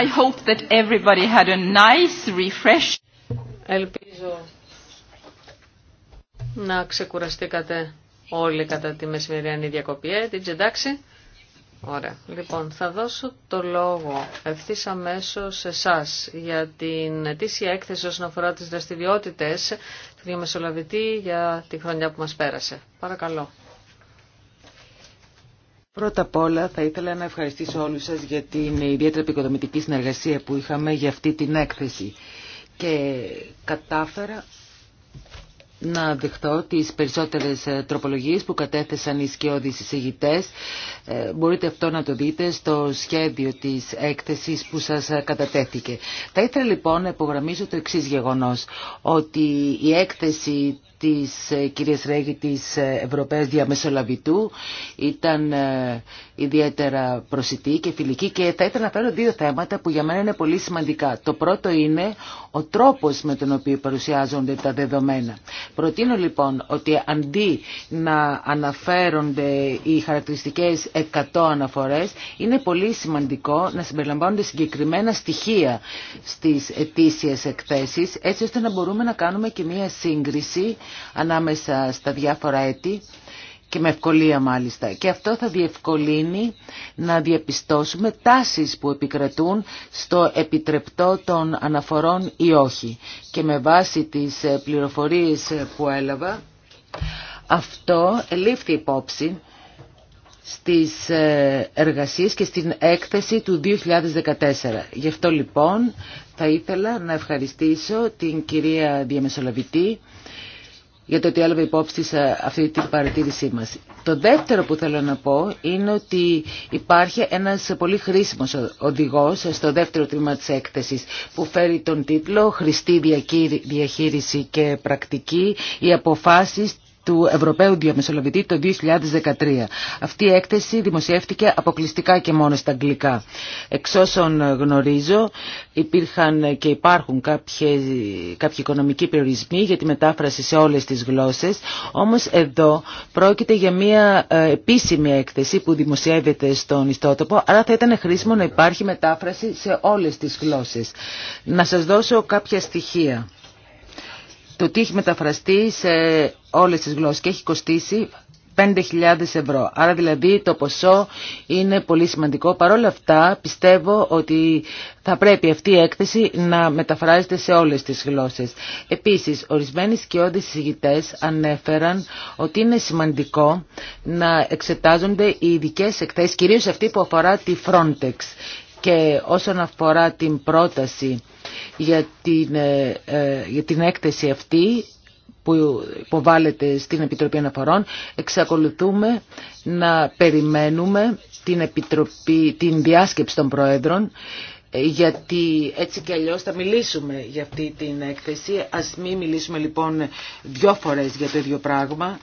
I hope that everybody had a nice Ελπίζω να ξεκουραστήκατε όλοι κατά τη μεσημεριανή διακοπή, έτσι ε, εντάξει. Ωραία. Λοιπόν, θα δώσω το λόγο ευθύ αμέσω σε εσά για την ετήσια έκθεση όσον αφορά τι δραστηριότητε του διαμεσολαβητή για τη χρονιά που μα πέρασε. Παρακαλώ. Πρώτα απ' όλα θα ήθελα να ευχαριστήσω όλους σας για την ιδιαίτερα επικοδομητική συνεργασία που είχαμε για αυτή την έκθεση. Και κατάφερα να δεχτώ τις περισσότερες ε, τροπολογίες που κατέθεσαν οι σκιώδεις εισηγητές. Ε, μπορείτε αυτό να το δείτε στο σχέδιο της έκθεσης που σας ε, κατατέθηκε. Θα ήθελα λοιπόν να υπογραμμίσω το εξής γεγονός, ότι η έκθεση της κυρίας Ρέγη της Ευρωπαίας Διαμεσολαβητού ήταν ιδιαίτερα προσιτή και φιλική και θα ήθελα να φέρω δύο θέματα που για μένα είναι πολύ σημαντικά. Το πρώτο είναι ο τρόπος με τον οποίο παρουσιάζονται τα δεδομένα. Προτείνω λοιπόν ότι αντί να αναφέρονται οι χαρακτηριστικές 100 αναφορές, είναι πολύ σημαντικό να συμπεριλαμβάνονται συγκεκριμένα στοιχεία στις ετήσιες εκθέσεις, έτσι ώστε να μπορούμε να κάνουμε και μία σύγκριση ανάμεσα στα διάφορα έτη και με ευκολία μάλιστα. Και αυτό θα διευκολύνει να διαπιστώσουμε τάσεις που επικρατούν στο επιτρεπτό των αναφορών ή όχι. Και με βάση τις πληροφορίες που έλαβα, αυτό ελήφθη υπόψη στις ε, εργασίες και στην έκθεση του 2014. Γι' αυτό λοιπόν θα ήθελα να ευχαριστήσω την κυρία Διαμεσολαβητή για το ότι έλαβε υπόψη σε αυτή την παρατήρησή μας. Το δεύτερο που θέλω να πω είναι ότι υπάρχει ένας πολύ χρήσιμος οδηγός στο δεύτερο τμήμα της έκθεσης που φέρει τον τίτλο «Χρηστή διαχείριση και πρακτική, οι αποφάσεις του Ευρωπαίου Διαμεσολαβητή το 2013. Αυτή η έκθεση δημοσιεύτηκε αποκλειστικά και μόνο στα αγγλικά. Εξ όσων γνωρίζω υπήρχαν και υπάρχουν κάποιοι, κάποιοι οικονομικοί περιορισμοί για τη μετάφραση σε όλες τις γλώσσες, όμως εδώ πρόκειται για μια ε, επίσημη έκθεση που δημοσιεύεται στον ιστότοπο, άρα θα ήταν χρήσιμο να υπάρχει μετάφραση σε όλες τις γλώσσες. Να σας δώσω κάποια στοιχεία. Το τι έχει μεταφραστεί σε όλες τις γλώσσες και έχει κοστίσει 5.000 ευρώ. Άρα δηλαδή το ποσό είναι πολύ σημαντικό. Παρ' όλα αυτά πιστεύω ότι θα πρέπει αυτή η έκθεση να μεταφράζεται σε όλες τις γλώσσες. Επίσης, ορισμένοι σκιώδεις συζητητές ανέφεραν ότι είναι σημαντικό να εξετάζονται οι ειδικέ εκθέσεις, κυρίως αυτή που αφορά τη Frontex. Και όσον αφορά την πρόταση για την, ε, ε, για την έκθεση αυτή που υποβάλλεται στην Επιτροπή Αναφορών, εξακολουθούμε να περιμένουμε την, Επιτροπή, την διάσκεψη των Προέδρων γιατί έτσι και αλλιώς θα μιλήσουμε για αυτή την έκθεση. Ας μην μιλήσουμε λοιπόν δυο φορές για το ίδιο πράγμα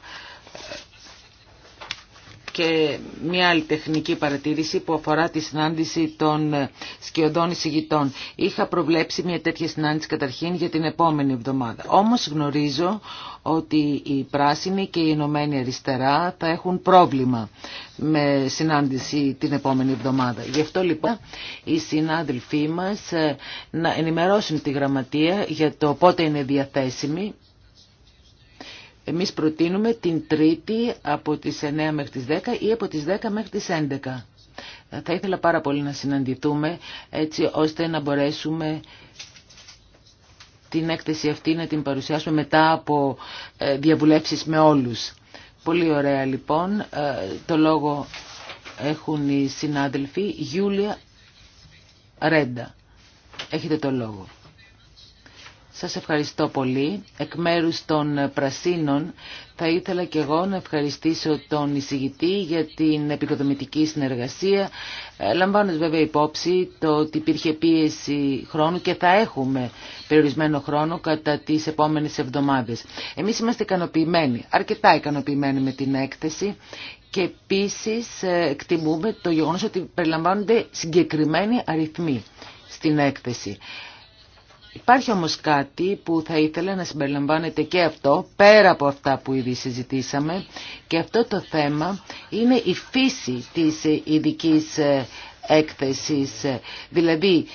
και μια άλλη τεχνική παρατήρηση που αφορά τη συνάντηση των σκιωδών εισηγητών. Είχα προβλέψει μια τέτοια συνάντηση καταρχήν για την επόμενη εβδομάδα. Όμως γνωρίζω ότι οι πράσινοι και η Ηνωμένοι Αριστερά θα έχουν πρόβλημα με συνάντηση την επόμενη εβδομάδα. Γι' αυτό λοιπόν οι συνάδελφοί μας να ενημερώσουν τη γραμματεία για το πότε είναι διαθέσιμη εμείς προτείνουμε την Τρίτη από τις 9 μέχρι τις 10 ή από τις 10 μέχρι τις 11. Θα ήθελα πάρα πολύ να συναντηθούμε έτσι ώστε να μπορέσουμε την έκθεση αυτή να την παρουσιάσουμε μετά από ε, διαβουλεύσεις με όλους. Πολύ ωραία λοιπόν. Ε, το λόγο έχουν οι συνάδελφοι Γιούλια Ρέντα. Έχετε το λόγο. Σας ευχαριστώ πολύ. Εκ μέρους των Πρασίνων θα ήθελα και εγώ να ευχαριστήσω τον εισηγητή για την επικοδομητική συνεργασία, ε, λαμβάνοντας βέβαια υπόψη το ότι υπήρχε πίεση χρόνου και θα έχουμε περιορισμένο χρόνο κατά τις επόμενες εβδομάδες. Εμείς είμαστε ικανοποιημένοι, αρκετά ικανοποιημένοι με την έκθεση και επίσης ε, εκτιμούμε το γεγονός ότι περιλαμβάνονται συγκεκριμένοι αριθμοί στην έκθεση. Υπάρχει όμως κάτι που θα ήθελα να συμπεριλαμβάνεται και αυτό, πέρα από αυτά που ήδη συζητήσαμε, και αυτό το θέμα είναι η φύση της ειδική ε, έκθεσης. Δηλαδή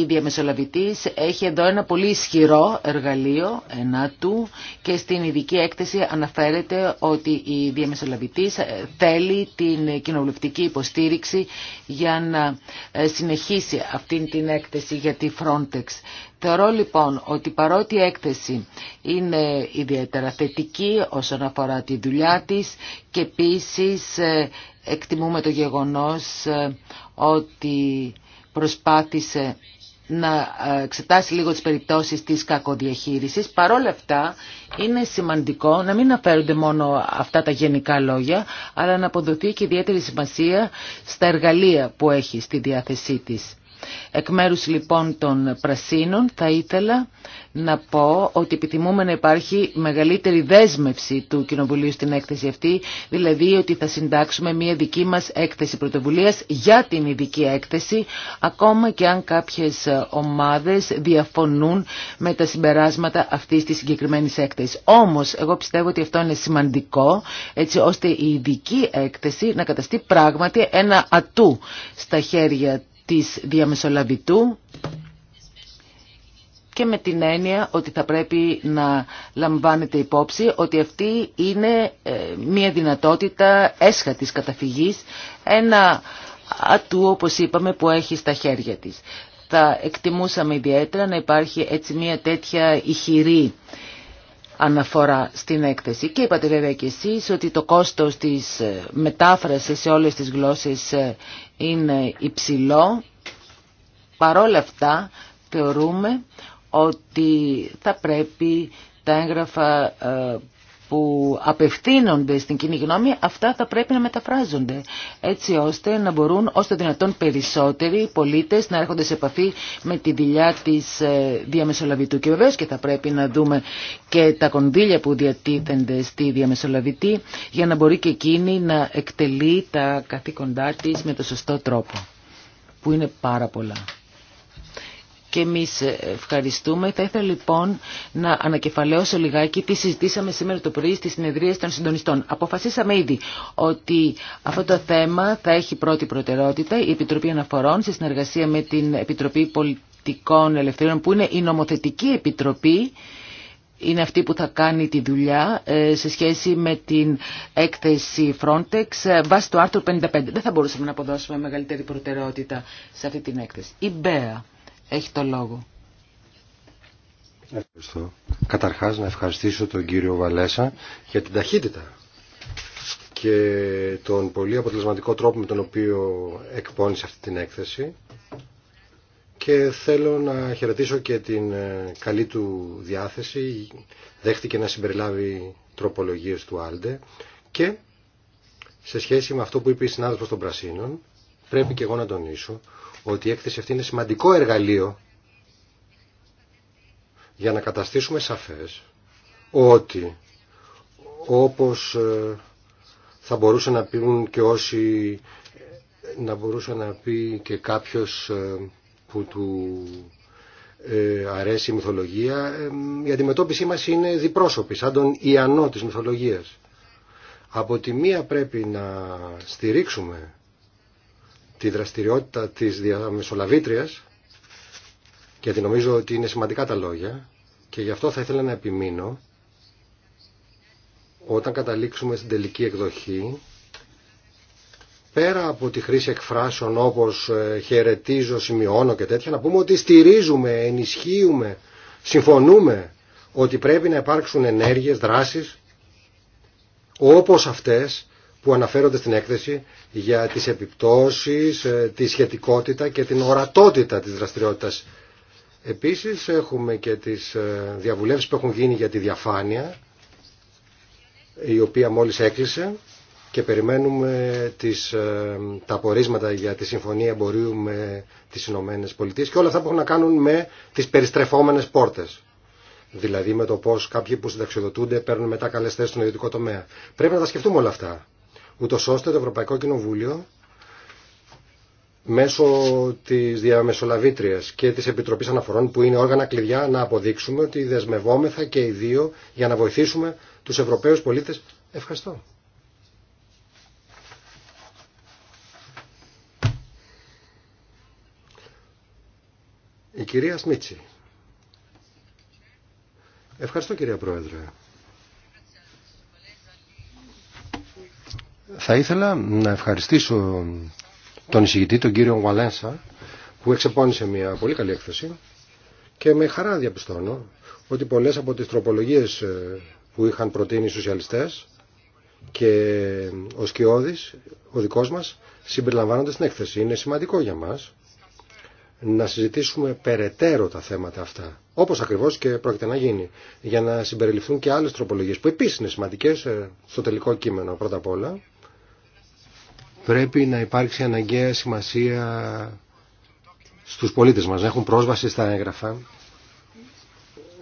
η διαμεσολαβητής έχει εδώ ένα πολύ ισχυρό εργαλείο ένα του και στην ειδική έκθεση αναφέρεται ότι η διαμεσολαβητής ε, θέλει την κοινοβουλευτική υποστήριξη για να ε, συνεχίσει αυτήν την έκθεση για τη Frontex. Θεωρώ λοιπόν ότι παρότι η έκθεση είναι ιδιαίτερα θετική όσον αφορά τη δουλειά της και επίσης ε, εκτιμούμε το γεγονός ότι προσπάθησε να ε, εξετάσει λίγο τις περιπτώσεις της κακοδιαχείρισης. Παρόλα αυτά είναι σημαντικό να μην αναφέρονται μόνο αυτά τα γενικά λόγια, αλλά να αποδοθεί και ιδιαίτερη σημασία στα εργαλεία που έχει στη διάθεσή της. Εκ μέρου λοιπόν των Πρασίνων θα ήθελα να πω ότι επιθυμούμε να υπάρχει μεγαλύτερη δέσμευση του Κοινοβουλίου στην έκθεση αυτή, δηλαδή ότι θα συντάξουμε μια δική μας έκθεση πρωτοβουλίας για την ειδική έκθεση, ακόμα και αν κάποιες ομάδες διαφωνούν με τα συμπεράσματα αυτής της συγκεκριμένης έκθεσης. Όμως, εγώ πιστεύω ότι αυτό είναι σημαντικό, έτσι ώστε η ειδική έκθεση να καταστεί πράγματι ένα ατού στα χέρια της διαμεσολαβητού και με την έννοια ότι θα πρέπει να λαμβάνετε υπόψη ότι αυτή είναι ε, μια δυνατότητα έσχατης καταφυγής, ένα ατού όπως είπαμε που έχει στα χέρια της. Θα εκτιμούσαμε ιδιαίτερα να υπάρχει έτσι μια τέτοια ηχηρή αναφορά στην έκθεση. Και είπατε βέβαια και εσείς ότι το κόστος της ε, μετάφρασης σε όλες τις γλώσσες ε, είναι υψηλό. Παρόλα αυτά θεωρούμε ότι θα πρέπει τα έγγραφα ε, που απευθύνονται στην κοινή γνώμη, αυτά θα πρέπει να μεταφράζονται. Έτσι ώστε να μπορούν όσο δυνατόν περισσότεροι πολίτες να έρχονται σε επαφή με τη δουλειά της ε, διαμεσολαβητού. Και βεβαίως και θα πρέπει να δούμε και τα κονδύλια που διατίθενται στη διαμεσολαβητή για να μπορεί και εκείνη να εκτελεί τα καθήκοντά της με το σωστό τρόπο, που είναι πάρα πολλά και εμείς ευχαριστούμε. Θα ήθελα λοιπόν να ανακεφαλαίωσω λιγάκι τι συζητήσαμε σήμερα το πρωί στις συνεδρίες των συντονιστών. Αποφασίσαμε ήδη ότι αυτό το θέμα θα έχει πρώτη προτεραιότητα η Επιτροπή Αναφορών σε συνεργασία με την Επιτροπή Πολιτικών Ελευθερίων που είναι η νομοθετική επιτροπή είναι αυτή που θα κάνει τη δουλειά ε, σε σχέση με την έκθεση Frontex ε, βάσει του άρθρου 55. Δεν θα μπορούσαμε να αποδώσουμε μεγαλύτερη προτεραιότητα σε αυτή την έκθεση. Η Μπέα. Έχει το λόγο. Ευχαριστώ. Καταρχάς να ευχαριστήσω τον κύριο Βαλέσα για την ταχύτητα και τον πολύ αποτελεσματικό τρόπο με τον οποίο εκπώνησε αυτή την έκθεση και θέλω να χαιρετήσω και την ε, καλή του διάθεση. Δέχτηκε να συμπεριλάβει τροπολογίες του Άλντε και σε σχέση με αυτό που είπε η συνάδελφος των Πρασίνων πρέπει και εγώ να τονίσω ότι η έκθεση αυτή είναι σημαντικό εργαλείο για να καταστήσουμε σαφές ότι όπως ε, θα μπορούσε να πούν και όσοι να μπορούσε να πει και κάποιος ε, που του ε, αρέσει η μυθολογία η αντιμετώπιση μας είναι διπρόσωπη σαν τον Ιαννό της μυθολογίας από τη μία πρέπει να στηρίξουμε τη δραστηριότητα της διαμεσολαβήτριας γιατί νομίζω ότι είναι σημαντικά τα λόγια και γι' αυτό θα ήθελα να επιμείνω όταν καταλήξουμε στην τελική εκδοχή πέρα από τη χρήση εκφράσεων όπως ε, χαιρετίζω, σημειώνω και τέτοια να πούμε ότι στηρίζουμε, ενισχύουμε, συμφωνούμε ότι πρέπει να υπάρξουν ενέργειες, δράσεις όπως αυτές που αναφέρονται στην έκθεση για τις επιπτώσεις, ε, τη σχετικότητα και την ορατότητα της δραστηριότητας. Επίσης έχουμε και τις ε, διαβουλεύσεις που έχουν γίνει για τη διαφάνεια, η οποία μόλις έκλεισε και περιμένουμε τις, ε, τα απορίσματα για τη Συμφωνία Εμπορίου με τις Ηνωμένε Πολιτείες και όλα αυτά που έχουν να κάνουν με τις περιστρεφόμενες πόρτες. Δηλαδή με το πώς κάποιοι που συνταξιοδοτούνται παίρνουν μετά καλές θέσεις στον ιδιωτικό τομέα. Πρέπει να τα σκεφτούμε όλα αυτά ούτω ώστε το Ευρωπαϊκό Κοινοβούλιο μέσω της διαμεσολαβήτριας και της Επιτροπής Αναφορών που είναι όργανα κλειδιά να αποδείξουμε ότι δεσμευόμεθα και οι δύο για να βοηθήσουμε τους Ευρωπαίους πολίτες. Ευχαριστώ. Η κυρία Σμίτση. Ευχαριστώ κυρία Πρόεδρε. Θα ήθελα να ευχαριστήσω τον εισηγητή, τον κύριο Γουαλένσα, που εξεπώνησε μια πολύ καλή έκθεση και με χαρά διαπιστώνω ότι πολλές από τις τροπολογίες ε, που είχαν προτείνει οι σοσιαλιστές και ο Σκιώδης, ο δικός μας, συμπεριλαμβάνονται στην έκθεση. Είναι σημαντικό για μας να συζητήσουμε περαιτέρω τα θέματα αυτά, όπως ακριβώς και πρόκειται να γίνει, για να συμπεριληφθούν και άλλες τροπολογίες που επίσης είναι σημαντικές ε, στο τελικό κείμενο πρώτα απ' όλα πρέπει να υπάρξει αναγκαία σημασία στους πολίτες μας, να έχουν πρόσβαση στα έγγραφα,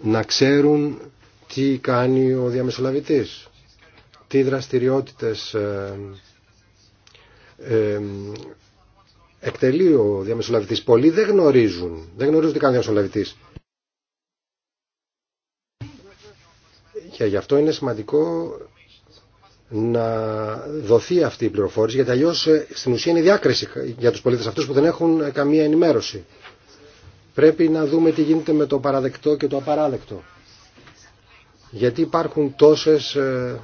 να ξέρουν τι κάνει ο διαμεσολαβητής, τι δραστηριότητες ε, ε, εκτελεί ο διαμεσολαβητής. Πολλοί δεν γνωρίζουν, δεν γνωρίζουν τι κάνει ο διαμεσολαβητής. Και γι' αυτό είναι σημαντικό να δοθεί αυτή η πληροφόρηση, γιατί αλλιώ ε, στην ουσία είναι διάκριση για του πολίτε αυτού που δεν έχουν ε, καμία ενημέρωση. Πρέπει να δούμε τι γίνεται με το παραδεκτό και το απαράδεκτο. Γιατί υπάρχουν τόσες ε,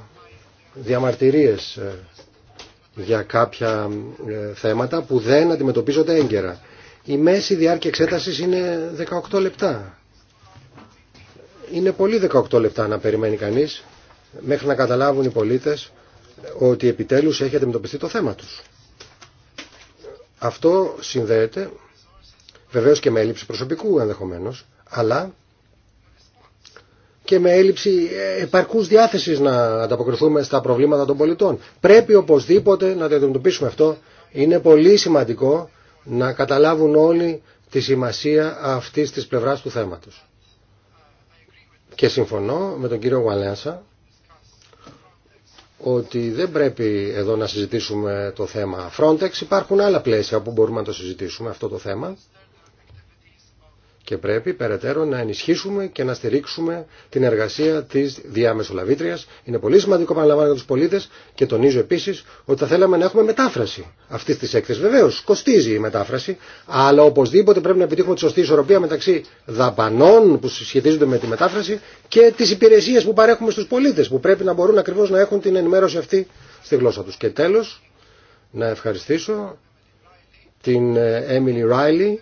διαμαρτυρίες για κάποια θέματα που δεν αντιμετωπίζονται έγκαιρα. Η μέση διάρκεια εξέταση είναι 18 λεπτά. Είναι πολύ 18 λεπτά να περιμένει κανείς μέχρι να καταλάβουν οι πολίτες ότι επιτέλους έχει αντιμετωπιστεί το θέμα τους. Αυτό συνδέεται βεβαίως και με έλλειψη προσωπικού ενδεχομένως, αλλά και με έλλειψη επαρκούς διάθεσης να ανταποκριθούμε στα προβλήματα των πολιτών. Πρέπει οπωσδήποτε να το αντιμετωπίσουμε αυτό. Είναι πολύ σημαντικό να καταλάβουν όλοι τη σημασία αυτής της πλευράς του θέματος. Και συμφωνώ με τον κύριο Γουαλένσα ότι δεν πρέπει εδώ να συζητήσουμε το θέμα Frontex. Υπάρχουν άλλα πλαίσια που μπορούμε να το συζητήσουμε αυτό το θέμα και πρέπει περαιτέρω να ενισχύσουμε και να στηρίξουμε την εργασία τη διαμεσολαβήτρια. Είναι πολύ σημαντικό, παραλαμβάνω, για του πολίτε και τονίζω επίση ότι θα θέλαμε να έχουμε μετάφραση αυτή τη έκθεση. Βεβαίω, κοστίζει η μετάφραση, αλλά οπωσδήποτε πρέπει να επιτύχουμε τη σωστή ισορροπία μεταξύ δαπανών που σχετίζονται με τη μετάφραση και τι υπηρεσίε που παρέχουμε στου πολίτε, που πρέπει να μπορούν ακριβώ να έχουν την ενημέρωση αυτή στη γλώσσα του. Και τέλο, να ευχαριστήσω την ε, Emily Riley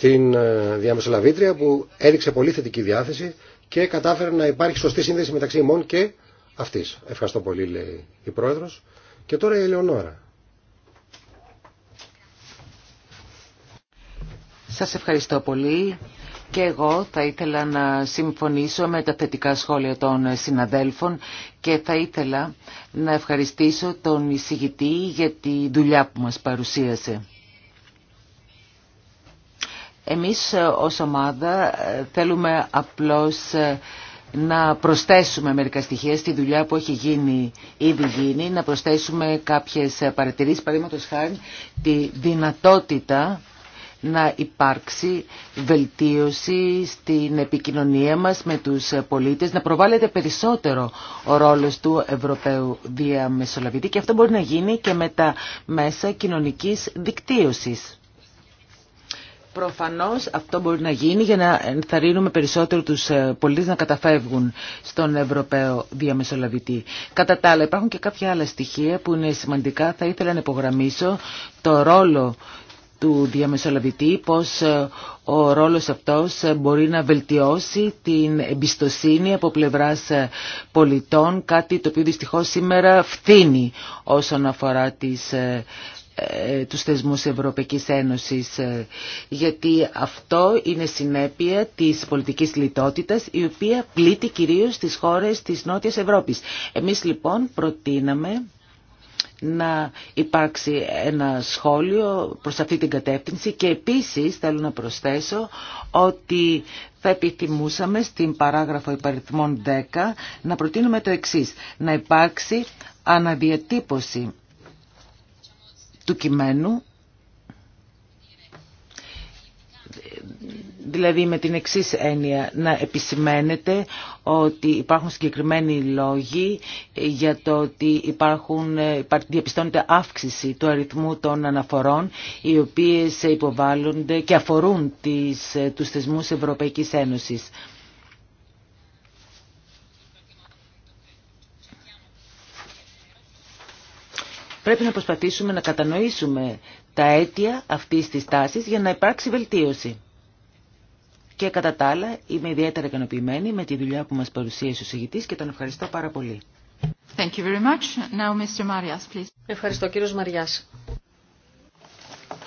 την ε, διαμεσολαβήτρια που έδειξε πολύ θετική διάθεση και κατάφερε να υπάρχει σωστή σύνδεση μεταξύ ημών και αυτής. Ευχαριστώ πολύ λέει η Πρόεδρος. Και τώρα η Ελεονόρα. Σας ευχαριστώ πολύ. Και εγώ θα ήθελα να συμφωνήσω με τα θετικά σχόλια των συναδέλφων και θα ήθελα να ευχαριστήσω τον εισηγητή για τη δουλειά που μας παρουσίασε. Εμείς ως ομάδα ε, θέλουμε απλώς ε, να προσθέσουμε μερικά στοιχεία στη δουλειά που έχει γίνει ήδη γίνει, να προσθέσουμε κάποιες ε, παρατηρήσεις, παραδείγματος χάρη τη δυνατότητα να υπάρξει βελτίωση στην επικοινωνία μας με τους πολίτες, να προβάλλεται περισσότερο ο ρόλος του Ευρωπαίου Διαμεσολαβητή και αυτό μπορεί να γίνει και με τα μέσα κοινωνικής δικτύωσης. Προφανώς αυτό μπορεί να γίνει για να ενθαρρύνουμε περισσότερο τους ε, πολίτες να καταφεύγουν στον Ευρωπαίο διαμεσολαβητή. Κατά τα άλλα υπάρχουν και κάποια άλλα στοιχεία που είναι σημαντικά. Θα ήθελα να υπογραμμίσω το ρόλο του διαμεσολαβητή, πως ε, ο ρόλος αυτός ε, μπορεί να βελτιώσει την εμπιστοσύνη από πλευράς πολιτών, κάτι το οποίο δυστυχώς σήμερα φθήνει όσον αφορά τις ε, τους θεσμούς Ευρωπαϊκής Ένωσης ε, γιατί αυτό είναι συνέπεια της πολιτικής λιτότητας η οποία πλήττει κυρίως τις χώρες της Νότιας Ευρώπης. Εμείς λοιπόν προτείναμε να υπάρξει ένα σχόλιο προς αυτή την κατεύθυνση και επίσης θέλω να προσθέσω ότι θα επιθυμούσαμε στην παράγραφο υπαριθμών 10 να προτείνουμε το εξής, να υπάρξει αναδιατύπωση του κειμένου δηλαδή με την εξής έννοια να επισημαίνεται ότι υπάρχουν συγκεκριμένοι λόγοι για το ότι υπάρχουν, διαπιστώνεται αύξηση του αριθμού των αναφορών οι οποίες υποβάλλονται και αφορούν τις, τους θεσμούς Ευρωπαϊκής Ένωσης. Πρέπει να προσπαθήσουμε να κατανοήσουμε τα αίτια αυτής της τάσης για να υπάρξει βελτίωση. Και κατά τα άλλα είμαι ιδιαίτερα ικανοποιημένη με τη δουλειά που μας παρουσίασε ο συγητής και τον ευχαριστώ πάρα πολύ. Thank you very much. Now, Mr. Marias, please. Ευχαριστώ κύριος Μαριάς.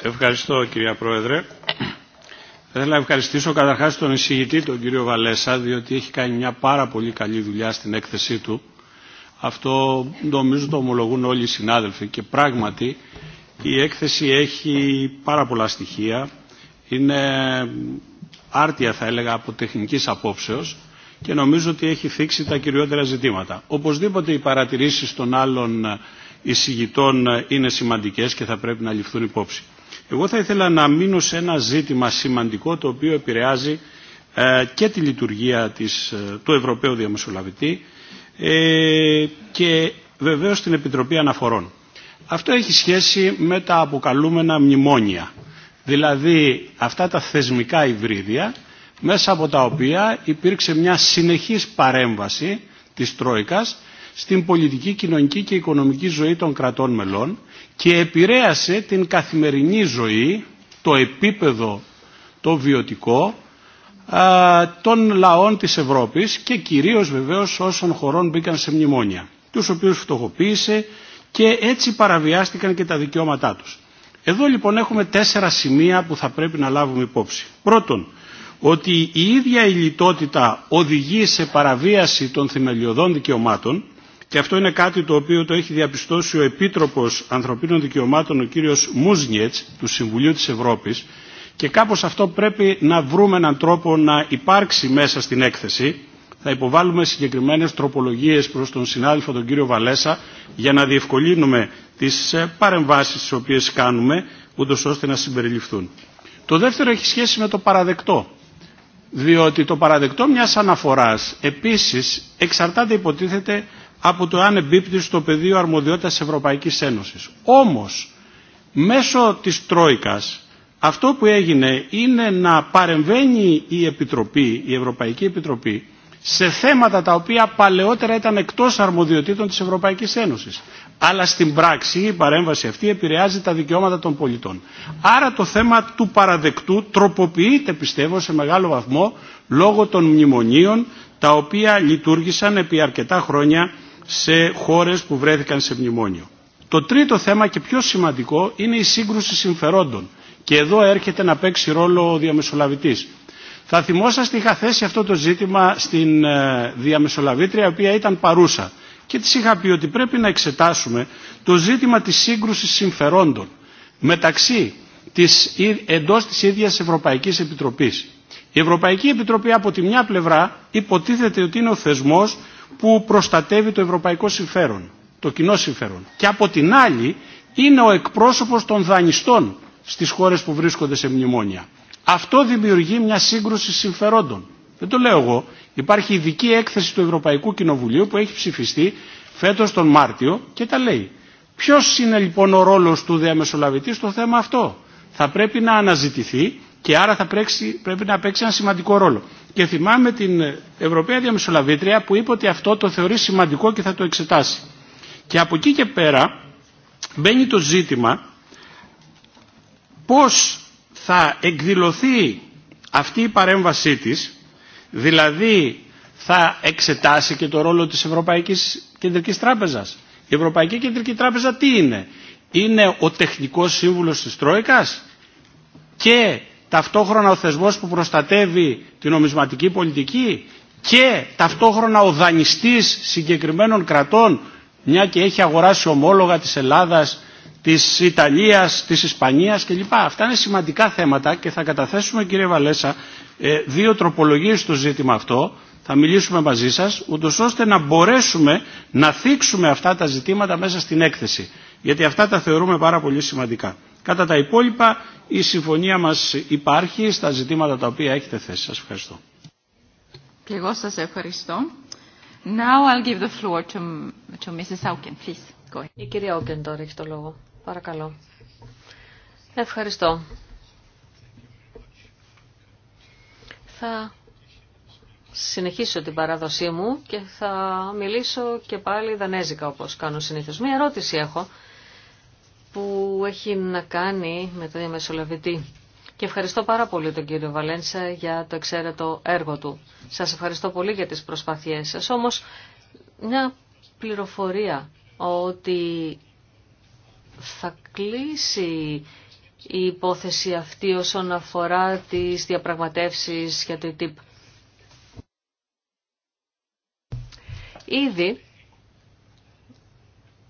Ευχαριστώ κυρία Πρόεδρε. Θα ήθελα να ευχαριστήσω καταρχάς τον εισηγητή τον κύριο Βαλέσα διότι έχει κάνει μια πάρα πολύ καλή δουλειά στην έκθεσή του αυτό νομίζω το ομολογούν όλοι οι συνάδελφοι και πράγματι η έκθεση έχει πάρα πολλά στοιχεία. Είναι άρτια θα έλεγα από τεχνικής απόψεως και νομίζω ότι έχει θίξει τα κυριότερα ζητήματα. Οπωσδήποτε οι παρατηρήσεις των άλλων εισηγητών είναι σημαντικές και θα πρέπει να ληφθούν υπόψη. Εγώ θα ήθελα να μείνω σε ένα ζήτημα σημαντικό το οποίο επηρεάζει ε, και τη λειτουργία ε, του Ευρωπαίου Διαμεσολαβητή ε, και βεβαίως στην Επιτροπή Αναφορών. Αυτό έχει σχέση με τα αποκαλούμενα μνημόνια, δηλαδή αυτά τα θεσμικά υβρίδια μέσα από τα οποία υπήρξε μια συνεχής παρέμβαση της Τρόικας στην πολιτική, κοινωνική και οικονομική ζωή των κρατών μελών και επηρέασε την καθημερινή ζωή, το επίπεδο το βιωτικό των λαών της Ευρώπης και κυρίως βεβαίως όσων χωρών μπήκαν σε μνημόνια, τους οποίους φτωχοποίησε και έτσι παραβιάστηκαν και τα δικαιώματά τους. Εδώ λοιπόν έχουμε τέσσερα σημεία που θα πρέπει να λάβουμε υπόψη. Πρώτον, ότι η ίδια η λιτότητα οδηγεί σε παραβίαση των θεμελιωδών δικαιωμάτων και αυτό είναι κάτι το οποίο το έχει διαπιστώσει ο Επίτροπος Ανθρωπίνων Δικαιωμάτων ο κύριος Μούζνιετς του Συμβουλίου της Ευρώπης και κάπως αυτό πρέπει να βρούμε έναν τρόπο να υπάρξει μέσα στην έκθεση. Θα υποβάλουμε συγκεκριμένες τροπολογίες προς τον συνάδελφο τον κύριο Βαλέσα για να διευκολύνουμε τις ε, παρεμβάσεις τις οποίες κάνουμε ούτως ώστε να συμπεριληφθούν. Το δεύτερο έχει σχέση με το παραδεκτό. Διότι το παραδεκτό μιας αναφοράς επίσης εξαρτάται υποτίθεται από το αν εμπίπτει στο πεδίο αρμοδιότητας Ευρωπαϊκής Ένωσης. Όμω, μέσω της Τρόικας αυτό που έγινε είναι να παρεμβαίνει η Επιτροπή, η Ευρωπαϊκή Επιτροπή, σε θέματα τα οποία παλαιότερα ήταν εκτός αρμοδιοτήτων της Ευρωπαϊκής Ένωσης. Αλλά στην πράξη η παρέμβαση αυτή επηρεάζει τα δικαιώματα των πολιτών. Άρα το θέμα του παραδεκτού τροποποιείται πιστεύω σε μεγάλο βαθμό λόγω των μνημονίων τα οποία λειτουργήσαν επί αρκετά χρόνια σε χώρες που βρέθηκαν σε μνημόνιο. Το τρίτο θέμα και πιο σημαντικό είναι η σύγκρουση συμφερόντων. Και εδώ έρχεται να παίξει ρόλο ο διαμεσολαβητής. Θα θυμόσαστε είχα θέσει αυτό το ζήτημα στην ε, διαμεσολαβήτρια η οποία ήταν παρούσα και της είχα πει ότι πρέπει να εξετάσουμε το ζήτημα της σύγκρουσης συμφερόντων μεταξύ της, εντός της ίδιας Ευρωπαϊκής Επιτροπής. Η Ευρωπαϊκή Επιτροπή από τη μια πλευρά υποτίθεται ότι είναι ο θεσμός που προστατεύει το ευρωπαϊκό συμφέρον, το κοινό συμφέρον. Και από την άλλη είναι ο εκπρόσωπος των δανειστών στις χώρες που βρίσκονται σε μνημόνια. Αυτό δημιουργεί μια σύγκρουση συμφερόντων. Δεν το λέω εγώ. Υπάρχει ειδική έκθεση του Ευρωπαϊκού Κοινοβουλίου που έχει ψηφιστεί φέτος τον Μάρτιο και τα λέει. Ποιος είναι λοιπόν ο ρόλος του διαμεσολαβητή στο θέμα αυτό. Θα πρέπει να αναζητηθεί και άρα θα πρέξει, πρέπει να παίξει ένα σημαντικό ρόλο. Και θυμάμαι την Ευρωπαία Διαμεσολαβήτρια που είπε ότι αυτό το θεωρεί σημαντικό και θα το εξετάσει. Και από εκεί και πέρα μπαίνει το ζήτημα πώς θα εκδηλωθεί αυτή η παρέμβασή της, δηλαδή θα εξετάσει και το ρόλο της Ευρωπαϊκής Κεντρικής Τράπεζας. Η Ευρωπαϊκή Κεντρική Τράπεζα τι είναι. Είναι ο τεχνικός σύμβουλος της Τρόικας και ταυτόχρονα ο θεσμός που προστατεύει την νομισματική πολιτική και ταυτόχρονα ο δανειστής συγκεκριμένων κρατών μια και έχει αγοράσει ομόλογα της Ελλάδας της Ιταλίας, της Ισπανίας κλπ. Αυτά είναι σημαντικά θέματα και θα καταθέσουμε κύριε Βαλέσα ε, δύο τροπολογίες στο ζήτημα αυτό. Θα μιλήσουμε μαζί σας, ούτω ώστε να μπορέσουμε να θίξουμε αυτά τα ζητήματα μέσα στην έκθεση. Γιατί αυτά τα θεωρούμε πάρα πολύ σημαντικά. Κατά τα υπόλοιπα, η συμφωνία μας υπάρχει στα ζητήματα τα οποία έχετε θέσει. Σας ευχαριστώ. Και εγώ σας ευχαριστώ. Now I'll give the floor to, to Mrs. Auken, please. Η κυρία Auken τώρα έχει το λόγο. Παρακαλώ. Ευχαριστώ. Θα συνεχίσω την παράδοσή μου και θα μιλήσω και πάλι δανέζικα όπως κάνω συνήθως. Μία ερώτηση έχω που έχει να κάνει με το διαμεσολαβητή. Και ευχαριστώ πάρα πολύ τον κύριο Βαλένσα για το εξαίρετο έργο του. Σας ευχαριστώ πολύ για τις προσπάθειές σας. Όμως μια πληροφορία ότι θα κλείσει η υπόθεση αυτή όσον αφορά τις διαπραγματεύσεις για το ETIP. Ήδη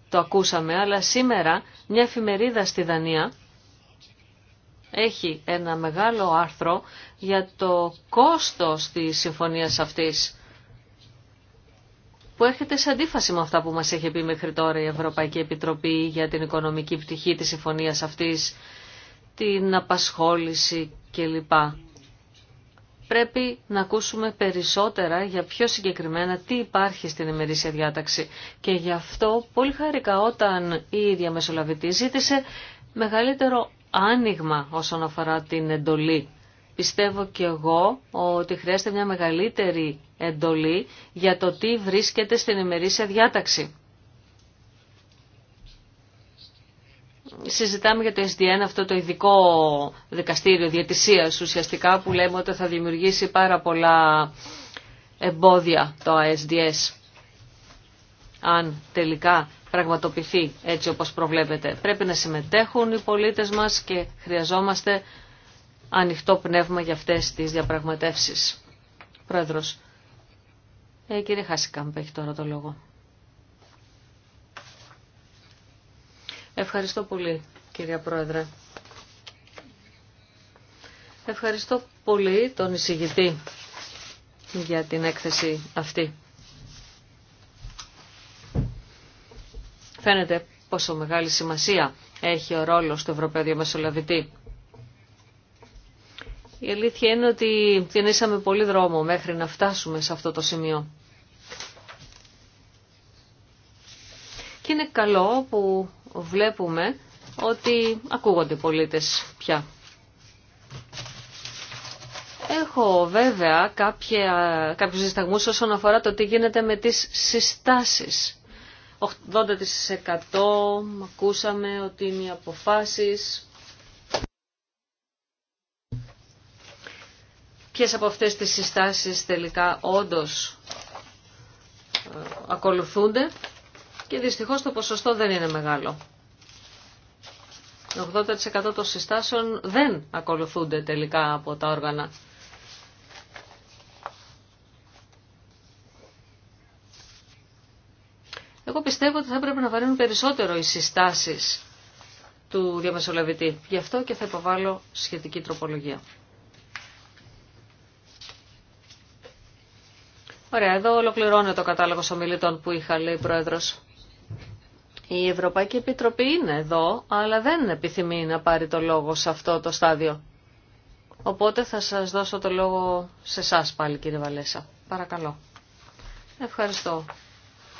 το ακούσαμε, αλλά σήμερα μια εφημερίδα στη Δανία έχει ένα μεγάλο άρθρο για το κόστος της συμφωνίας αυτής που έρχεται σε αντίφαση με αυτά που μας έχει πει μέχρι τώρα η Ευρωπαϊκή Επιτροπή για την οικονομική πτυχή της συμφωνίας αυτής, την απασχόληση κλπ. Πρέπει να ακούσουμε περισσότερα για πιο συγκεκριμένα τι υπάρχει στην ημερήσια διάταξη. Και γι' αυτό πολύ χαρικά όταν η ίδια Μεσολαβητή ζήτησε μεγαλύτερο άνοιγμα όσον αφορά την εντολή πιστεύω και εγώ ότι χρειάζεται μια μεγαλύτερη εντολή για το τι βρίσκεται στην ημερήσια διάταξη. Συζητάμε για το SDN, αυτό το ειδικό δικαστήριο διατησίας ουσιαστικά που λέμε ότι θα δημιουργήσει πάρα πολλά εμπόδια το SDS. αν τελικά πραγματοποιηθεί έτσι όπως προβλέπετε. Πρέπει να συμμετέχουν οι πολίτες μας και χρειαζόμαστε ανοιχτό πνεύμα για αυτές τις διαπραγματεύσεις. Πρόεδρος, ε, κύριε Χάσικαμπ έχει τώρα το λόγο. Ευχαριστώ πολύ, κυρία Πρόεδρε. Ευχαριστώ πολύ τον εισηγητή για την έκθεση αυτή. Φαίνεται πόσο μεγάλη σημασία έχει ο ρόλος του Ευρωπαίου Μεσολαβητή. Η αλήθεια είναι ότι γεννήσαμε πολύ δρόμο μέχρι να φτάσουμε σε αυτό το σημείο. Και είναι καλό που βλέπουμε ότι ακούγονται οι πολίτες πια. Έχω βέβαια κάποια, κάποιους δισταγμούς όσον αφορά το τι γίνεται με τις συστάσεις. 80% ακούσαμε ότι είναι οι αποφάσεις ποιες από αυτές τις συστάσεις τελικά όντως ε, ακολουθούνται και δυστυχώς το ποσοστό δεν είναι μεγάλο. 80% των συστάσεων δεν ακολουθούνται τελικά από τα όργανα. Εγώ πιστεύω ότι θα έπρεπε να βαρύνουν περισσότερο οι συστάσεις του διαμεσολαβητή. Γι' αυτό και θα υποβάλω σχετική τροπολογία. Ωραία, εδώ ολοκληρώνεται το κατάλογο ομιλητών που είχα, λέει η Πρόεδρος. Η Ευρωπαϊκή Επιτροπή είναι εδώ, αλλά δεν επιθυμεί να πάρει το λόγο σε αυτό το στάδιο. Οπότε θα σας δώσω το λόγο σε εσά πάλι κύριε Βαλέσα. Παρακαλώ. Ευχαριστώ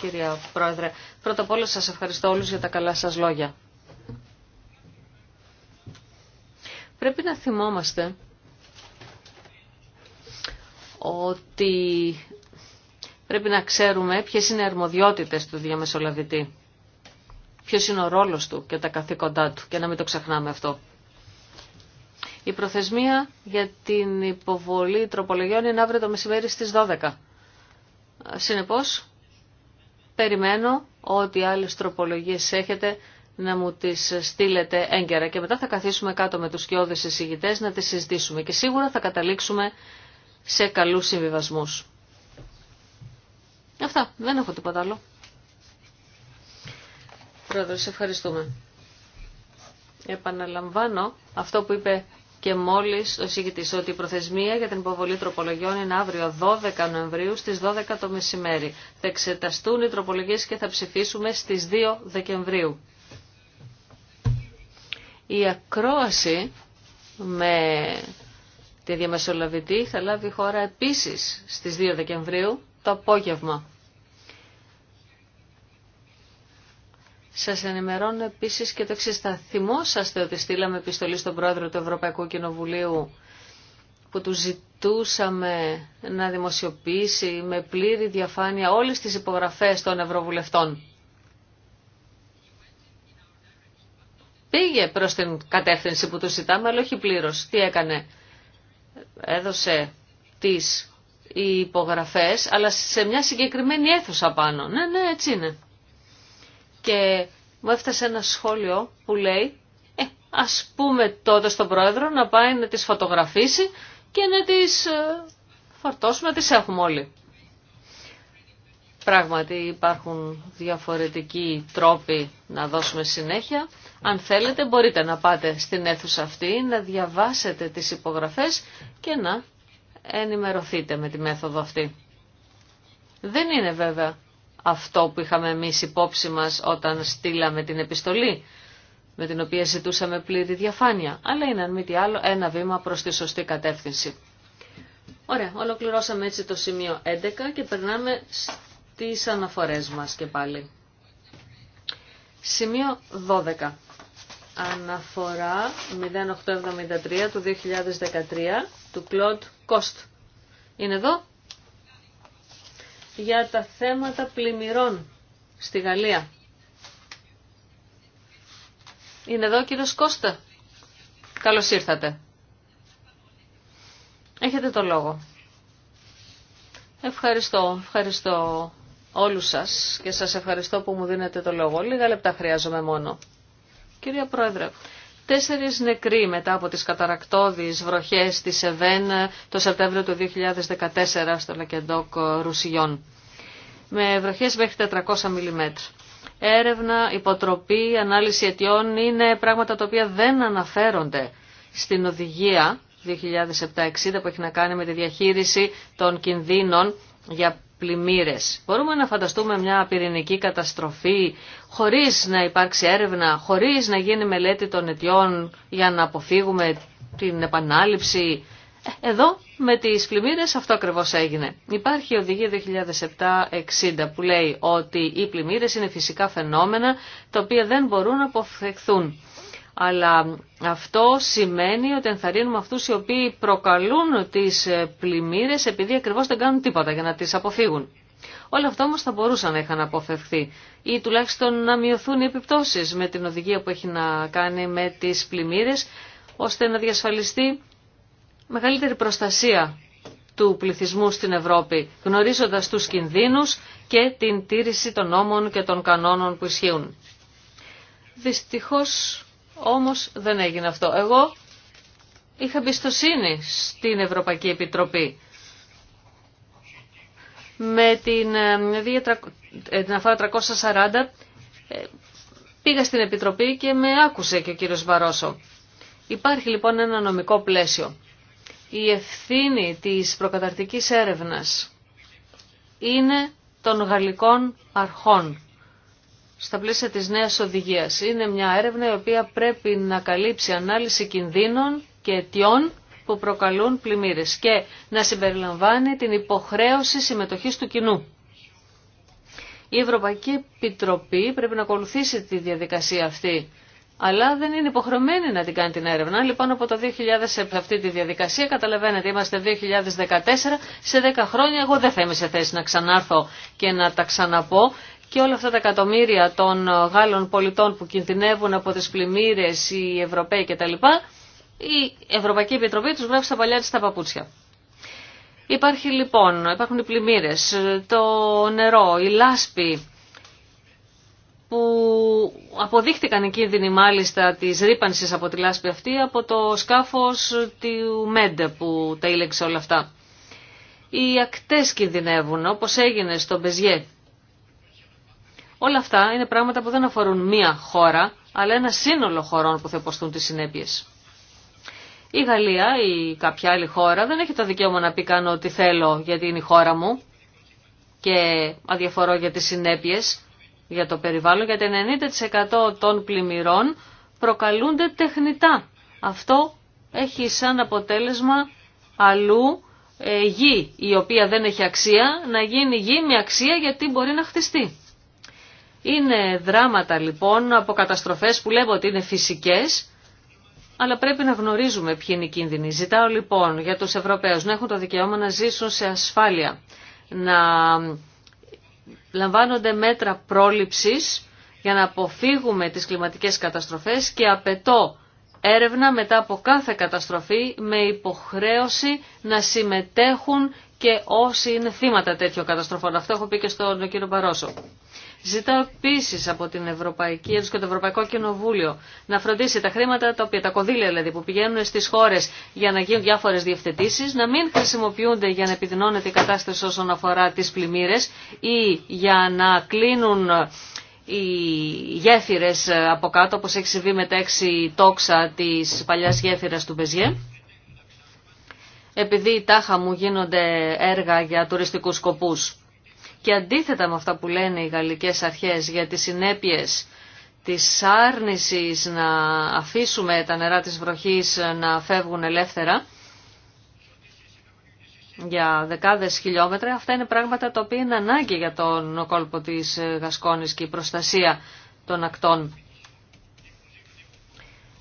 κυρία Πρόεδρε. Πρώτα απ' όλα σας ευχαριστώ όλους για τα καλά σας λόγια. Πρέπει να θυμόμαστε ότι πρέπει να ξέρουμε ποιες είναι οι αρμοδιότητες του διαμεσολαβητή, ποιος είναι ο ρόλος του και τα καθήκοντά του και να μην το ξεχνάμε αυτό. Η προθεσμία για την υποβολή τροπολογιών είναι αύριο το μεσημέρι στις 12. Συνεπώς, περιμένω ότι άλλες τροπολογίες έχετε να μου τις στείλετε έγκαιρα και μετά θα καθίσουμε κάτω με τους σκιώδες εισηγητές να τις συζητήσουμε και σίγουρα θα καταλήξουμε σε καλούς συμβιβασμούς. Αυτά. Δεν έχω τίποτα άλλο. Πρόεδρε, ευχαριστούμε. Επαναλαμβάνω αυτό που είπε και μόλι ο εισηγητής, ότι η προθεσμία για την υποβολή τροπολογιών είναι αύριο 12 Νοεμβρίου στι 12 το μεσημέρι. Θα εξεταστούν οι τροπολογίες και θα ψηφίσουμε στις 2 Δεκεμβρίου. Η ακρόαση με τη διαμεσολαβητή θα λάβει χώρα επίση στι 2 Δεκεμβρίου το απόγευμα. Σας ενημερώνω επίσης και το εξής. Θα θυμόσαστε ότι στείλαμε επιστολή στον πρόεδρο του Ευρωπαϊκού Κοινοβουλίου που του ζητούσαμε να δημοσιοποιήσει με πλήρη διαφάνεια όλες τις υπογραφές των Ευρωβουλευτών. Πήγε προς την κατεύθυνση που του ζητάμε, αλλά όχι πλήρως. Τι έκανε. Έδωσε τις οι υπογραφές, αλλά σε μια συγκεκριμένη αίθουσα πάνω. Ναι, ναι, έτσι είναι. Και μου έφτασε ένα σχόλιο που λέει, ε, ας πούμε τότε στον πρόεδρο να πάει να τις φωτογραφίσει και να τις ε, φορτώσουμε, να τις έχουμε όλοι. Πράγματι υπάρχουν διαφορετικοί τρόποι να δώσουμε συνέχεια. Αν θέλετε μπορείτε να πάτε στην αίθουσα αυτή, να διαβάσετε τις υπογραφές και να ενημερωθείτε με τη μέθοδο αυτή. Δεν είναι βέβαια αυτό που είχαμε εμείς υπόψη μας όταν στείλαμε την επιστολή, με την οποία ζητούσαμε πλήρη διαφάνεια, αλλά είναι αν μη τι άλλο ένα βήμα προς τη σωστή κατεύθυνση. Ωραία, ολοκληρώσαμε έτσι το σημείο 11 και περνάμε στις αναφορές μας και πάλι. Σημείο 12. Αναφορά 0873 του 2013 του Κλοντ cost. Είναι εδώ για τα θέματα πλημμυρών στη Γαλλία. Είναι εδώ ο κύριος Κώστα. Καλώς ήρθατε. Έχετε το λόγο. Ευχαριστώ, ευχαριστώ όλους σας και σας ευχαριστώ που μου δίνετε το λόγο. Λίγα λεπτά χρειάζομαι μόνο. Κυρία Πρόεδρε, Τέσσερι νεκροί μετά από τις καταρακτώδεις βροχέ τη ΕΒΕΝ το Σεπτέμβριο του 2014 στο Λακεντόκ Ρουσιών. Με βροχέ μέχρι 400 mm. Έρευνα, υποτροπή, ανάλυση αιτιών είναι πράγματα τα οποία δεν αναφέρονται στην οδηγία που έχει να κάνει με τη διαχείριση των κινδύνων για πλημμύρες. Μπορούμε να φανταστούμε μια πυρηνική καταστροφή χωρίς να υπάρξει έρευνα, χωρίς να γίνει μελέτη των αιτιών για να αποφύγουμε την επανάληψη. Ε, εδώ με τις πλημμύρες αυτό ακριβώς έγινε. Υπάρχει η οδηγία 2007-60 που λέει ότι οι πλημμύρες είναι φυσικά φαινόμενα τα οποία δεν μπορούν να αποφευχθούν αλλά αυτό σημαίνει ότι ενθαρρύνουμε αυτούς οι οποίοι προκαλούν τις ε, πλημμύρες επειδή ακριβώς δεν κάνουν τίποτα για να τις αποφύγουν. Όλα αυτά όμως θα μπορούσαν να είχαν αποφευθεί ή τουλάχιστον να μειωθούν οι επιπτώσεις με την οδηγία που έχει να κάνει με τις πλημμύρες ώστε να διασφαλιστεί μεγαλύτερη προστασία του πληθυσμού στην Ευρώπη γνωρίζοντας τους κινδύνους και την τήρηση των νόμων και των κανόνων που ισχύουν. Δυστυχώς όμως δεν έγινε αυτό. Εγώ είχα εμπιστοσύνη στην Ευρωπαϊκή Επιτροπή. Με την, ε, ε, την αφορά 340 ε, πήγα στην Επιτροπή και με άκουσε και ο κύριος Βαρόσο. Υπάρχει λοιπόν ένα νομικό πλαίσιο. Η ευθύνη της προκαταρτικής έρευνας είναι των γαλλικών αρχών στα πλαίσια της νέας οδηγίας. Είναι μια έρευνα η οποία πρέπει να καλύψει ανάλυση κινδύνων και αιτιών που προκαλούν πλημμύρες και να συμπεριλαμβάνει την υποχρέωση συμμετοχής του κοινού. Η Ευρωπαϊκή Επιτροπή πρέπει να ακολουθήσει τη διαδικασία αυτή, αλλά δεν είναι υποχρεωμένη να την κάνει την έρευνα. Λοιπόν, από το 2007 αυτή τη διαδικασία, καταλαβαίνετε, είμαστε 2014, σε 10 χρόνια εγώ δεν θα είμαι σε θέση να ξανάρθω και να τα ξαναπώ και όλα αυτά τα εκατομμύρια των ε, Γάλλων πολιτών που κινδυνεύουν από τις πλημμύρες, οι Ευρωπαίοι κτλ, η Ευρωπαϊκή Επιτροπή τους βράφει στα παλιά της τα παπούτσια. Υπάρχει λοιπόν, υπάρχουν οι πλημμύρες, ε, το νερό, η λάσπη, που αποδείχτηκαν οι κίνδυνοι μάλιστα της ρήπανσης από τη λάσπη αυτή από το σκάφος του Μέντε που τα ήλεξε όλα αυτά. Οι ακτές κινδυνεύουν, όπως έγινε στο Μπεζιέ Όλα αυτά είναι πράγματα που δεν αφορούν μία χώρα, αλλά ένα σύνολο χωρών που θα υποστούν τι συνέπειες. Η Γαλλία ή κάποια άλλη χώρα δεν έχει το δικαίωμα να πει κάνω ό,τι θέλω γιατί είναι η χώρα μου και αδιαφορώ για τις συνέπειες για το περιβάλλον, γιατί 90% των πλημμυρών προκαλούνται τεχνητά. Αυτό έχει σαν αποτέλεσμα αλλού ε, γη η οποία δεν έχει αξία να γίνει γη με αξία γιατί μπορεί να χτιστεί. Είναι δράματα λοιπόν από καταστροφές που λέμε ότι είναι φυσικές, αλλά πρέπει να γνωρίζουμε ποιοι είναι οι κίνδυνοι. Ζητάω λοιπόν για τους Ευρωπαίους να έχουν το δικαίωμα να ζήσουν σε ασφάλεια, να λαμβάνονται μέτρα πρόληψης για να αποφύγουμε τις κλιματικές καταστροφές και απαιτώ έρευνα μετά από κάθε καταστροφή με υποχρέωση να συμμετέχουν και όσοι είναι θύματα τέτοιων καταστροφών. Αυτό έχω πει και στον κύριο Παρόσο. Ζητάω επίση από την Ευρωπαϊκή Ένωση και το Ευρωπαϊκό Κοινοβούλιο να φροντίσει τα χρήματα, τα οποία τα κονδύλια δηλαδή που πηγαίνουν στι χώρε για να γίνουν διάφορε διευθετήσει, να μην χρησιμοποιούνται για να επιδεινώνεται η κατάσταση όσον αφορά τι πλημμύρε ή για να κλείνουν οι γέφυρε από κάτω, όπω έχει συμβεί με τα έξι τόξα τη παλιά γέφυρα του Μπεζιέ. Επειδή τάχα μου γίνονται έργα για τουριστικού σκοπούς. Και αντίθετα με αυτά που λένε οι γαλλικές αρχές για τις συνέπειες της άρνησης να αφήσουμε τα νερά της βροχής να φεύγουν ελεύθερα για δεκάδες χιλιόμετρα, αυτά είναι πράγματα τα οποία είναι ανάγκη για τον κόλπο της Γασκόνης και η προστασία των ακτών.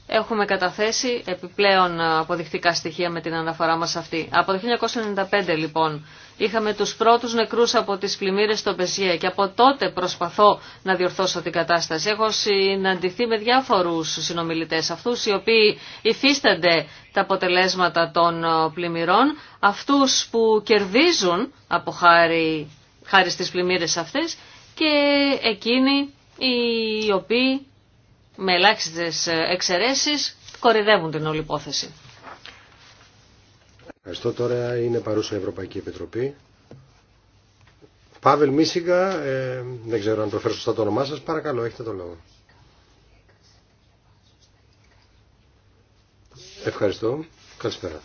Έχουμε καταθέσει επιπλέον αποδεικτικά στοιχεία με την αναφορά μας αυτή. Από το 1995 λοιπόν είχαμε τους πρώτους νεκρούς από τις πλημμύρες στο Πεζιέ και από τότε προσπαθώ να διορθώσω την κατάσταση. Έχω συναντηθεί με διάφορους συνομιλητές αυτούς οι οποίοι υφίστανται τα αποτελέσματα των ε, πλημμυρών, αυτούς που κερδίζουν από χάρη, χάρη στις πλημμύρες αυτές και εκείνοι οι οποίοι με ελάχιστες εξαιρέσεις κορυδεύουν την όλη Ευχαριστώ τώρα είναι παρούσα η Ευρωπαϊκή Επιτροπή. Πάβελ Μίσιγκα, ε, δεν ξέρω αν προφέρω σωστά το όνομά σας, παρακαλώ έχετε το λόγο. Ευχαριστώ. Καλησπέρα.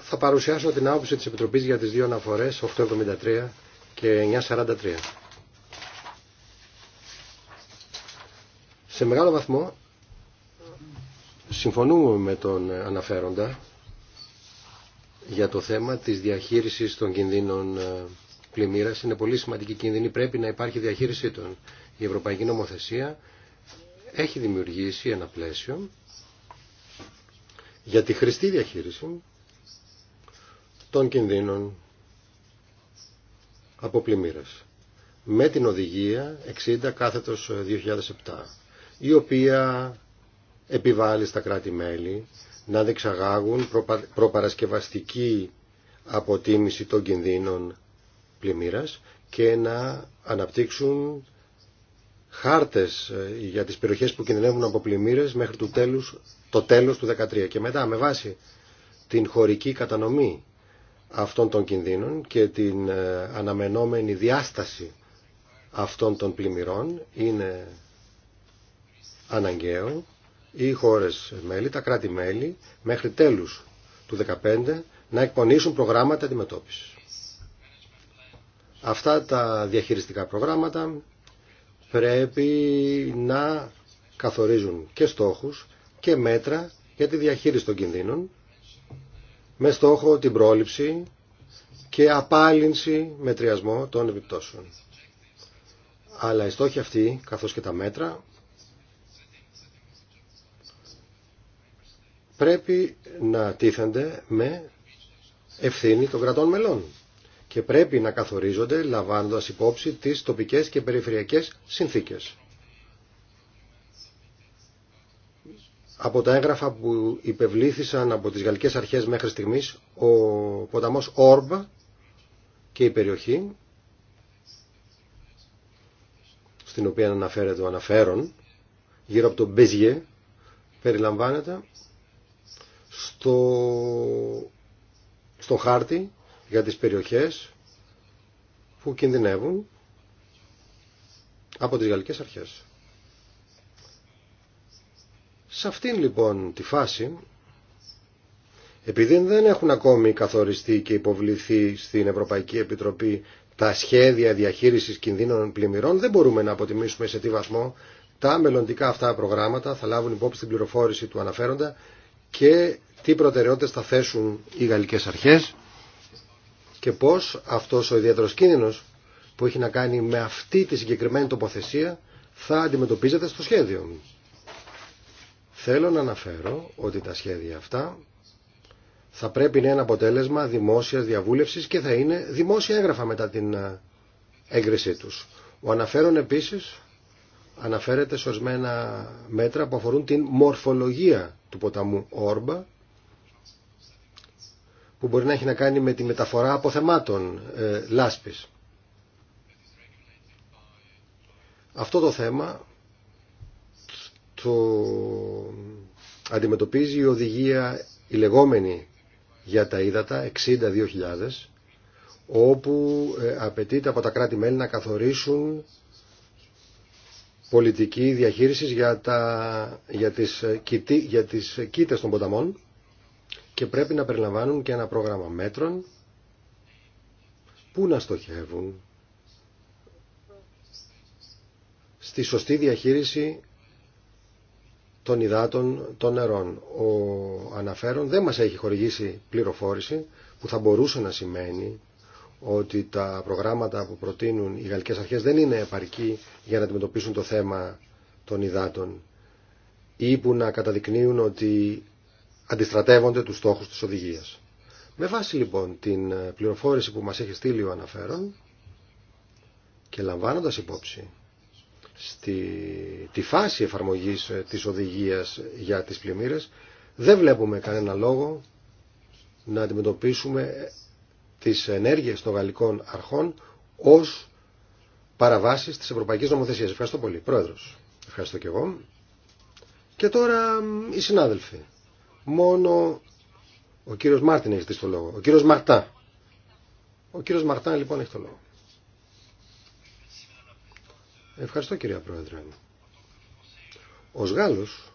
Θα παρουσιάσω την άποψη της Επιτροπής για τις δύο αναφορές 873 και 943. Σε μεγάλο βαθμό συμφωνούμε με τον αναφέροντα για το θέμα της διαχείρισης των κινδύνων ε, πλημμύρας. Είναι πολύ σημαντική κίνδυνη, πρέπει να υπάρχει διαχείρισή των. Η Ευρωπαϊκή Νομοθεσία έχει δημιουργήσει ένα πλαίσιο για τη χρηστή διαχείριση των κινδύνων από πλημμύρες με την οδηγία 60 κάθετος 2007 ε, η οποία επιβάλλει στα κράτη-μέλη να δεξαγάγουν προπαρασκευαστική αποτίμηση των κινδύνων πλημμύρας και να αναπτύξουν χάρτες ε, για τις περιοχές που κινδυνεύουν από πλημμύρες μέχρι το τέλος, το τέλος του 2013 και μετά με βάση την χωρική κατανομή αυτών των κινδύνων και την ε, αναμενόμενη διάσταση αυτών των πλημμυρών είναι αναγκαίο οι χώρες μέλη, τα κράτη-μέλη, μέχρι τέλους του 2015 να εκπονήσουν προγράμματα αντιμετώπισης. Αυτά τα διαχειριστικά προγράμματα πρέπει να καθορίζουν και στόχους και μέτρα για τη διαχείριση των κινδύνων με στόχο την πρόληψη και απάλυνση μετριασμό των επιπτώσεων. Αλλά οι στόχοι αυτοί, καθώς και τα μέτρα, πρέπει να τίθενται με ευθύνη των κρατών μελών και πρέπει να καθορίζονται λαμβάνοντας υπόψη τις τοπικές και περιφερειακές συνθήκες. Από τα έγγραφα που υπευλήθησαν από τις γαλλικές αρχές μέχρι στιγμής, ο ποταμός Όρμπ και η περιοχή, στην οποία αναφέρεται ο αναφέρον, γύρω από το Μπεζιέ, περιλαμβάνεται στο, στο χάρτη για τις περιοχές που κινδυνεύουν από τις γαλλικές αρχές. Σε αυτήν λοιπόν τη φάση, επειδή δεν έχουν ακόμη καθοριστεί και υποβληθεί στην Ευρωπαϊκή Επιτροπή τα σχέδια διαχείρισης κινδύνων πλημμυρών, δεν μπορούμε να αποτιμήσουμε σε τι βαθμό τα μελλοντικά αυτά προγράμματα θα λάβουν υπόψη την πληροφόρηση του αναφέροντα και τι προτεραιότητες θα θέσουν οι γαλλικές αρχές και πώς αυτός ο ιδιαίτερος κίνδυνος που έχει να κάνει με αυτή τη συγκεκριμένη τοποθεσία θα αντιμετωπίζεται στο σχέδιο. Θέλω να αναφέρω ότι τα σχέδια αυτά θα πρέπει να είναι αποτέλεσμα δημόσιας διαβούλευσης και θα είναι δημόσια έγγραφα μετά την ε, έγκρισή τους. Ο αναφέρον επίσης αναφέρεται σε μέτρα που αφορούν την μορφολογία του ποταμού Όρμπα που μπορεί να έχει να κάνει με τη μεταφορά αποθεμάτων ε, λάσπης. Αυτό το θέμα το αντιμετωπίζει η οδηγία η λεγόμενη για τα ύδατα 62.000 όπου ε, απαιτείται από τα κράτη-μέλη να καθορίσουν πολιτική διαχείρισης για, τα, για, τις, ε, για τις κήτες των ποταμών και πρέπει να περιλαμβάνουν και ένα πρόγραμμα μέτρων που να στοχεύουν στη σωστή διαχείριση των υδάτων των νερών. Ο αναφέρον δεν μας έχει χορηγήσει πληροφόρηση που θα μπορούσε να σημαίνει ότι τα προγράμματα που προτείνουν οι γαλλικές αρχές δεν είναι επαρκή για να αντιμετωπίσουν το θέμα των υδάτων ή που να καταδεικνύουν ότι αντιστρατεύονται τους στόχους της οδηγίας. Με βάση λοιπόν την πληροφόρηση που μας έχει στείλει ο αναφέρον και λαμβάνοντας υπόψη στη τη φάση εφαρμογής ε, της οδηγίας για τις πλημμύρες δεν βλέπουμε κανένα λόγο να αντιμετωπίσουμε τις ενέργειες των γαλλικών αρχών ως παραβάσεις της Ευρωπαϊκής Νομοθεσίας. Ευχαριστώ πολύ. Πρόεδρος, ευχαριστώ και εγώ. Και τώρα οι συνάδελφοι. Μόνο ο κύριος Μάρτιν έχει δει στο λόγο. Ο κύριος Μαρτά. Ο κύριος Μαρτά λοιπόν έχει το λόγο. Ευχαριστώ κυρία Πρόεδρε. Ως Γάλλος,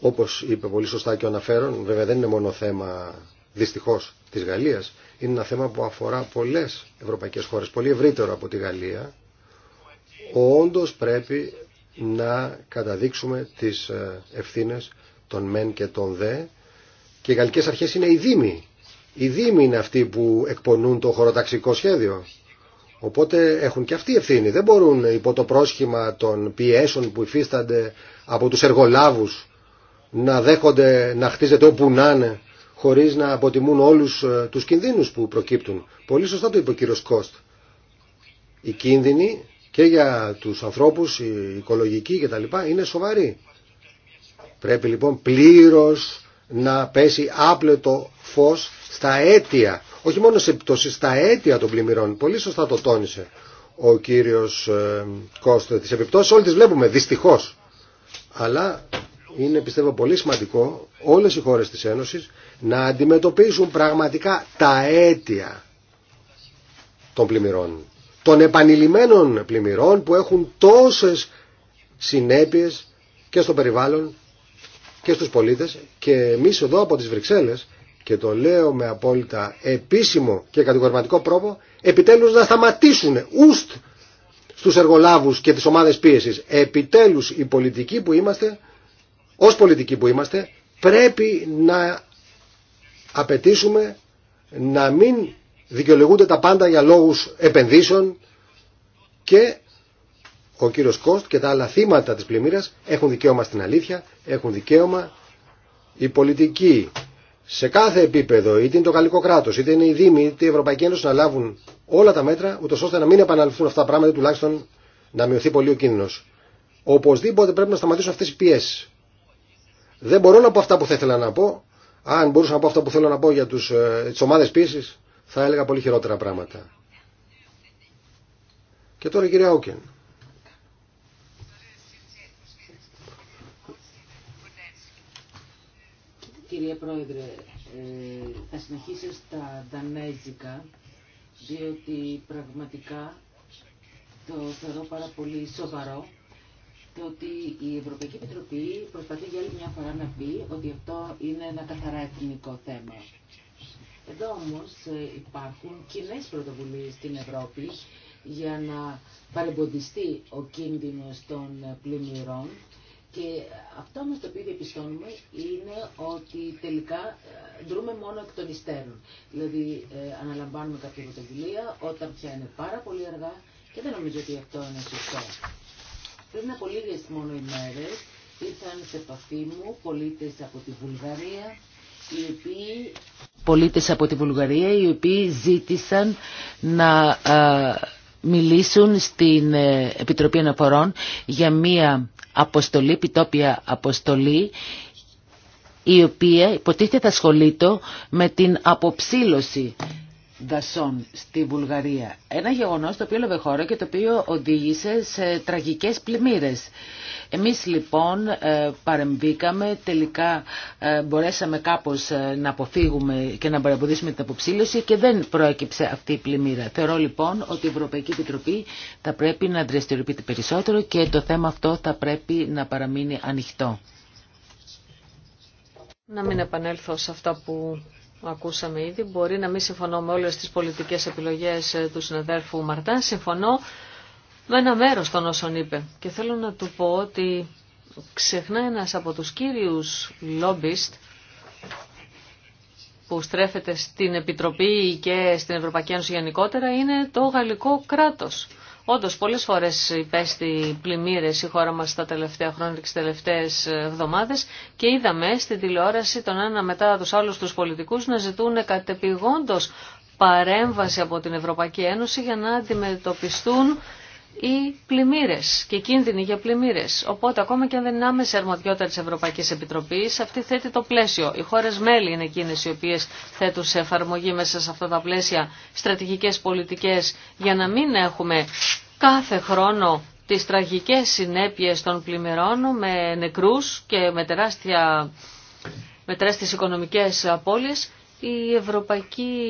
όπως είπε πολύ σωστά και ο αναφέρον, βέβαια δεν είναι μόνο θέμα Δυστυχώ της Γαλλίας είναι ένα θέμα που αφορά πολλές ευρωπαϊκές χώρες, πολύ ευρύτερο από τη Γαλλία. Όντω πρέπει να καταδείξουμε τις ε, ευθύνε των μεν και των δε και οι γαλλικές αρχές είναι οι δήμοι. Οι δήμοι είναι αυτοί που εκπονούν το χωροταξικό σχέδιο. Οπότε έχουν και αυτοί ευθύνη. Δεν μπορούν υπό το πρόσχημα των πιέσεων που υφίστανται από τους εργολάβους να δέχονται να χτίζεται όπου να είναι χωρίς να αποτιμούν όλους ε, τους κινδύνους που προκύπτουν. Πολύ σωστά το είπε ο κύριος Κόστ. Οι κίνδυνοι και για τους ανθρώπους, οι οικολογικοί κτλ. είναι σοβαροί. Πρέπει λοιπόν πλήρως να πέσει άπλετο φως στα αίτια, όχι μόνο σε πτώση, στα αίτια των πλημμυρών. Πολύ σωστά το τόνισε ο κύριος ε, Κώστ Τις επιπτώσεις όλοι τις βλέπουμε, δυστυχώς. Αλλά είναι πιστεύω πολύ σημαντικό όλες οι χώρες της Ένωσης να αντιμετωπίσουν πραγματικά τα αίτια των πλημμυρών. Των επανειλημμένων πλημμυρών που έχουν τόσες συνέπειες και στο περιβάλλον και στους πολίτες και εμείς εδώ από τις Βρυξέλλες και το λέω με απόλυτα επίσημο και κατηγορηματικό πρόπο επιτέλους να σταματήσουν ουστ στους εργολάβους και τις ομάδες πίεσης. Επιτέλους οι πολιτικοί που είμαστε, ως πολιτικοί που είμαστε, πρέπει να απαιτήσουμε να μην δικαιολογούνται τα πάντα για λόγους επενδύσεων και ο κύριος Κόστ και τα άλλα θύματα της πλημμύρας έχουν δικαίωμα στην αλήθεια, έχουν δικαίωμα οι πολιτικοί σε κάθε επίπεδο, είτε είναι το γαλλικό κράτο, είτε είναι οι Δήμοι, είτε η Ευρωπαϊκή Ένωση να λάβουν όλα τα μέτρα, ούτω ώστε να μην επαναληφθούν αυτά τα πράγματα, τουλάχιστον να μειωθεί πολύ ο κίνδυνο. Οπωσδήποτε πρέπει να σταματήσουν αυτέ οι πιέσει. Δεν μπορώ να πω αυτά που θα ήθελα να πω, αν μπορούσα να πω αυτό που θέλω να πω για τους, ε, τις ομάδες θα έλεγα πολύ χειρότερα πράγματα. Και τώρα η κυρία Όκεν. Κύριε Πρόεδρε, ε, θα συνεχίσω στα Δανέζικα, διότι πραγματικά το θεωρώ πάρα πολύ σοβαρό το ότι η Ευρωπαϊκή Επιτροπή προσπαθεί για άλλη μια φορά να πει ότι αυτό είναι ένα καθαρά εθνικό θέμα. Εδώ όμως ε, υπάρχουν κοινέ πρωτοβουλίε στην Ευρώπη για να παρεμποδιστεί ο κίνδυνος των πλημμυρών και αυτό μας το οποίο διαπιστώνουμε είναι ότι τελικά ε, δρούμε μόνο εκ των υστέρων. Δηλαδή ε, αναλαμβάνουμε κάποια πρωτοβουλία όταν πια είναι πάρα πολύ αργά και δεν νομίζω ότι αυτό είναι σωστό. Πριν από λίγε μόνο ημέρε. ήρθαν σε επαφή μου πολίτες από τη Βουλγαρία, οι οποίοι... από τη Βουλγαρία οι οποίοι ζήτησαν να μιλήσουν στην ε, Επιτροπή Αναφορών για μία αποστολή, επιτόπια αποστολή, η οποία υποτίθεται ασχολείται με την αποψήλωση δασών στη Βουλγαρία. Ένα γεγονός το οποίο έλαβε χώρα και το οποίο οδήγησε σε τραγικές πλημμύρες. Εμείς λοιπόν ε, παρεμβήκαμε, τελικά ε, μπορέσαμε κάπως ε, να αποφύγουμε και να παραποδίσουμε την αποψήλωση και δεν προέκυψε αυτή η πλημμύρα. Θεωρώ λοιπόν ότι η Ευρωπαϊκή Επιτροπή θα πρέπει να δραστηριοποιείται περισσότερο και το θέμα αυτό θα πρέπει να παραμείνει ανοιχτό. Να μην επανέλθω σε αυτά που ακούσαμε ήδη. Μπορεί να μην συμφωνώ με όλες τις πολιτικές επιλογές ε, του συναδέρφου Μαρτάν, Συμφωνώ με ένα μέρος των όσων είπε. Και θέλω να του πω ότι ξεχνά ένας από τους κύριους λόμπιστ που στρέφεται στην Επιτροπή και στην Ευρωπαϊκή Ένωση γενικότερα είναι το γαλλικό κράτος. Όντω, πολλέ φορέ υπέστη πλημμύρε η χώρα μα τα τελευταία χρόνια και τι τελευταίε εβδομάδε και είδαμε στην τηλεόραση τον ένα μετά του άλλου του πολιτικού να ζητούν κατεπηγόντω παρέμβαση από την Ευρωπαϊκή Ένωση για να αντιμετωπιστούν ή πλημμύρες και κίνδυνοι για πλημμύρες. Οπότε ακόμα και αν δεν είναι άμεση αρμοδιότητα της Ευρωπαϊκής Επιτροπής, αυτή θέτει το πλαίσιο. Οι χώρες μέλη είναι εκείνες οι οποίες θέτουν σε εφαρμογή μέσα σε αυτά τα πλαίσια στρατηγικές πολιτικές για να μην έχουμε κάθε χρόνο τις τραγικές συνέπειες των πλημμυρών με νεκρούς και με, τεράστια, με τεράστιες οικονομικές απώλειες η Ευρωπαϊκή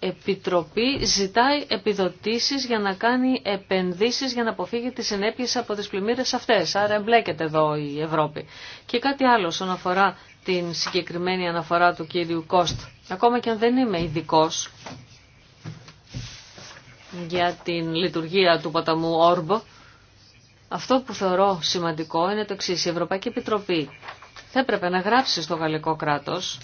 Επιτροπή ζητάει επιδοτήσεις για να κάνει επενδύσεις για να αποφύγει τις συνέπειες από τις πλημμύρες αυτές. Άρα εμπλέκεται εδώ η Ευρώπη. Και κάτι άλλο όσον αφορά την συγκεκριμένη αναφορά του κύριου Κοστ Ακόμα και αν δεν είμαι ειδικό για την λειτουργία του ποταμού Ορμπο, αυτό που θεωρώ σημαντικό είναι το εξή. Η Ευρωπαϊκή Επιτροπή θα έπρεπε να γράψει στο γαλλικό κράτος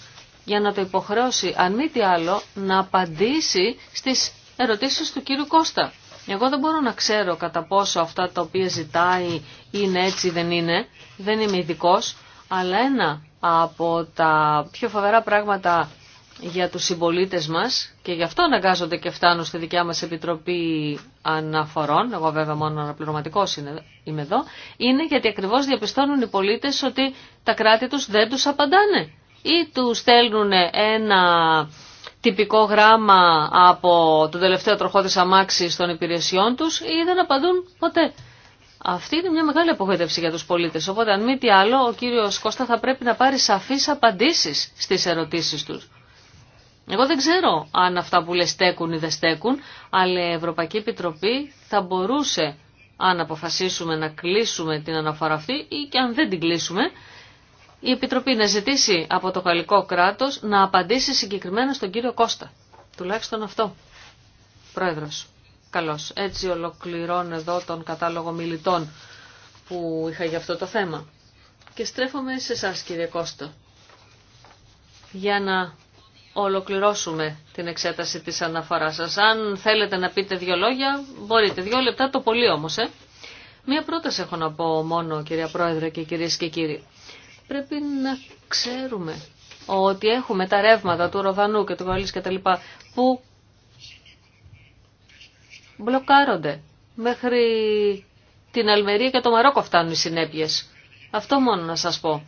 για να το υποχρεώσει, αν μη τι άλλο, να απαντήσει στις ερωτήσεις του κύριου Κώστα. Εγώ δεν μπορώ να ξέρω κατά πόσο αυτά τα οποία ζητάει είναι έτσι δεν είναι. Δεν είμαι ειδικό, αλλά ένα από τα πιο φοβερά πράγματα για τους συμπολίτε μας και γι' αυτό αναγκάζονται και φτάνουν στη δικιά μας Επιτροπή Αναφορών, εγώ βέβαια μόνο αναπληρωματικός είμαι εδώ, είναι γιατί ακριβώς διαπιστώνουν οι πολίτες ότι τα κράτη τους δεν τους απαντάνε ή του στέλνουν ένα τυπικό γράμμα από το τελευταίο τροχό της αμάξης των υπηρεσιών τους ή δεν απαντούν ποτέ. Αυτή είναι μια μεγάλη απογοήτευση για τους πολίτες. Οπότε αν μη τι άλλο, ο κύριος Κώστα θα πρέπει να πάρει σαφείς απαντήσεις στις ερωτήσεις τους. Εγώ δεν ξέρω αν αυτά που λέει στέκουν ή δεν στέκουν, αλλά η Ευρωπαϊκή Επιτροπή θα μπορούσε αν αποφασίσουμε να κλείσουμε την αναφορά αυτή ή και αν δεν την κλείσουμε, η Επιτροπή να ζητήσει από το γαλλικό κράτος να απαντήσει συγκεκριμένα στον κύριο Κώστα. Τουλάχιστον αυτό. Πρόεδρος. Καλώς. Έτσι ολοκληρώνω εδώ τον κατάλογο μιλητών που είχα για αυτό το θέμα. Και στρέφομαι σε εσά κύριε Κώστα. Για να ολοκληρώσουμε την εξέταση της αναφοράς σας. Αν θέλετε να πείτε δύο λόγια, μπορείτε. Δύο λεπτά το πολύ όμως, ε. Μία πρόταση έχω να πω μόνο, κυρία Πρόεδρε και κυρίες και κύριοι πρέπει να ξέρουμε ότι έχουμε τα ρεύματα του Ροδανού και του Βαλής και τα λοιπά που μπλοκάρονται. Μέχρι την Αλμερία και το Μαρόκο φτάνουν οι συνέπειες. Αυτό μόνο να σας πω.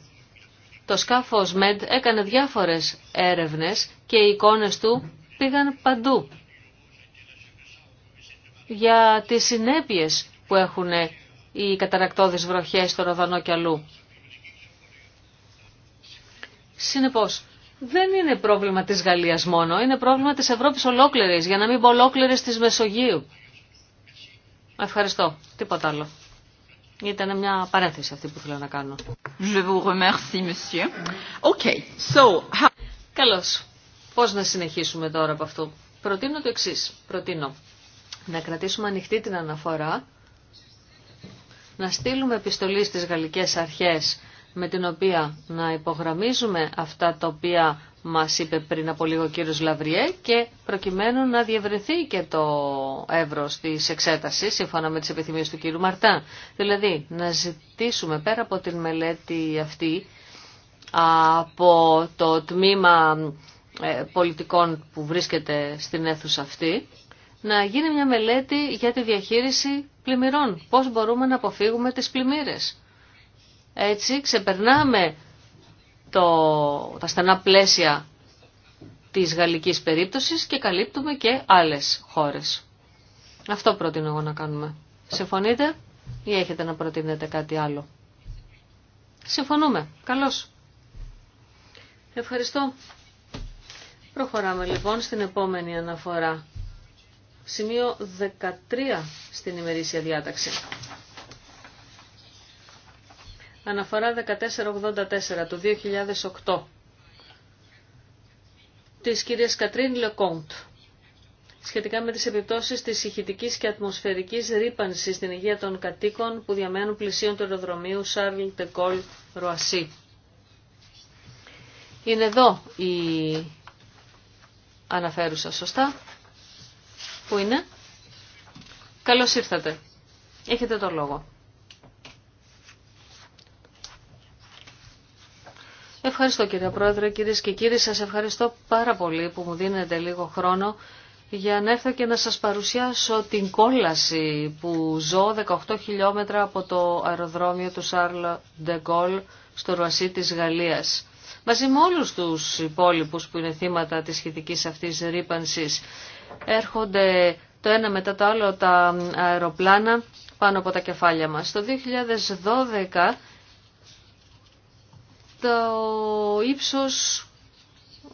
Το σκάφος ΜΕΝΤ έκανε διάφορες έρευνες και οι εικόνες του πήγαν παντού για τις συνέπειες που έχουν οι καταρακτώδεις βροχές στο Ροδανό και αλλού. Συνεπώς, δεν είναι πρόβλημα της Γαλλίας μόνο, είναι πρόβλημα της Ευρώπης ολόκληρης, για να μην πω ολόκληρης της Μεσογείου. Ευχαριστώ. Τίποτα άλλο. Ήταν μια παρένθεση αυτή που θέλω να κάνω. Je vous remercie, monsieur. Okay, so... Καλώς. Πώς να συνεχίσουμε τώρα από αυτό. Προτείνω το εξή. Προτείνω να κρατήσουμε ανοιχτή την αναφορά, να στείλουμε επιστολή στις γαλλικές αρχές με την οποία να υπογραμμίζουμε αυτά τα οποία μας είπε πριν από λίγο ο κύριος Λαβριέ και προκειμένου να διευρεθεί και το εύρος της εξέτασης σύμφωνα με τις επιθυμίες του κύριου Μαρτά. Δηλαδή να ζητήσουμε πέρα από την μελέτη αυτή από το τμήμα ε, πολιτικών που βρίσκεται στην αίθουσα αυτή να γίνει μια μελέτη για τη διαχείριση πλημμυρών. Πώς μπορούμε να αποφύγουμε τις πλημμύρες. Έτσι ξεπερνάμε το, τα στενά πλαίσια της γαλλικής περίπτωσης και καλύπτουμε και άλλες χώρες. Αυτό προτείνω εγώ να κάνουμε. Συμφωνείτε ή έχετε να προτείνετε κάτι άλλο. Συμφωνούμε. Καλώς. Ευχαριστώ. Προχωράμε λοιπόν στην επόμενη αναφορά. Σημείο 13 στην ημερήσια διάταξη. Αναφορά 1484 του 2008 της κυρίας Κατρίν Λεκόντ σχετικά με τις επιπτώσεις της ηχητικής και ατμοσφαιρικής ρήπανσης στην υγεία των κατοίκων που διαμένουν πλησίων του αεροδρομίου Σάρλ Τεκόλ Ροασί. Είναι εδώ η αναφέρουσα σωστά. Πού είναι? Καλώς ήρθατε. Έχετε το λόγο. Ευχαριστώ κύριε Πρόεδρε, κυρίες και κύριοι. Σας ευχαριστώ πάρα πολύ που μου δίνετε λίγο χρόνο για να έρθω και να σας παρουσιάσω την κόλαση που ζω 18 χιλιόμετρα από το αεροδρόμιο του Σάρλ Ντεγκόλ στο Ρουασί της Γαλλίας. Μαζί με όλους τους υπόλοιπους που είναι θύματα της σχετική αυτής ρήπανσης έρχονται το ένα μετά το άλλο τα αεροπλάνα πάνω από τα κεφάλια μας. Το 2012 το ύψος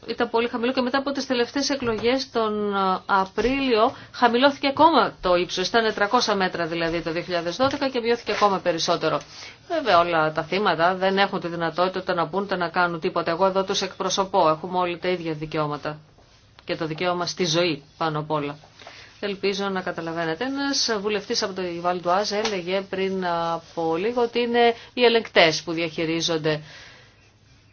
ήταν πολύ χαμηλό και μετά από τις τελευταίες εκλογές τον Απρίλιο χαμηλώθηκε ακόμα το ύψος. Ήταν 300 μέτρα δηλαδή το 2012 και βιώθηκε ακόμα περισσότερο. Βέβαια όλα τα θύματα δεν έχουν τη δυνατότητα να πούν, να κάνουν τίποτα. Εγώ εδώ τους εκπροσωπώ. Έχουμε όλοι τα ίδια δικαιώματα και το δικαίωμα στη ζωή πάνω απ' όλα. Ελπίζω να καταλαβαίνετε. Ένα βουλευτή από το Ιβάλντουάζ έλεγε πριν από λίγο ότι είναι οι ελεγκτέ που διαχειρίζονται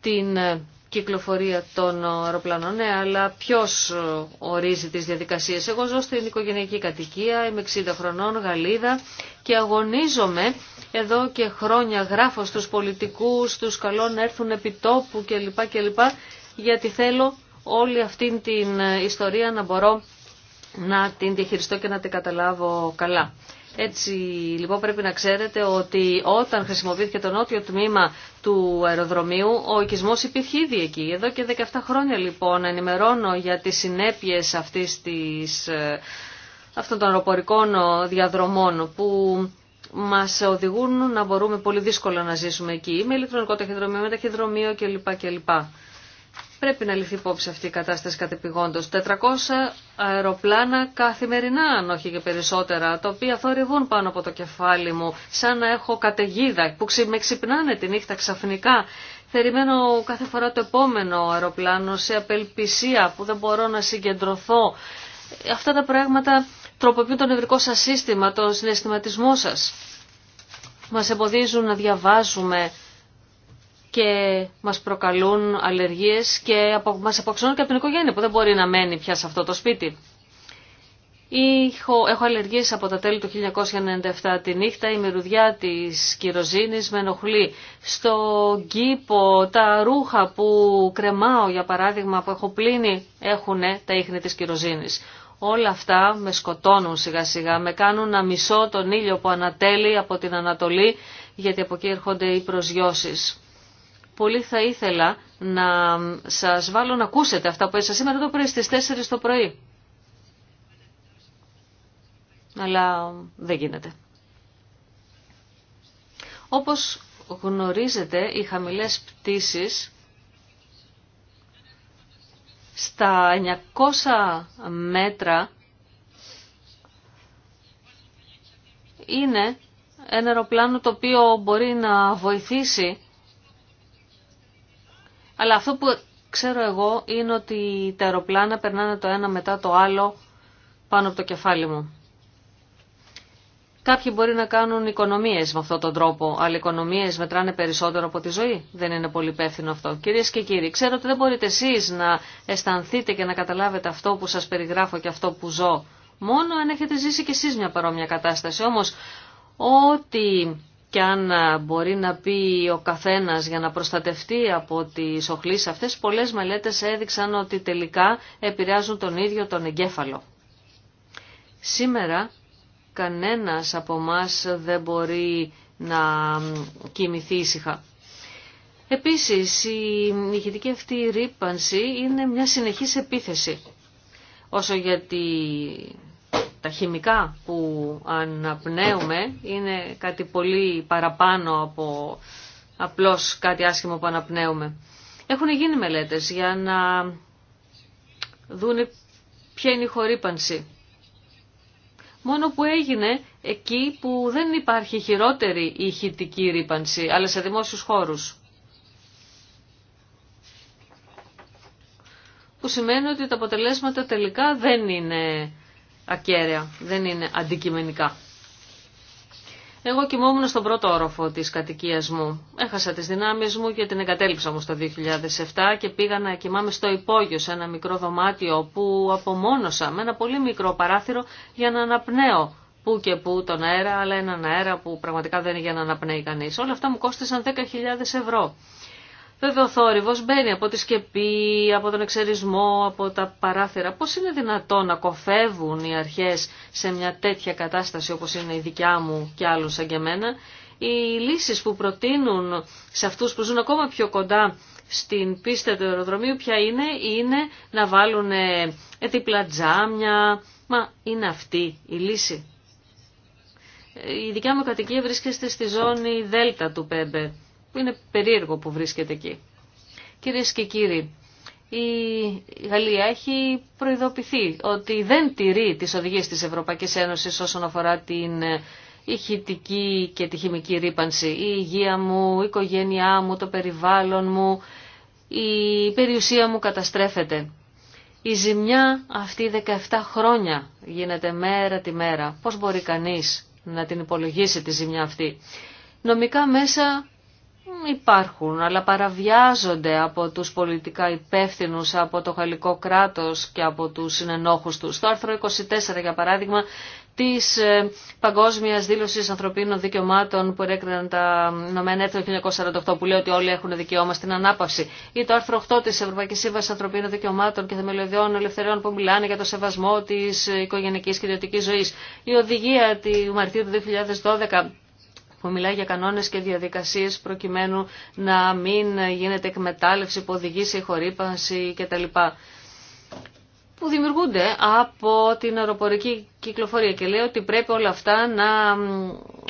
την ε, κυκλοφορία των αεροπλάνων. Ναι, αλλά ποιο ε, ορίζει τι διαδικασίε. Εγώ ζω στην οικογενειακή κατοικία, είμαι 60 χρονών, Γαλλίδα και αγωνίζομαι εδώ και χρόνια. Γράφω στου πολιτικού, του καλώ να έρθουν επί τόπου κλπ. κλπ. Γιατί θέλω όλη αυτή την ε, ιστορία να μπορώ να την διαχειριστώ και να την καταλάβω καλά. Έτσι λοιπόν πρέπει να ξέρετε ότι όταν χρησιμοποιήθηκε το νότιο τμήμα του αεροδρομίου ο οικισμός υπήρχε ήδη εκεί. Εδώ και 17 χρόνια λοιπόν ενημερώνω για τις συνέπειες αυτής της, ε, αυτών των αεροπορικών ε, διαδρομών που μας οδηγούν να μπορούμε πολύ δύσκολα να ζήσουμε εκεί με ηλεκτρονικό ταχυδρομείο, με ταχυδρομείο κλπ. κλπ. Πρέπει να λυθεί υπόψη αυτή η κατάσταση κατεπηγόντω. 400 αεροπλάνα καθημερινά, αν όχι και περισσότερα, τα οποία θορυβούν πάνω από το κεφάλι μου, σαν να έχω καταιγίδα, που με ξυπνάνε τη νύχτα ξαφνικά. Περιμένω κάθε φορά το επόμενο αεροπλάνο σε απελπισία που δεν μπορώ να συγκεντρωθώ. Αυτά τα πράγματα τροποποιούν το νευρικό σας σύστημα, τον συναισθηματισμό σας. Μας εμποδίζουν να διαβάζουμε, και μας προκαλούν αλλεργίες και μας αποξενούν και από την οικογένεια που δεν μπορεί να μένει πια σε αυτό το σπίτι. Είχο, έχω αλλεργίες από τα τέλη του 1997 τη νύχτα, η μυρουδιά της κυροζίνης με ενοχλεί. Στο κήπο τα ρούχα που κρεμάω για παράδειγμα που έχω πλύνει έχουν τα ίχνη της κυροζίνης. Όλα αυτά με σκοτώνουν σιγά σιγά, με κάνουν να μισώ τον ήλιο που ανατέλει από την Ανατολή γιατί από εκεί έρχονται οι προσγειώσεις πολύ θα ήθελα να σας βάλω να ακούσετε αυτά που έζησα σήμερα το πρωί στις 4 το πρωί. Αλλά δεν γίνεται. Όπως γνωρίζετε, οι χαμηλές πτήσεις στα 900 μέτρα είναι ένα αεροπλάνο το οποίο μπορεί να βοηθήσει αλλά αυτό που ξέρω εγώ είναι ότι τα αεροπλάνα περνάνε το ένα μετά το άλλο πάνω από το κεφάλι μου. Κάποιοι μπορεί να κάνουν οικονομίες με αυτόν τον τρόπο, αλλά οικονομίες μετράνε περισσότερο από τη ζωή. Δεν είναι πολύ υπεύθυνο αυτό. Κυρίες και κύριοι, ξέρω ότι δεν μπορείτε εσείς να αισθανθείτε και να καταλάβετε αυτό που σας περιγράφω και αυτό που ζω. Μόνο αν έχετε ζήσει κι εσείς μια παρόμοια κατάσταση. Όμως, ό,τι και αν ε, μπορεί να πει ο καθένας για να προστατευτεί από τις οχλήσεις αυτές, πολλές μελέτες έδειξαν ότι τελικά επηρεάζουν τον ίδιο τον εγκέφαλο. Σήμερα κανένας από εμά δεν μπορεί να κοιμηθεί ήσυχα. Επίσης, η ηχητική αυτή ρήπανση είναι μια συνεχής επίθεση. Όσο για τα χημικά που αναπνέουμε είναι κάτι πολύ παραπάνω από απλώς κάτι άσχημο που αναπνέουμε. Έχουν γίνει μελέτες για να δούνε ποια είναι η χορύπανση. Μόνο που έγινε εκεί που δεν υπάρχει χειρότερη ηχητική ρήπανση, αλλά σε δημόσιους χώρους. Που σημαίνει ότι τα αποτελέσματα τελικά δεν είναι ακέραια, δεν είναι αντικειμενικά. Εγώ κοιμόμουν στον πρώτο όροφο της κατοικίας μου. Έχασα τις δυνάμεις μου και την εγκατέλειψα όμως το 2007 και πήγα να κοιμάμαι στο υπόγειο σε ένα μικρό δωμάτιο που απομόνωσα με ένα πολύ μικρό παράθυρο για να αναπνέω που και που τον αέρα, αλλά έναν αέρα που πραγματικά δεν είναι για να αναπνέει κανείς. Όλα αυτά μου κόστησαν 10.000 ευρώ. Βέβαια ο θόρυβος μπαίνει από τη σκεπή, από τον εξαιρισμό, από τα παράθυρα. Πώς είναι δυνατόν να κοφεύουν οι αρχές σε μια τέτοια κατάσταση όπως είναι η δικιά μου και άλλων σαν και εμένα. Οι λύσεις που προτείνουν σε αυτούς που ζουν ακόμα πιο κοντά στην πίστα του αεροδρομίου ποια είναι, είναι να βάλουν ε, ε, δίπλα τζάμια. Μα είναι αυτή η λύση. Ε, η δικιά μου κατοικία βρίσκεται στη ζώνη Δέλτα του Πέμπε που είναι περίεργο που βρίσκεται εκεί. Κυρίες και κύριοι, η Γαλλία έχει προειδοποιηθεί ότι δεν τηρεί τις οδηγίες της Ευρωπαϊκής Ένωσης όσον αφορά την ε, ηχητική και τη χημική ρήπανση. Η υγεία μου, η οικογένειά μου, το περιβάλλον μου, η περιουσία μου καταστρέφεται. Η ζημιά αυτή 17 χρόνια γίνεται μέρα τη μέρα. Πώς μπορεί κανείς να την υπολογίσει τη ζημιά αυτή. Νομικά μέσα υπάρχουν, αλλά παραβιάζονται από τους πολιτικά υπεύθυνους, από το χαλικό κράτος και από τους συνενόχους τους. Στο άρθρο 24, για παράδειγμα, της ε, Παγκόσμιας Δήλωσης Ανθρωπίνων Δικαιωμάτων που έκριναν τα Ηνωμένα Έθνη 1948 που λέει ότι όλοι έχουν δικαίωμα στην ανάπαυση ή το άρθρο 8 της Ευρωπαϊκής Σύμβασης Ανθρωπίνων Δικαιωμάτων και Θεμελιωδιών Ελευθεριών που μιλάνε για το σεβασμό της οικογενικής και ιδιωτικής ζωής η οδηγία του Μαρτίου του 2012 που μιλάει για κανόνες και διαδικασίες προκειμένου να μην γίνεται εκμετάλλευση που οδηγεί σε χορύπανση κτλ. Που δημιουργούνται από την αεροπορική κυκλοφορία και λέει ότι πρέπει όλα αυτά να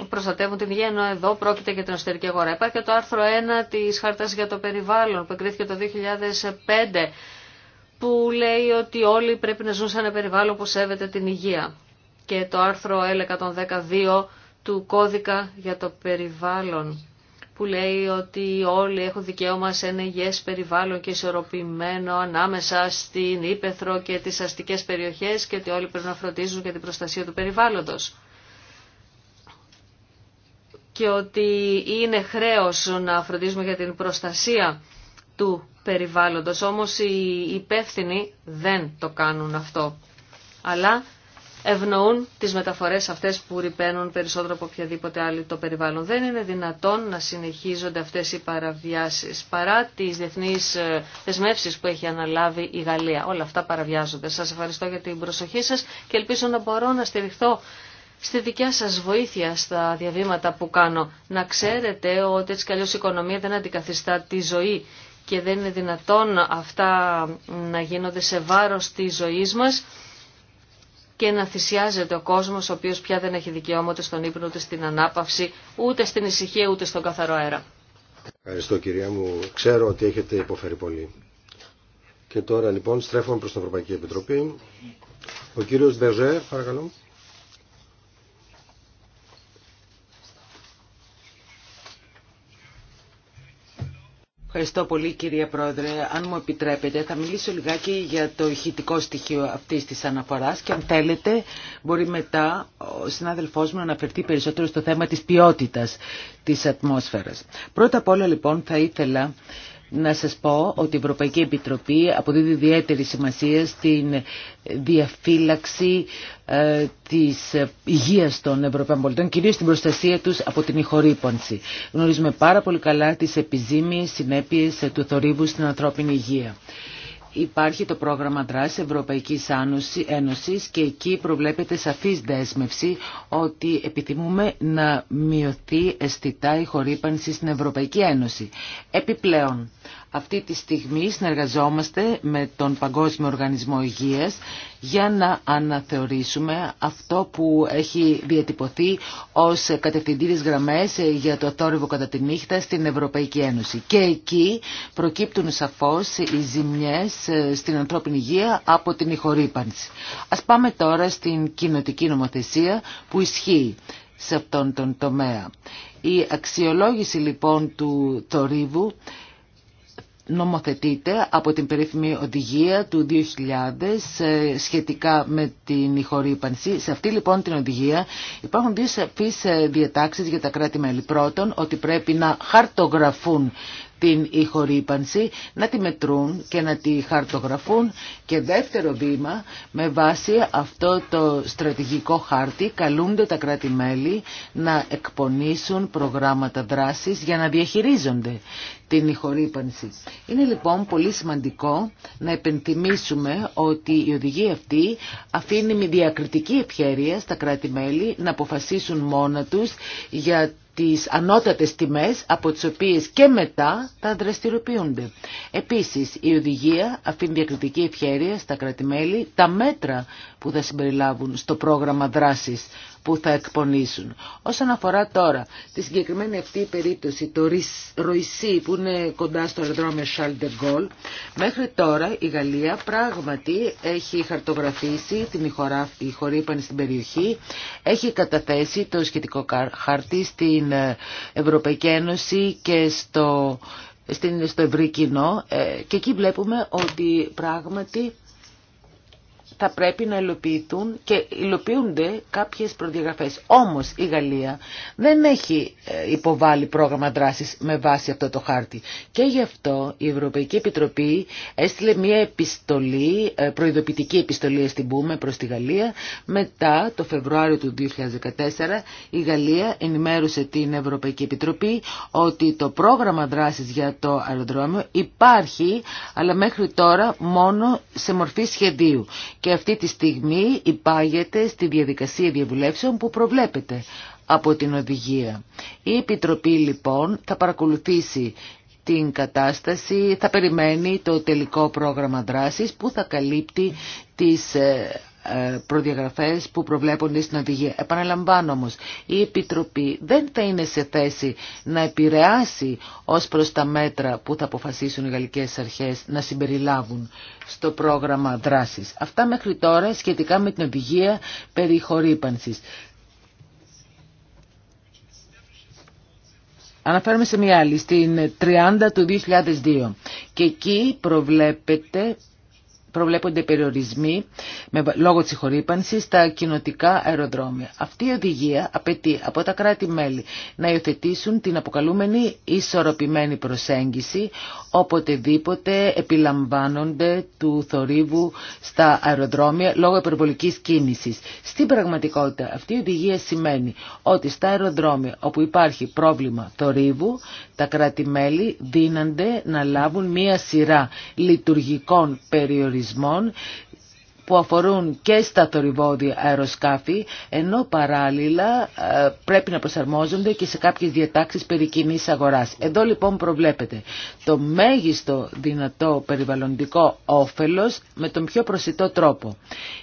προστατεύουν την υγεία, ενώ εδώ πρόκειται για την εσωτερική αγορά. Υπάρχει και το άρθρο 1 της Χάρτας για το Περιβάλλον που εγκρίθηκε το 2005 που λέει ότι όλοι πρέπει να ζουν σε ένα περιβάλλον που σέβεται την υγεία. Και το άρθρο L112 του κώδικα για το περιβάλλον που λέει ότι όλοι έχουν δικαίωμα σε ένα υγιές περιβάλλον και ισορροπημένο ανάμεσα στην Ήπεθρο και τις αστικές περιοχές και ότι όλοι πρέπει να φροντίζουν για την προστασία του περιβάλλοντος. Και ότι είναι χρέος να φροντίζουμε για την προστασία του περιβάλλοντος, όμως οι υπεύθυνοι δεν το κάνουν αυτό. Αλλά ευνοούν τις μεταφορές αυτές που ρηπαίνουν περισσότερο από οποιαδήποτε άλλη το περιβάλλον. Δεν είναι δυνατόν να συνεχίζονται αυτές οι παραβιάσεις παρά τις διεθνείς ε, δεσμεύσει που έχει αναλάβει η Γαλλία. Όλα αυτά παραβιάζονται. Σας ευχαριστώ για την προσοχή σας και ελπίζω να μπορώ να στηριχθώ στη δικιά σας βοήθεια στα διαβήματα που κάνω. Να ξέρετε ότι έτσι καλώς η οικονομία δεν αντικαθιστά τη ζωή και δεν είναι δυνατόν αυτά να γίνονται σε βάρος της ζωής μας και να θυσιάζεται ο κόσμος ο οποίο πια δεν έχει δικαιώματα στον ύπνο, ούτε στην ανάπαυση, ούτε στην ησυχία, ούτε στον καθαρό αέρα. Ευχαριστώ κυρία μου. Ξέρω ότι έχετε υποφέρει πολύ. Και τώρα λοιπόν στρέφομαι προς την Ευρωπαϊκή Επιτροπή. Ο κύριος Δεζέ, παρακαλώ. Ευχαριστώ πολύ κυρία Πρόεδρε. Αν μου επιτρέπετε θα μιλήσω λιγάκι για το ηχητικό στοιχείο αυτής της αναφοράς και αν θέλετε μπορεί μετά ο συνάδελφός μου να αναφερθεί περισσότερο στο θέμα της ποιότητας της ατμόσφαιρας. Πρώτα απ' όλα λοιπόν θα ήθελα να σας πω ότι η Ευρωπαϊκή Επιτροπή αποδίδει ιδιαίτερη σημασία στην διαφύλαξη ε, της υγείας των Ευρωπαίων πολιτών, κυρίως στην προστασία τους από την ηχορύπανση. Γνωρίζουμε πάρα πολύ καλά τις επιζήμιες συνέπειες του θορύβου στην ανθρώπινη υγεία. Υπάρχει το πρόγραμμα δράσης Ευρωπαϊκής Ένωσης και εκεί προβλέπεται σαφής δέσμευση ότι επιθυμούμε να μειωθεί αισθητά η χορύπανση στην Ευρωπαϊκή Ένωση. Επιπλέον, αυτή τη στιγμή συνεργαζόμαστε με τον Παγκόσμιο Οργανισμό Υγείας για να αναθεωρήσουμε αυτό που έχει διατυπωθεί ως κατευθυντήριες γραμμές για το θόρυβο κατά τη νύχτα στην Ευρωπαϊκή Ένωση. Και εκεί προκύπτουν σαφώς οι ζημιές στην ανθρώπινη υγεία από την ηχορύπανση. Ας πάμε τώρα στην κοινοτική νομοθεσία που ισχύει σε αυτόν τον τομέα. Η αξιολόγηση λοιπόν του θορύβου νομοθετείται από την περίφημη οδηγία του 2000 ε, σχετικά με την ηχορύπανση. Σε αυτή λοιπόν την οδηγία υπάρχουν δύο σαφείς ε, διατάξεις για τα κράτη-μέλη. Πρώτον, ότι πρέπει να χαρτογραφούν την ηχορύπανση, να τη μετρούν και να τη χαρτογραφούν και δεύτερο βήμα με βάση αυτό το στρατηγικό χάρτη καλούνται τα κράτη-μέλη να εκπονήσουν προγράμματα δράσης για να διαχειρίζονται την ηχορύπανση. Είναι λοιπόν πολύ σημαντικό να επενθυμίσουμε ότι η οδηγία αυτή αφήνει με διακριτική επιχέρεια στα κράτη-μέλη να αποφασίσουν μόνα τους για τις ανώτατες τιμές από τις οποίες και μετά θα δραστηριοποιούνται. Επίσης, η οδηγία αφήνει διακριτική ευχαίρεια στα κρατημέλη τα μέτρα που θα συμπεριλάβουν στο πρόγραμμα δράσης που θα εκπονήσουν. Όσον αφορά τώρα τη συγκεκριμένη αυτή περίπτωση, το Ροϊσί που είναι κοντά στο αεροδρόμιο Charles de Gaulle, μέχρι τώρα η Γαλλία πράγματι έχει χαρτογραφήσει την ηχορύπανη στην περιοχή, έχει καταθέσει το σχετικό χαρτί στην ε, Ευρωπαϊκή Ένωση και στο, στο ευρύ κοινό ε, και εκεί βλέπουμε ότι πράγματι θα πρέπει να υλοποιηθούν και υλοποιούνται κάποιες προδιαγραφές. Όμως η Γαλλία δεν έχει ε, υποβάλει πρόγραμμα δράσης με βάση αυτό το χάρτη. Και γι' αυτό η Ευρωπαϊκή Επιτροπή έστειλε μια επιστολή, ε, προειδοποιητική επιστολή στην Πούμε προς τη Γαλλία. Μετά το Φεβρουάριο του 2014 η Γαλλία ενημέρωσε την Ευρωπαϊκή Επιτροπή ότι το πρόγραμμα δράσης για το αεροδρόμιο υπάρχει αλλά μέχρι τώρα μόνο σε μορφή σχεδίου και αυτή τη στιγμή υπάγεται στη διαδικασία διαβουλεύσεων που προβλέπεται από την οδηγία. Η Επιτροπή λοιπόν θα παρακολουθήσει την κατάσταση, θα περιμένει το τελικό πρόγραμμα δράσης που θα καλύπτει τις ε, ε, προδιαγραφές που προβλέπονται στην οδηγία. Επαναλαμβάνω όμως, η Επιτροπή δεν θα είναι σε θέση να επηρεάσει ως προς τα μέτρα που θα αποφασίσουν οι γαλλικές αρχές να συμπεριλάβουν στο πρόγραμμα δράσης. Αυτά μέχρι τώρα σχετικά με την οδηγία περί χορύπανσης. Αναφέρουμε σε μια άλλη, στην 30 του 2002 και εκεί προβλέπεται προβλέπονται περιορισμοί με, λόγω της χορύπανσης στα κοινοτικά αεροδρόμια. Αυτή η οδηγία απαιτεί από τα κράτη-μέλη να υιοθετήσουν την αποκαλούμενη ισορροπημένη προσέγγιση οποτεδήποτε επιλαμβάνονται του θορύβου στα αεροδρόμια λόγω υπερβολικής κίνησης. Στην πραγματικότητα αυτή η οδηγία σημαίνει ότι στα αεροδρόμια όπου υπάρχει πρόβλημα θορύβου τα κράτη-μέλη δίνανται να λάβουν μία σειρά λειτουργικών περιορισμών που αφορούν και στα θορυβόδια αεροσκάφη, ενώ παράλληλα ε, πρέπει να προσαρμόζονται και σε κάποιες διατάξεις περί κοινής αγοράς. Εδώ λοιπόν προβλέπεται το μέγιστο δυνατό περιβαλλοντικό όφελος με τον πιο προσιτό τρόπο.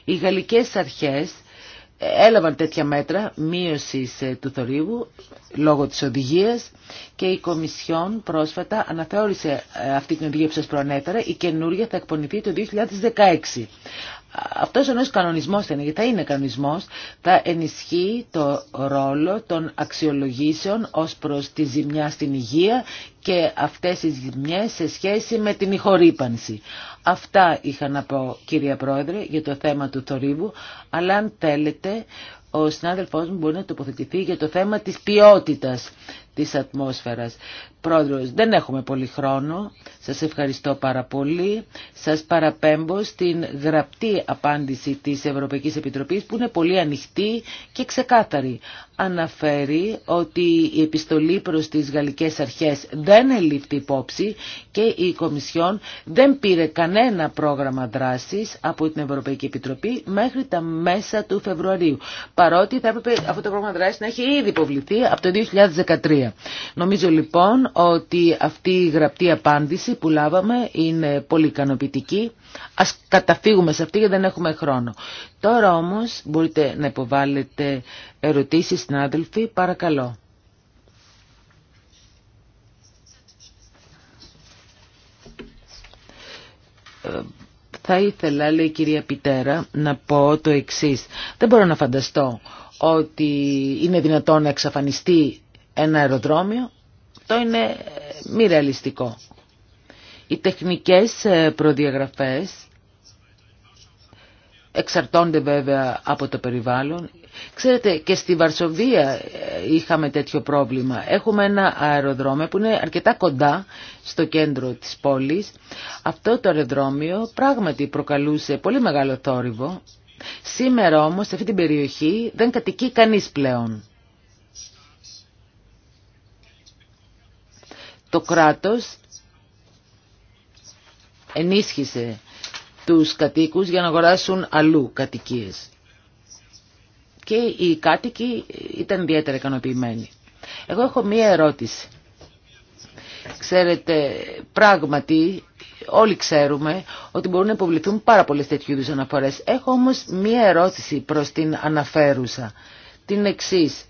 Οι γαλλικές αρχές έλαβαν τέτοια μέτρα μείωσης ε, του θορύβου λόγω της οδηγίας και η Κομισιόν πρόσφατα αναθεώρησε ε, αυτή την οδηγία που σας προανέφερα, η καινούργια θα εκπονηθεί το 2016. Αυτό ο νέος κανονισμός είναι, γιατί θα είναι κανονισμός, θα ενισχύει το ρόλο των αξιολογήσεων ω προς τη ζημιά στην υγεία και αυτέ οι ζημιές σε σχέση με την ηχορύπανση. Αυτά είχα να πω κυρία Πρόεδρε για το θέμα του θορύβου, αλλά αν θέλετε ο συνάδελφό μου μπορεί να τοποθετηθεί για το θέμα της ποιότητα της ατμόσφαιρας. Πρόεδρος, δεν έχουμε πολύ χρόνο. Σας ευχαριστώ πάρα πολύ. Σας παραπέμπω στην γραπτή απάντηση της Ευρωπαϊκής Επιτροπής που είναι πολύ ανοιχτή και ξεκάθαρη. Αναφέρει ότι η επιστολή προς τις γαλλικές αρχές δεν ελήφθη υπόψη και η Κομισιόν δεν πήρε κανένα πρόγραμμα δράσης από την Ευρωπαϊκή Επιτροπή μέχρι τα μέσα του Φεβρουαρίου. Παρότι θα έπρεπε αυτό το πρόγραμμα δράσης να έχει ήδη υποβληθεί από το 2013. Νομίζω λοιπόν ότι αυτή η γραπτή απάντηση που λάβαμε είναι πολύ ικανοποιητική. Ας καταφύγουμε σε αυτή γιατί δεν έχουμε χρόνο. Τώρα όμως μπορείτε να υποβάλλετε ερωτήσεις στην άδελφη, παρακαλώ. Ε, θα ήθελα, λέει η κυρία Πιτέρα, να πω το εξής. Δεν μπορώ να φανταστώ ότι είναι δυνατόν να εξαφανιστεί ένα αεροδρόμιο, αυτό είναι ε, μη ρεαλιστικό. Οι τεχνικές ε, προδιαγραφές εξαρτώνται βέβαια από το περιβάλλον. Ξέρετε και στη Βαρσοβία ε, είχαμε τέτοιο πρόβλημα. Έχουμε ένα αεροδρόμιο που είναι αρκετά κοντά στο κέντρο της πόλης. Αυτό το αεροδρόμιο πράγματι προκαλούσε πολύ μεγάλο θόρυβο. Σήμερα όμως σε αυτή την περιοχή δεν κατοικεί κανείς πλέον. το κράτος ενίσχυσε τους κατοίκους για να αγοράσουν αλλού κατοικίες. Και οι κάτοικοι ήταν ιδιαίτερα ικανοποιημένοι. Εγώ έχω μία ερώτηση. Ξέρετε, πράγματι όλοι ξέρουμε ότι μπορούν να υποβληθούν πάρα πολλές τέτοιου είδους αναφορές. Έχω όμως μία ερώτηση προς την αναφέρουσα. Την εξής.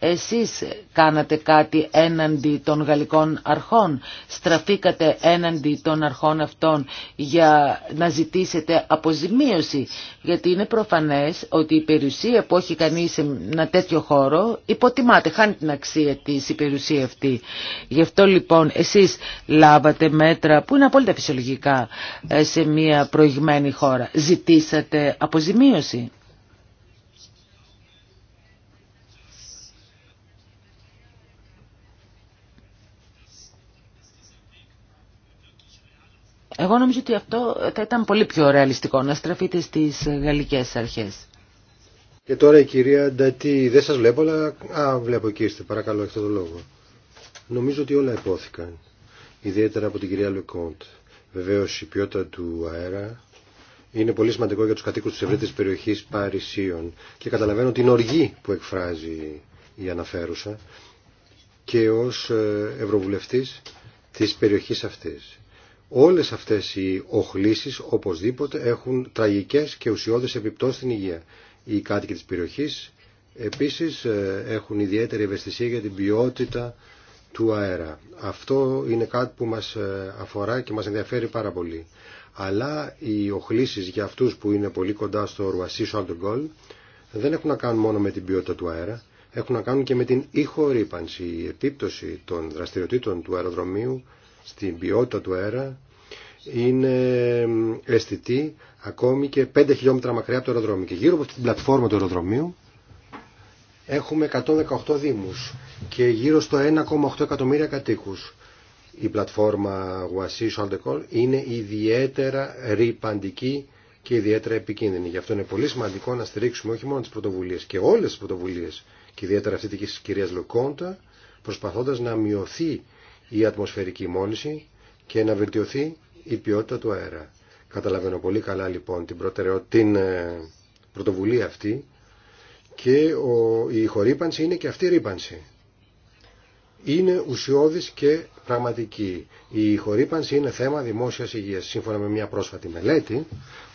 Εσείς κάνατε κάτι έναντι των γαλλικών αρχών, στραφήκατε έναντι των αρχών αυτών για να ζητήσετε αποζημίωση, γιατί είναι προφανές ότι η περιουσία που έχει κανείς σε ένα τέτοιο χώρο υποτιμάται, χάνει την αξία της η περιουσία αυτή. Γι' αυτό λοιπόν εσείς λάβατε μέτρα που είναι απόλυτα φυσιολογικά ε, σε μια προηγμένη χώρα. Ζητήσατε αποζημίωση. Εγώ νομίζω ότι αυτό θα ήταν πολύ πιο ρεαλιστικό να στραφείτε στις γαλλικές αρχές. Και τώρα η κυρία Ντατή, δεν σας βλέπω, αλλά α, βλέπω εκεί είστε, παρακαλώ, έχετε το λόγο. Νομίζω ότι όλα υπόθηκαν, ιδιαίτερα από την κυρία Λεκόντ. Βεβαίως η ποιότητα του αέρα είναι πολύ σημαντικό για τους κατοίκους της ευρύτερης περιοχής Παρισίων και καταλαβαίνω την οργή που εκφράζει η αναφέρουσα και ως ε, Ευρωβουλευτής της περιοχής αυτής. Όλες αυτές οι οχλήσεις οπωσδήποτε έχουν τραγικές και ουσιώδες επιπτώσεις στην υγεία. Οι κάτοικοι της περιοχής επίσης ε, έχουν ιδιαίτερη ευαισθησία για την ποιότητα του αέρα. Αυτό είναι κάτι που μας ε, αφορά και μας ενδιαφέρει πάρα πολύ. Αλλά οι οχλήσεις για αυτούς που είναι πολύ κοντά στο Ρουασί Σαλντογκόλ δεν έχουν να κάνουν μόνο με την ποιότητα του αέρα, έχουν να κάνουν και με την ήχορύπανση. Η επίπτωση των δραστηριοτήτων του αεροδρομίου στην ποιότητα του αέρα είναι αισθητή ακόμη και 5 χιλιόμετρα μακριά από το αεροδρόμιο. Και γύρω από την πλατφόρμα του αεροδρομίου έχουμε 118 δήμους και γύρω στο 1,8 εκατομμύρια κατοίκους. Η πλατφόρμα Γουασί Ουασί-Σόντεκολ είναι ιδιαίτερα ρηπαντική και ιδιαίτερα επικίνδυνη. Γι' αυτό είναι πολύ σημαντικό να στηρίξουμε όχι μόνο τις πρωτοβουλίες και όλες τις πρωτοβουλίες και ιδιαίτερα αυτή τη κυρίας Λοκόντα προσπαθώντα να μειωθεί η ατμοσφαιρική μόνηση και να βελτιωθεί η ποιότητα του αέρα. Καταλαβαίνω πολύ καλά λοιπόν την, την ε, πρωτοβουλία αυτή και ο, η χορύπανση είναι και αυτή η ρήπανση. Είναι ουσιώδης και πραγματική. Η χορύπανση είναι θέμα δημόσιας υγείας. Σύμφωνα με μια πρόσφατη μελέτη,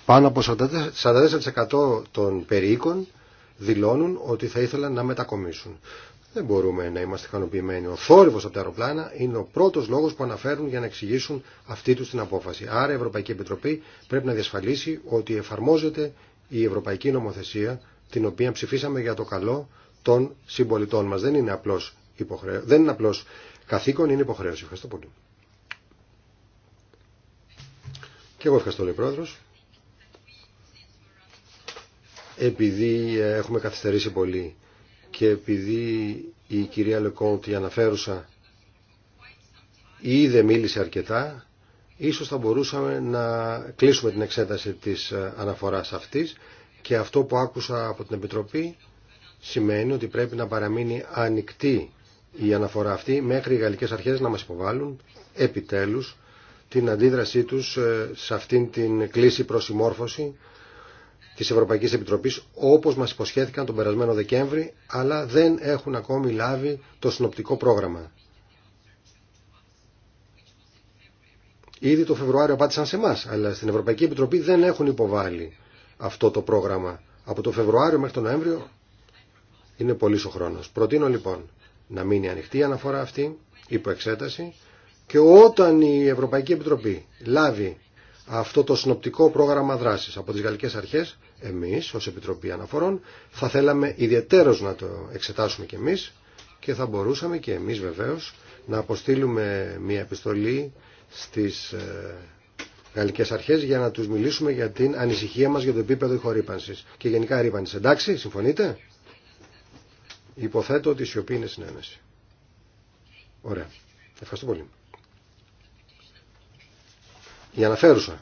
πάνω από 44% των περίοικων δηλώνουν ότι θα ήθελαν να μετακομίσουν. Δεν μπορούμε να είμαστε ικανοποιημένοι. Ο θόρυβο από τα αεροπλάνα είναι ο πρώτο λόγο που αναφέρουν για να εξηγήσουν αυτή του την απόφαση. Άρα η Ευρωπαϊκή Επιτροπή πρέπει να διασφαλίσει ότι εφαρμόζεται η Ευρωπαϊκή Νομοθεσία την οποία ψηφίσαμε για το καλό των συμπολιτών μα. Δεν είναι απλώ υποχρέω... καθήκον, είναι υποχρέωση. Ευχαριστώ πολύ. Και εγώ ευχαριστώ, λέει Επειδή ε, έχουμε καθυστερήσει πολύ και επειδή η κυρία Λεκόντ, η αναφέρουσα, ήδη μίλησε αρκετά, ίσως θα μπορούσαμε να κλείσουμε την εξέταση της ε, αναφοράς αυτής και αυτό που άκουσα από την Επιτροπή σημαίνει ότι πρέπει να παραμείνει ανοιχτή η αναφορά αυτή μέχρι οι γαλλικές αρχές να μας υποβάλουν επιτέλους την αντίδρασή τους ε, σε αυτήν την κλίση προς της Ευρωπαϊκής Επιτροπής όπως μας υποσχέθηκαν τον περασμένο Δεκέμβρη αλλά δεν έχουν ακόμη λάβει το συνοπτικό πρόγραμμα. Ήδη το Φεβρουάριο απάντησαν σε εμά, αλλά στην Ευρωπαϊκή Επιτροπή δεν έχουν υποβάλει αυτό το πρόγραμμα. Από το Φεβρουάριο μέχρι τον Νοέμβριο είναι πολύ ο χρόνο. Προτείνω λοιπόν να μείνει ανοιχτή η αναφορά αυτή, υπό εξέταση, και όταν η Ευρωπαϊκή Επιτροπή λάβει αυτό το συνοπτικό πρόγραμμα δράσης από τις Γαλλικές Αρχές, εμείς ως Επιτροπή Αναφορών, θα θέλαμε ιδιαίτερω να το εξετάσουμε κι εμείς και θα μπορούσαμε και εμείς βεβαίως να αποστείλουμε μια επιστολή στις ε, Γαλλικές Αρχές για να τους μιλήσουμε για την ανησυχία μας για το επίπεδο ηχορύπανση και γενικά ρήπανση. Εντάξει, συμφωνείτε? Υποθέτω ότι η σιωπή είναι συνένεση. Ωραία. Ευχαριστώ πολύ. Για να φέρουσα,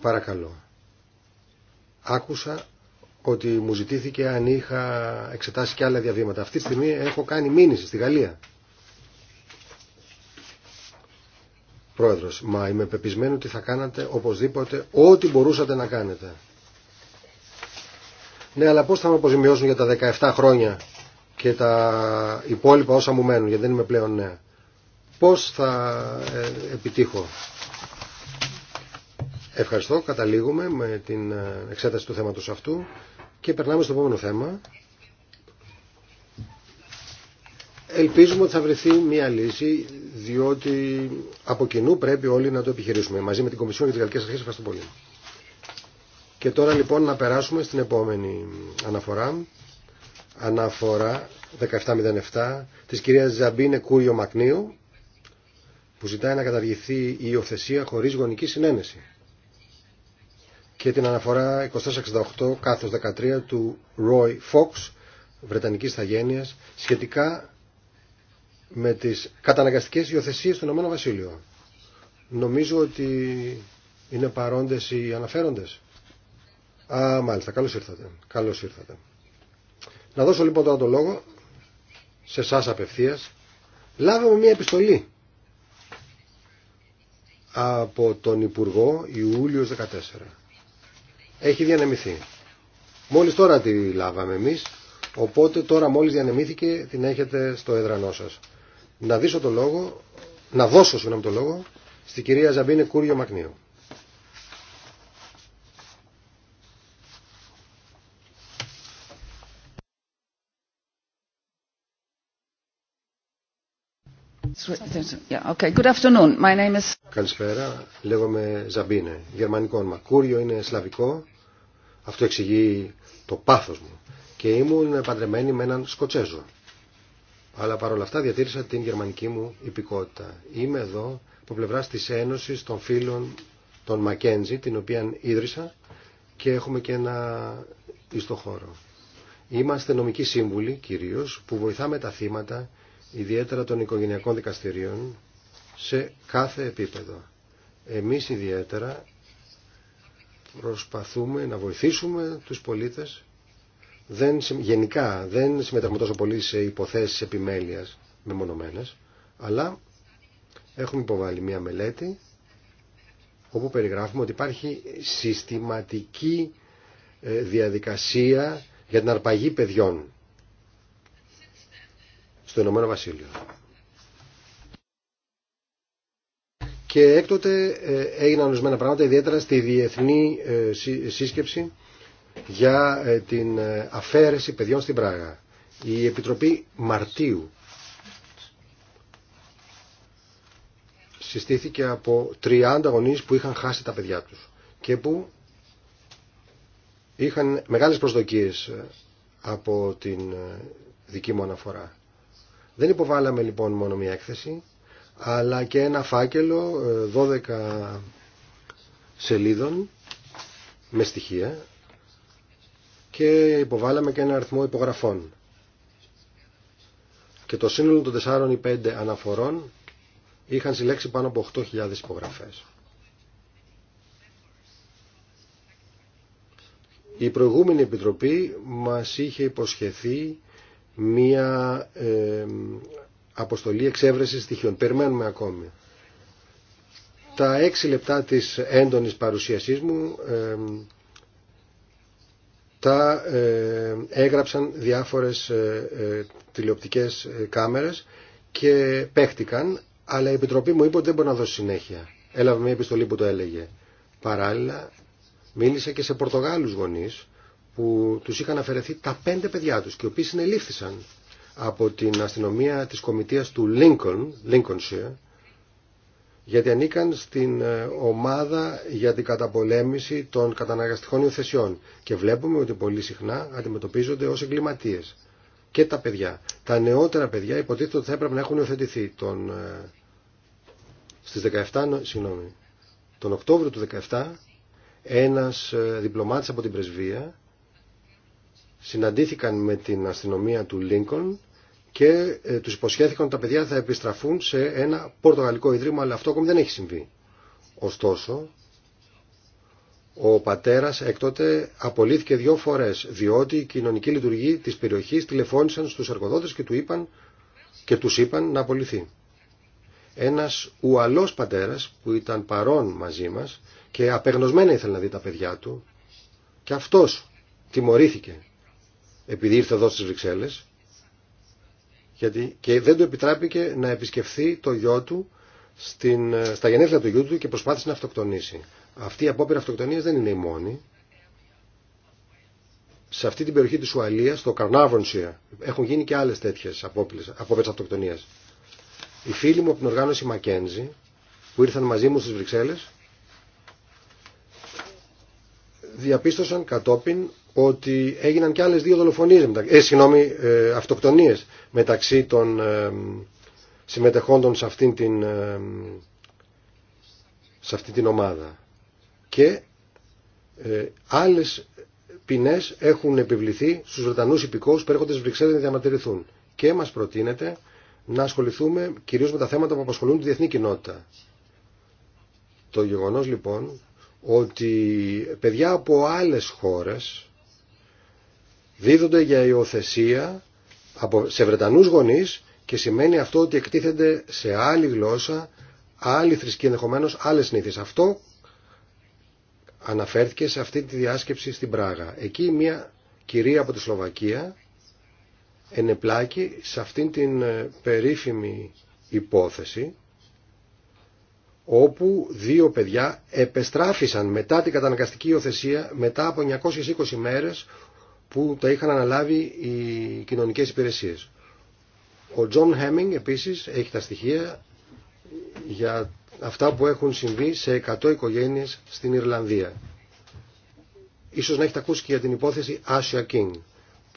Παρακαλώ. Άκουσα ότι μου ζητήθηκε αν είχα εξετάσει και άλλα διαβήματα. Αυτή τη στιγμή έχω κάνει μήνυση στη Γαλλία. Πρόεδρος, μα είμαι πεπισμένο ότι θα κάνατε οπωσδήποτε ό,τι μπορούσατε να κάνετε. Ναι, αλλά πώς θα με αποζημιώσουν για τα 17 χρόνια και τα υπόλοιπα όσα μου μένουν, γιατί δεν είμαι πλέον νέα πώς θα ε, επιτύχω. Ευχαριστώ. Καταλήγουμε με την ε, εξέταση του θέματος αυτού και περνάμε στο επόμενο θέμα. Ελπίζουμε ότι θα βρεθεί μια λύση, διότι από κοινού πρέπει όλοι να το επιχειρήσουμε. Μαζί με την Κομισιόν και τι Γαλλικές Αρχές. ευχαριστώ πολύ. Και τώρα λοιπόν να περάσουμε στην επόμενη αναφορά. Αναφορά 1707 της κυρίας Ζαμπίνε Κούριο Μακνίου που ζητάει να καταργηθεί η υιοθεσία χωρίς γονική συνένεση και την αναφορά 2468 κάθος 13 του Roy Fox, Βρετανικής Θαγένειας, σχετικά με τις καταναγκαστικές υιοθεσίε του Ηνωμένου Βασίλειο. Νομίζω ότι είναι παρόντες οι αναφέροντες. Α, μάλιστα, καλώ ήρθατε. Καλώς ήρθατε. Να δώσω λοιπόν τώρα το λόγο σε εσά απευθείας. Λάβαμε μια επιστολή από τον Υπουργό Ιούλιος 14. Έχει διανεμηθεί. Μόλις τώρα τη λάβαμε εμείς, οπότε τώρα μόλις διανεμήθηκε την έχετε στο έδρανό σας. Να δώσω το λόγο, να δώσω συγγνώμη το λόγο, στη κυρία Ζαμπίνε Κούριο Μακνίου. Καλησπέρα. Λέγομαι Ζαμπίνε. Γερμανικό όνομα. Κούριο είναι σλαβικό. Αυτό εξηγεί το πάθος μου. Και ήμουν παντρεμένη με έναν Σκοτσέζο. Αλλά παρόλα αυτά διατήρησα την γερμανική μου υπηκότητα. Είμαι εδώ από πλευρά τη Ένωση των Φίλων των Μακέντζη, την οποία ίδρυσα και έχουμε και ένα ιστοχώρο. Είμαστε νομικοί σύμβουλοι κυρίω που βοηθάμε τα θύματα ιδιαίτερα των οικογενειακών δικαστηρίων, σε κάθε επίπεδο. Εμείς ιδιαίτερα προσπαθούμε να βοηθήσουμε τους πολίτες, δεν, γενικά δεν συμμετέχουμε τόσο πολύ σε υποθέσεις επιμέλειας μεμονωμένες, αλλά έχουμε υποβάλει μια μελέτη όπου περιγράφουμε ότι υπάρχει συστηματική ε, διαδικασία για την αρπαγή παιδιών στο Ηνωμένο Βασίλειο. Και έκτοτε ε, έγιναν ορισμένα πράγματα, ιδιαίτερα στη διεθνή ε, σύσκεψη για ε, την αφαίρεση παιδιών στην Πράγα. Η Επιτροπή Μαρτίου συστήθηκε από 30 γονείς που είχαν χάσει τα παιδιά τους και που είχαν μεγάλες προσδοκίες από την δική μου αναφορά. Δεν υποβάλαμε λοιπόν μόνο μία έκθεση, αλλά και ένα φάκελο 12 ε, σελίδων με στοιχεία και υποβάλαμε και ένα αριθμό υπογραφών. Και το σύνολο των 4 ή 5 αναφορών είχαν συλλέξει πάνω από 8.000 υπογραφές. Η προηγούμενη επιτροπή μας είχε υποσχεθεί μία ε, αποστολή εξέβρεση στοιχείων. Περιμένουμε ακόμη. Τα έξι λεπτά της έντονης παρουσίασής μου ε, τα ε, έγραψαν διάφορες τηλεοπτικές κάμερες και παίχτηκαν, αλλά η Επιτροπή μου είπε ότι δεν μπορεί να δώσει συνέχεια. Έλαβε μια επιστολή που το έλεγε. Παράλληλα, μίλησα και σε Πορτογάλους γονείς που τους είχαν αφαιρεθεί τα πέντε παιδιά τους και οι οποίοι συνελήφθησαν από την αστυνομία της κομιτείας του Lincoln, Lincolnshire γιατί ανήκαν στην ε, ομάδα για την καταπολέμηση των καταναγκαστικών υιοθεσιών και βλέπουμε ότι πολύ συχνά αντιμετωπίζονται ως εγκληματίε. και τα παιδιά. Τα νεότερα παιδιά υποτίθεται ότι θα έπρεπε να έχουν υιοθετηθεί τον, ε, στις 17, συγγνώμη, τον Οκτώβριο του 17 ένας ε, διπλωμάτης από την Πρεσβεία συναντήθηκαν με την αστυνομία του Λίνκον και ε, τους υποσχέθηκαν ότι τα παιδιά θα επιστραφούν σε ένα πορτογαλικό ίδρυμα, αλλά αυτό ακόμη δεν έχει συμβεί. Ωστόσο, ο πατέρας έκτοτε απολύθηκε δύο φορές, διότι οι κοινωνικοί λειτουργοί της περιοχής τηλεφώνησαν στους εργοδότες και, του είπαν, και τους είπαν να απολυθεί. Ένας ουαλός πατέρας που ήταν παρόν μαζί μας και απεγνωσμένα ήθελε να δει τα παιδιά του και αυτός τιμωρήθηκε επειδή ήρθε εδώ στις Βρυξέλλες γιατί και δεν του επιτράπηκε να επισκεφθεί το γιο του στην, στα γενέθλια του γιού του και προσπάθησε να αυτοκτονήσει. Αυτή η απόπειρα αυτοκτονία δεν είναι η μόνη. Σε αυτή την περιοχή της Ουαλίας, στο Καρνάβονσια, έχουν γίνει και άλλες τέτοιες απόπειρες αυτοκτονίας. Οι φίλοι μου από την οργάνωση Μακένζη, που ήρθαν μαζί μου στις Βρυξέλλες, διαπίστωσαν κατόπιν ότι έγιναν και άλλες δύο δολοφονίες, ε, συγγνώμη, ε, αυτοκτονίες μεταξύ των ε, συμμετεχόντων σε αυτήν την, ε, σε αυτή την ομάδα. Και ε, άλλες ποινές έχουν επιβληθεί στους Βρετανούς υπηκόους που έρχονται στις Βρυξέλλες να διαμαρτυρηθούν. Και μας προτείνεται να ασχοληθούμε κυρίως με τα θέματα που απασχολούν τη διεθνή κοινότητα. Το γεγονός λοιπόν ότι παιδιά από άλλες χώρες δίδονται για υιοθεσία σε Βρετανούς γονείς και σημαίνει αυτό ότι εκτίθενται σε άλλη γλώσσα, άλλη θρησκεία ενδεχομένω, άλλες συνήθειες. Αυτό αναφέρθηκε σε αυτή τη διάσκεψη στην Πράγα. Εκεί μια κυρία από τη Σλοβακία ενεπλάκη σε αυτήν την ε, περίφημη υπόθεση όπου δύο παιδιά επεστράφησαν μετά την καταναγκαστική υιοθεσία μετά από 920 μέρες που τα είχαν αναλάβει οι κοινωνικές υπηρεσίες. Ο Τζον Χέμινγκ επίσης έχει τα στοιχεία για αυτά που έχουν συμβεί σε 100 οικογένειες στην Ιρλανδία. Ίσως να έχετε ακούσει και για την υπόθεση Άσια King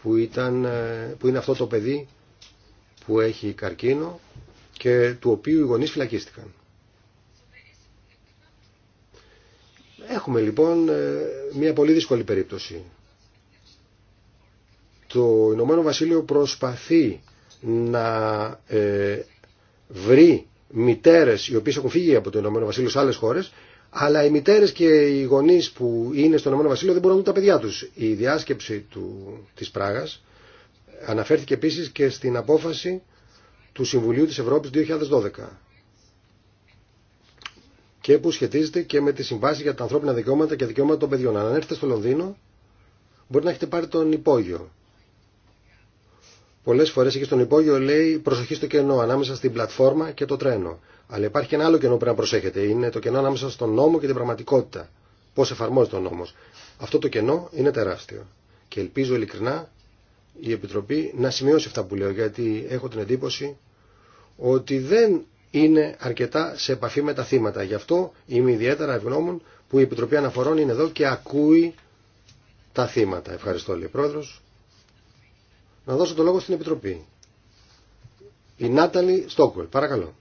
που, ήταν, ε, που είναι αυτό το παιδί που έχει καρκίνο και του οποίου οι γονείς φυλακίστηκαν. Έχουμε λοιπόν ε, μια πολύ δύσκολη περίπτωση. Το Ηνωμένο Βασίλειο προσπαθεί να ε, βρει μητέρες οι οποίες έχουν φύγει από το Ηνωμένο Βασίλειο σε άλλες χώρες αλλά οι μητέρες και οι γονείς που είναι στο Ηνωμένο Βασίλειο δεν μπορούν να δουν τα παιδιά τους. Η διάσκεψη του, της Πράγας αναφέρθηκε επίσης και στην απόφαση του Συμβουλίου της Ευρώπης 2012 και που σχετίζεται και με τη συμβάση για τα ανθρώπινα δικαιώματα και δικαιώματα των παιδιών. Αν έρθετε στο Λονδίνο, μπορεί να έχετε πάρει τον υπόγειο. Πολλέ φορέ εκεί στον υπόγειο λέει προσοχή στο κενό ανάμεσα στην πλατφόρμα και το τρένο. Αλλά υπάρχει και ένα άλλο κενό που πρέπει να προσέχετε. Είναι το κενό ανάμεσα στον νόμο και την πραγματικότητα. Πώ εφαρμόζεται ο νόμο. Αυτό το κενό είναι τεράστιο. Και ελπίζω ειλικρινά η Επιτροπή να σημειώσει αυτά που λέω, γιατί έχω την εντύπωση ότι δεν είναι αρκετά σε επαφή με τα θύματα. Γι' αυτό είμαι ιδιαίτερα ευγνώμων που η Επιτροπή Αναφορών είναι εδώ και ακούει τα θύματα. Ευχαριστώ, λέει Πρόεδρος. Να δώσω το λόγο στην Επιτροπή. Η Νάταλη Στόκουελ, παρακαλώ.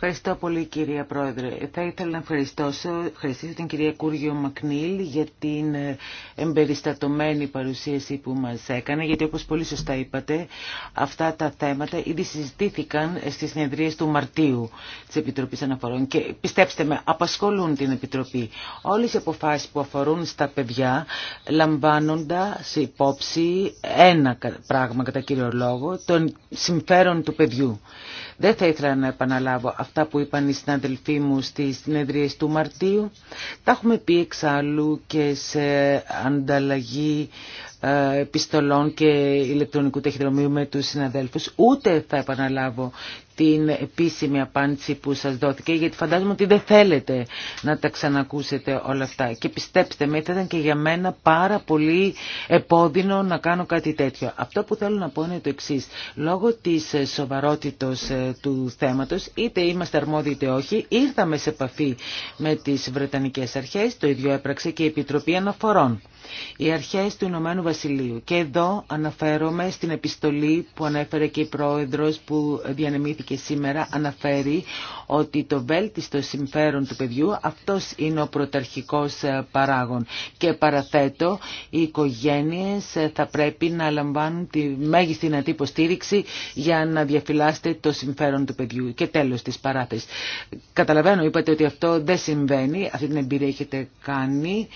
Ευχαριστώ πολύ κυρία Πρόεδρε. Θα ήθελα να ευχαριστήσω, ευχαριστήσω την κυρία Κούργιο Μακνίλ για την ε, εμπεριστατωμένη παρουσίαση που μας έκανε, γιατί όπως πολύ σωστά είπατε, αυτά τα θέματα ήδη συζητήθηκαν ε, στις συνεδρίες του Μαρτίου της Επιτροπής Αναφορών και πιστέψτε με, απασχολούν την Επιτροπή. Όλες οι αποφάσεις που αφορούν στα παιδιά λαμβάνοντα σε υπόψη ένα πράγμα κατά κύριο λόγο, των συμφέρων του παιδιού. Δεν θα ήθελα να επαναλάβω αυτά που είπαν οι συναδελφοί μου στις συνεδρίες του Μαρτίου. Τα έχουμε πει εξάλλου και σε ανταλλαγή ε, επιστολών και ηλεκτρονικού ταχυδρομείου με τους συναδέλφους. Ούτε θα επαναλάβω την επίσημη απάντηση που σας δόθηκε γιατί φαντάζομαι ότι δεν θέλετε να τα ξανακούσετε όλα αυτά και πιστέψτε με ήταν και για μένα πάρα πολύ επώδυνο να κάνω κάτι τέτοιο. Αυτό που θέλω να πω είναι το εξής. Λόγω της σοβαρότητας ε, του θέματος είτε είμαστε αρμόδιοι είτε όχι ήρθαμε σε επαφή με τις Βρετανικές Αρχές το ίδιο έπραξε και η Επιτροπή Αναφορών. Οι αρχές του Ηνωμένου Βασιλείου και εδώ αναφέρομαι στην επιστολή που ανέφερε και η Πρόεδρος που διανεμήθηκε και σήμερα αναφέρει ότι το βέλτιστο συμφέρον του παιδιού αυτός είναι ο πρωταρχικός ε, παράγων και παραθέτω οι οικογένειες ε, θα πρέπει να λαμβάνουν τη μέγιστη δυνατή υποστήριξη για να διαφυλάστε το συμφέρον του παιδιού και τέλος της παράθεσης. Καταλαβαίνω, είπατε ότι αυτό δεν συμβαίνει, αυτή την εμπειρία έχετε κάνει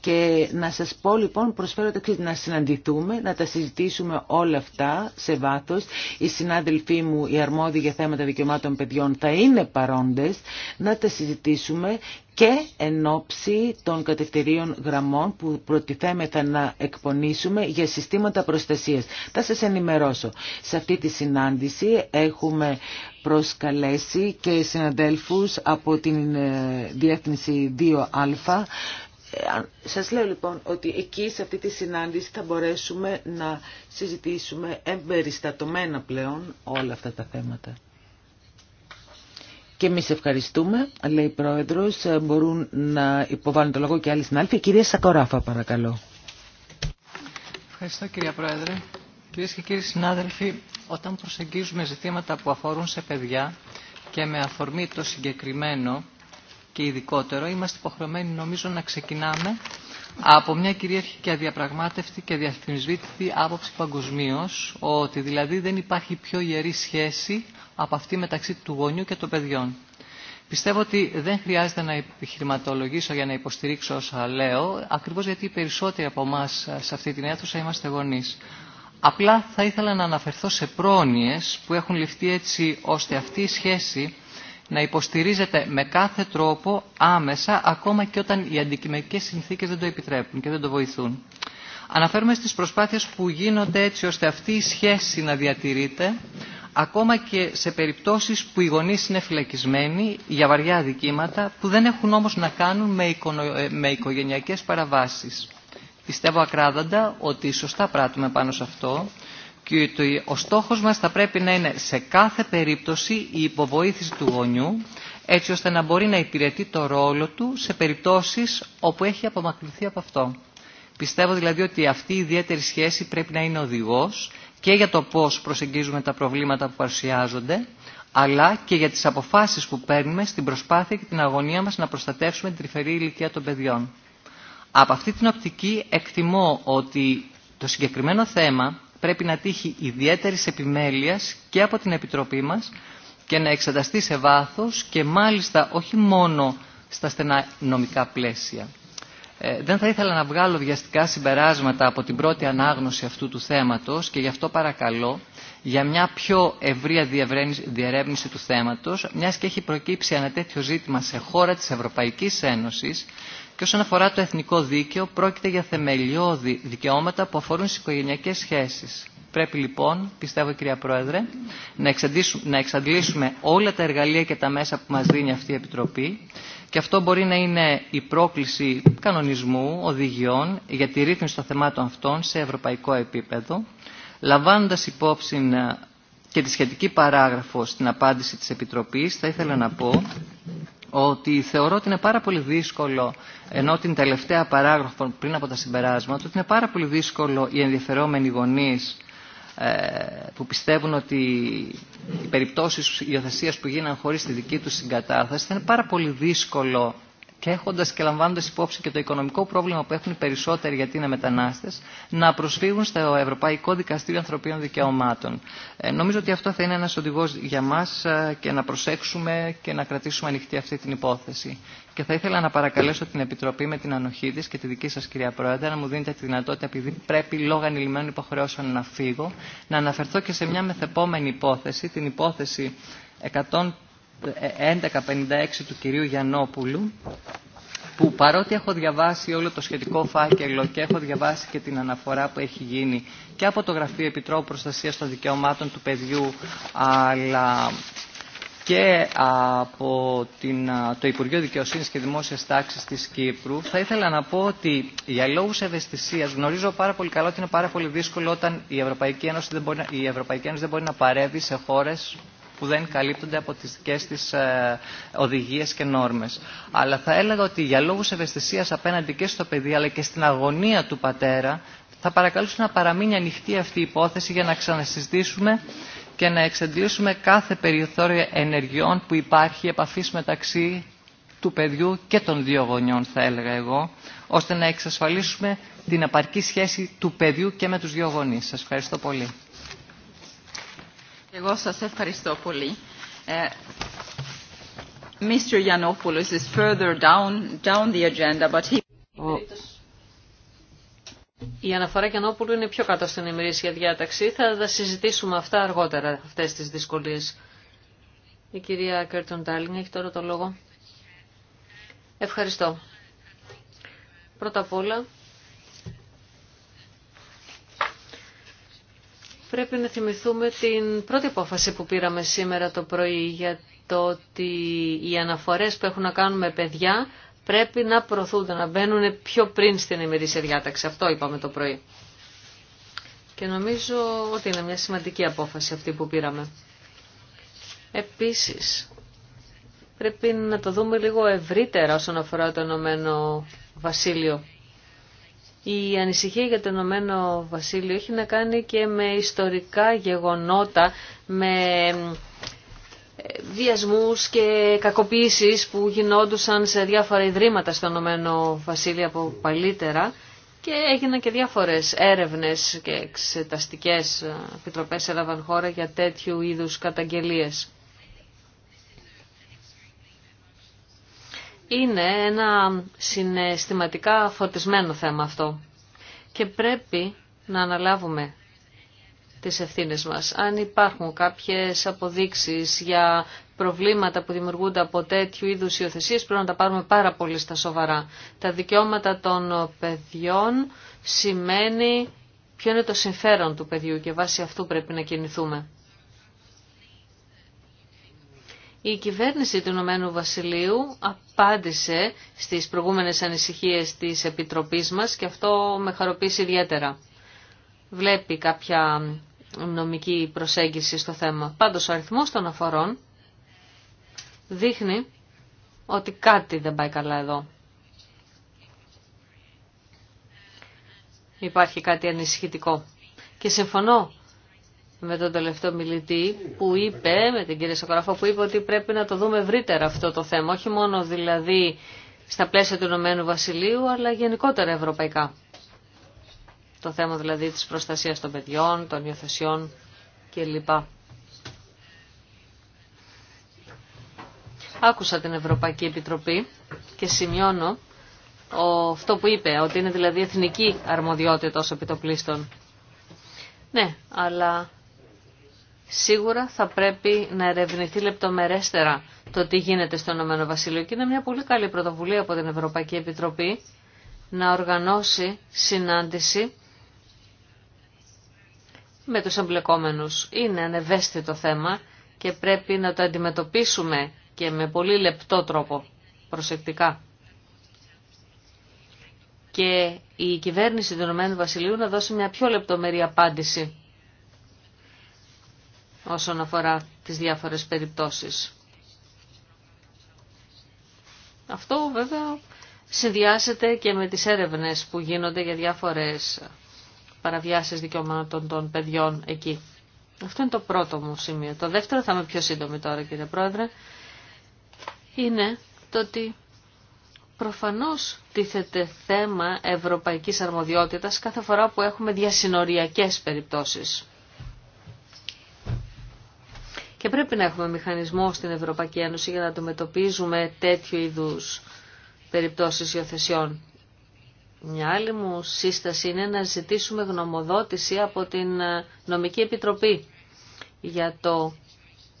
και να σας πω λοιπόν προσφέρω να συναντηθούμε, να τα συζητήσουμε όλα αυτά σε βάθος. Οι συνάδελφοί μου, οι αρμόδιοι θέματα δικαιωμάτων παιδιών θα είναι παρόντες, να τα συζητήσουμε και εν ώψη των κατευθυντήριων γραμμών που προτιθέμεθα να εκπονήσουμε για συστήματα προστασίας. Θα σας ενημερώσω. Σε αυτή τη συνάντηση έχουμε προσκαλέσει και συναδέλφους από την ε, Διεύθυνση 2α ε, σας λέω λοιπόν ότι εκεί σε αυτή τη συνάντηση θα μπορέσουμε να συζητήσουμε εμπεριστατωμένα πλέον όλα αυτά τα θέματα. Και εμεί ευχαριστούμε, λέει η Πρόεδρος. Ε, μπορούν να υποβάλουν το λόγο και άλλοι συνάδελφοι. Κυρία Σακοράφα, παρακαλώ. Ευχαριστώ, κυρία Πρόεδρε. Κυρίε και κύριοι συνάδελφοι, όταν προσεγγίζουμε ζητήματα που αφορούν σε παιδιά και με αφορμή το συγκεκριμένο, και ειδικότερο, είμαστε υποχρεωμένοι νομίζω να ξεκινάμε από μια κυρίαρχη και αδιαπραγμάτευτη και διαφημισβήτητη άποψη παγκοσμίω, ότι δηλαδή δεν υπάρχει πιο ιερή σχέση από αυτή μεταξύ του γονιού και των παιδιών. Πιστεύω ότι δεν χρειάζεται να επιχειρηματολογήσω για να υποστηρίξω όσα λέω, ακριβώ γιατί οι περισσότεροι από εμά σε αυτή την αίθουσα είμαστε γονεί. Απλά θα ήθελα να αναφερθώ σε πρόνοιες που έχουν ληφθεί έτσι ώστε αυτή η σχέση να υποστηρίζεται με κάθε τρόπο άμεσα, ακόμα και όταν οι αντικειμενικές συνθήκες δεν το επιτρέπουν και δεν το βοηθούν. Αναφέρουμε στις προσπάθειες που γίνονται έτσι ώστε αυτή η σχέση να διατηρείται, ακόμα και σε περιπτώσεις που οι γονείς είναι φυλακισμένοι για βαριά δικήματα που δεν έχουν όμως να κάνουν με, με οικογενειακές παραβάσεις. Πιστεύω ακράδαντα ότι σωστά πράττουμε πάνω σε αυτό και ο στόχος μας θα πρέπει να είναι σε κάθε περίπτωση η υποβοήθηση του γονιού έτσι ώστε να μπορεί να υπηρετεί το ρόλο του σε περιπτώσεις όπου έχει απομακρυνθεί από αυτό. Πιστεύω δηλαδή ότι αυτή η ιδιαίτερη σχέση πρέπει να είναι οδηγός και για το πώς προσεγγίζουμε τα προβλήματα που παρουσιάζονται, αλλά και για τις αποφάσεις που παίρνουμε στην προσπάθεια και την αγωνία μας να προστατεύσουμε την τρυφερή ηλικία των παιδιών. Από αυτή την οπτική εκτιμώ ότι το συγκεκριμένο θέμα πρέπει να τύχει ιδιαίτερη επιμέλεια και από την Επιτροπή μα και να εξεταστεί σε βάθο και μάλιστα όχι μόνο στα στενά νομικά πλαίσια. Ε, δεν θα ήθελα να βγάλω βιαστικά συμπεράσματα από την πρώτη ανάγνωση αυτού του θέματος και γι' αυτό παρακαλώ για μια πιο ευρία διερεύνηση του θέματος, μιας και έχει προκύψει ένα τέτοιο ζήτημα σε χώρα της Ευρωπαϊκής Ένωσης, και όσον αφορά το εθνικό δίκαιο, πρόκειται για θεμελιώδη δικαιώματα που αφορούν στι οικογενειακέ σχέσει. Πρέπει λοιπόν, πιστεύω κυρία Πρόεδρε, να, να εξαντλήσουμε όλα τα εργαλεία και τα μέσα που μας δίνει αυτή η Επιτροπή και αυτό μπορεί να είναι η πρόκληση κανονισμού, οδηγιών για τη ρύθμιση των θεμάτων αυτών σε ευρωπαϊκό επίπεδο, λαμβάνοντα υπόψη ε, και τη σχετική παράγραφο στην απάντηση της Επιτροπής, θα ήθελα να πω ότι θεωρώ ότι είναι πάρα πολύ δύσκολο, ενώ την τελευταία παράγραφο πριν από τα συμπεράσματα, ότι είναι πάρα πολύ δύσκολο οι ενδιαφερόμενοι γονείς ε, που πιστεύουν ότι οι περιπτώσεις υιοθεσία που γίναν χωρίς τη δική του συγκατάθεση θα είναι πάρα πολύ δύσκολο και έχοντας και λαμβάνοντας υπόψη και το οικονομικό πρόβλημα που έχουν οι περισσότεροι γιατί είναι μετανάστες, να προσφύγουν στο Ευρωπαϊκό Δικαστήριο Ανθρωπίνων Δικαιωμάτων. Ε, νομίζω ότι αυτό θα είναι ένας οδηγός για μας ε, και να προσέξουμε και να κρατήσουμε ανοιχτή αυτή την υπόθεση. Και θα ήθελα να παρακαλέσω την Επιτροπή με την ανοχή τη και τη δική σα, κυρία Πρόεδρε, να μου δίνετε τη δυνατότητα, επειδή πρέπει λόγω ανηλυμένων υποχρεώσεων να φύγω, να αναφερθώ και σε μια μεθεπόμενη υπόθεση, την υπόθεση 1156 του κυρίου Γιαννόπουλου που παρότι έχω διαβάσει όλο το σχετικό φάκελο και έχω διαβάσει και την αναφορά που έχει γίνει και από το Γραφείο Επιτρόπου Προστασίας των Δικαιωμάτων του Παιδιού αλλά και από την, το Υπουργείο Δικαιοσύνης και Δημόσιας Τάξης της Κύπρου θα ήθελα να πω ότι για λόγους ευαισθησίας γνωρίζω πάρα πολύ καλά ότι είναι πάρα πολύ δύσκολο όταν η Ευρωπαϊκή Ένωση δεν μπορεί, η Ευρωπαϊκή Ένωση δεν μπορεί να παρέμβει σε χώρες που δεν καλύπτονται από τις δικές της ε, οδηγίες και νόρμες. Αλλά θα έλεγα ότι για λόγους ευαισθησίας απέναντι και στο παιδί αλλά και στην αγωνία του πατέρα θα παρακαλούσα να παραμείνει ανοιχτή αυτή η υπόθεση για να ξανασυζητήσουμε και να εξαντλήσουμε κάθε περιθώριο ενεργειών που υπάρχει επαφή μεταξύ του παιδιού και των δύο γονιών, θα έλεγα εγώ, ώστε να εξασφαλίσουμε την απαρκή σχέση του παιδιού και με τους δύο γονείς. Σας ευχαριστώ πολύ. Εγώ σας ευχαριστώ πολύ. Η αναφορά Γιαννόπουλου είναι πιο κάτω στην ημερήσια διάταξη. Θα συζητήσουμε αυτά αργότερα, αυτές τις δυσκολίες. Η κυρία Κέρτον Τάλινγκ έχει τώρα το λόγο. Ευχαριστώ. Πρώτα απ' όλα πρέπει να θυμηθούμε την πρώτη απόφαση που πήραμε σήμερα το πρωί για το ότι οι αναφορές που έχουν να κάνουν με παιδιά πρέπει να προωθούνται, να μπαίνουν πιο πριν στην ημερήσια διάταξη. Αυτό είπαμε το πρωί. Και νομίζω ότι είναι μια σημαντική απόφαση αυτή που πήραμε. Επίσης, πρέπει να το δούμε λίγο ευρύτερα όσον αφορά το Ενωμένο Βασίλειο. Η ανησυχία για το Ηνωμένο Βασίλειο έχει να κάνει και με ιστορικά γεγονότα, με διασμούς και κακοποίησεις που γινόντουσαν σε διάφορα ιδρύματα στο Ηνωμένο Βασίλειο από παλύτερα και έγιναν και διάφορες έρευνες και εξεταστικές ε, επιτροπές έλαβαν χώρα για τέτοιου είδους καταγγελίες. είναι ένα συναισθηματικά φορτισμένο θέμα αυτό και πρέπει να αναλάβουμε τις ευθύνες μας. Αν υπάρχουν κάποιες αποδείξεις για προβλήματα που δημιουργούνται από τέτοιου είδους υιοθεσίε πρέπει να τα πάρουμε πάρα πολύ στα σοβαρά. Τα δικαιώματα των παιδιών σημαίνει ποιο είναι το συμφέρον του παιδιού και βάσει αυτού πρέπει να κινηθούμε. Η κυβέρνηση του Ηνωμένου Βασιλείου απάντησε στις προηγούμενες ανησυχίες της Επιτροπής μας και αυτό με χαροποίησε ιδιαίτερα. Βλέπει κάποια νομική προσέγγιση στο θέμα. Πάντως ο αριθμός των αφορών δείχνει ότι κάτι δεν πάει καλά εδώ. Υπάρχει κάτι ανησυχητικό. Και συμφωνώ με τον τελευταίο μιλητή που είπε, με την κυρία Σακοράφα, που είπε ότι πρέπει να το δούμε ευρύτερα αυτό το θέμα, όχι μόνο δηλαδή στα πλαίσια του Ηνωμένου Βασιλείου, αλλά γενικότερα ευρωπαϊκά. Το θέμα δηλαδή της προστασίας των παιδιών, των υιοθεσιών κλπ. Άκουσα την Ευρωπαϊκή Επιτροπή και σημειώνω αυτό που είπε, ότι είναι δηλαδή εθνική αρμοδιότητα ως επιτοπλίστων. Ναι, αλλά σίγουρα θα πρέπει να ερευνηθεί λεπτομερέστερα το τι γίνεται στο Ηνωμένο Βασίλειο και είναι μια πολύ καλή πρωτοβουλία από την Ευρωπαϊκή Επιτροπή να οργανώσει συνάντηση με τους εμπλεκόμενους. Είναι ανεβαίσθητο θέμα και πρέπει να το αντιμετωπίσουμε και με πολύ λεπτό τρόπο, προσεκτικά. Και η κυβέρνηση του Ηνωμένου Βασιλείου να δώσει μια πιο λεπτομερή απάντηση όσον αφορά τις διάφορες περιπτώσεις. Αυτό βέβαια συνδυάζεται και με τις έρευνες που γίνονται για διάφορες παραβιάσεις δικαιωμάτων των παιδιών εκεί. Αυτό είναι το πρώτο μου σημείο. Το δεύτερο θα είμαι πιο σύντομη τώρα κύριε Πρόεδρε. Είναι το ότι προφανώς τίθεται θέμα ευρωπαϊκής αρμοδιότητας κάθε φορά που έχουμε διασυνοριακές περιπτώσεις. Και πρέπει να έχουμε μηχανισμό στην Ευρωπαϊκή Ένωση για να αντιμετωπίζουμε τέτοιου είδους περιπτώσεις υιοθεσιών. Μια άλλη μου σύσταση είναι να ζητήσουμε γνωμοδότηση από την ε, Νομική Επιτροπή για το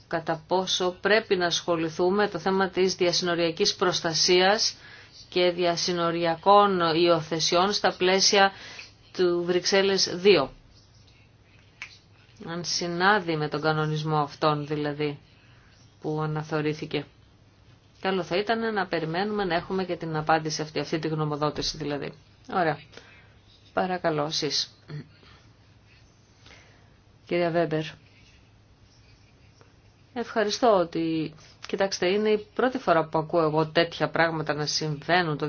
κατά πόσο πρέπει να ασχοληθούμε το θέμα της διασυνοριακής προστασίας και διασυνοριακών υιοθεσιών στα πλαίσια του Βρυξέλλες 2 αν συνάδει με τον κανονισμό αυτόν δηλαδή που αναθεωρήθηκε. Καλό θα ήταν να περιμένουμε να έχουμε και την απάντηση αυτή, αυτή τη γνωμοδότηση δηλαδή. Ωραία. Παρακαλώ εσείς. Κυρία Βέμπερ. Ευχαριστώ ότι... Κοιτάξτε, είναι η πρώτη φορά που ακούω εγώ τέτοια πράγματα να συμβαίνουν το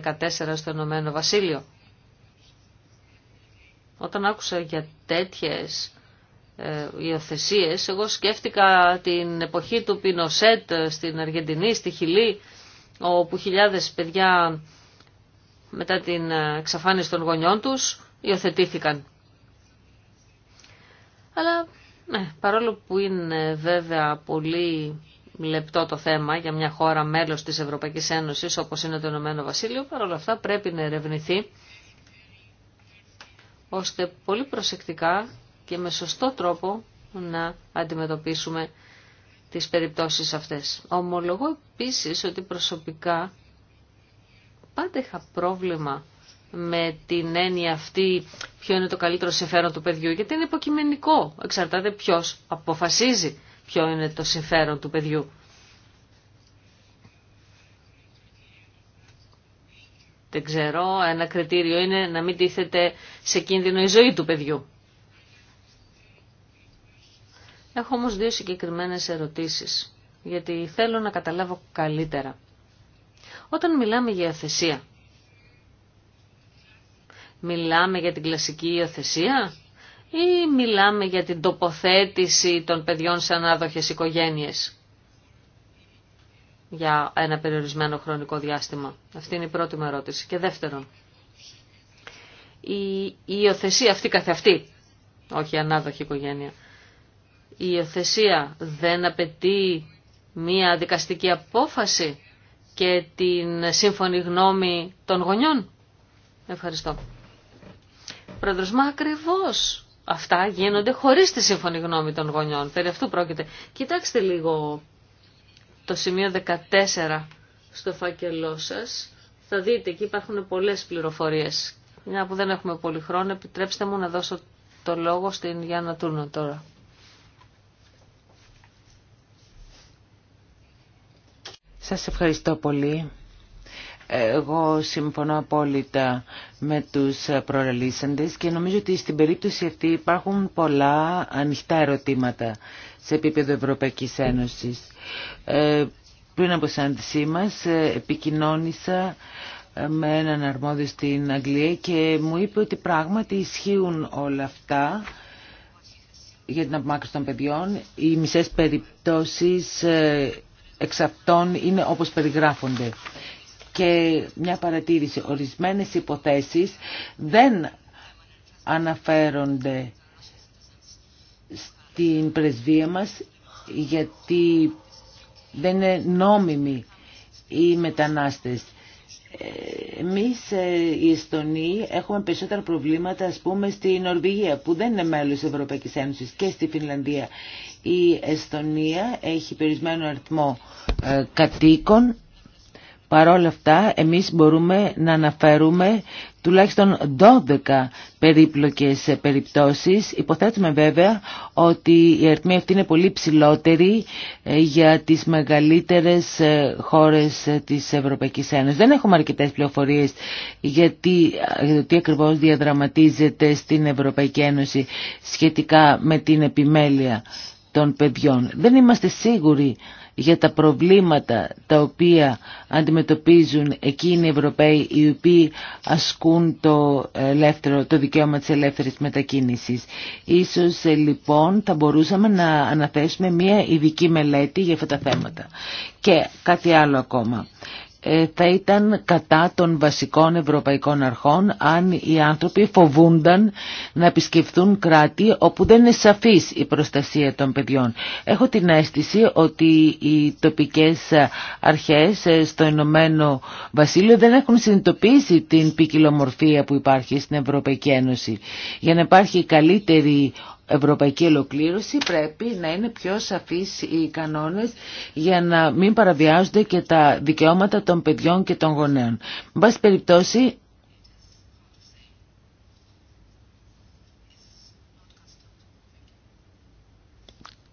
2014 στο Ηνωμένο Βασίλειο. Όταν άκουσα για τέτοιες ε, υιοθεσίε. Εγώ σκέφτηκα την εποχή του Πινοσέτ στην Αργεντινή, στη Χιλή, όπου χιλιάδε παιδιά μετά την ε, εξαφάνιση των γονιών τους υιοθετήθηκαν. Αλλά ναι, παρόλο που είναι βέβαια πολύ λεπτό το θέμα για μια χώρα μέλος της Ευρωπαϊκής Ένωσης όπως είναι το Ηνωμένο Βασίλειο, παρόλα αυτά πρέπει να ερευνηθεί ώστε πολύ προσεκτικά και με σωστό τρόπο να αντιμετωπίσουμε τις περιπτώσεις αυτές. Ομολογώ επίσης ότι προσωπικά πάντα είχα πρόβλημα με την έννοια αυτή ποιο είναι το καλύτερο συμφέρον του παιδιού, γιατί είναι υποκειμενικό. Εξαρτάται ποιος αποφασίζει ποιο είναι το συμφέρον του παιδιού. Δεν ξέρω, ένα κριτήριο είναι να μην τίθεται σε κίνδυνο η ζωή του παιδιού. Έχω όμως δύο συγκεκριμένες ερωτήσεις, γιατί θέλω να καταλάβω καλύτερα. Όταν μιλάμε για αθεσία, μιλάμε για την κλασική υιοθεσία ή μιλάμε για την τοποθέτηση των παιδιών σε ανάδοχες οικογένειες για ένα περιορισμένο χρονικό διάστημα. Αυτή είναι η πρώτη μου ερώτηση. Και δεύτερον, η υιοθεσία αυτή καθεαυτή, όχι η ανάδοχη οικογένεια, η υιοθεσία δεν απαιτεί μία δικαστική απόφαση και την σύμφωνη γνώμη των γονιών. Ευχαριστώ. Πρόεδρος, μα ακριβώς αυτά γίνονται χωρίς τη σύμφωνη γνώμη των γονιών. Περί αυτού πρόκειται. Κοιτάξτε λίγο το σημείο 14 στο φάκελό σας. Θα δείτε, εκεί υπάρχουν πολλές πληροφορίες. Μια που δεν έχουμε πολύ χρόνο, επιτρέψτε μου να δώσω το λόγο στην Γιάννα Τούρνο τώρα. Σας ευχαριστώ πολύ. Εγώ συμφωνώ απόλυτα με τους προελίσσαντες και νομίζω ότι στην περίπτωση αυτή υπάρχουν πολλά ανοιχτά ερωτήματα σε επίπεδο Ευρωπαϊκής Ένωσης. Ε, πριν από σάντησή μας ε, επικοινώνησα ε, με έναν αρμόδιο στην Αγγλία και μου είπε ότι πράγματι ισχύουν όλα αυτά για την απομάκρυνση των παιδιών. Οι μισές περιπτώσεις ε, εξ αυτών είναι όπως περιγράφονται. Και μια παρατήρηση, ορισμένες υποθέσεις δεν αναφέρονται στην πρεσβεία μας γιατί δεν είναι νόμιμοι οι μετανάστες εμείς ε, οι Εστονοί έχουμε περισσότερα προβλήματα ας πούμε στη Νορβηγία που δεν είναι μέλος της Ευρωπαϊκής Ένωσης και στη Φινλανδία. Η Εστονία έχει περισμένο αριθμό ε, κατοίκων Παρ' όλα αυτά εμείς μπορούμε να αναφέρουμε τουλάχιστον 12 περίπλοκες περιπτώσεις. Υποθέτουμε βέβαια ότι η αριθμή αυτή είναι πολύ ψηλότερη ε, για τις μεγαλύτερες ε, χώρες ε, της Ευρωπαϊκής Ένωσης. Δεν έχουμε αρκετές πληροφορίες γιατί, για τι ακριβώς διαδραματίζεται στην Ευρωπαϊκή Ένωση σχετικά με την επιμέλεια των παιδιών. Δεν είμαστε σίγουροι για τα προβλήματα τα οποία αντιμετωπίζουν εκείνοι οι Ευρωπαίοι οι οποίοι ασκούν το, το δικαίωμα της ελεύθερης μετακίνησης. Ίσως ε, λοιπόν θα μπορούσαμε να αναθέσουμε μια ειδική μελέτη για αυτά τα θέματα. Και κάτι άλλο ακόμα. Ε, θα ήταν κατά των βασικών ευρωπαϊκών αρχών αν οι άνθρωποι φοβούνταν να επισκεφθούν κράτη όπου δεν είναι σαφής η προστασία των παιδιών. Έχω την αίσθηση ότι οι τοπικές αρχές ε, στο Ηνωμένο Βασίλειο δεν έχουν συνειδητοποιήσει την ποικιλομορφία που υπάρχει στην Ευρωπαϊκή Ένωση. Για να υπάρχει καλύτερη ευρωπαϊκή ολοκλήρωση πρέπει να είναι πιο σαφείς οι κανόνες για να μην παραβιάζονται και τα δικαιώματα των παιδιών και των γονέων. Με πάση περιπτώσει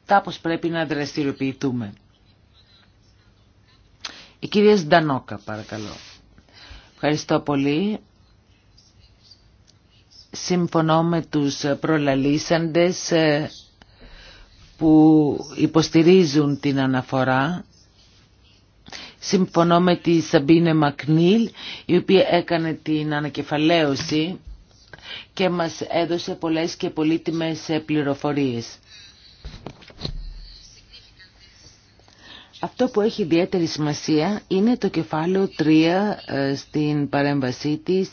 κάπως πρέπει να δραστηριοποιηθούμε. Η κυρία Σντανόκα παρακαλώ. Ευχαριστώ πολύ. Συμφωνώ με τους προλαλήσαντες ε, που υποστηρίζουν την αναφορά. Συμφωνώ με τη Σαμπίνε Μακνίλ η οποία έκανε την ανακεφαλαίωση και μας έδωσε πολλές και πολύτιμες πληροφορίες. Αυτό που έχει ιδιαίτερη σημασία είναι το κεφάλαιο 3 ε, στην παρέμβασή της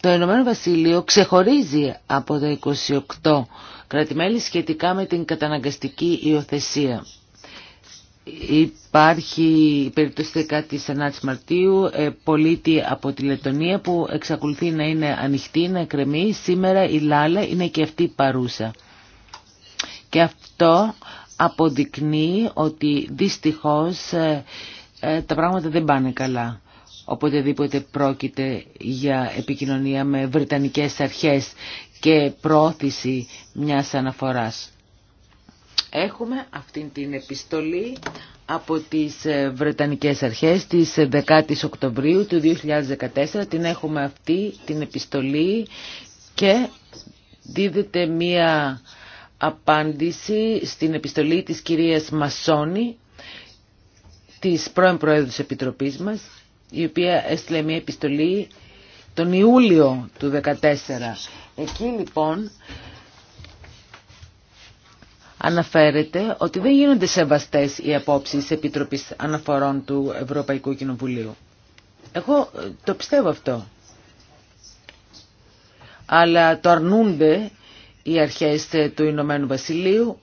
το Ηνωμένο Βασίλειο ξεχωρίζει από τα 28 κρατημέλη σχετικά με την καταναγκαστική υιοθεσία. Υπάρχει η περίπτωση η Μαρτίου, ε, πολίτη από τη Λετωνία που εξακολουθεί να είναι ανοιχτή, να κρεμεί. Σήμερα η Λάλα είναι και αυτή παρούσα. Και αυτό αποδεικνύει ότι δυστυχώς ε, ε, τα πράγματα δεν πάνε καλά οποτεδήποτε πρόκειται για επικοινωνία με βρετανικές αρχές και πρόθεση μιας αναφοράς. Έχουμε αυτή την επιστολή από τις ε, Βρετανικές Αρχές της 10ης Οκτωβρίου του 2014. Την έχουμε αυτή την επιστολή και δίδεται μία απάντηση στην επιστολή της κυρίας Μασόνη της πρώην Προέδρου της Επιτροπής μας η οποία έστειλε μια επιστολή τον Ιούλιο του 2014. Εκεί λοιπόν αναφέρεται ότι δεν γίνονται σεβαστές οι απόψεις της Επιτροπής Αναφορών του Ευρωπαϊκού Κοινοβουλίου. Εγώ ε, το πιστεύω αυτό. Αλλά το αρνούνται οι αρχές ε, του Ηνωμένου Βασιλείου.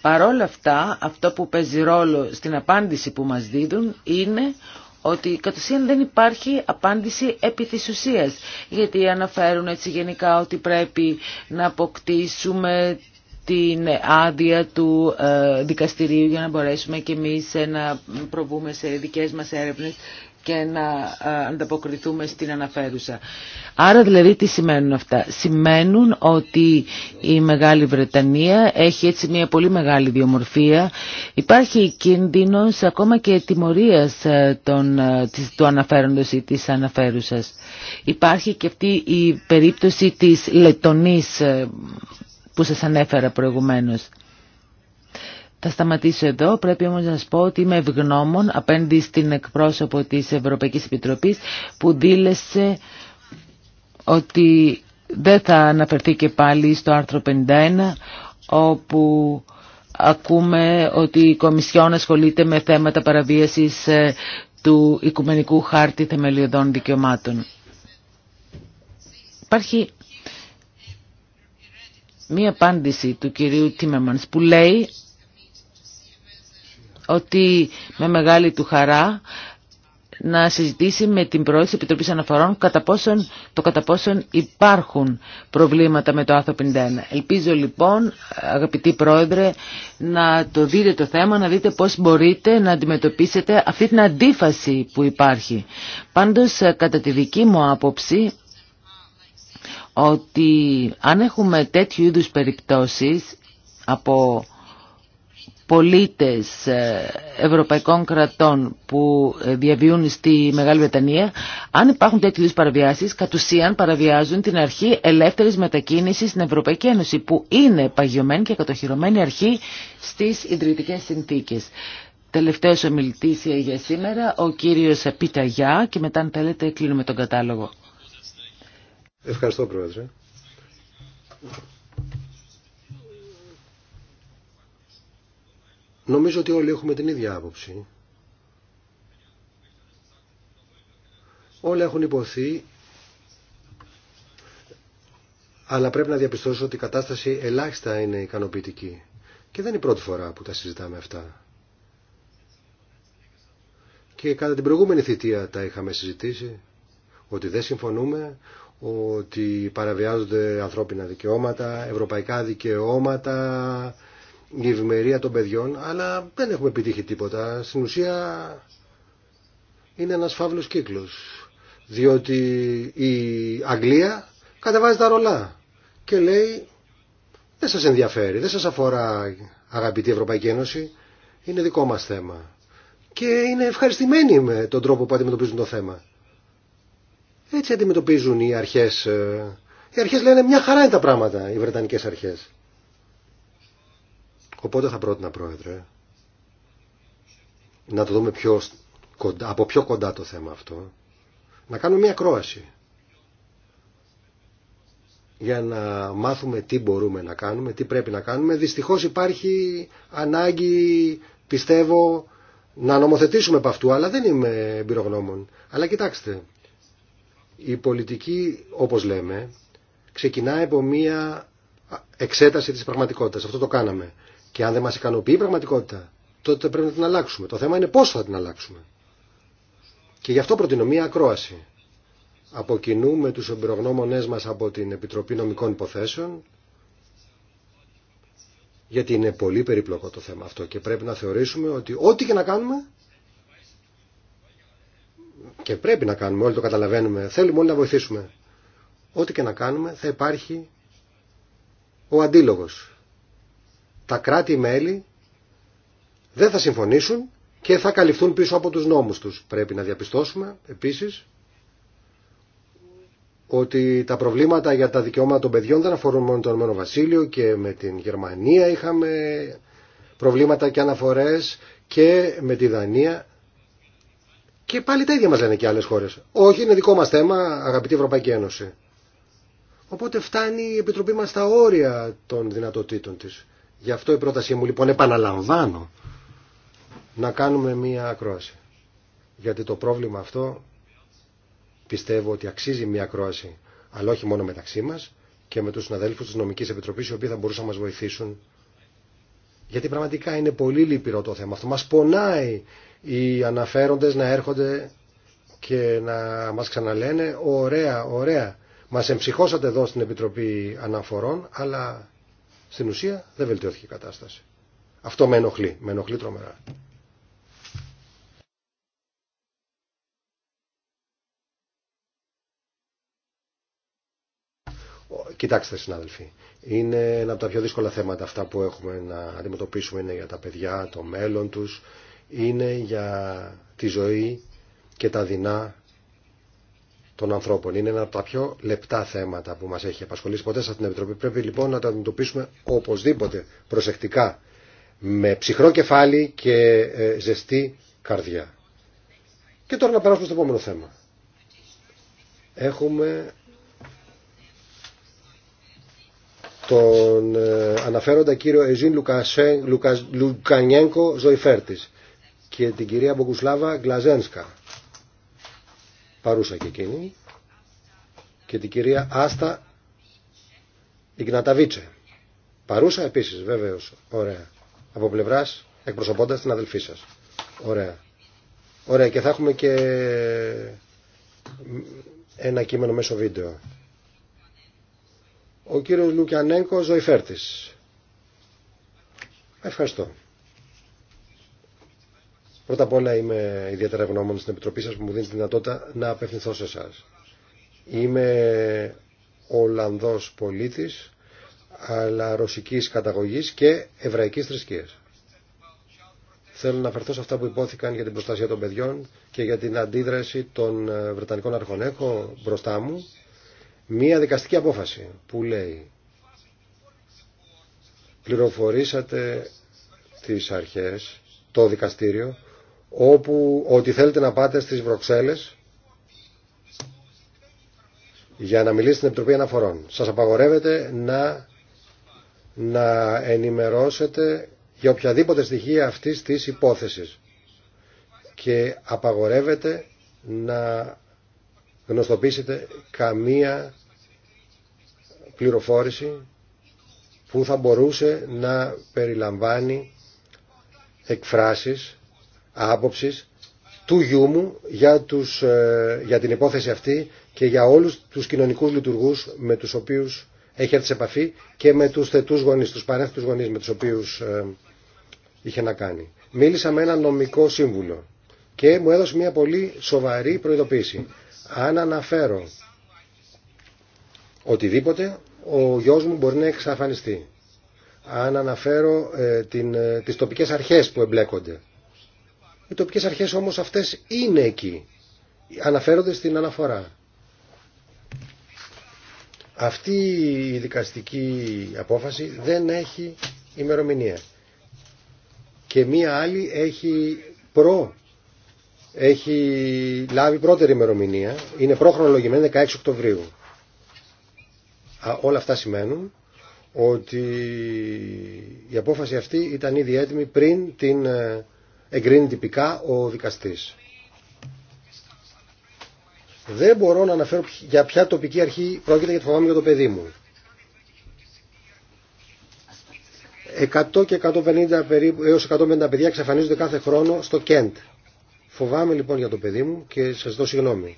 Παρόλα αυτά, αυτό που παίζει ρόλο στην απάντηση που μας δίδουν είναι ότι κατ' ουσίαν δεν υπάρχει απάντηση επί της ουσίας, γιατί αναφέρουν έτσι γενικά ότι πρέπει να αποκτήσουμε την άδεια του ε, δικαστηρίου για να μπορέσουμε και εμείς να προβούμε σε δικές μας έρευνες και να ε, ανταποκριθούμε στην αναφέρουσα. Άρα δηλαδή τι σημαίνουν αυτά. Σημαίνουν ότι η Μεγάλη Βρετανία έχει έτσι μια πολύ μεγάλη διομορφία. Υπάρχει κίνδυνος ακόμα και τιμωρίας ε, των, ε, του αναφέροντος ή της αναφέρουσας. Υπάρχει και αυτή η περίπτωση της λετονής που σας ανέφερα προηγουμένως. Θα σταματήσω εδώ, πρέπει όμως να σας πω ότι είμαι ευγνώμων απέναντι στην εκπρόσωπο της Ευρωπαϊκής Επιτροπής που δήλεσε ότι δεν θα αναφερθεί και πάλι στο άρθρο 51 όπου ακούμε ότι η Κομισιόν ασχολείται με θέματα παραβίασης ε, του Οικουμενικού Χάρτη Θεμελιωδών Δικαιωμάτων. Υπάρχει μία απάντηση του κυρίου Τίμεμανς που λέει ότι με μεγάλη του χαρά να συζητήσει με την πρόεδρο Επιτροπής Αναφορών κατά το κατά πόσον υπάρχουν προβλήματα με το άρθρο 51. Ελπίζω λοιπόν, αγαπητή πρόεδρε, να το δείτε το θέμα, να δείτε πώς μπορείτε να αντιμετωπίσετε αυτή την αντίφαση που υπάρχει. Πάντως, κατά τη δική μου άποψη, ότι αν έχουμε τέτοιου είδους περιπτώσεις από πολίτες ε, ευρωπαϊκών κρατών που ε, διαβιούν στη Μεγάλη Βρετανία, αν υπάρχουν τέτοιου παραβιάσεις, κατ' ουσίαν παραβιάζουν την αρχή ελεύθερης μετακίνησης στην Ευρωπαϊκή Ένωση, που είναι παγιωμένη και κατοχυρωμένη αρχή στις ιδρυτικές συνθήκες. Τελευταίος ομιλητής για σήμερα, ο κύριος Πιταγιά και μετά αν θέλετε κλείνουμε τον κατάλογο. Ευχαριστώ Πρόεδρε. Νομίζω ότι όλοι έχουμε την ίδια άποψη. Όλοι έχουν υποθεί, αλλά πρέπει να διαπιστώσω ότι η κατάσταση ελάχιστα είναι ικανοποιητική. Και δεν είναι η πρώτη φορά που τα συζητάμε αυτά. Και κατά την προηγούμενη θητεία τα είχαμε συζητήσει, ότι δεν συμφωνούμε, ότι παραβιάζονται ανθρώπινα δικαιώματα, ευρωπαϊκά δικαιώματα, η ευημερία των παιδιών, αλλά δεν έχουμε επιτύχει τίποτα. Στην ουσία είναι ένας φαύλος κύκλος, διότι η Αγγλία κατεβάζει τα ρολά και λέει δεν σας ενδιαφέρει, δεν σας αφορά αγαπητή Ευρωπαϊκή Ένωση, είναι δικό μας θέμα. Και είναι ευχαριστημένοι με τον τρόπο που αντιμετωπίζουν το θέμα. Έτσι αντιμετωπίζουν οι αρχές. Ε, οι αρχές λένε μια χαρά είναι τα πράγματα, οι Βρετανικές αρχές. Οπότε θα πρότεινα, Πρόεδρε, να το δούμε πιο κοντά, από πιο κοντά το θέμα αυτό, να κάνουμε μια κρόαση για να μάθουμε τι μπορούμε να κάνουμε, τι πρέπει να κάνουμε. Δυστυχώς υπάρχει ανάγκη, πιστεύω, να νομοθετήσουμε από αυτού, αλλά δεν είμαι εμπειρογνώμων. Αλλά κοιτάξτε, η πολιτική, όπως λέμε, ξεκινάει από μια εξέταση της πραγματικότητας. Αυτό το κάναμε. Και αν δεν μας ικανοποιεί η πραγματικότητα, τότε πρέπει να την αλλάξουμε. Το θέμα είναι πώς θα την αλλάξουμε. Και γι' αυτό προτείνω μία ακρόαση. Από κοινού με τους εμπειρογνώμονές μας από την Επιτροπή Νομικών Υποθέσεων, γιατί είναι πολύ περιπλοκό το θέμα αυτό και πρέπει να θεωρήσουμε ότι ό,τι και να κάνουμε και πρέπει να κάνουμε, όλοι το καταλαβαίνουμε, θέλουμε όλοι να βοηθήσουμε. Ό,τι και να κάνουμε θα υπάρχει ο αντίλογος τα κράτη-μέλη δεν θα συμφωνήσουν και θα καλυφθούν πίσω από τους νόμους τους. Πρέπει να διαπιστώσουμε επίσης ότι τα προβλήματα για τα δικαιώματα των παιδιών δεν αφορούν μόνο τον Ενωμένο Βασίλειο και με την Γερμανία είχαμε προβλήματα και αναφορές και με τη Δανία και πάλι τα ίδια μας λένε και άλλες χώρες. Όχι, είναι δικό μας θέμα, αγαπητή Ευρωπαϊκή Ένωση. Οπότε φτάνει η Επιτροπή μας στα όρια των δυνατοτήτων της. Γι' αυτό η πρότασή μου λοιπόν επαναλαμβάνω να κάνουμε μία ακρόαση. Γιατί το πρόβλημα αυτό πιστεύω ότι αξίζει μία ακρόαση, αλλά όχι μόνο μεταξύ μας και με τους συναδέλφους της Νομικής Επιτροπής οι οποίοι θα μπορούσαν να μας βοηθήσουν. Γιατί πραγματικά είναι πολύ λυπηρό το θέμα αυτό. Μας πονάει οι αναφέροντες να έρχονται και να μας ξαναλένε ωραία, ωραία. Μας εμψυχώσατε εδώ στην Επιτροπή Αναφορών, αλλά στην ουσία δεν βελτιώθηκε η κατάσταση. Αυτό με ενοχλεί, με ενοχλεί τρομερά. Κοιτάξτε συνάδελφοι, είναι ένα από τα πιο δύσκολα θέματα αυτά που έχουμε να αντιμετωπίσουμε είναι για τα παιδιά, το μέλλον τους, είναι για τη ζωή και τα δεινά των ανθρώπων. Είναι ένα από τα πιο λεπτά θέματα που μας έχει απασχολήσει ποτέ σε αυτήν την Επιτροπή. Πρέπει λοιπόν να το αντιμετωπίσουμε οπωσδήποτε προσεκτικά, με ψυχρό κεφάλι και ε, ζεστή καρδιά. Και τώρα να περάσουμε στο επόμενο θέμα. Έχουμε τον ε, αναφέροντα κύριο Εζίν Λουκανιέγκο Ζωηφέρτης και την κυρία Μπογκουσλάβα Γκλαζένσκα παρούσα και εκείνη, και την κυρία Άστα Ιγναταβίτσε. Παρούσα επίσης βεβαίως. Ωραία. Από πλευράς εκπροσωπώντας την αδελφή σας. Ωραία. Ωραία και θα έχουμε και ένα κείμενο μέσω βίντεο. Ο κύριος Λουκιανέγκο Ζωηφέρτης. Ευχαριστώ. Πρώτα απ' όλα είμαι ιδιαίτερα ευγνώμων στην Επιτροπή σας που μου δίνει τη δυνατότητα να απευθυνθώ σε εσά. Είμαι Ολλανδός πολίτης, αλλά ρωσικής καταγωγής και εβραϊκής θρησκείας. Θέλω να αφαιρθώ σε αυτά που υπόθηκαν για την προστασία των παιδιών και για την αντίδραση των ε, Βρετανικών αρχών. Έχω μπροστά μου μία δικαστική απόφαση που λέει πληροφορήσατε τις αρχές, το δικαστήριο, όπου ότι θέλετε να πάτε στις Βρυξέλλες για να μιλήσετε στην Επιτροπή Αναφορών. Σας απαγορεύεται να, να ενημερώσετε για οποιαδήποτε στοιχεία αυτής της υπόθεσης και απαγορεύεται να γνωστοποιήσετε καμία πληροφόρηση που θα μπορούσε να περιλαμβάνει εκφράσεις άποψης του γιού μου για, τους, ε, για την υπόθεση αυτή και για όλους τους κοινωνικούς λειτουργούς με τους οποίους έχει έρθει σε επαφή και με τους θετούς γονείς, τους παρέθετους γονείς με τους οποίους ε, είχε να κάνει. Μίλησα με ένα νομικό σύμβουλο και μου έδωσε μια πολύ σοβαρή προειδοποίηση. Αν αναφέρω οτιδήποτε, ο γιος μου μπορεί να εξαφανιστεί. Αν αναφέρω ε, την, ε, τις τοπικές αρχές που εμπλέκονται οι τοπικές αρχές όμως αυτές είναι εκεί. Αναφέρονται στην αναφορά. Αυτή η δικαστική απόφαση δεν έχει ημερομηνία. Και μία άλλη έχει προ έχει λάβει πρώτερη ημερομηνία, είναι προχρονολογημένη 16 Οκτωβρίου. Α, όλα αυτά σημαίνουν ότι η απόφαση αυτή ήταν ήδη έτοιμη πριν την ε, εγκρίνει τυπικά ο δικαστής. Δεν μπορώ να αναφέρω για ποια τοπική αρχή πρόκειται το φοβάμαι για το παιδί μου. 100 και 150 περίπου, έως 150 παιδιά εξαφανίζονται κάθε χρόνο στο Κέντ. Φοβάμαι λοιπόν για το παιδί μου και σας δω συγγνώμη.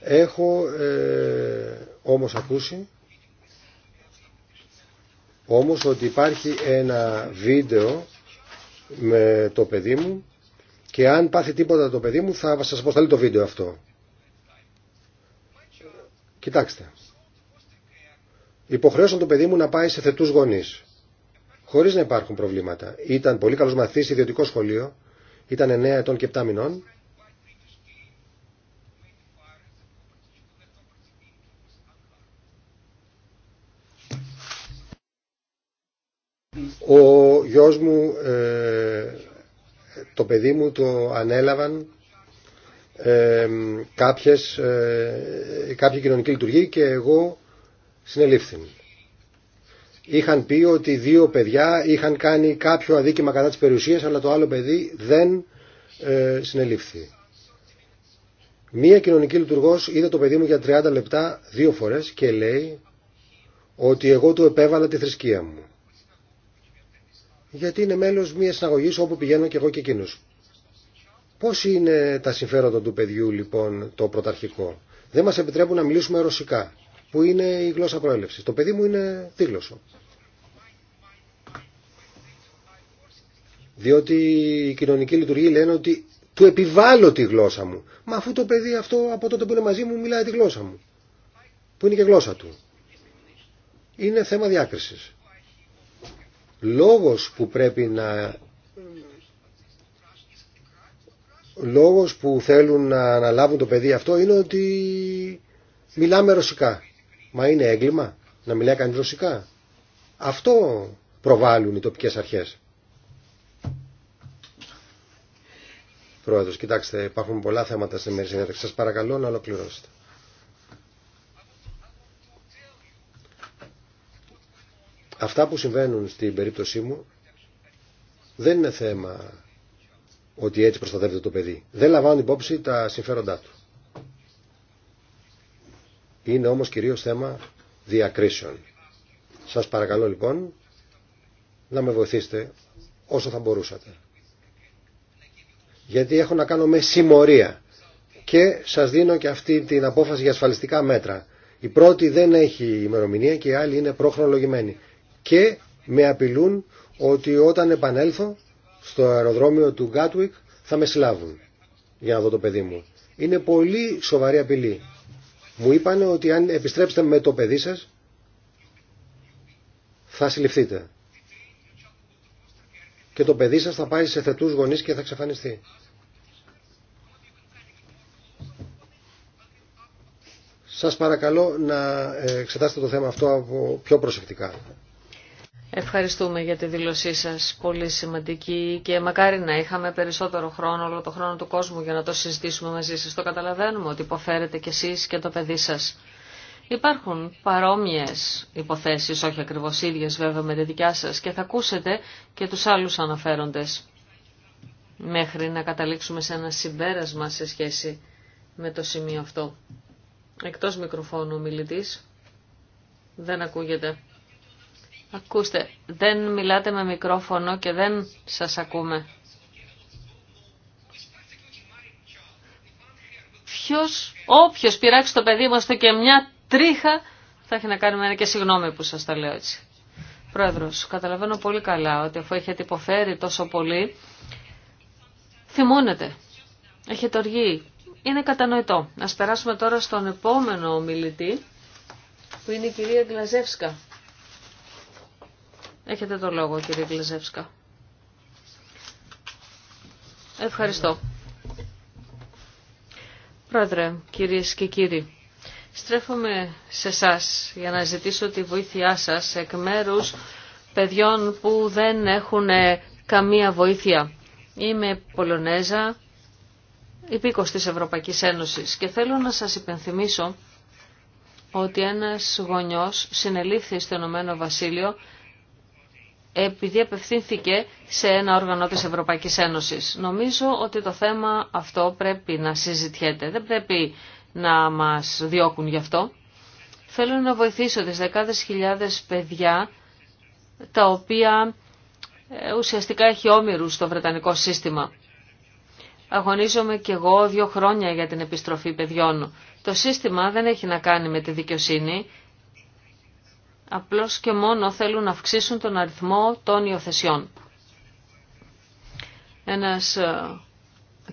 Έχω ε, όμως ακούσει όμως ότι υπάρχει ένα βίντεο με το παιδί μου και αν πάθει τίποτα το παιδί μου θα σας αποσταλεί το βίντεο αυτό. Κοιτάξτε. Υποχρέωσαν το παιδί μου να πάει σε θετούς γονείς. Χωρίς να υπάρχουν προβλήματα. Ήταν πολύ καλός μαθής ιδιωτικό σχολείο. Ήταν 9 ετών και 7 μηνών. Ο γιος μου, ε, το παιδί μου το ανέλαβαν ε, κάποιες, ε, κάποιοι κοινωνικοί λειτουργοί και εγώ συνελήφθη Είχαν πει ότι δύο παιδιά είχαν κάνει κάποιο αδίκημα κατά της περιουσίας αλλά το άλλο παιδί δεν συνελήφθη. Μία κοινωνική λειτουργός είδε το παιδί μου για 30 λεπτά δύο φορές και λέει ότι εγώ του επέβαλα τη θρησκεία μου γιατί είναι μέλος μιας συναγωγή όπου πηγαίνω και εγώ και εκείνο. Πώς είναι τα συμφέροντα του παιδιού λοιπόν το πρωταρχικό. Δεν μας επιτρέπουν να μιλήσουμε ρωσικά, που είναι η γλώσσα προέλευση. Το παιδί μου είναι δίγλωσο. Διότι η κοινωνική λειτουργία λένε ότι του επιβάλλω τη γλώσσα μου. Μα αφού το παιδί αυτό από τότε που είναι μαζί μου μιλάει τη γλώσσα μου. Που είναι και γλώσσα του. Είναι θέμα διάκρισης λόγος που πρέπει να λόγος που θέλουν να αναλάβουν το παιδί αυτό είναι ότι μιλάμε ρωσικά. Μα είναι έγκλημα να μιλάει κανείς ρωσικά. Αυτό προβάλλουν οι τοπικές αρχές. Πρόεδρος, κοιτάξτε, υπάρχουν πολλά θέματα στην συνέντευξη. Σας παρακαλώ να ολοκληρώσετε. Αυτά που συμβαίνουν στην περίπτωσή μου δεν είναι θέμα ότι έτσι προστατεύεται το παιδί. Δεν λαμβάνουν υπόψη τα συμφέροντά του. Είναι όμως κυρίως θέμα διακρίσεων. Σας παρακαλώ λοιπόν να με βοηθήσετε όσο θα μπορούσατε. Γιατί έχω να κάνω με συμμορία και σας δίνω και αυτή την απόφαση για ασφαλιστικά μέτρα. Η πρώτη δεν έχει ημερομηνία και η άλλη είναι προχρονολογημένη και με απειλούν ότι όταν επανέλθω στο αεροδρόμιο του Γκάτουικ θα με συλλάβουν για να δω το παιδί μου. Είναι πολύ σοβαρή απειλή. Μου είπαν ότι αν επιστρέψετε με το παιδί σας θα συλληφθείτε. Και το παιδί σας θα πάει σε θετούς γονείς και θα εξαφανιστεί. Σας παρακαλώ να ε, εξετάσετε το θέμα αυτό από πιο προσεκτικά. Ευχαριστούμε για τη δήλωσή σας, πολύ σημαντική και μακάρι να είχαμε περισσότερο χρόνο, όλο το χρόνο του κόσμου για να το συζητήσουμε μαζί σας. Το καταλαβαίνουμε ότι υποφέρετε κι εσείς και το παιδί σας. Υπάρχουν παρόμοιες υποθέσεις, όχι ακριβώς ίδιες βέβαια με τη δικιά σας και θα ακούσετε και τους άλλους αναφέροντες μέχρι να καταλήξουμε σε ένα συμπέρασμα σε σχέση με το σημείο αυτό. Εκτός μικροφώνου ο μιλητής δεν ακούγεται. Ακούστε, δεν μιλάτε με μικρόφωνο και δεν σας ακούμε. Ποιος, όποιος πειράξει το παιδί μου, και μια τρίχα, θα έχει να κάνει με ένα και συγγνώμη που σας τα λέω έτσι. Πρόεδρος, καταλαβαίνω πολύ καλά ότι αφού έχετε υποφέρει τόσο πολύ, θυμώνετε. Έχετε οργή. Είναι κατανοητό. Να περάσουμε τώρα στον επόμενο ομιλητή, που είναι η κυρία Γκλαζεύσκα. Έχετε το λόγο κύριε Γκλεζεύσκα. Ευχαριστώ. Πρόεδρε, κυρίες και κύριοι, στρέφομαι σε εσά για να ζητήσω τη βοήθειά σας εκ μέρους παιδιών που δεν έχουν ε, καμία βοήθεια. Είμαι Πολωνέζα, υπήκος της Ευρωπαϊκής Ένωσης και θέλω να σας υπενθυμίσω ότι ένας γονιός συνελήφθη στο Ηνωμένο Βασίλειο επειδή απευθύνθηκε σε ένα όργανο της Ευρωπαϊκής Ένωσης. Νομίζω ότι το θέμα αυτό πρέπει να συζητιέται. Δεν πρέπει να μας διώκουν γι' αυτό. Θέλω να βοηθήσω τις δεκάδες χιλιάδες παιδιά τα οποία ε, ουσιαστικά έχει όμοιρους στο Βρετανικό σύστημα. Αγωνίζομαι κι εγώ δύο χρόνια για την επιστροφή παιδιών. Το σύστημα δεν έχει να κάνει με τη δικαιοσύνη, Απλώς και μόνο θέλουν να αυξήσουν τον αριθμό των υιοθεσιών. Ένας ε,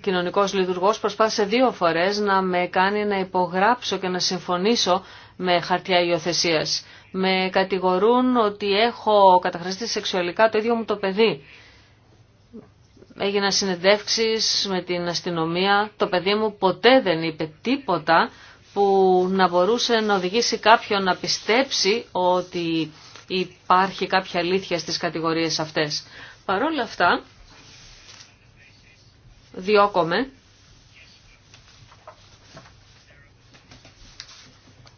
κοινωνικός λειτουργός προσπάθησε δύο φορές να με κάνει να υπογράψω και να συμφωνήσω με χαρτιά υιοθεσία. Με κατηγορούν ότι έχω καταχρηστεί σεξουαλικά το ίδιο μου το παιδί. Έγινα συνεντεύξεις με την αστυνομία. Το παιδί μου ποτέ δεν είπε τίποτα που να μπορούσε να οδηγήσει κάποιον να πιστέψει ότι υπάρχει κάποια αλήθεια στις κατηγορίες αυτές. Παρόλα αυτά, διώκομαι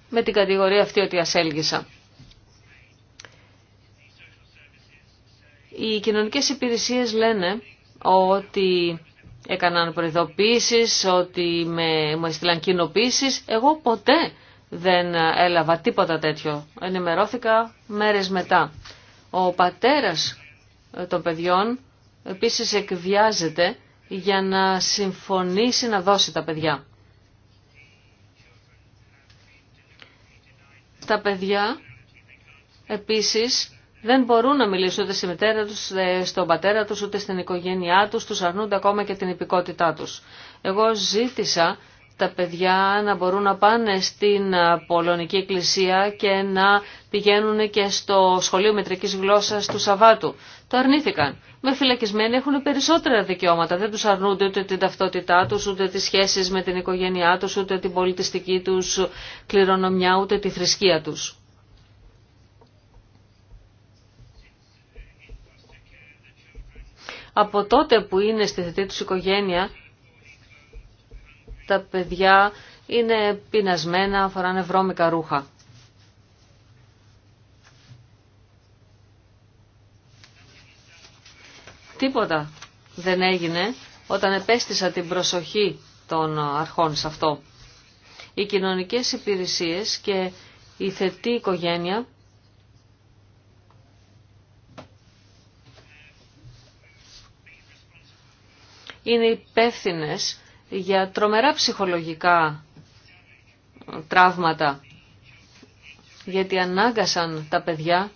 με την κατηγορία αυτή ότι ασέλγησα. Οι κοινωνικές υπηρεσίες λένε ότι έκαναν προειδοποίησεις, ότι με, μου έστειλαν κοινοποίησεις. Εγώ ποτέ δεν έλαβα τίποτα τέτοιο. Ενημερώθηκα μέρες μετά. Ο πατέρας ε, των παιδιών επίσης εκβιάζεται για να συμφωνήσει να δώσει τα παιδιά. Τα παιδιά επίσης δεν μπορούν να μιλήσουν ούτε στη μητέρα τους, ε, στον πατέρα τους, ούτε στην οικογένειά τους, τους αρνούνται ακόμα και την υπηκότητά τους. Εγώ ζήτησα τα παιδιά να μπορούν να πάνε στην ε, Πολωνική Εκκλησία και να πηγαίνουν και στο σχολείο μετρικής γλώσσας του Σαββάτου. Το αρνήθηκαν. Με φυλακισμένοι έχουν περισσότερα δικαιώματα. Δεν τους αρνούνται ούτε την ταυτότητά τους, ούτε τις σχέσεις με την οικογένειά τους, ούτε την πολιτιστική τους κληρονομιά, ούτε τη θρησκεία τους. από τότε που είναι στη θετή τους οικογένεια, τα παιδιά είναι πεινασμένα, φοράνε βρώμικα ρούχα. Τίποτα δεν έγινε όταν επέστησα την προσοχή των αρχών σε αυτό. Οι κοινωνικές υπηρεσίες και η θετή οικογένεια είναι υπεύθυνε για τρομερά ψυχολογικά τραύματα γιατί ανάγκασαν τα παιδιά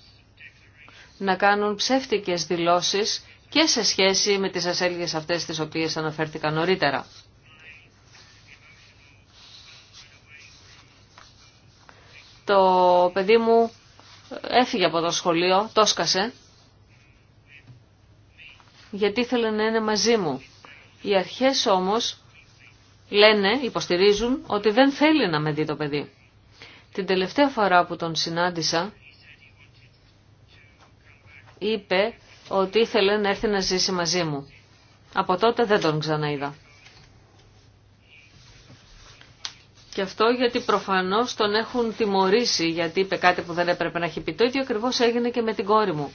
να κάνουν ψεύτικες δηλώσεις και σε σχέση με τις ασέλγες αυτές τις οποίες αναφέρθηκαν νωρίτερα. Το παιδί μου έφυγε από το σχολείο, το σκασε, γιατί ήθελε να είναι μαζί μου οι αρχές όμως λένε, υποστηρίζουν ότι δεν θέλει να με δει το παιδί. Την τελευταία φορά που τον συνάντησα είπε ότι ήθελε να έρθει να ζήσει μαζί μου. Από τότε δεν τον ξαναείδα. Και αυτό γιατί προφανώς τον έχουν τιμωρήσει γιατί είπε κάτι που δεν έπρεπε να έχει πει. Το ίδιο ακριβώς έγινε και με την κόρη μου.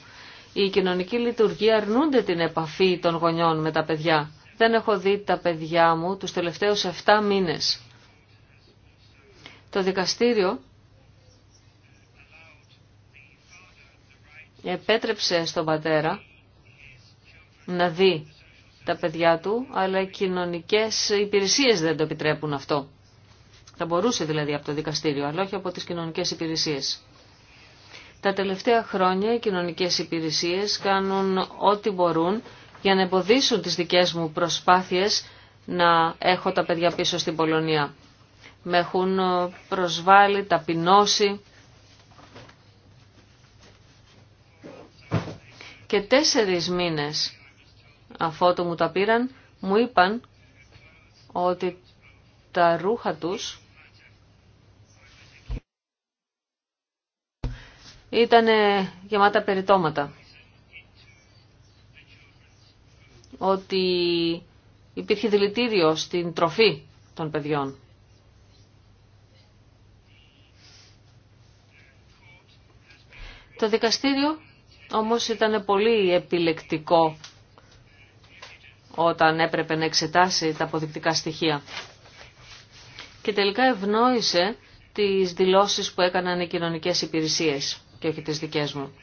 Η κοινωνική λειτουργία αρνούνται την επαφή των γονιών με τα παιδιά. Δεν έχω δει τα παιδιά μου τους τελευταίους 7 μήνες. Το δικαστήριο επέτρεψε στον πατέρα να δει τα παιδιά του, αλλά οι κοινωνικές υπηρεσίες δεν το επιτρέπουν αυτό. Θα μπορούσε δηλαδή από το δικαστήριο, αλλά όχι από τις κοινωνικές υπηρεσίες. Τα τελευταία χρόνια οι κοινωνικές υπηρεσίες κάνουν ό,τι μπορούν για να εμποδίσουν τις δικές μου προσπάθειες να έχω τα παιδιά πίσω στην Πολωνία. Με έχουν ε, προσβάλει, ταπεινώσει. Και τέσσερις μήνες αφότου μου τα πήραν, μου είπαν ότι τα ρούχα τους ήταν γεμάτα περιτώματα. ότι υπήρχε δηλητήριο στην τροφή των παιδιών. Το δικαστήριο όμως ήταν πολύ επιλεκτικό όταν έπρεπε να εξετάσει τα αποδεικτικά στοιχεία. Και τελικά ευνόησε τις δηλώσεις που έκαναν οι κοινωνικές υπηρεσίες και όχι τις δικές μου.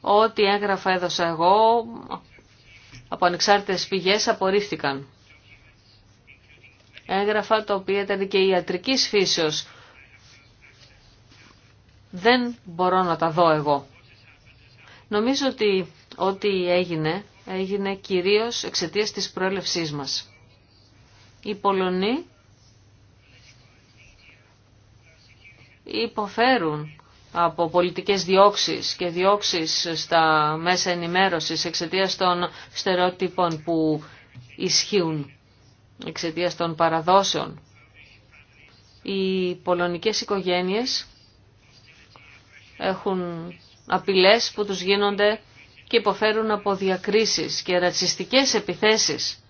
Ό,τι έγραφα έδωσα εγώ από ανεξάρτητες πηγές απορρίφθηκαν. Έγραφα, το οποία ήταν και ιατρικής φύσεως. Δεν μπορώ να τα δω εγώ. Νομίζω ότι ό,τι έγινε, έγινε κυρίως εξαιτίας της προέλευσής μας. Οι Πολωνοί υποφέρουν από πολιτικές διώξεις και διώξεις στα μέσα ενημέρωσης εξαιτίας των στερεότυπων που ισχύουν, εξαιτίας των παραδόσεων. Οι πολωνικές οικογένειες έχουν απειλές που τους γίνονται και υποφέρουν από διακρίσεις και ρατσιστικές επιθέσεις.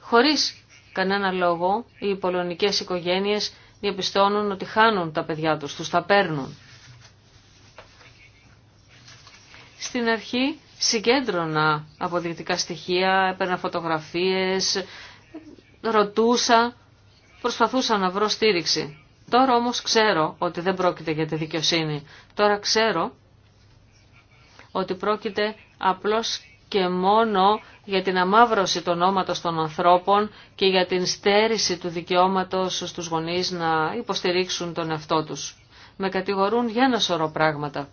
Χωρίς κανένα λόγο οι πολωνικές οικογένειες διαπιστώνουν ότι χάνουν τα παιδιά τους, τους τα παίρνουν. Στην αρχή συγκέντρωνα αποδεικτικά στοιχεία, έπαιρνα φωτογραφίες, ρωτούσα, προσπαθούσα να βρω στήριξη. Τώρα όμως ξέρω ότι δεν πρόκειται για τη δικαιοσύνη. Τώρα ξέρω ότι πρόκειται απλώς και μόνο για την αμάυρωση των ονόματος των ανθρώπων και για την στέρηση του δικαιώματος στους γονείς να υποστηρίξουν τον εαυτό τους. Με κατηγορούν για ένα σωρό πράγματα.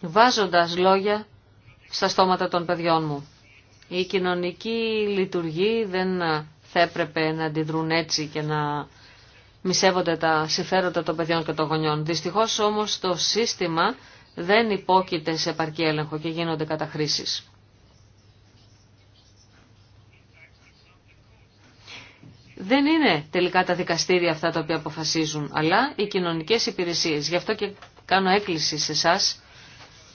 Βάζοντας λόγια στα στόματα των παιδιών μου. Η κοινωνική λειτουργή δεν θα έπρεπε να αντιδρούν έτσι και να μισεύονται τα συμφέροντα των παιδιών και των γονιών. Δυστυχώς όμως το σύστημα δεν υπόκειται σε επαρκή έλεγχο και γίνονται καταχρήσεις. Δεν είναι τελικά τα δικαστήρια αυτά τα οποία αποφασίζουν, αλλά οι κοινωνικές υπηρεσίες. Γι' αυτό και κάνω έκκληση σε εσά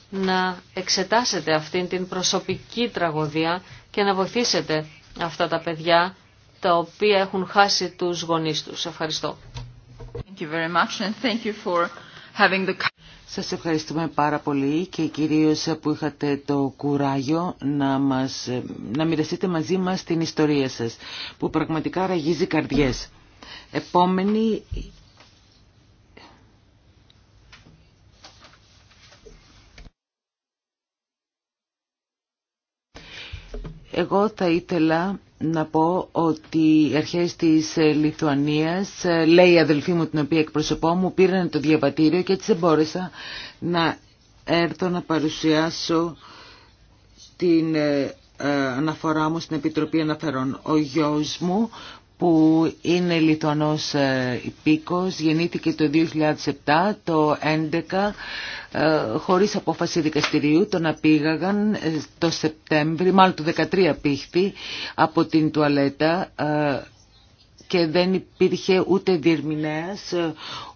να εξετάσετε αυτήν την προσωπική τραγωδία και να βοηθήσετε αυτά τα παιδιά τα οποία έχουν χάσει τους γονείς τους. Ευχαριστώ. Thank for having Σας ευχαριστούμε πάρα πολύ και κυρίως που είχατε το κουράγιο να, μας, να μοιραστείτε μαζί μας την ιστορία σας, που πραγματικά ραγίζει καρδιές. Επόμενη Εγώ θα ήθελα να πω ότι οι αρχές της ε, Λιθουανίας, ε, λέει η αδελφή μου την οποία εκπροσωπώ, μου πήραν το διαβατήριο και έτσι μπόρεσα να έρθω να παρουσιάσω την ε, αναφορά μου στην Επιτροπή Αναφερών. Ο γιος μου που είναι Λιτωνός ε, υπήκος, γεννήθηκε το 2007, το 2011, ε, χωρίς απόφαση δικαστηρίου, τον απήγαγαν ε, το Σεπτέμβριο, μάλλον το 2013 πήχθη από την τουαλέτα και δεν υπήρχε ούτε διερμηνέας,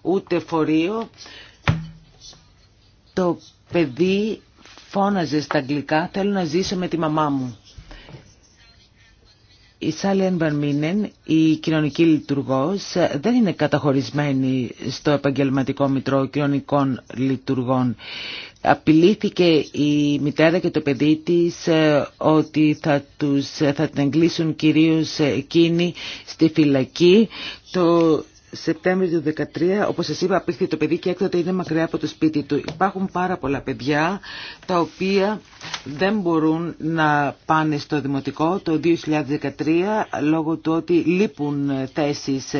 ούτε φορείο. Το παιδί φώναζε στα αγγλικά «Θέλω να ζήσω με τη μαμά μου». Η Σάλεν Βαρμίνεν, η κοινωνική λειτουργός, δεν είναι καταχωρισμένη στο επαγγελματικό μητρό κοινωνικών λειτουργών. Απειλήθηκε η μητέρα και το παιδί της ε, ότι θα, τους, ε, θα την εγκλήσουν κυρίως ε, εκείνη στη φυλακή. Το Σεπτέμβριο του 2013, όπως σας είπα, απήχθη το παιδί και έκτοτε είναι μακριά από το σπίτι του. Υπάρχουν πάρα πολλά παιδιά τα οποία δεν μπορούν να πάνε στο δημοτικό το 2013 λόγω του ότι λείπουν θέσεις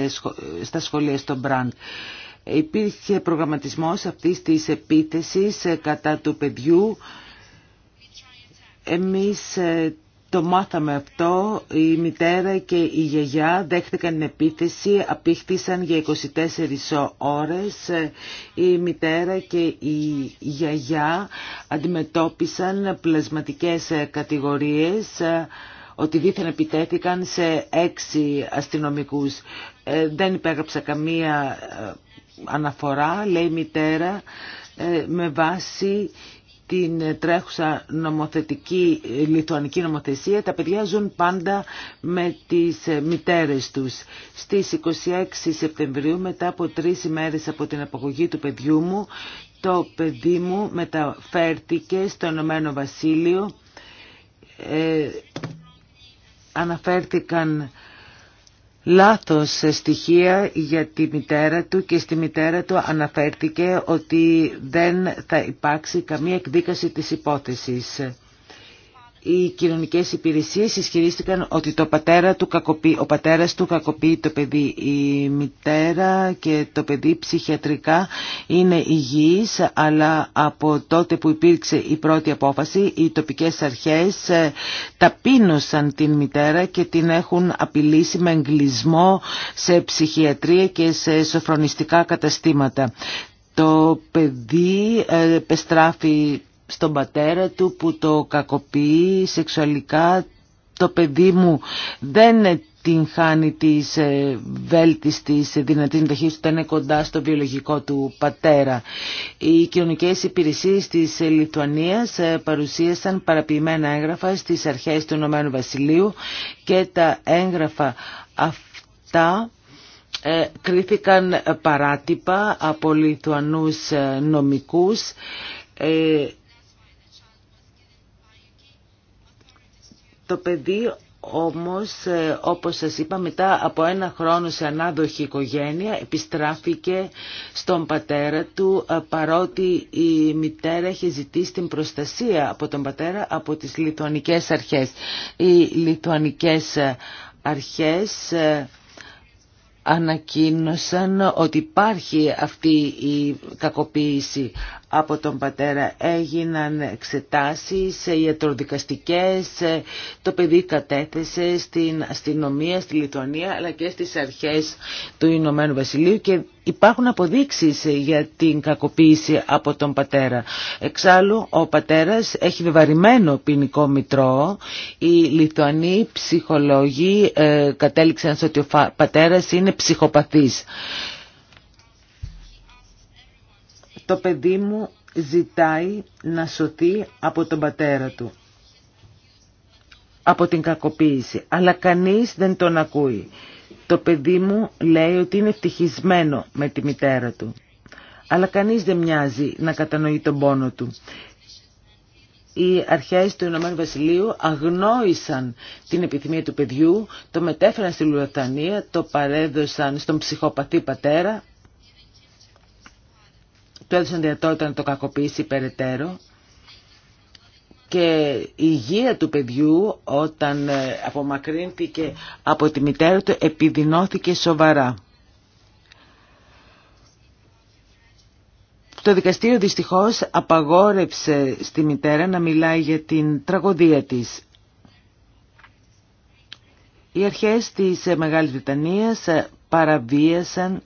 στα σχολεία στο Μπραντ. Υπήρχε προγραμματισμός αυτής της επίθεσης ε, κατά του παιδιού εμείς ε, το μάθαμε αυτό, η μητέρα και η γιαγιά δέχτηκαν την επίθεση, απήχθησαν για 24 ώρες. Η μητέρα και η γιαγιά αντιμετώπισαν πλασματικές κατηγορίες ότι δίθεν επιτέθηκαν σε έξι αστυνομικούς. Ε, δεν υπέγραψα καμία ε, αναφορά, λέει η μητέρα, ε, με βάση την τρέχουσα νομοθετική, λιθουανική νομοθεσία, τα παιδιά ζουν πάντα με τις μητέρες τους. Στις 26 Σεπτεμβρίου, μετά από τρεις ημέρες από την απογωγή του παιδιού μου, το παιδί μου μεταφέρθηκε στο Ηνωμένο Βασίλειο. Ε, αναφέρθηκαν λάθος στοιχεία για τη μητέρα του και στη μητέρα του αναφέρθηκε ότι δεν θα υπάρξει καμία εκδίκαση της υπόθεσης οι κοινωνικές υπηρεσίες ισχυρίστηκαν ότι το πατέρα του κακοποιεί, ο πατέρας του κακοποιεί το παιδί. Η μητέρα και το παιδί ψυχιατρικά είναι υγιείς, αλλά από τότε που υπήρξε η πρώτη απόφαση, οι τοπικές αρχές ε, ταπείνωσαν την μητέρα και την έχουν απειλήσει με εγκλισμό σε ψυχιατρία και σε σοφρονιστικά καταστήματα. Το παιδί ε, πεστράφει στον πατέρα του που το κακοποιεί σεξουαλικά το παιδί μου δεν την χάνει της ε, βέλτιστης δυνατής μεταχείρισης όταν είναι κοντά στο βιολογικό του πατέρα. Οι κοινωνικές υπηρεσίες της ε, Λιθουανίας ε, παρουσίασαν παραποιημένα έγγραφα στις αρχές του Ηνωμένου Βασιλείου και τα έγγραφα αυτά ε, κρίθηκαν παράτυπα από Λιθουανούς νομικούς Το παιδί όμως, ε, όπως σας είπα, μετά από ένα χρόνο σε ανάδοχη οικογένεια επιστράφηκε στον πατέρα του ε, παρότι η μητέρα είχε ζητήσει την προστασία από τον πατέρα από τις λιθουανικές αρχές. Οι λιθουανικές ε, αρχές ανακοίνωσαν ότι υπάρχει αυτή η κακοποίηση από τον πατέρα έγιναν εξετάσεις ε, ιατροδικαστικές, ε, το παιδί κατέθεσε στην αστυνομία, στη Λιθουανία αλλά και στις αρχές του Ηνωμένου Βασιλείου και υπάρχουν αποδείξεις ε, για την κακοποίηση από τον πατέρα. Εξάλλου ο πατέρας έχει βεβαρημένο ποινικό μητρό. Οι Λιθουανοί ψυχολόγοι κατέληξαν ότι ο πατέρας είναι ψυχοπαθής. Το παιδί μου ζητάει να σωθεί από τον πατέρα του, από την κακοποίηση, αλλά κανείς δεν τον ακούει. Το παιδί μου λέει ότι είναι ευτυχισμένο με τη μητέρα του, αλλά κανείς δεν μοιάζει να κατανοεί τον πόνο του. Οι αρχές του Ηνωμένου Βασιλείου αγνόησαν την επιθυμία του παιδιού, το μετέφεραν στη Λουρατανία, το παρέδωσαν στον ψυχοπαθή πατέρα του έδωσαν δυνατότητα να το κακοποιήσει περαιτέρω και η υγεία του παιδιού όταν ε, απομακρύνθηκε από τη μητέρα του επιδεινώθηκε σοβαρά. Το δικαστήριο δυστυχώς απαγόρεψε στη μητέρα να μιλάει για την τραγωδία της. Οι αρχές της Μεγάλης Βρετανίας παραβίασαν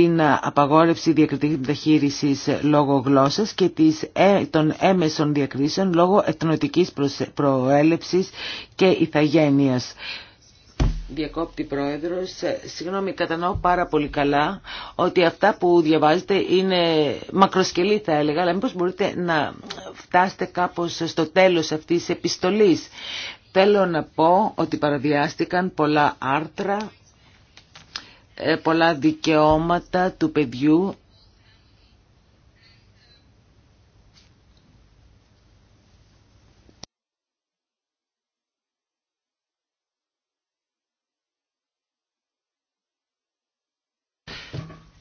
την απαγόρευση διακριτικής μεταχείριση λόγω γλώσσας και ε, των έμεσων διακρίσεων λόγω εθνοτικής προέλευσης και ηθαγένειας. Διακόπτη Πρόεδρος, ε, συγγνώμη κατανοώ πάρα πολύ καλά ότι αυτά που διαβάζετε είναι μακροσκελή θα έλεγα, αλλά μήπως μπορείτε να φτάσετε κάπως στο τέλος αυτής της επιστολής. Θέλω να πω ότι παραδιάστηκαν πολλά άρθρα ε, πολλά δικαιώματα του παιδιού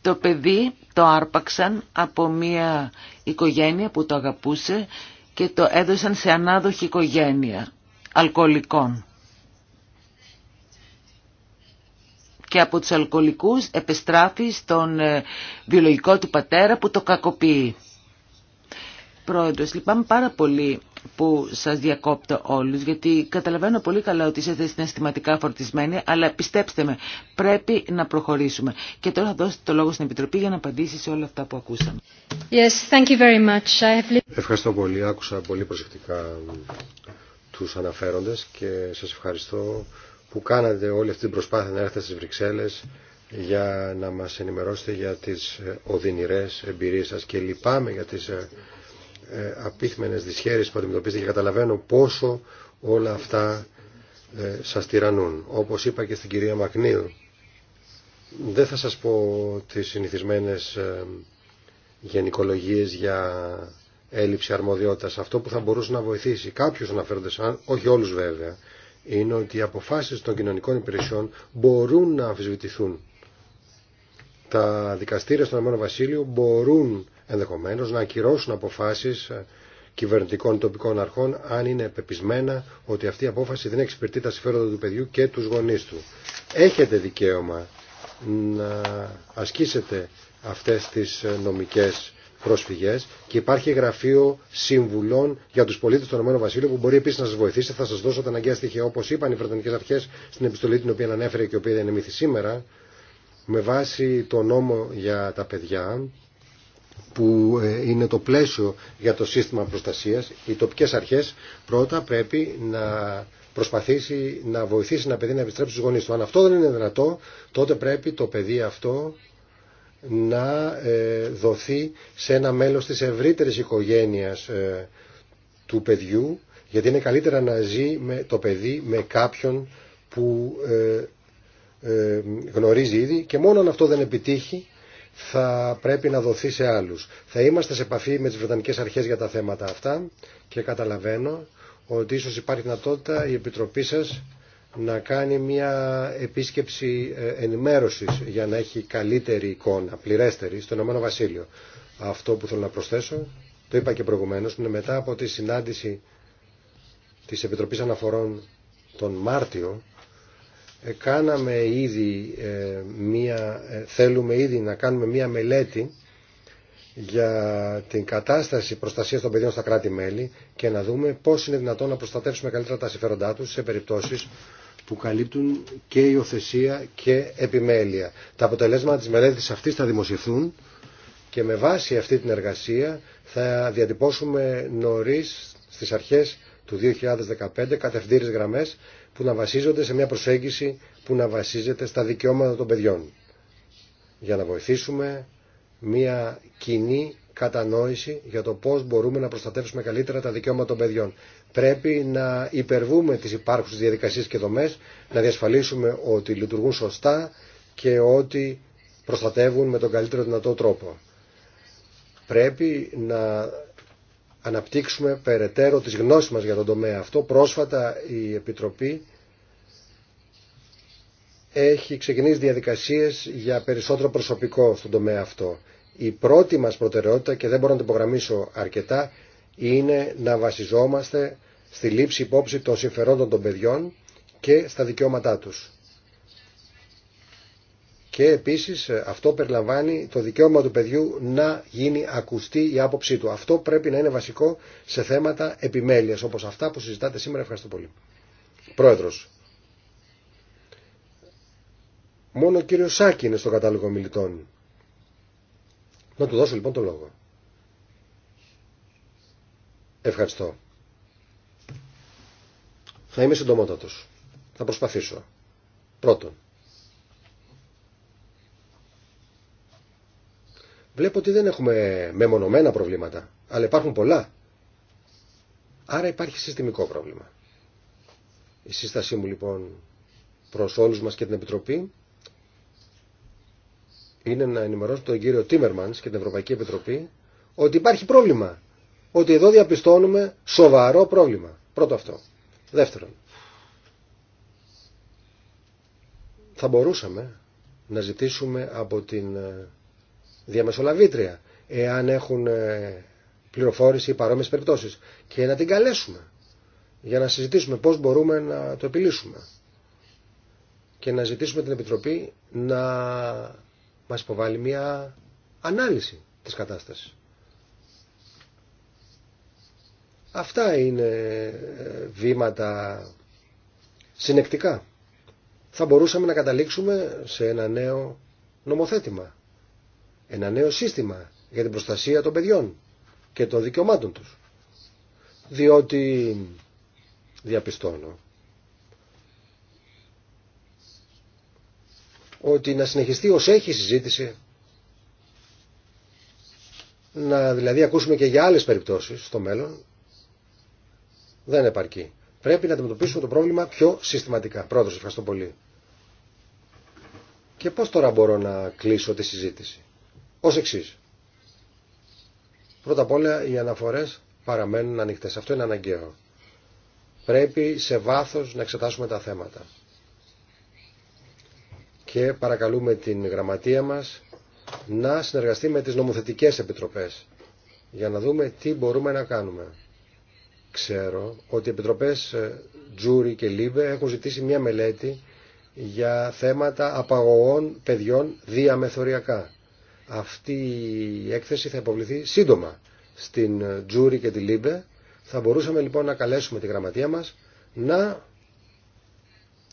Το παιδί το άρπαξαν από μια οικογένεια που το αγαπούσε και το έδωσαν σε ανάδοχη οικογένεια αλκοολικών. και από τους αλκοολικούς επεστράφει στον ε, βιολογικό του πατέρα που το κακοποιεί. Πρόεδρος, λυπάμαι πάρα πολύ που σας διακόπτω όλους, γιατί καταλαβαίνω πολύ καλά ότι είστε συναισθηματικά φορτισμένοι, αλλά πιστέψτε με, πρέπει να προχωρήσουμε. Και τώρα θα δώσετε το λόγο στην Επιτροπή για να απαντήσει σε όλα αυτά που ακούσαμε. Yes, thank you very much. I have... Ευχαριστώ πολύ. Άκουσα πολύ προσεκτικά τους αναφέροντες και σας ευχαριστώ που κάνατε όλη αυτή την προσπάθεια να έρθετε στις Βρυξέλλες για να μας ενημερώσετε για τις ε, οδυνηρές εμπειρίες σας και λυπάμαι για τις ε, ε, απίθμενες δυσχέρειες που αντιμετωπίζετε και καταλαβαίνω πόσο όλα αυτά σας τυραννούν. Όπως είπα και στην κυρία Μακνίου, δεν θα σας πω τις συνηθισμένες γενικολογίες για έλλειψη αρμοδιότητας. Αυτό που θα μπορούσε να βοηθήσει κάποιους αναφέρονται σαν, όχι όλους βέβαια, είναι ότι οι αποφάσεις των κοινωνικών υπηρεσιών μπορούν να αμφισβητηθούν. Τα δικαστήρια στον Αμένο Βασίλειο μπορούν ενδεχομένως να ακυρώσουν αποφάσεις ε, κυβερνητικών τοπικών αρχών αν είναι πεπισμένα ότι αυτή η απόφαση δεν εξυπηρετεί τα συμφέροντα του παιδιού και τους γονείς του. Έχετε δικαίωμα να ασκήσετε αυτές τις ε, νομικές και υπάρχει γραφείο συμβουλών για του πολίτε του Ηνωμένου Βασίλειου που μπορεί επίση να σα βοηθήσει. Θα σα δώσω τα αναγκαία στοιχεία όπω είπαν οι Βρετανικές αρχέ στην επιστολή την οποία ανέφερε και η οποία διανεμήθη σήμερα με βάση το νόμο για τα παιδιά που ε, είναι το πλαίσιο για το σύστημα προστασία. οι τοπικέ αρχέ πρώτα πρέπει να προσπαθήσει να βοηθήσει ένα παιδί να επιστρέψει στους γονείς του. Αν αυτό δεν είναι δυνατό, τότε πρέπει το παιδί αυτό να ε, δοθεί σε ένα μέλος της ευρύτερης οικογένειας ε, του παιδιού γιατί είναι καλύτερα να ζει με το παιδί με κάποιον που ε, γνωρίζει ήδη και μόνο αν αυτό δεν επιτύχει θα πρέπει να δοθεί σε άλλους. Θα είμαστε σε επαφή με τις Βρετανικές Αρχές για τα θέματα αυτά και καταλαβαίνω ότι ίσως υπάρχει δυνατότητα η Επιτροπή σας να κάνει μια επίσκεψη ε, ενημέρωσης για να έχει καλύτερη εικόνα, πληρέστερη, στον Ηνωμένο Βασίλειο. Αυτό που θέλω να προσθέσω, το είπα και προηγουμένως, είναι μετά από τη συνάντηση της Επιτροπής Αναφορών τον Μάρτιο, ε, κάναμε ήδη ε, μια, θέλουμε ήδη να κάνουμε μια μελέτη για την κατάσταση προστασία των παιδιών στα κράτη-μέλη και να δούμε πώ είναι δυνατόν να προστατεύσουμε καλύτερα τα συμφέροντά του σε περιπτώσει που καλύπτουν και υιοθεσία και επιμέλεια. Τα αποτελέσματα της μελέτης αυτής θα δημοσιευθούν και με βάση αυτή την εργασία θα διατυπώσουμε νωρίς στις αρχές του 2015 κατευθύνες γραμμές που να βασίζονται σε μια προσέγγιση που να βασίζεται στα δικαιώματα των παιδιών για να βοηθήσουμε μια κοινή κατανόηση για το πώς μπορούμε να προστατεύσουμε καλύτερα τα δικαιώματα των παιδιών. Πρέπει να υπερβούμε τις υπάρχουσες διαδικασίες και δομές, να διασφαλίσουμε ότι λειτουργούν σωστά και ότι προστατεύουν με τον καλύτερο δυνατό τρόπο. Πρέπει να αναπτύξουμε περαιτέρω τις γνώσεις μας για τον τομέα αυτό. Πρόσφατα η Επιτροπή έχει ξεκινήσει διαδικασίες για περισσότερο προσωπικό στον τομέα αυτό η πρώτη μας προτεραιότητα και δεν μπορώ να την υπογραμμίσω αρκετά είναι να βασιζόμαστε στη λήψη υπόψη των συμφερόντων των παιδιών και στα δικαιώματά τους. Και επίσης αυτό περιλαμβάνει το δικαίωμα του παιδιού να γίνει ακουστή η άποψή του. Αυτό πρέπει να είναι βασικό σε θέματα επιμέλειας όπως αυτά που συζητάτε σήμερα. Ευχαριστώ πολύ. Πρόεδρος. Μόνο ο κύριος Σάκη είναι στο κατάλογο μιλητών. Να του δώσω λοιπόν το λόγο. Ευχαριστώ. Θα είμαι συντομότατος. Θα προσπαθήσω. Πρώτον. Βλέπω ότι δεν έχουμε μεμονωμένα προβλήματα, αλλά υπάρχουν πολλά. Άρα υπάρχει συστημικό πρόβλημα. Η σύστασή μου λοιπόν προς όλους μας και την Επιτροπή είναι να ενημερώσουμε τον κύριο Τίμερμανς και την Ευρωπαϊκή Επιτροπή ότι υπάρχει πρόβλημα. Ότι εδώ διαπιστώνουμε σοβαρό πρόβλημα. Πρώτο αυτό. Δεύτερον, θα μπορούσαμε να ζητήσουμε από την ε, διαμεσολαβήτρια εάν έχουν ε, πληροφόρηση ή παρόμοιες περιπτώσεις και να την καλέσουμε για να συζητήσουμε πώς μπορούμε να το επιλύσουμε και να ζητήσουμε την Επιτροπή να μας υποβάλλει μια ανάλυση της κατάστασης. Αυτά είναι ε, βήματα συνεκτικά. Θα μπορούσαμε να καταλήξουμε σε ένα νέο νομοθέτημα, ένα νέο σύστημα για την προστασία των παιδιών και των δικαιωμάτων τους. Διότι διαπιστώνω ότι να συνεχιστεί ως έχει η συζήτηση, να δηλαδή ακούσουμε και για άλλες περιπτώσεις στο μέλλον, δεν επαρκεί. Πρέπει να αντιμετωπίσουμε το πρόβλημα πιο συστηματικά. Πρόεδρος, ευχαριστώ πολύ. Και πώς τώρα μπορώ να κλείσω τη συζήτηση. Ως εξή. Πρώτα απ' όλα οι αναφορές παραμένουν ανοιχτές. Αυτό είναι αναγκαίο. Πρέπει σε βάθος να εξετάσουμε τα θέματα και παρακαλούμε την γραμματεία μας να συνεργαστεί με τις νομοθετικές επιτροπές για να δούμε τι μπορούμε να κάνουμε. Ξέρω ότι οι επιτροπές ε, Τζούρι και Λίμπε έχουν ζητήσει μια μελέτη για θέματα απαγωγών παιδιών διαμεθοριακά. Αυτή η έκθεση θα υποβληθεί σύντομα στην ε, Τζούρι και τη Λίμπε. Θα μπορούσαμε λοιπόν να καλέσουμε τη γραμματεία μας να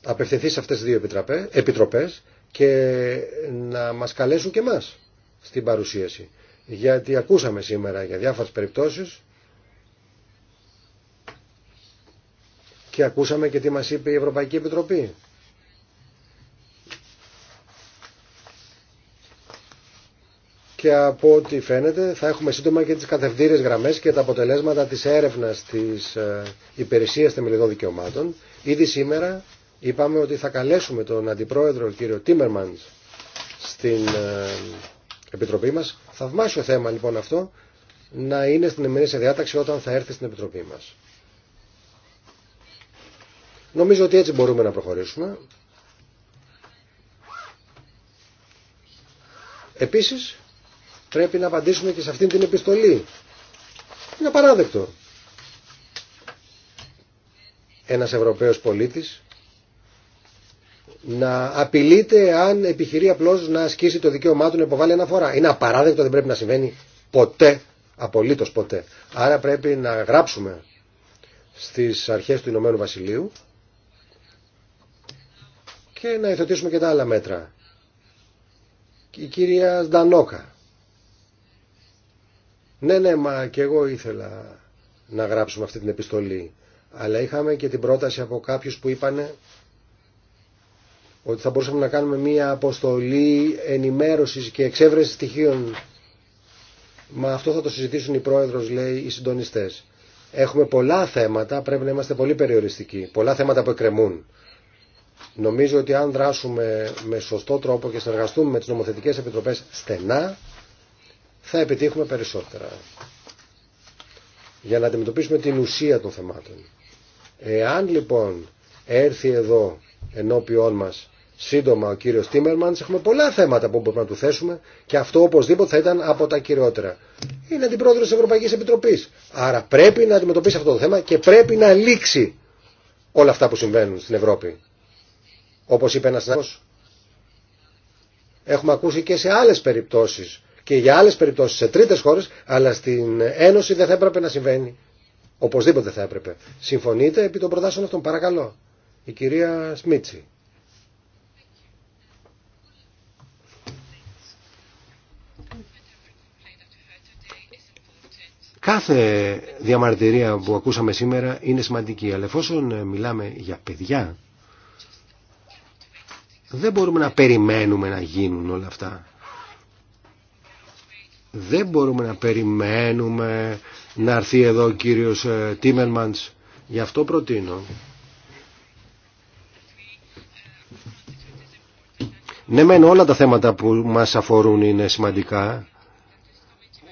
απευθυνθεί σε αυτές τις δύο επιτροπές και να μας καλέσουν και εμάς στην παρουσίαση. Γιατί ακούσαμε σήμερα για διάφορες περιπτώσεις και ακούσαμε και τι μας είπε η Ευρωπαϊκή Επιτροπή. και από ό,τι φαίνεται θα έχουμε σύντομα και τις κατευθύνες γραμμές και τα αποτελέσματα της έρευνας της ε, υπηρεσίας θεμελιδών δικαιωμάτων. Ήδη σήμερα είπαμε ότι θα καλέσουμε τον Αντιπρόεδρο κύριο Τίμερμαντ στην ε, Επιτροπή μας. Θαυμάσιο θέμα λοιπόν αυτό να είναι στην σε διάταξη όταν θα έρθει στην Επιτροπή μας. Νομίζω ότι έτσι μπορούμε να προχωρήσουμε. Επίσης πρέπει να απαντήσουμε και σε αυτήν την επιστολή. Είναι απαράδεκτο. Ένας Ευρωπαίος πολίτης να απειλείται αν επιχειρεί απλώ να ασκήσει το δικαίωμά του να υποβάλει αναφορά. Είναι απαράδεκτο, δεν πρέπει να συμβαίνει ποτέ, απολύτω ποτέ. Άρα πρέπει να γράψουμε στι αρχέ του Ηνωμένου Βασιλείου και να υιοθετήσουμε και τα άλλα μέτρα. Η κυρία Ντανόκα. Ναι, ναι, μα και εγώ ήθελα να γράψουμε αυτή την επιστολή. Αλλά είχαμε και την πρόταση από κάποιους που είπανε ότι θα μπορούσαμε να κάνουμε μία αποστολή ενημέρωσης και εξέβρεση στοιχείων. Μα αυτό θα το συζητήσουν οι πρόεδρος, λέει, οι συντονιστές. Έχουμε πολλά θέματα, πρέπει να είμαστε πολύ περιοριστικοί. Πολλά θέματα που εκκρεμούν. Νομίζω ότι αν δράσουμε με σωστό τρόπο και συνεργαστούμε με τις νομοθετικές επιτροπές στενά, θα επιτύχουμε περισσότερα. Για να αντιμετωπίσουμε την ουσία των θεμάτων. Εάν λοιπόν έρθει εδώ ενώπιόν μα, σύντομα ο κύριο Τίμερμαν, Έχουμε πολλά θέματα που μπορούμε να του θέσουμε και αυτό οπωσδήποτε θα ήταν από τα κυριότερα. Είναι αντιπρόεδρο τη της Επιτροπή. Επιτροπής. Άρα πρέπει να αντιμετωπίσει αυτό το θέμα και πρέπει να λήξει όλα αυτά που συμβαίνουν στην Ευρώπη. Όπω είπε ένας συνάδελφος, έχουμε ακούσει και σε άλλε περιπτώσει και για άλλε περιπτώσει σε τρίτες χώρε, αλλά στην Ένωση δεν θα έπρεπε να συμβαίνει. Οπωσδήποτε θα έπρεπε. Συμφωνείτε επί των προτάσεων αυτών, παρακαλώ. Η κυρία Σμίτσι Κάθε διαμαρτυρία που ακούσαμε σήμερα είναι σημαντική, αλλά εφόσον μιλάμε για παιδιά, δεν μπορούμε να περιμένουμε να γίνουν όλα αυτά. Δεν μπορούμε να περιμένουμε να έρθει εδώ ο κύριος ε, Τίμερμαντς. Γι' αυτό προτείνω Ναι, μεν όλα τα θέματα που μας αφορούν είναι σημαντικά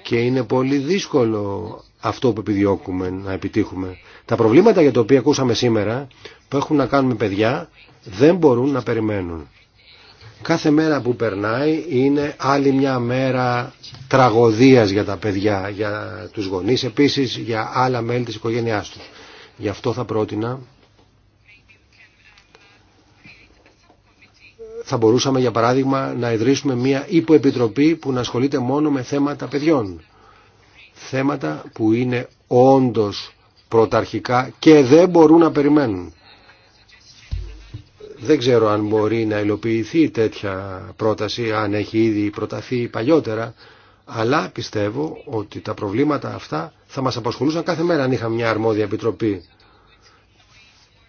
και είναι πολύ δύσκολο αυτό που επιδιώκουμε να επιτύχουμε. Τα προβλήματα για τα οποία ακούσαμε σήμερα που έχουν να κάνουν με παιδιά δεν μπορούν να περιμένουν. Κάθε μέρα που περνάει είναι άλλη μια μέρα τραγωδίας για τα παιδιά, για τους γονείς επίσης, για άλλα μέλη της οικογένειάς τους. Γι' αυτό θα πρότεινα Θα μπορούσαμε για παράδειγμα να ιδρύσουμε μια υποεπιτροπή που να ασχολείται μόνο με θέματα παιδιών. Θέματα που είναι όντως πρωταρχικά και δεν μπορούν να περιμένουν. Δεν ξέρω αν μπορεί να υλοποιηθεί τέτοια πρόταση, αν έχει ήδη προταθεί παλιότερα, αλλά πιστεύω ότι τα προβλήματα αυτά θα μας απασχολούσαν κάθε μέρα αν είχαμε μια αρμόδια επιτροπή.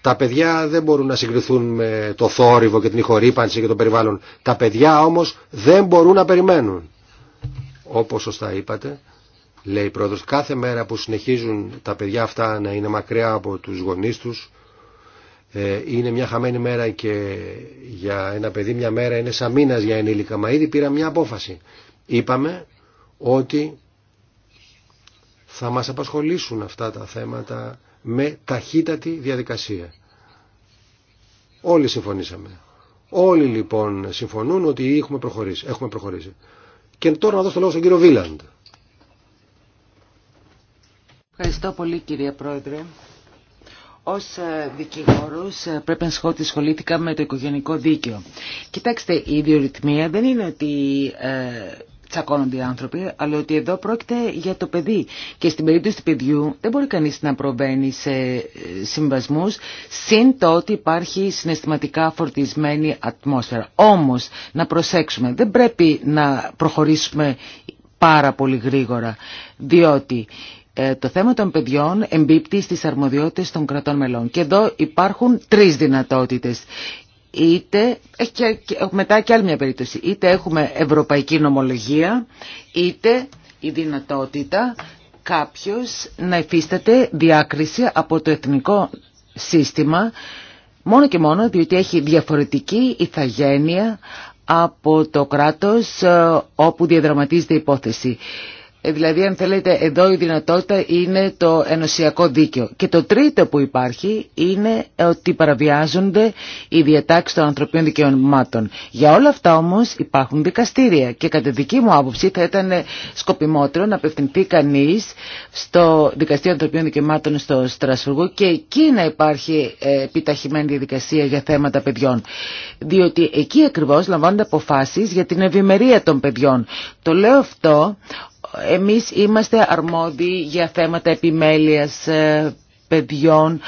Τα παιδιά δεν μπορούν να συγκριθούν με το θόρυβο και την ηχορύπανση και το περιβάλλον. Τα παιδιά όμως δεν μπορούν να περιμένουν. Όπως σωστά είπατε, λέει η πρόεδρος, κάθε μέρα που συνεχίζουν τα παιδιά αυτά να είναι μακριά από τους γονείς τους, ε, είναι μια χαμένη μέρα και για ένα παιδί μια μέρα είναι σαν μήνας για ενήλικα. Μα ήδη πήρα μια απόφαση. Είπαμε ότι θα μας απασχολήσουν αυτά τα θέματα με ταχύτατη διαδικασία. Όλοι συμφωνήσαμε. Όλοι λοιπόν συμφωνούν ότι έχουμε προχωρήσει. Έχουμε προχωρήσει. Και τώρα να δώσω το λόγο στον κύριο Βίλαντ. Ευχαριστώ πολύ κύριε Πρόεδρε. Ως ε, δικηγόρος ε, πρέπει να σχώ σχολήθηκα με το οικογενικό δίκαιο. Κοιτάξτε, η ιδιορυθμία δεν είναι ότι ε, τσακώνονται οι άνθρωποι, αλλά ότι εδώ πρόκειται για το παιδί. Και στην περίπτωση του παιδιού δεν μπορεί κανείς να προβαίνει σε ε, συμβασμούς, συν το ότι υπάρχει συναισθηματικά φορτισμένη ατμόσφαιρα. Όμως, να προσέξουμε, δεν πρέπει να προχωρήσουμε πάρα πολύ γρήγορα, διότι ε, το θέμα των παιδιών εμπίπτει στις αρμοδιότητες των κρατών μελών. Και εδώ υπάρχουν τρεις δυνατότητες είτε, ε, και ε, μετά και άλλη μια περίπτωση, είτε έχουμε ευρωπαϊκή νομολογία, είτε η δυνατότητα κάποιος να υφίσταται διάκριση από το εθνικό σύστημα, μόνο και μόνο διότι έχει διαφορετική ηθαγένεια από το κράτος ε, όπου διαδραματίζεται η υπόθεση. Ε, δηλαδή αν θέλετε εδώ η δυνατότητα είναι το ενωσιακό δίκαιο. Και το τρίτο που υπάρχει είναι ότι παραβιάζονται οι διατάξεις των ανθρωπίνων δικαιωμάτων. Για όλα αυτά όμως υπάρχουν δικαστήρια και κατά δική μου άποψη θα ήταν σκοπιμότερο να απευθυνθεί κανείς στο Δικαστήριο Ανθρωπίνων Δικαιωμάτων στο Στρασβουργό και εκεί να υπάρχει ε, επιταχυμένη διαδικασία για θέματα παιδιών. Διότι εκεί ακριβώς λαμβάνονται αποφάσεις για την ευημερία των παιδιών. Το λέω αυτό εμείς είμαστε αρμόδιοι για θέματα επιμέλειας ε, παιδιών,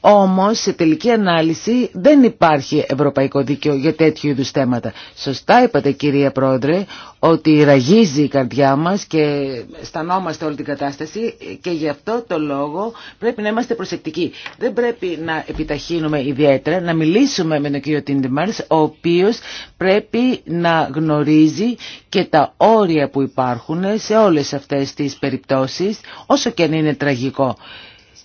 όμως σε τελική ανάλυση δεν υπάρχει ευρωπαϊκό δίκαιο για τέτοιου είδους θέματα. Σωστά είπατε κυρία Πρόεδρε ότι ραγίζει η καρδιά μας και στανόμαστε όλη την κατάσταση και γι' αυτό το λόγο πρέπει να είμαστε προσεκτικοί. Δεν πρέπει να επιταχύνουμε ιδιαίτερα, να μιλήσουμε με τον κύριο Τίντεμαρς ο οποίος πρέπει να γνωρίζει και τα όρια που υπάρχουν σε όλες αυτές τις περιπτώσεις όσο και αν είναι τραγικό.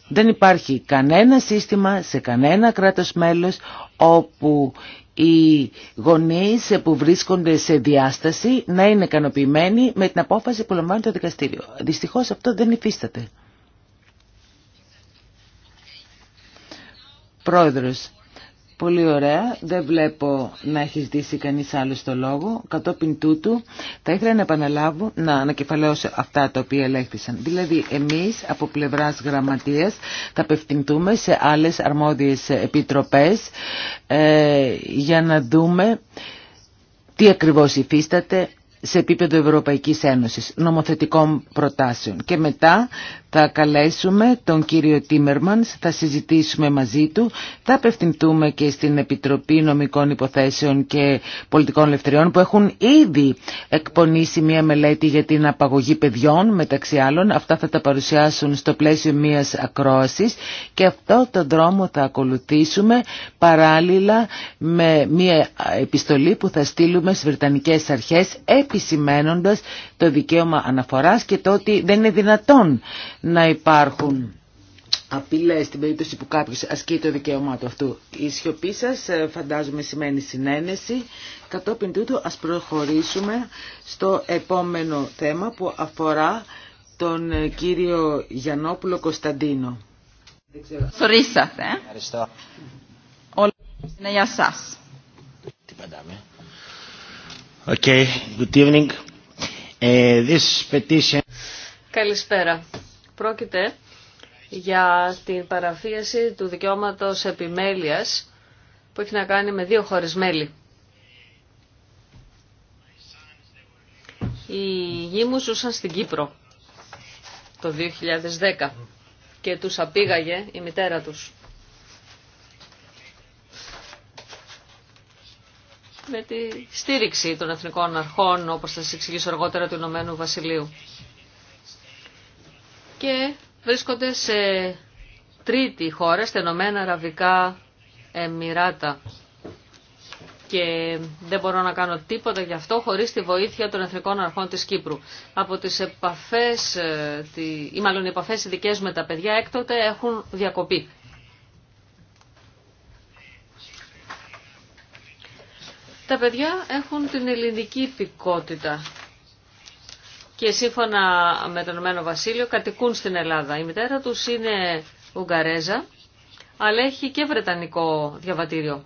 Δεν υπάρχει κανένα σύστημα σε κανένα κράτος μέλος όπου οι γονείς που βρίσκονται σε διάσταση να είναι ικανοποιημένοι με την απόφαση που λαμβάνει το δικαστήριο. Δυστυχώς αυτό δεν υφίσταται. Πρόεδρος, Πολύ ωραία. Δεν βλέπω να έχει ζητήσει κανεί άλλο το λόγο. Κατόπιν τούτου θα ήθελα να επαναλάβω, να ανακεφαλαίωσω αυτά τα οποία ελέγχθησαν. Δηλαδή εμεί από πλευρά γραμματεία θα απευθυντούμε σε άλλε αρμόδιε επιτροπέ ε, για να δούμε τι ακριβώς υφίσταται, σε επίπεδο Ευρωπαϊκής Ένωσης νομοθετικών προτάσεων. Και μετά θα καλέσουμε τον κύριο Τίμερμανς, θα συζητήσουμε μαζί του, θα απευθυνθούμε και στην Επιτροπή Νομικών Υποθέσεων και Πολιτικών Ελευθεριών που έχουν ήδη εκπονήσει μια μελέτη για την απαγωγή παιδιών μεταξύ άλλων. Αυτά θα τα παρουσιάσουν στο πλαίσιο μιας ακρόασης και αυτό τον δρόμο θα ακολουθήσουμε παράλληλα με μια επιστολή που θα στείλουμε στις Βρετανικές Αρχές επισημένοντας το δικαίωμα αναφοράς και το ότι δεν είναι δυνατόν να υπάρχουν απειλέ στην περίπτωση που κάποιο ασκεί το δικαίωμά του αυτού. Η σιωπή σα ε, φαντάζομαι σημαίνει συνένεση. Κατόπιν τούτου ας προχωρήσουμε στο επόμενο θέμα που αφορά τον ε, κύριο Γιαννόπουλο Κωνσταντίνο. Σωρίσατε. Ε. Ευχαριστώ. Όλα είναι για σας. Τι παντάμε. Okay, good evening. Ε, this petition... Καλησπέρα. Πρόκειται για την παραφίαση του δικαιώματος επιμέλειας που έχει να κάνει με δύο χώρες μέλη. Οι γη μου ζούσαν στην Κύπρο το 2010 και τους απήγαγε η μητέρα τους. με τη στήριξη των εθνικών αρχών, όπως θα σας εξηγήσω αργότερα, του Ηνωμένου Βασιλείου. Και βρίσκονται σε τρίτη χώρα, στα Ηνωμένα Αραβικά Εμμυράτα. Και δεν μπορώ να κάνω τίποτα γι' αυτό χωρίς τη βοήθεια των εθνικών αρχών της Κύπρου. Από τις επαφές, ε, ή μάλλον οι επαφές ειδικές με τα παιδιά έκτοτε έχουν διακοπεί. Τα παιδιά έχουν την ελληνική υπηκότητα και σύμφωνα με τον Ηνωμένο Βασίλειο κατοικούν στην Ελλάδα. Η μητέρα τους είναι Ουγγαρέζα, αλλά έχει και Βρετανικό διαβατήριο.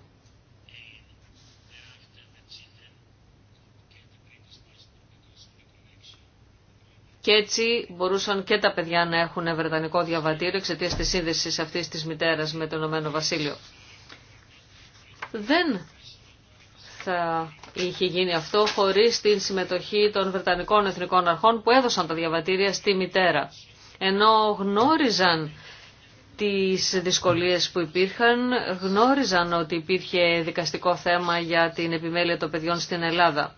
Και έτσι μπορούσαν και τα παιδιά να έχουν Βρετανικό διαβατήριο εξαιτία τη σύνδεση αυτή τη μητέρα με το Ηνωμένο Βασίλειο. Δεν θα είχε γίνει αυτό χωρίς την συμμετοχή των Βρετανικών Εθνικών Αρχών που έδωσαν τα διαβατήρια στη μητέρα. Ενώ γνώριζαν τις δυσκολίες που υπήρχαν, γνώριζαν ότι υπήρχε δικαστικό θέμα για την επιμέλεια των παιδιών στην Ελλάδα,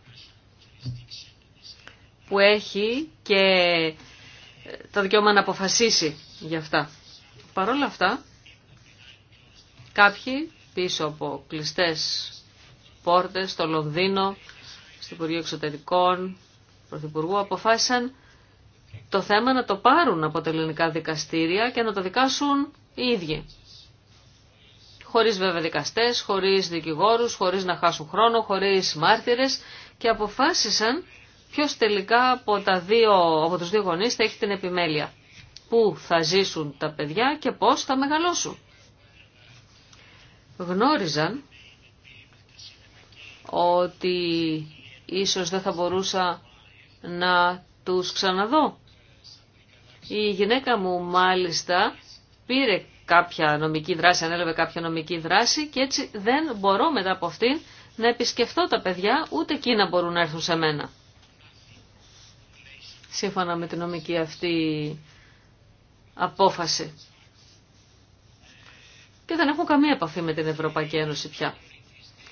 που έχει και το δικαίωμα να αποφασίσει για αυτά. Παρ' όλα αυτά, κάποιοι πίσω από κλειστές πόρτες, στο Λονδίνο, στην Υπουργείο Εξωτερικών, Πρωθυπουργού, αποφάσισαν το θέμα να το πάρουν από τα ελληνικά δικαστήρια και να το δικάσουν οι ίδιοι. Χωρίς βέβαια δικαστές, χωρίς δικηγόρους, χωρίς να χάσουν χρόνο, χωρίς μάρτυρες και αποφάσισαν ποιος τελικά από, τα δύο, από τους δύο γονείς θα έχει την επιμέλεια. Πού θα ζήσουν τα παιδιά και πώς θα μεγαλώσουν. Γνώριζαν ότι ίσως δεν θα μπορούσα να τους ξαναδώ. Η γυναίκα μου μάλιστα πήρε κάποια νομική δράση, ανέλαβε κάποια νομική δράση και έτσι δεν μπορώ μετά από αυτήν να επισκεφτώ τα παιδιά, ούτε εκείνα μπορούν να έρθουν σε μένα. Σύμφωνα με την νομική αυτή απόφαση. Και δεν έχουν καμία επαφή με την Ευρωπαϊκή Ένωση πια.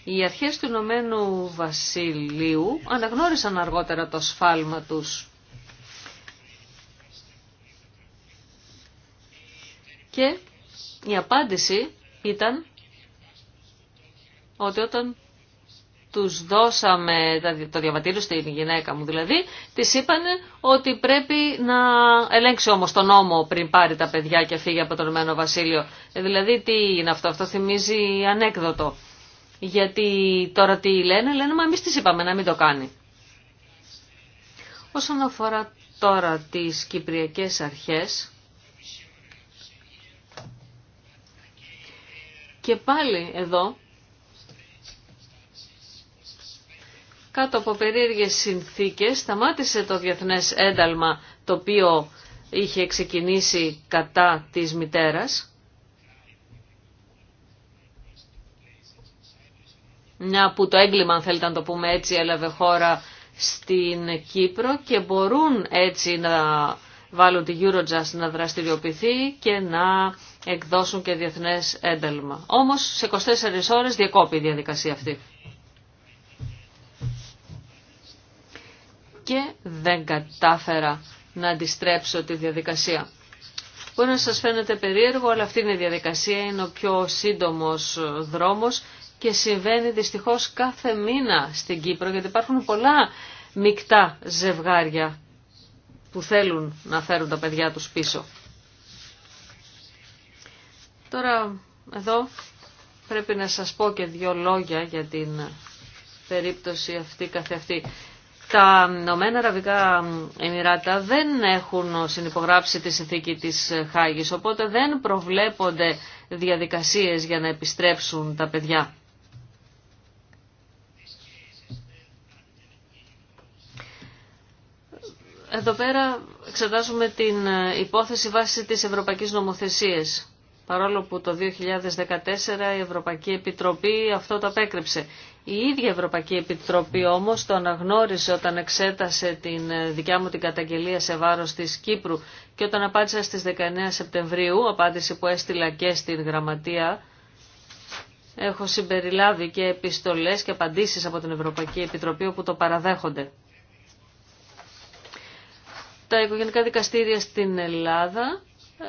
Οι αρχές του Ηνωμένου Βασιλείου αναγνώρισαν αργότερα το σφάλμα τους και η απάντηση ήταν ότι όταν τους δώσαμε το διαβατήριο στην γυναίκα μου δηλαδή, της είπανε ότι πρέπει να ελέγξει όμως τον νόμο πριν πάρει τα παιδιά και φύγει από τον Ηνωμένο Βασίλειο. Ε, δηλαδή τι είναι αυτό, αυτό θυμίζει ανέκδοτο. Γιατί τώρα τι λένε, λένε μα εμείς τις είπαμε να μην το κάνει. Όσον αφορά τώρα τις Κυπριακές Αρχές, και πάλι εδώ, κάτω από περίεργες συνθήκες, σταμάτησε το διεθνές ένταλμα το οποίο είχε ξεκινήσει κατά της μητέρας μια που το έγκλημα αν θέλετε να το πούμε έτσι έλαβε χώρα στην Κύπρο και μπορούν έτσι να βάλουν τη Eurojust να δραστηριοποιηθεί και να εκδώσουν και διεθνές ένταλμα. Όμως σε 24 ώρες διακόπει η διαδικασία αυτή. Και δεν κατάφερα να αντιστρέψω τη διαδικασία. Μπορεί να σας φαίνεται περίεργο, αλλά αυτή είναι η διαδικασία, είναι ο πιο σύντομος δρόμος και συμβαίνει δυστυχώς κάθε μήνα στην Κύπρο γιατί υπάρχουν πολλά μεικτά ζευγάρια που θέλουν να φέρουν τα παιδιά τους πίσω. Τώρα εδώ πρέπει να σας πω και δύο λόγια για την περίπτωση αυτή αυτή. Τα Ηνωμένα Αραβικά Εμμυράτα δεν έχουν συνυπογράψει τη συνθήκη της Χάγης, οπότε δεν προβλέπονται διαδικασίες για να επιστρέψουν τα παιδιά. Εδώ πέρα εξετάζουμε την ε, υπόθεση βάσει της Ευρωπαϊκής Νομοθεσίας. Παρόλο που το 2014 η Ευρωπαϊκή Επιτροπή αυτό το απέκρυψε. Η ίδια Ευρωπαϊκή Επιτροπή όμως το αναγνώρισε όταν εξέτασε την ε, δικιά μου την καταγγελία σε βάρος της Κύπρου και όταν απάντησα στις 19 Σεπτεμβρίου, απάντηση που έστειλα και στην γραμματεία, έχω συμπεριλάβει και επιστολές και απαντήσεις από την Ευρωπαϊκή Επιτροπή όπου το παραδέχονται. Τα οικογενικά δικαστήρια στην Ελλάδα ε,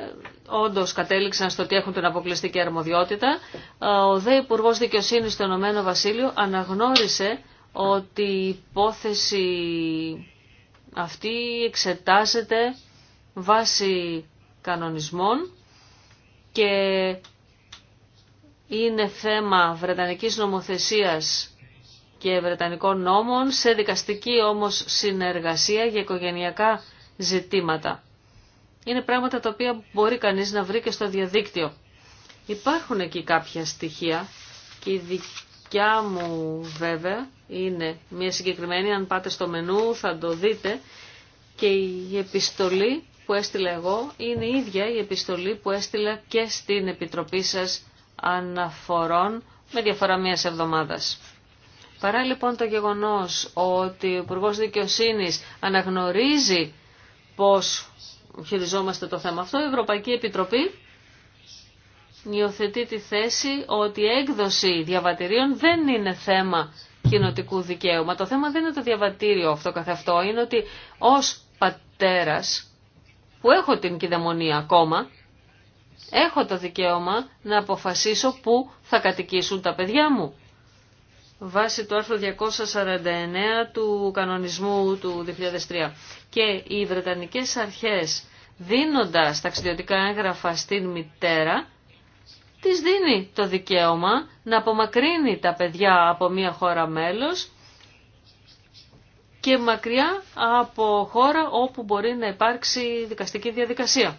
όντω κατέληξαν στο ότι έχουν την αποκλειστική αρμοδιότητα. Ε, ο ΔΕ Υπουργό Δικαιοσύνη στο Ηνωμένο Βασίλειο αναγνώρισε ότι η υπόθεση αυτή εξετάζεται βάσει κανονισμών και είναι θέμα Βρετανικής νομοθεσίας και Βρετανικών νόμων σε δικαστική όμως συνεργασία για οικογενειακά ζητήματα. Είναι πράγματα τα οποία μπορεί κανείς να βρει και στο διαδίκτυο. Υπάρχουν εκεί κάποια στοιχεία και η δικιά μου βέβαια είναι μια συγκεκριμένη. Αν πάτε στο μενού θα το δείτε και η επιστολή που έστειλα εγώ είναι η ίδια η επιστολή που έστειλα και στην Επιτροπή σας Αναφορών με διαφορά μιας εβδομάδας. Παρά λοιπόν το γεγονός ότι ο Υπουργός Δικαιοσύνης αναγνωρίζει πώς χειριζόμαστε το θέμα αυτό, η Ευρωπαϊκή Επιτροπή νιοθετεί τη θέση ότι η έκδοση διαβατηρίων δεν είναι θέμα κοινοτικού δικαίωμα. Το θέμα δεν είναι το διαβατήριο αυτό καθ' αυτό, είναι ότι ως πατέρας που έχω την κυδαιμονία ακόμα, έχω το δικαίωμα να αποφασίσω πού θα κατοικήσουν τα παιδιά μου βάσει του άρθρου 249 του κανονισμού του 2003. Και οι Βρετανικές αρχές δίνοντας ταξιδιωτικά έγγραφα στην μητέρα, της δίνει το δικαίωμα να απομακρύνει τα παιδιά από μια χώρα μέλος και μακριά από χώρα όπου μπορεί να υπάρξει δικαστική διαδικασία.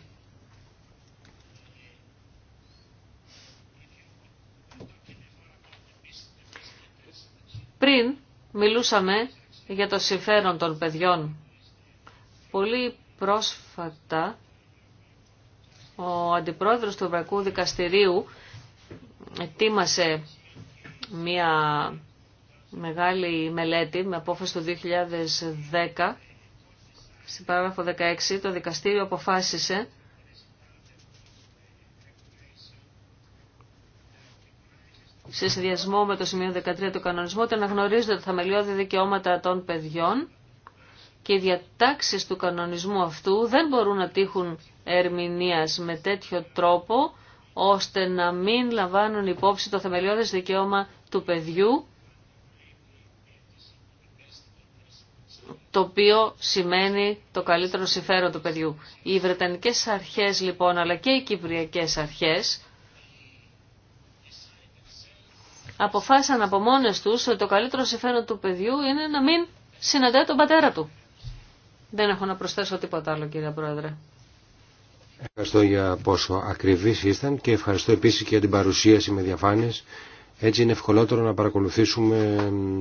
Πριν μιλούσαμε για το συμφέρον των παιδιών. Πολύ πρόσφατα ο αντιπρόεδρος του Ευρωπαϊκού Δικαστηρίου ετοίμασε μια μεγάλη μελέτη με απόφαση του 2010. Στην παράγραφο 16 το δικαστήριο αποφάσισε σε συνδυασμό με το σημείο 13 του κανονισμού ότι αναγνωρίζονται τα θεμελιώδη δικαιώματα των παιδιών και οι διατάξεις του κανονισμού αυτού δεν μπορούν να τύχουν ερμηνείας με τέτοιο τρόπο ώστε να μην λαμβάνουν υπόψη το θεμελιώδες δικαίωμα του παιδιού το οποίο σημαίνει το καλύτερο συμφέρον του παιδιού. Οι Βρετανικές αρχές λοιπόν αλλά και οι Κυπριακές αρχές αποφάσισαν από μόνε του ότι το καλύτερο συμφέρον του παιδιού είναι να μην συναντάει τον πατέρα του. Δεν έχω να προσθέσω τίποτα άλλο κύριε Πρόεδρε. Ευχαριστώ για πόσο ακριβείς ήσταν και ευχαριστώ επίση και για την παρουσίαση με διαφάνειε. Έτσι είναι ευκολότερο να παρακολουθήσουμε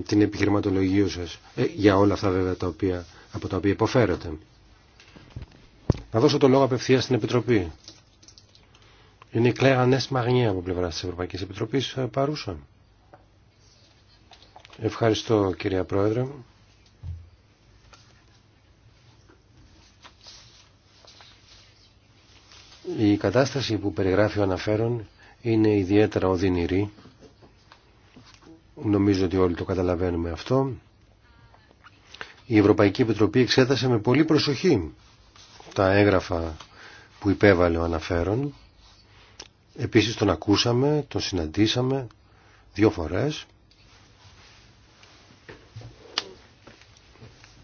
την επιχειρηματολογία σα ε, για όλα αυτά βέβαια τα οποία, από τα οποία υποφέρετε. Να δώσω το λόγο απευθεία στην Επιτροπή. Είναι η Κλέρα Νέσ Μαγνία από πλευρά τη Ευρωπαϊκή Επιτροπή ε, παρούσα. Ευχαριστώ κυρία Πρόεδρε. Η κατάσταση που περιγράφει ο αναφέρον είναι ιδιαίτερα οδυνηρή. Νομίζω ότι όλοι το καταλαβαίνουμε αυτό. Η Ευρωπαϊκή Επιτροπή εξέτασε με πολύ προσοχή τα έγγραφα που υπέβαλε ο αναφέρον. Επίσης τον ακούσαμε, τον συναντήσαμε δύο φορές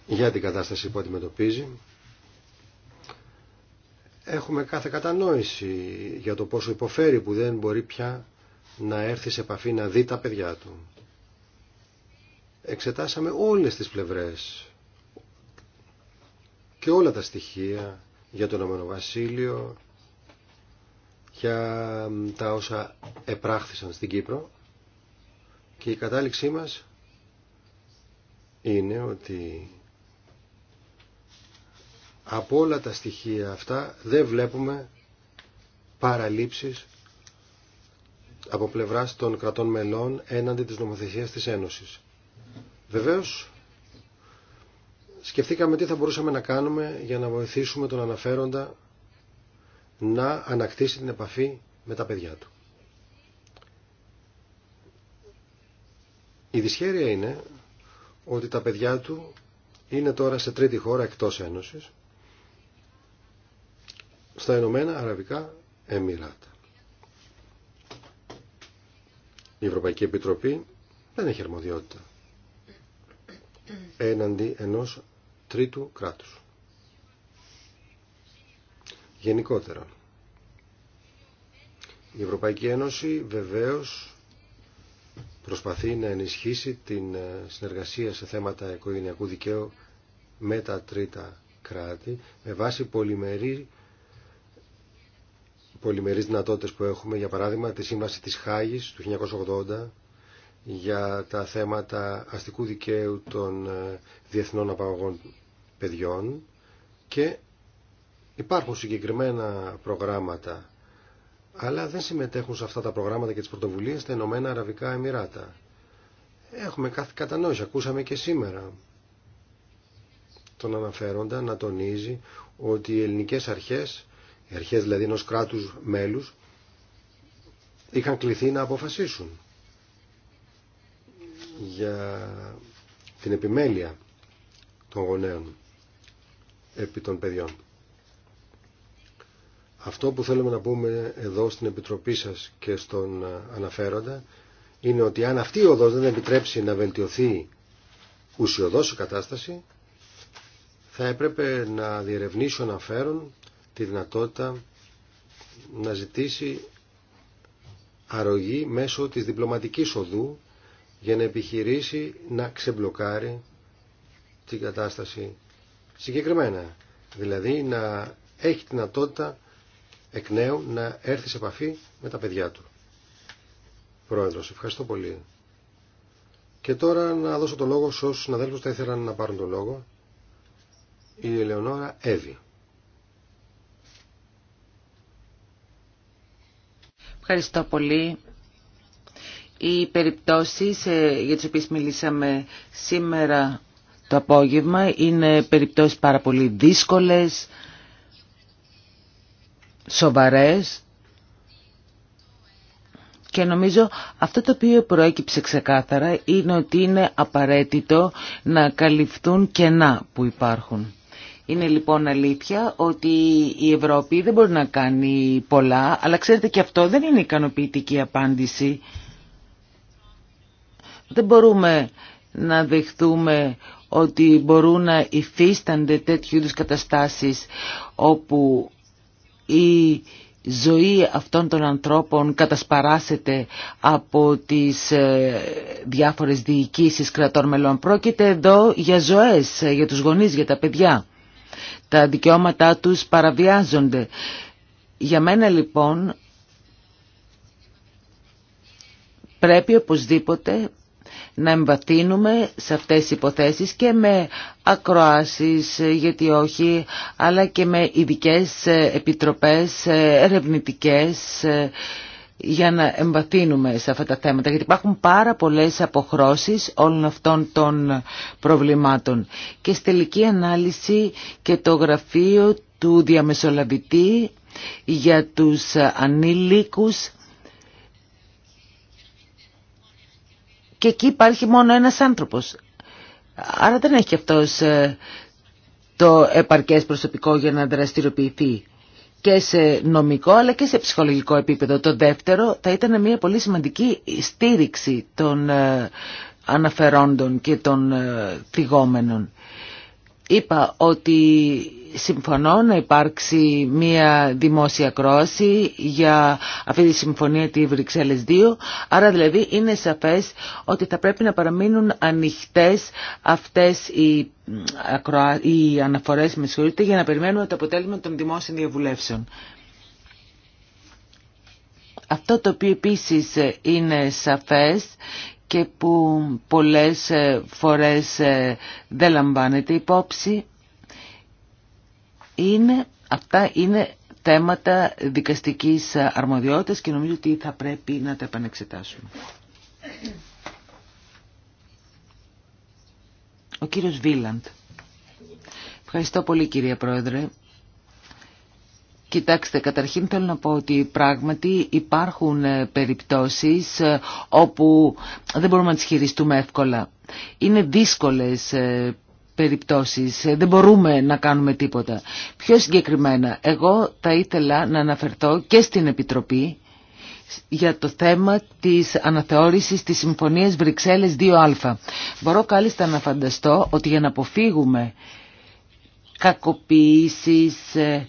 για την κατάσταση που αντιμετωπίζει. Έχουμε κάθε κατανόηση για το πόσο υποφέρει που δεν μπορεί πια να έρθει σε επαφή να δει τα παιδιά του. Εξετάσαμε όλες τις πλευρές και όλα τα στοιχεία για το Ηνωμένο Βασίλειο, για τα όσα επράχθησαν στην Κύπρο και η κατάληξή μας είναι ότι από όλα τα στοιχεία αυτά δεν βλέπουμε παραλήψεις από πλευράς των κρατών μελών έναντι της νομοθεσίας της Ένωσης. Βεβαίως, σκεφτήκαμε τι θα μπορούσαμε να κάνουμε για να βοηθήσουμε τον αναφέροντα να ανακτήσει την επαφή με τα παιδιά του. Η δυσχέρεια είναι ότι τα παιδιά του είναι τώρα σε τρίτη χώρα εκτός Ένωσης στα Ηνωμένα Αραβικά Εμμυράτα. Η Ευρωπαϊκή Επιτροπή δεν έχει αρμοδιότητα έναντι ενός τρίτου κράτους. Γενικότερα, η Ευρωπαϊκή Ένωση βεβαίως προσπαθεί να ενισχύσει την ε, συνεργασία σε θέματα οικογενειακού δικαίου με τα τρίτα κράτη με βάση πολυμερή πολυμερείς δυνατότητες που έχουμε, για παράδειγμα τη σύμβαση της Χάγης του 1980 για τα θέματα αστικού δικαίου των ε, διεθνών απαγωγών παιδιών και υπάρχουν συγκεκριμένα προγράμματα αλλά δεν συμμετέχουν σε αυτά τα προγράμματα και τις πρωτοβουλίες στα Ηνωμένα Αραβικά Εμμυράτα. Έχουμε κάθε κατανόηση, ακούσαμε και σήμερα τον αναφέροντα να τονίζει ότι οι ελληνικές αρχές οι αρχές δηλαδή ενός κράτους μέλους είχαν κληθεί να αποφασίσουν για την επιμέλεια των γονέων επί των παιδιών. Αυτό που θέλουμε να πούμε εδώ στην Επιτροπή σας και στον αναφέροντα είναι ότι αν αυτή η οδός δεν επιτρέψει να βελτιωθεί ουσιοδός η κατάσταση θα έπρεπε να διερευνήσει ο αναφέρον τη δυνατότητα να ζητήσει αρρωγή μέσω της διπλωματικής οδού για να επιχειρήσει να ξεμπλοκάρει την κατάσταση συγκεκριμένα. Δηλαδή να έχει τη δυνατότητα εκ νέου να έρθει σε επαφή με τα παιδιά του. Πρόεδρος, ευχαριστώ πολύ. Και τώρα να δώσω το λόγο σε όσους συναδέλφους θα ήθελαν να πάρουν το λόγο. Η Ελεονόρα Εύη. Ευχαριστώ πολύ. Οι περιπτώσεις ε, για τις οποίες μιλήσαμε σήμερα το απόγευμα είναι περιπτώσεις πάρα πολύ δύσκολες, σοβαρές και νομίζω αυτό το οποίο προέκυψε ξεκάθαρα είναι ότι είναι απαραίτητο να καλυφθούν κενά που υπάρχουν. Είναι λοιπόν αλήθεια ότι η Ευρώπη δεν μπορεί να κάνει πολλά, αλλά ξέρετε και αυτό δεν είναι ικανοποιητική απάντηση. Δεν μπορούμε να δεχτούμε ότι μπορούν να υφίστανται τέτοιου είδου καταστάσεις όπου η ζωή αυτών των ανθρώπων κατασπαράσεται από τις ε, διάφορες διοικήσεις κρατών μελών. Πρόκειται εδώ για ζωές, για τους γονείς, για τα παιδιά τα δικαιώματά τους παραβιάζονται. Για μένα λοιπόν πρέπει οπωσδήποτε να εμβαθύνουμε σε αυτές τις υποθέσεις και με ακροάσεις, γιατί όχι, αλλά και με ειδικές επιτροπές ερευνητικές για να εμβαθύνουμε σε αυτά τα θέματα, γιατί υπάρχουν πάρα πολλές αποχρώσεις όλων αυτών των προβλημάτων. Και στη τελική ανάλυση και το γραφείο του διαμεσολαβητή για τους ανήλικους και εκεί υπάρχει μόνο ένας άνθρωπος. Άρα δεν έχει αυτός ε, το επαρκές προσωπικό για να δραστηριοποιηθεί και σε νομικό αλλά και σε ψυχολογικό επίπεδο. Το δεύτερο θα ήταν μια πολύ σημαντική στήριξη των ε, αναφερόντων και των ε, θυγόμενων. Είπα ότι συμφωνώ να υπάρξει μία δημόσια κρόση για αυτή τη συμφωνία τη Βρυξέλλες 2, άρα δηλαδή είναι σαφές ότι θα πρέπει να παραμείνουν ανοιχτές αυτές οι, αναφορές με για να περιμένουμε το αποτέλεσμα των δημόσιων διαβουλεύσεων. Αυτό το οποίο επίσης είναι σαφές και που πολλές φορές δεν λαμβάνεται υπόψη είναι, αυτά είναι θέματα δικαστικής αρμοδιότητας και νομίζω ότι θα πρέπει να τα επανεξετάσουμε. Ο κύριος Βίλαντ. Ευχαριστώ πολύ κυρία Πρόεδρε. Κοιτάξτε, καταρχήν θέλω να πω ότι πράγματι υπάρχουν ε, περιπτώσεις ε, όπου δεν μπορούμε να τις χειριστούμε εύκολα. Είναι δύσκολες ε, περιπτώσεις, ε, δεν μπορούμε να κάνουμε τίποτα. Πιο συγκεκριμένα, εγώ θα ήθελα να αναφερθώ και στην Επιτροπή για το θέμα της αναθεώρησης της Συμφωνίας Βρυξέλλες 2α. Μπορώ κάλλιστα να φανταστώ ότι για να αποφύγουμε κακοποιήσεις, ε,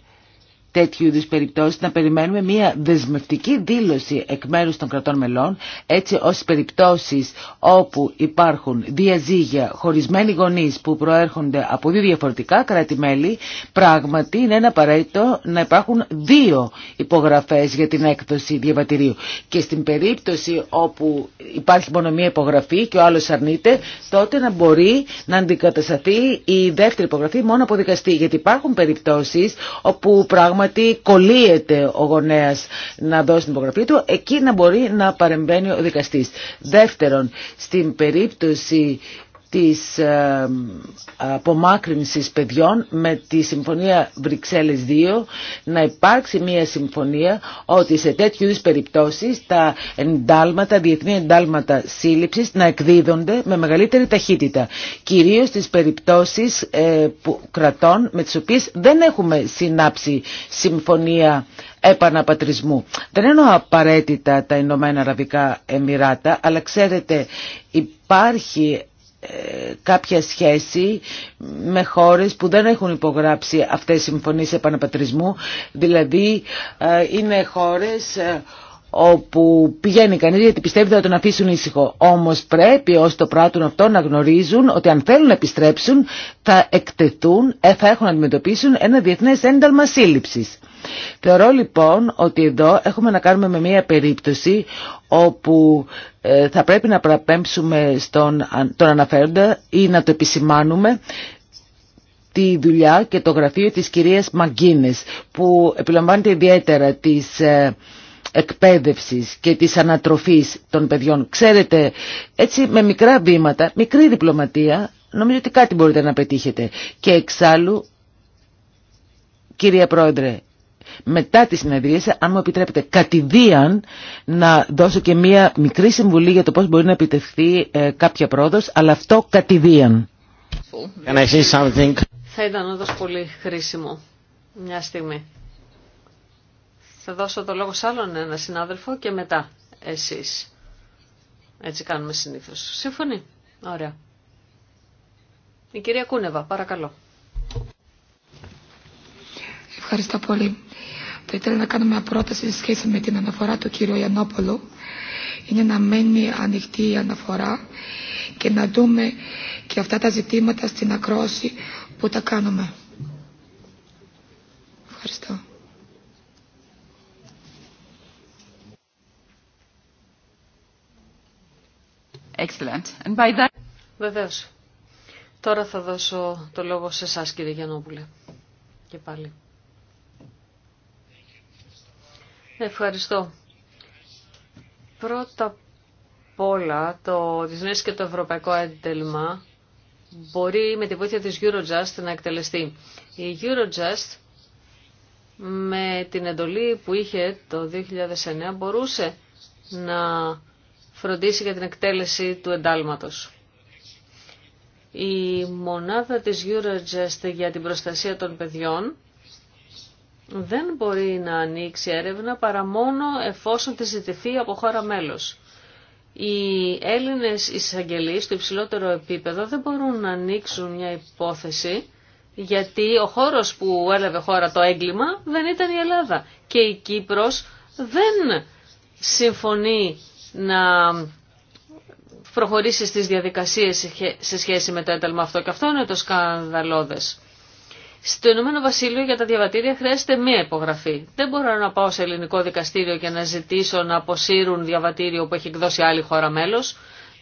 τέτοιου είδου περιπτώσει να περιμένουμε μια δεσμευτική δήλωση εκ μέρου των κρατών μελών, έτσι ώστε περιπτώσει όπου υπάρχουν διαζύγια, χωρισμένοι γονεί που προέρχονται από δύο διαφορετικά κράτη-μέλη, πράγματι είναι ένα απαραίτητο να υπάρχουν δύο υπογραφέ για την έκδοση διαβατηρίου. Και στην περίπτωση όπου υπάρχει μόνο μία υπογραφή και ο άλλο αρνείται, τότε να μπορεί να αντικατασταθεί η δεύτερη υπογραφή μόνο από δικαστή. Γιατί υπάρχουν περιπτώσει όπου πράγματι πράγματι κολλείεται ο γονέας να δώσει την υπογραφή του, εκεί να μπορεί να παρεμβαίνει ο δικαστής. Δεύτερον, στην περίπτωση της ε, απομάκρυνσης παιδιών με τη Συμφωνία Βρυξέλλες 2 να υπάρξει μια συμφωνία ότι σε τέτοιου είδους περιπτώσεις τα εντάλματα, διεθνή εντάλματα σύλληψης να εκδίδονται με μεγαλύτερη ταχύτητα. Κυρίως στις περιπτώσεις ε, κρατών με τις οποίες δεν έχουμε συνάψει συμφωνία επαναπατρισμού. Δεν εννοώ απαραίτητα τα Ηνωμένα Αραβικά Εμμυράτα, αλλά ξέρετε υπάρχει κάποια σχέση με χώρες που δεν έχουν υπογράψει αυτές οι συμφωνίες επαναπατρισμού, δηλαδή ε, είναι χώρες ε, όπου πηγαίνει κανείς γιατί πιστεύει ότι θα τον αφήσουν ήσυχο. Όμως πρέπει ως το πράττουν αυτό να γνωρίζουν ότι αν θέλουν να επιστρέψουν θα εκτεθούν, ε, θα έχουν να αντιμετωπίσουν ένα διεθνές ένταλμα σύλληψης. Θεωρώ λοιπόν ότι εδώ έχουμε να κάνουμε με μια περίπτωση όπου ε, θα πρέπει να παραπέμψουμε στον τον αναφέροντα ή να το επισημάνουμε τη δουλειά και το γραφείο της κυρίας Μαγκίνες που επιλαμβάνεται ιδιαίτερα της ε, εκπαίδευσης και της ανατροφής των παιδιών. Ξέρετε, έτσι με μικρά βήματα, μικρή διπλωματία, νομίζω ότι κάτι μπορείτε να πετύχετε. Και εξάλλου, κυρία Πρόεδρε, μετά τη συνεδρίαση, αν μου επιτρέπετε, κατηδίαν να δώσω και μία μικρή συμβουλή για το πώς μπορεί να επιτευχθεί ε, κάποια πρόοδος, αλλά αυτό κατηδίαν. Θα ήταν όντως πολύ χρήσιμο. Μια στιγμή. Θα δώσω το λόγο σε άλλον ένα συνάδελφο και μετά εσείς. Έτσι κάνουμε συνήθως. Σύμφωνοι. Ωραία. Η κυρία Κούνεβα, παρακαλώ. Ευχαριστώ πολύ. Θα ήθελα να κάνουμε μια πρόταση σε σχέση με την αναφορά του κύριου Ιαννόπολου. Είναι να μένει ανοιχτή η αναφορά και να δούμε και αυτά τα ζητήματα στην ακρόση που τα κάνουμε. Ευχαριστώ. Excellent. And by that... Βεβαίως. Τώρα θα δώσω το λόγο σε εσάς κύριε Γιαννόπουλε. Και πάλι. Ευχαριστώ. Πρώτα απ' όλα, το Διεθνές και το Ευρωπαϊκό Έντελμα μπορεί με τη βοήθεια της Eurojust να εκτελεστεί. Η Eurojust με την εντολή που είχε το 2009 μπορούσε να φροντίσει για την εκτέλεση του εντάλματος. Η μονάδα της Eurojust για την προστασία των παιδιών δεν μπορεί να ανοίξει έρευνα παρά μόνο εφόσον τη ζητηθεί από χώρα μέλος. Οι Έλληνες εισαγγελείς στο υψηλότερο επίπεδο δεν μπορούν να ανοίξουν μια υπόθεση γιατί ο χώρος που έλαβε χώρα το έγκλημα δεν ήταν η Ελλάδα και η Κύπρος δεν συμφωνεί να προχωρήσει στις διαδικασίες σε σχέση με το ένταλμα αυτό και αυτό είναι το σκανδαλώδες. Στο Ηνωμένο Βασίλειο για τα διαβατήρια χρειάζεται μία υπογραφή. Δεν μπορώ να πάω σε ελληνικό δικαστήριο και να ζητήσω να αποσύρουν διαβατήριο που έχει εκδώσει άλλη χώρα μέλο.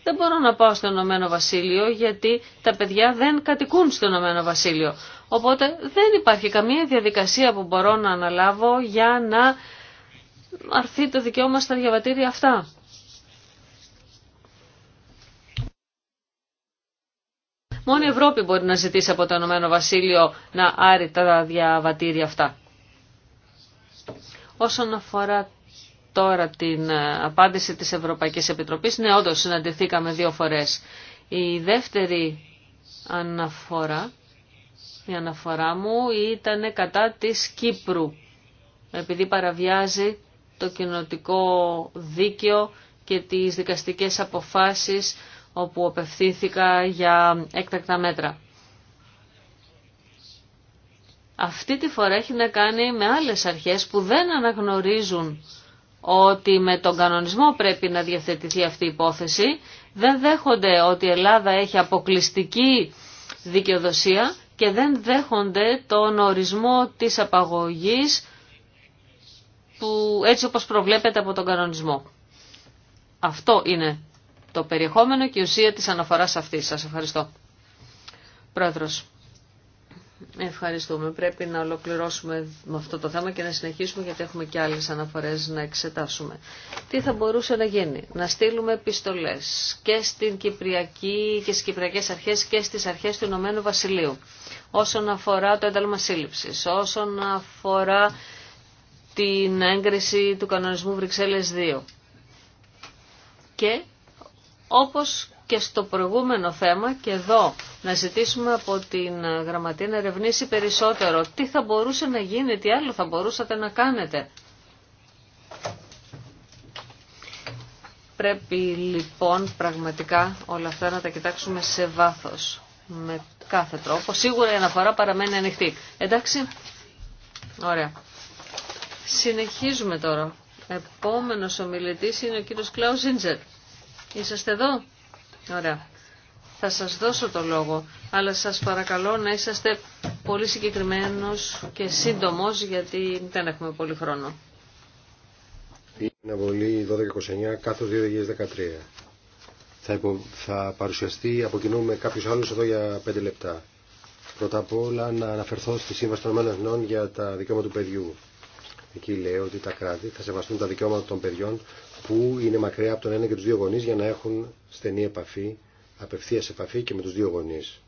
Δεν μπορώ να πάω στο Ηνωμένο Βασίλειο γιατί τα παιδιά δεν κατοικούν στο Ηνωμένο Βασίλειο. Οπότε δεν υπάρχει καμία διαδικασία που μπορώ να αναλάβω για να αρθεί το δικαίωμα στα διαβατήρια αυτά. Μόνο η Ευρώπη μπορεί να ζητήσει από το Ηνωμένο Βασίλειο να άρει τα διαβατήρια αυτά. Όσον αφορά τώρα την ε, απάντηση της Ευρωπαϊκής Επιτροπής, ναι, όντως συναντηθήκαμε δύο φορές. Η δεύτερη αναφορά, η αναφορά μου ήταν κατά της Κύπρου, επειδή παραβιάζει το κοινοτικό δίκαιο και τις δικαστικές αποφάσεις όπου απευθύνθηκα για έκτακτα μέτρα. Αυτή τη φορά έχει να κάνει με άλλες αρχές που δεν αναγνωρίζουν ότι με τον κανονισμό πρέπει να διαθετηθεί αυτή η υπόθεση. Δεν δέχονται ότι η Ελλάδα έχει αποκλειστική δικαιοδοσία και δεν δέχονται τον ορισμό της απαγωγής που έτσι όπως προβλέπεται από τον κανονισμό. Αυτό είναι το περιεχόμενο και η ουσία της αναφοράς αυτής. Σας ευχαριστώ. Πρόεδρος, ευχαριστούμε. Πρέπει να ολοκληρώσουμε με αυτό το θέμα και να συνεχίσουμε γιατί έχουμε και άλλες αναφορές να εξετάσουμε. Τι θα μπορούσε να γίνει. Να στείλουμε επιστολές και, στην Κυπριακή, και στις Κυπριακές Αρχές και στις Αρχές του Ηνωμένου Βασιλείου. Όσον αφορά το ένταλμα σύλληψης, όσον αφορά την έγκριση του κανονισμού Βρυξέλλες 2 και όπως και στο προηγούμενο θέμα και εδώ να ζητήσουμε από την γραμματεία να ερευνήσει περισσότερο τι θα μπορούσε να γίνει, τι άλλο θα μπορούσατε να κάνετε. Πρέπει λοιπόν πραγματικά όλα αυτά να τα κοιτάξουμε σε βάθος με κάθε τρόπο. Σίγουρα η αναφορά παραμένει ανοιχτή. Εντάξει. Ωραία. Συνεχίζουμε τώρα. Επόμενος ομιλητής είναι ο κύριος Κλάου Ζίντζερ. Είσαστε εδώ. Ωραία. Θα σας δώσω το λόγο, αλλά σας παρακαλώ να είσαστε πολύ συγκεκριμένος και σύντομος, γιατί δεν έχουμε πολύ χρόνο. Είναι αναβολή 1229 κάθος 2013. Θα, υπο... θα παρουσιαστεί από κοινού με κάποιους άλλους εδώ για πέντε λεπτά. Πρώτα απ' όλα να αναφερθώ στη Σύμβαση των Εθνών για τα δικαιώματα του παιδιού. Εκεί λέει ότι τα κράτη θα σεβαστούν τα δικαιώματα των παιδιών που είναι μακριά από τον ένα και τους δύο γονείς για να έχουν στενή επαφή, απευθείας επαφή και με τους δύο γονείς.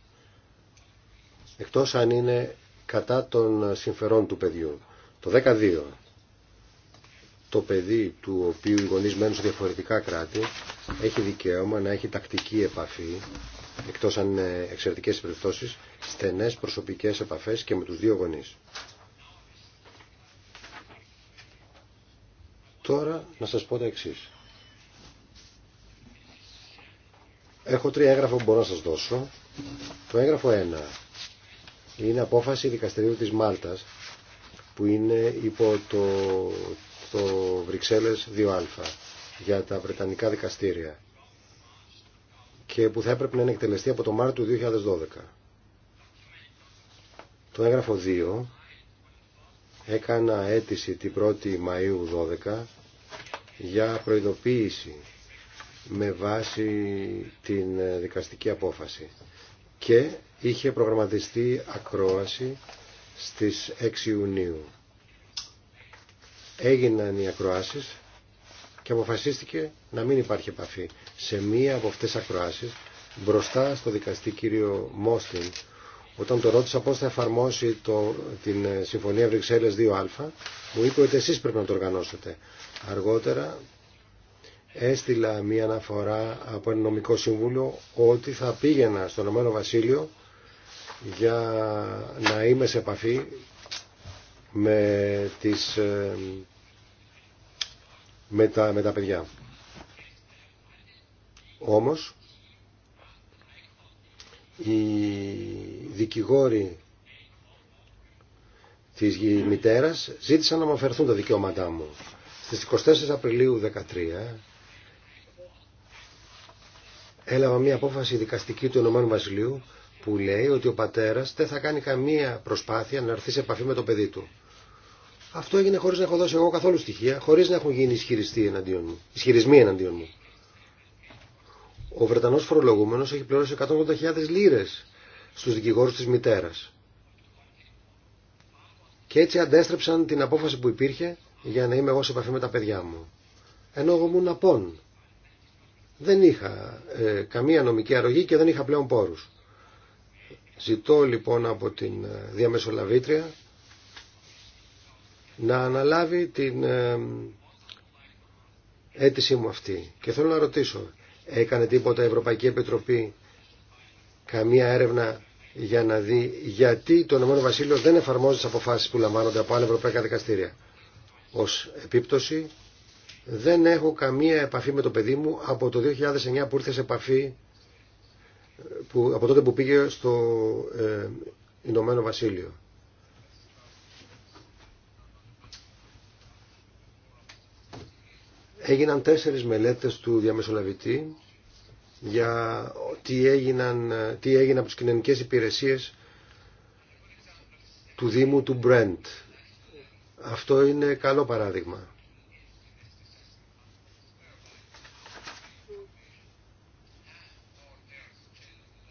Εκτός αν είναι κατά των συμφερών του παιδιού. Το 12 το παιδί του οποίου οι γονείς μένουν σε διαφορετικά κράτη έχει δικαίωμα να έχει τακτική επαφή εκτός αν είναι εξαιρετικές περιπτώσεις στενές προσωπικές επαφές και με τους δύο γονείς. Τώρα να σας πω τα εξή. Έχω τρία έγγραφα που μπορώ να σας δώσω. Το έγγραφο 1 είναι απόφαση δικαστηρίου της Μάλτας που είναι υπό το, το Βρυξέλλες 2α για τα Βρετανικά δικαστήρια και που θα έπρεπε να είναι εκτελεστεί από το Μάρτιο του 2012. Το έγγραφο 2 έκανα αίτηση την 1η Μαΐου 12 για προειδοποίηση με βάση την ε, δικαστική απόφαση και είχε προγραμματιστεί ακρόαση στις 6 Ιουνίου. Έγιναν οι ακροάσεις και αποφασίστηκε να μην υπάρχει επαφή. Σε μία από αυτές τις ακροάσεις μπροστά στο δικαστή κύριο Μόστιν όταν το ρώτησα πώς θα εφαρμόσει το, την ε, Συμφωνία Βρυξέλλες 2α, μου είπε ότι εσείς πρέπει να το οργανώσετε. Αργότερα έστειλα μία αναφορά από ένα νομικό σύμβουλο ότι θα πήγαινα στον Ηνωμένο Βασίλειο για να είμαι σε επαφή με, τις, ε, με, τα, με τα παιδιά. Όμως, οι δικηγόροι της μητέρας ζήτησαν να μου αφαιρθούν τα δικαιώματά μου. Στις 24 Απριλίου 2013 έλαβα μια απόφαση δικαστική του Ενωμένου Βασιλείου που λέει ότι ο πατέρας δεν θα κάνει καμία προσπάθεια να έρθει σε επαφή με το παιδί του. Αυτό έγινε χωρίς να έχω δώσει εγώ καθόλου στοιχεία, χωρίς να έχουν γίνει ισχυριστοί εναντίον μου, ισχυρισμοί εναντίον μου. Ο Βρετανός φορολογούμενος έχει πληρώσει 180.000 λίρες στους δικηγόρους της μητέρας. Και έτσι αντέστρεψαν την απόφαση που υπήρχε για να είμαι εγώ σε επαφή με τα παιδιά μου. Ενώ εγώ ήμουν απόν. Δεν είχα ε, καμία νομική αρρωγή και δεν είχα πλέον πόρους. Ζητώ λοιπόν από την ε, διαμεσολαβήτρια να αναλάβει την ε, αίτησή μου αυτή. Και θέλω να ρωτήσω, Έκανε τίποτα η Ευρωπαϊκή Επιτροπή καμία έρευνα για να δει γιατί το Ηνωμένο Βασίλειο δεν εφαρμόζει τι αποφάσει που λαμβάνονται από άλλα ευρωπαϊκά δικαστήρια. Ω επίπτωση, δεν έχω καμία επαφή με το παιδί μου από το 2009 που ήρθε σε επαφή, που, από τότε που πήγε στο ε, Ηνωμένο Βασίλειο. έγιναν τέσσερις μελέτες του διαμεσολαβητή για τι, έγιναν, τι έγινε από τις κοινωνικές υπηρεσίες του Δήμου του Μπρέντ. Αυτό είναι καλό παράδειγμα.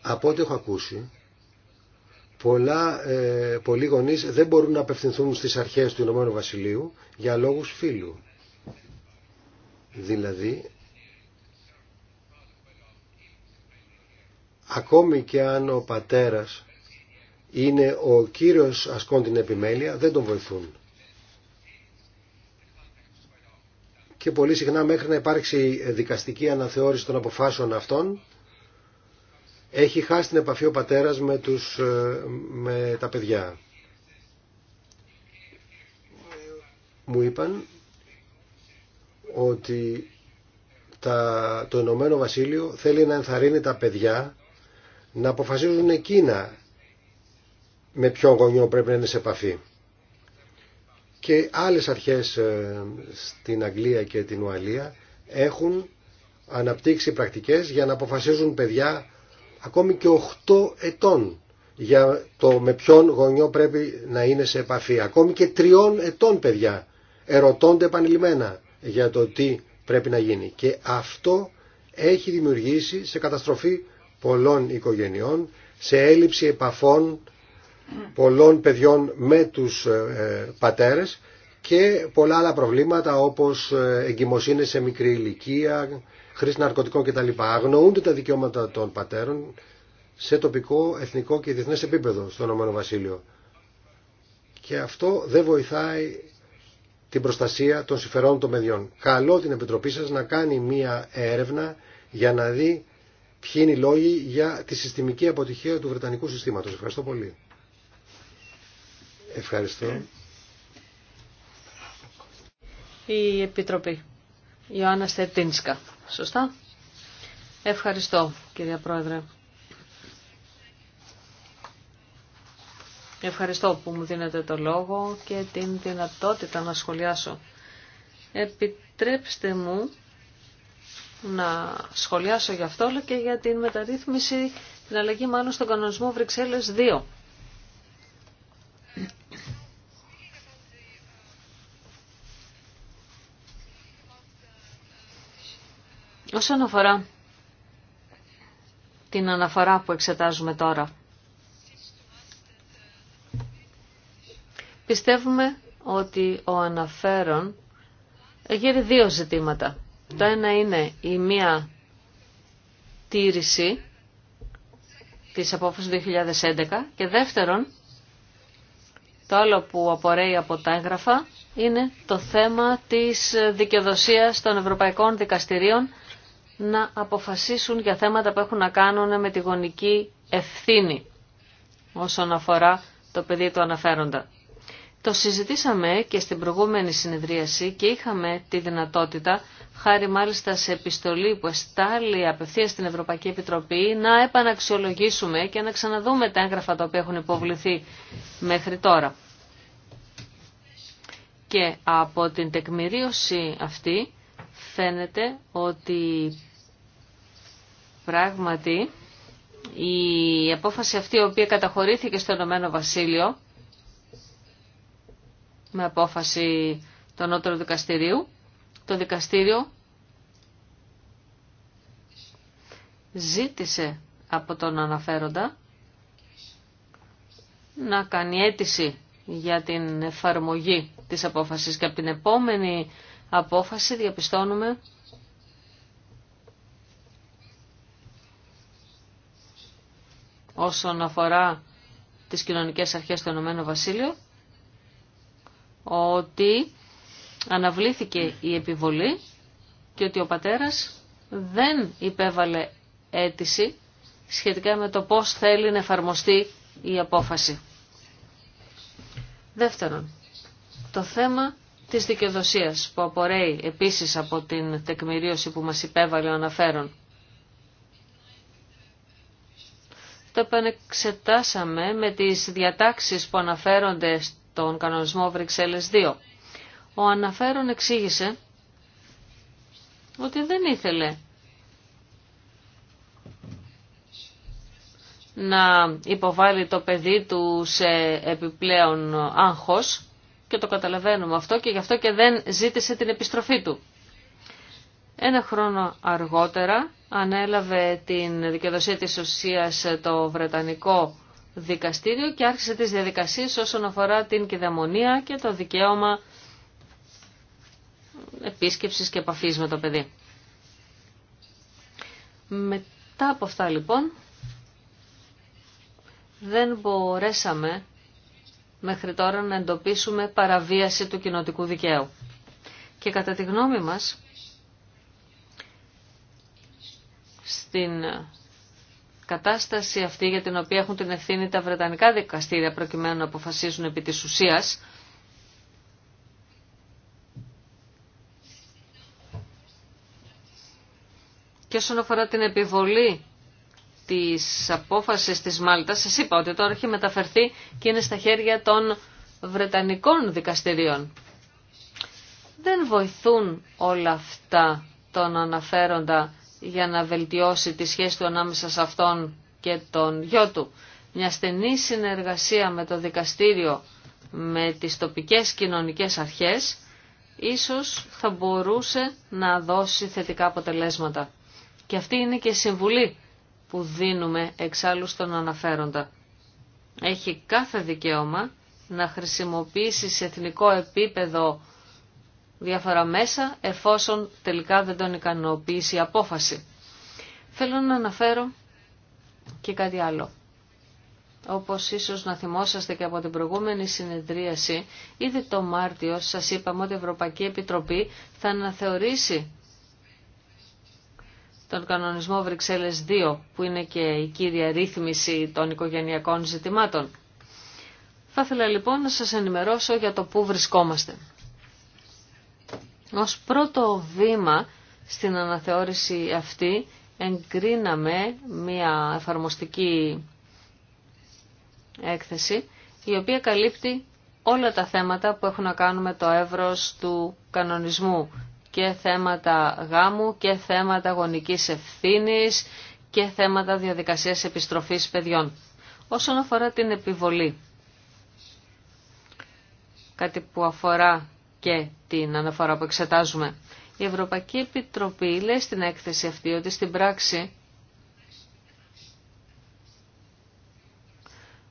Από ό,τι έχω ακούσει, πολλά, ε, πολλοί γονείς δεν μπορούν να απευθυνθούν στις αρχές του Ηνωμένου Βασιλείου για λόγους φίλου. Δηλαδή, ακόμη και αν ο πατέρας είναι ο κύριος ασκών την επιμέλεια, δεν τον βοηθούν. Και πολύ συχνά μέχρι να υπάρξει δικαστική αναθεώρηση των αποφάσεων αυτών, έχει χάσει την επαφή ο πατέρας με, τους, ε, με τα παιδιά. Μου είπαν ότι τα, το Ηνωμένο Βασίλειο θέλει να ενθαρρύνει τα παιδιά να αποφασίζουν εκείνα με ποιον γονιό πρέπει να είναι σε επαφή. Και άλλες αρχές ε, στην Αγγλία και την Ουαλία έχουν αναπτύξει πρακτικές για να αποφασίζουν παιδιά ακόμη και 8 ετών για το με ποιον γονιό πρέπει να είναι σε επαφή. Ακόμη και 3 ετών παιδιά ερωτώνται επανειλημμένα για το τι πρέπει να γίνει. Και αυτό έχει δημιουργήσει σε καταστροφή πολλών οικογενειών, σε έλλειψη επαφών πολλών παιδιών με τους ε, πατέρες και πολλά άλλα προβλήματα όπως ε, εγκυμοσύνες σε μικρή ηλικία, χρήση ναρκωτικών κτλ. Αγνοούνται τα δικαιώματα των πατέρων σε τοπικό, εθνικό και διεθνές επίπεδο στον ΟΒ Και αυτό δεν βοηθάει την προστασία των συμφερόντων των παιδιών. Καλό την Επιτροπή σας να κάνει μία έρευνα για να δει ποιοι είναι οι λόγοι για τη συστημική αποτυχία του Βρετανικού συστήματος. Ευχαριστώ πολύ. Ευχαριστώ. Η Επιτροπή. Ιωάννα Στερτίνσκα. Σωστά. Ευχαριστώ, κυρία Πρόεδρε. Ευχαριστώ που μου δίνετε το λόγο και την δυνατότητα να σχολιάσω. Επιτρέψτε μου να σχολιάσω γι' αυτό και για την μεταρρύθμιση, την αλλαγή μάλλον στον κανονισμό Βρυξέλλες 2. Όσον αφορά την αναφορά που εξετάζουμε τώρα, Πιστεύουμε ότι ο αναφέρον γύρει δύο ζητήματα. Το ένα είναι η μία τήρηση της απόφασης 2011 και δεύτερον το άλλο που απορρέει από τα έγγραφα είναι το θέμα της δικαιοδοσίας των ευρωπαϊκών δικαστηρίων να αποφασίσουν για θέματα που έχουν να κάνουν με τη γονική ευθύνη όσον αφορά το παιδί του αναφέροντα. Το συζητήσαμε και στην προηγούμενη συνεδρίαση και είχαμε τη δυνατότητα, χάρη μάλιστα σε επιστολή που εστάλει απευθείας στην Ευρωπαϊκή Επιτροπή, να επαναξιολογήσουμε και να ξαναδούμε τα έγγραφα τα οποία έχουν υποβληθεί μέχρι τώρα. Και από την τεκμηρίωση αυτή φαίνεται ότι πράγματι η απόφαση αυτή η οποία καταχωρήθηκε στο Ηνωμένο Βασίλειο με απόφαση των ανώτερου δικαστηρίου. Το δικαστήριο ζήτησε από τον αναφέροντα να κάνει αίτηση για την εφαρμογή της απόφασης και από την επόμενη απόφαση διαπιστώνουμε όσον αφορά τις κοινωνικές αρχές του Ηνωμένου Βασίλειου ότι αναβλήθηκε η επιβολή και ότι ο πατέρας δεν υπέβαλε αίτηση σχετικά με το πώς θέλει να εφαρμοστεί η απόφαση. Δεύτερον, το θέμα της δικαιοδοσίας που απορρέει επίσης από την τεκμηρίωση που μας υπέβαλε ο αναφέρον. Το επανεξετάσαμε με τις διατάξεις που αναφέρονται τον κανονισμό Βρυξέλλες 2. Ο αναφέρον εξήγησε ότι δεν ήθελε να υποβάλει το παιδί του σε επιπλέον άγχος και το καταλαβαίνουμε αυτό και γι' αυτό και δεν ζήτησε την επιστροφή του. Ένα χρόνο αργότερα ανέλαβε την δικαιοδοσία της ουσίας το Βρετανικό δικαστήριο και άρχισε τις διαδικασίες όσον αφορά την κυδαιμονία και το δικαίωμα επίσκεψης και επαφής με το παιδί. Μετά από αυτά λοιπόν δεν μπορέσαμε μέχρι τώρα να εντοπίσουμε παραβίαση του κοινοτικού δικαίου. Και κατά τη γνώμη μας, στην κατάσταση αυτή για την οποία έχουν την ευθύνη τα Βρετανικά δικαστήρια προκειμένου να αποφασίσουν επί της ουσίας και όσον αφορά την επιβολή της απόφασης της Μάλτας σας είπα ότι τώρα έχει μεταφερθεί και είναι στα χέρια των Βρετανικών δικαστηρίων δεν βοηθούν όλα αυτά τον αναφέροντα για να βελτιώσει τη σχέση του ανάμεσα σε αυτόν και τον γιο του. Μια στενή συνεργασία με το δικαστήριο, με τις τοπικές κοινωνικές αρχές, ίσως θα μπορούσε να δώσει θετικά αποτελέσματα. Και αυτή είναι και συμβουλή που δίνουμε εξάλλου στον αναφέροντα. Έχει κάθε δικαίωμα να χρησιμοποιήσει σε εθνικό επίπεδο διάφορα μέσα εφόσον τελικά δεν τον ικανοποιήσει η απόφαση. Θέλω να αναφέρω και κάτι άλλο. Όπως ίσως να θυμόσαστε και από την προηγούμενη συνεδρίαση, ήδη το Μάρτιο σας είπαμε ότι η Ευρωπαϊκή Επιτροπή θα αναθεωρήσει τον κανονισμό Βρυξέλλες 2, που είναι και η κύρια ρύθμιση των οικογενειακών ζητημάτων. Θα ήθελα λοιπόν να σας ενημερώσω για το πού βρισκόμαστε. Ως πρώτο βήμα στην αναθεώρηση αυτή εγκρίναμε μια εφαρμοστική έκθεση η οποία καλύπτει όλα τα θέματα που έχουν να κάνουν το εύρος του κανονισμού και θέματα γάμου και θέματα γονικής ευθύνης και θέματα διαδικασίας επιστροφής παιδιών. Όσον αφορά την επιβολή, κάτι που αφορά και την αναφορά που εξετάζουμε. Η Ευρωπαϊκή Επιτροπή λέει στην έκθεση αυτή ότι στην πράξη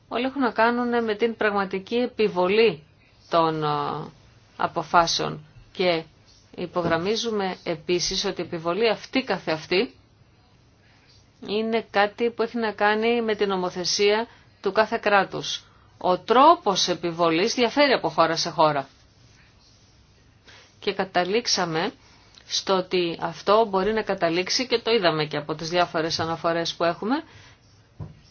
όλοι έχουν να κάνουν με την πραγματική επιβολή των αποφάσεων και υπογραμμίζουμε επίσης ότι η επιβολή αυτή καθεαυτή είναι κάτι που έχει να κάνει με την ομοθεσία του κάθε κράτους. Ο τρόπος επιβολής διαφέρει από χώρα σε χώρα και καταλήξαμε στο ότι αυτό μπορεί να καταλήξει και το είδαμε και από τις διάφορες αναφορές που έχουμε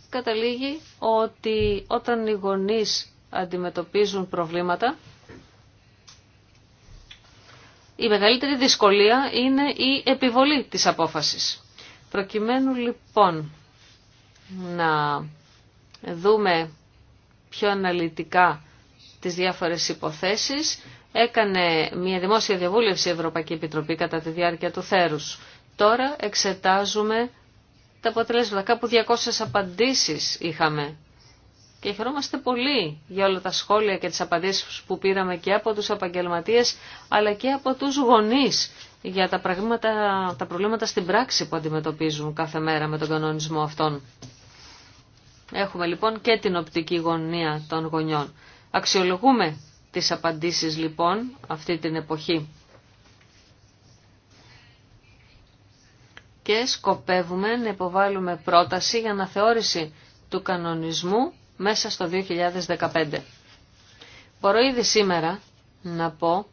καταλήγει ότι όταν οι γονείς αντιμετωπίζουν προβλήματα η μεγαλύτερη δυσκολία είναι η επιβολή της απόφασης. Προκειμένου λοιπόν να δούμε πιο αναλυτικά τις διάφορες υποθέσεις έκανε μια δημόσια διαβούλευση η Ευρωπαϊκή Επιτροπή κατά τη διάρκεια του θέρους. Τώρα εξετάζουμε τα αποτελέσματα. Κάπου 200 απαντήσεις είχαμε. Και χαιρόμαστε πολύ για όλα τα σχόλια και τις απαντήσεις που πήραμε και από τους επαγγελματίες αλλά και από τους γονείς για τα, πραγμάτα, τα προβλήματα στην πράξη που αντιμετωπίζουν κάθε μέρα με τον κανονισμό αυτών. Έχουμε λοιπόν και την οπτική γωνία των γονιών. Αξιολογούμε τις απαντήσεις λοιπόν αυτή την εποχή. Και σκοπεύουμε να υποβάλουμε πρόταση για αναθεώρηση του κανονισμού μέσα στο 2015. Μπορώ ήδη σήμερα να πω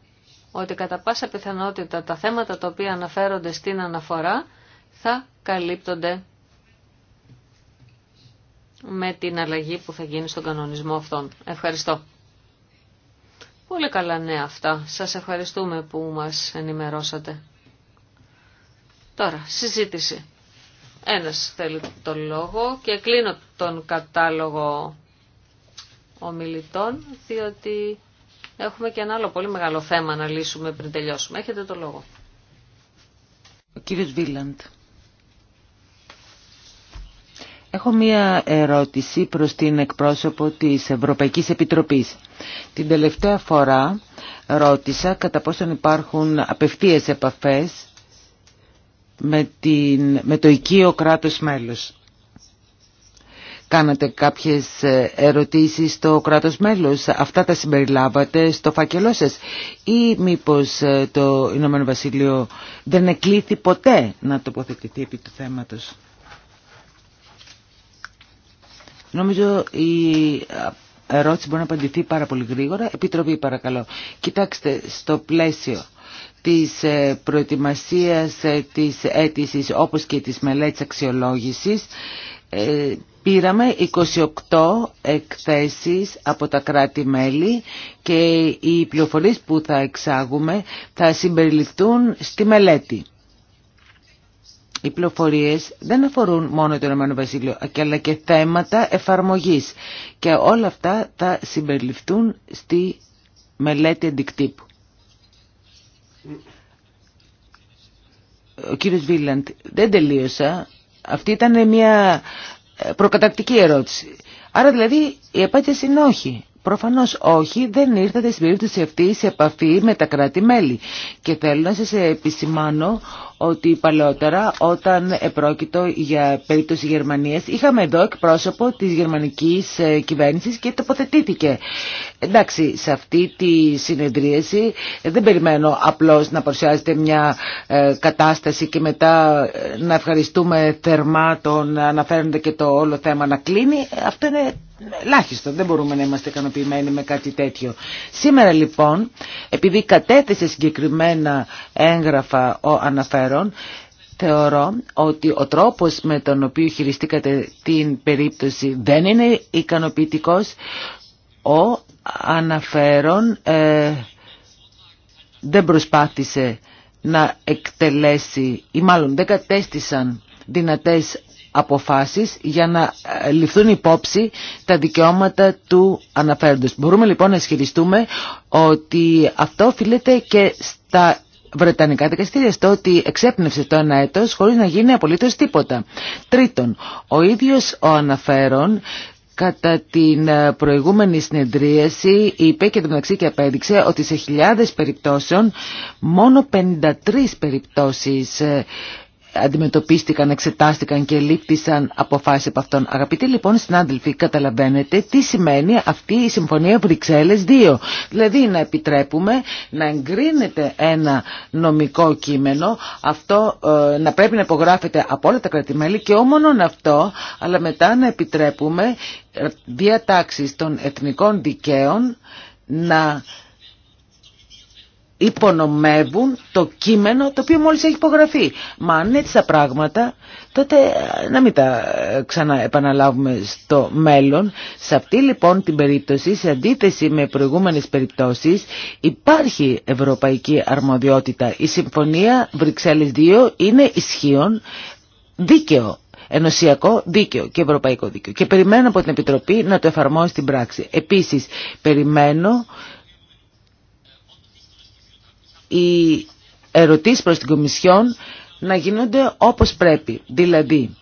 ότι κατά πάσα πιθανότητα τα θέματα τα οποία αναφέρονται στην αναφορά θα καλύπτονται με την αλλαγή που θα γίνει στον κανονισμό αυτόν. Ευχαριστώ. Πολύ καλά νέα αυτά. Σας ευχαριστούμε που μας ενημερώσατε. Τώρα, συζήτηση. Ένας θέλει το λόγο και κλείνω τον κατάλογο ομιλητών, διότι έχουμε και ένα άλλο πολύ μεγάλο θέμα να λύσουμε πριν τελειώσουμε. Έχετε το λόγο. Ο κύριος Βίλαντ. Έχω μία ερώτηση προς την εκπρόσωπο της Ευρωπαϊκής Επιτροπής. Την τελευταία φορά ρώτησα κατά πόσον υπάρχουν απευθείας επαφές με, την, το οικείο κράτος μέλος. Κάνατε κάποιες ερωτήσεις στο κράτος μέλος, αυτά τα συμπεριλάβατε στο φακελό σας ή μήπως ε, το Ηνωμένο Βασίλειο δεν εκλήθη ποτέ να τοποθετηθεί επί του θέματος. Νομίζω η ε, ερώτηση μπορεί να απαντηθεί πάρα πολύ γρήγορα. Επιτροπή παρακαλώ. Κοιτάξτε, στο πλαίσιο της ε, προετοιμασίας ε, της αίτηση όπως και της μελέτης αξιολόγησης Πήραμε 28 εκθέσεις από τα κράτη-μέλη και οι πληροφορίες που θα εξάγουμε θα συμπεριληφθούν στη μελέτη οι πληροφορίες δεν αφορούν μόνο το Ηνωμένο Βασίλειο, αλλά και θέματα εφαρμογής. Και όλα αυτά θα συμπεριληφθούν στη μελέτη αντικτύπου. Ο κύριος Βίλαντ, δεν τελείωσα. Αυτή ήταν μια ε, προκατακτική ερώτηση. Άρα δηλαδή η απάντηση είναι όχι. Προφανώς όχι, δεν ήρθατε στην περίπτωση αυτή σε επαφή με τα κράτη-μέλη. Και θέλω να σας επισημάνω ότι παλαιότερα όταν επρόκειτο για περίπτωση Γερμανίας είχαμε εδώ εκπρόσωπο της γερμανικής ε, κυβέρνησης και τοποθετήθηκε. Εντάξει, σε αυτή τη συνεδρίαση δεν περιμένω απλώς να παρουσιάζεται μια ε, κατάσταση και μετά ε, να ευχαριστούμε θερμά τον αναφέροντα και το όλο θέμα να κλείνει. Αυτό είναι Ελάχιστο, δεν μπορούμε να είμαστε ικανοποιημένοι με κάτι τέτοιο. Σήμερα λοιπόν, επειδή κατέθεσε συγκεκριμένα έγγραφα ο αναφέρον, θεωρώ ότι ο τρόπος με τον οποίο χειριστήκατε την περίπτωση δεν είναι ικανοποιητικός. Ο αναφέρον ε, δεν προσπάθησε να εκτελέσει ή μάλλον δεν κατέστησαν δυνατές αποφάσεις για να ε, ληφθούν υπόψη τα δικαιώματα του αναφέροντος. Μπορούμε λοιπόν να ισχυριστούμε ότι αυτό οφείλεται και στα Βρετανικά δικαστήρια στο ότι εξέπνευσε το ένα έτος χωρίς να γίνει απολύτως τίποτα. Τρίτον, ο ίδιος ο αναφέρον κατά την ε, προηγούμενη συνεδρίαση είπε και τον και απέδειξε ότι σε χιλιάδες περιπτώσεων μόνο 53 περιπτώσεις ε, αντιμετωπίστηκαν, εξετάστηκαν και λήφθησαν αποφάσεις από αυτόν. Αγαπητοί λοιπόν συνάδελφοι, καταλαβαίνετε τι σημαίνει αυτή η Συμφωνία Βρυξέλλες 2. Δηλαδή να επιτρέπουμε να εγκρίνεται ένα νομικό κείμενο, αυτό ε, να πρέπει να υπογράφεται από όλα τα κρατημέλη και όμονον αυτό, αλλά μετά να επιτρέπουμε ε, διατάξεις των εθνικών δικαίων να υπονομεύουν το κείμενο το οποίο μόλις έχει υπογραφεί. Μα αν έτσι τα πράγματα, τότε ε, να μην τα ε, ξαναεπαναλάβουμε στο μέλλον. Σε αυτή λοιπόν την περίπτωση, σε αντίθεση με προηγούμενες περιπτώσεις, υπάρχει ευρωπαϊκή αρμοδιότητα. Η Συμφωνία Βρυξέλλες 2 είναι ισχύον δίκαιο ενωσιακό δίκαιο και ευρωπαϊκό δίκαιο. Και περιμένω από την Επιτροπή να το εφαρμόσει στην πράξη. Επίσης, περιμένω οι ερωτήσεις προς την Κομισιόν να γίνονται όπως πρέπει. Δηλαδή,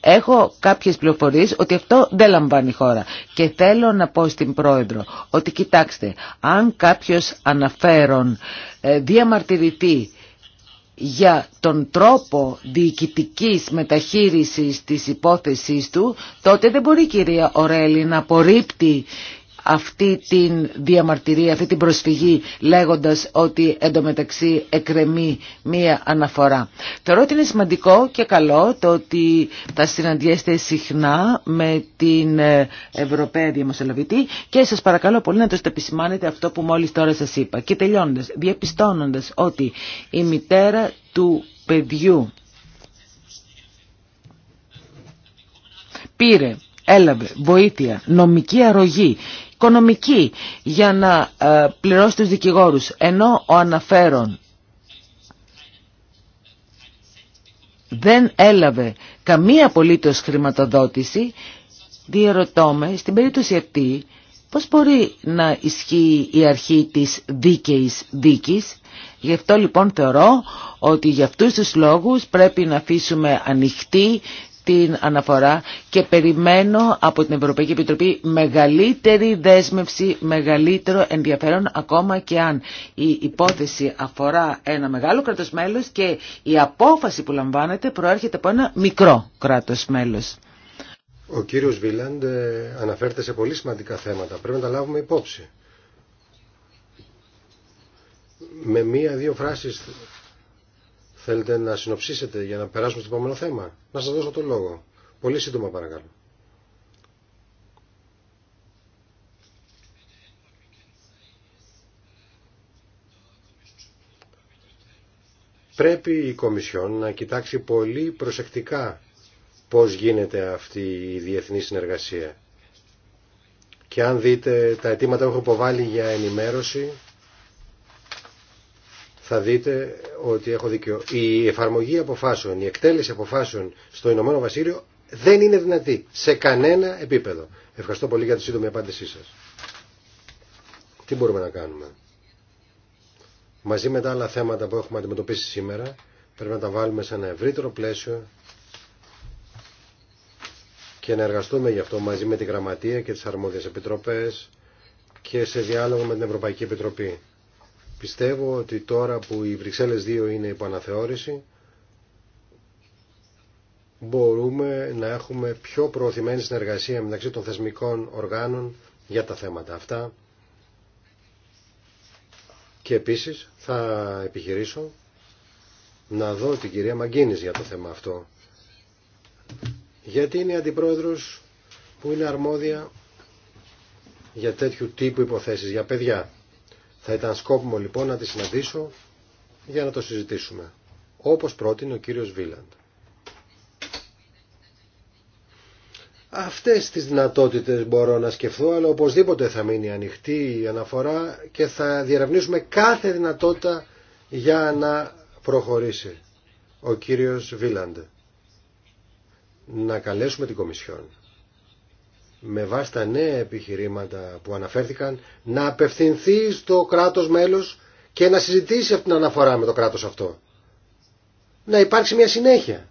έχω κάποιες πληροφορίες ότι αυτό δεν λαμβάνει χώρα. Και θέλω να πω στην Πρόεδρο ότι κοιτάξτε, αν κάποιος αναφέρον ε, διαμαρτυρηθεί για τον τρόπο διοικητική μεταχείρισης της υπόθεσής του, τότε δεν μπορεί η κυρία Ορέλη να απορρίπτει αυτή την διαμαρτυρία, αυτή την προσφυγή λέγοντας ότι εντωμεταξύ εκρεμεί μία αναφορά. Θεωρώ ότι είναι σημαντικό και καλό το ότι θα συναντιέστε συχνά με την ε, Ευρωπαία Διαμοσολαβητή και σας παρακαλώ πολύ να το επισημάνετε αυτό που μόλις τώρα σας είπα. Και τελειώνοντας, διαπιστώνοντας ότι η μητέρα του παιδιού πήρε έλαβε βοήθεια, νομική αρρωγή οικονομική για να ε, πληρώσει τους δικηγόρους. Ενώ ο αναφέρον δεν έλαβε καμία απολύτως χρηματοδότηση, διερωτώμε στην περίπτωση αυτή πώς μπορεί να ισχύει η αρχή της δίκαιης δίκης. Γι' αυτό λοιπόν θεωρώ ότι για αυτούς τους λόγους πρέπει να αφήσουμε ανοιχτή την αναφορά και περιμένω από την Ευρωπαϊκή Επιτροπή μεγαλύτερη δέσμευση, μεγαλύτερο ενδιαφέρον ακόμα και αν η υπόθεση αφορά ένα μεγάλο κράτος μέλος και η απόφαση που λαμβάνεται προέρχεται από ένα μικρό κράτος μέλος. Ο κύριος Βίλαντ ε, αναφέρεται σε πολύ σημαντικά θέματα. Πρέπει να τα λάβουμε υπόψη. Με μία-δύο φράσεις Θέλετε να συνοψίσετε για να περάσουμε στο επόμενο θέμα. Να σας δώσω το λόγο. Πολύ σύντομα παρακαλώ. Πρέπει η Κομισιόν να κοιτάξει πολύ προσεκτικά πώς γίνεται αυτή η διεθνή συνεργασία. Και αν δείτε τα αιτήματα που έχω υποβάλει για ενημέρωση, θα δείτε ότι έχω δίκιο. Η εφαρμογή αποφάσεων, η εκτέλεση αποφάσεων στο Ηνωμένο Βασίλειο δεν είναι δυνατή σε κανένα επίπεδο. Ευχαριστώ πολύ για τη σύντομη απάντησή σας. Τι μπορούμε να κάνουμε. Μαζί με τα άλλα θέματα που έχουμε αντιμετωπίσει σήμερα πρέπει να τα βάλουμε σε ένα ευρύτερο πλαίσιο και να εργαστούμε γι' αυτό μαζί με τη Γραμματεία και τις αρμόδιες επιτροπές και σε διάλογο με την Ευρωπαϊκή Επιτροπή. Πιστεύω ότι τώρα που οι Βρυξέλλες 2 είναι υπό αναθεώρηση, μπορούμε να έχουμε πιο προωθημένη συνεργασία μεταξύ των θεσμικών οργάνων για τα θέματα αυτά. Και επίσης θα επιχειρήσω να δω την κυρία Μαγκίνης για το θέμα αυτό. Γιατί είναι η αντιπρόεδρος που είναι αρμόδια για τέτοιου τύπου υποθέσεις, για παιδιά. Θα ήταν σκόπιμο λοιπόν να τη συναντήσω για να το συζητήσουμε, όπως πρότεινε ο κύριος Βίλαντ. Αυτές τις δυνατότητες μπορώ να σκεφτώ, αλλά οπωσδήποτε θα μείνει ανοιχτή η αναφορά και θα διαρευνήσουμε κάθε δυνατότητα για να προχωρήσει ο κύριος Βίλαντ. Να καλέσουμε την Κομισιόν με βάση τα νέα επιχειρήματα που αναφέρθηκαν να απευθυνθεί στο κράτος μέλος και να συζητήσει αυτήν την αναφορά με το κράτος αυτό. Να υπάρξει μια συνέχεια.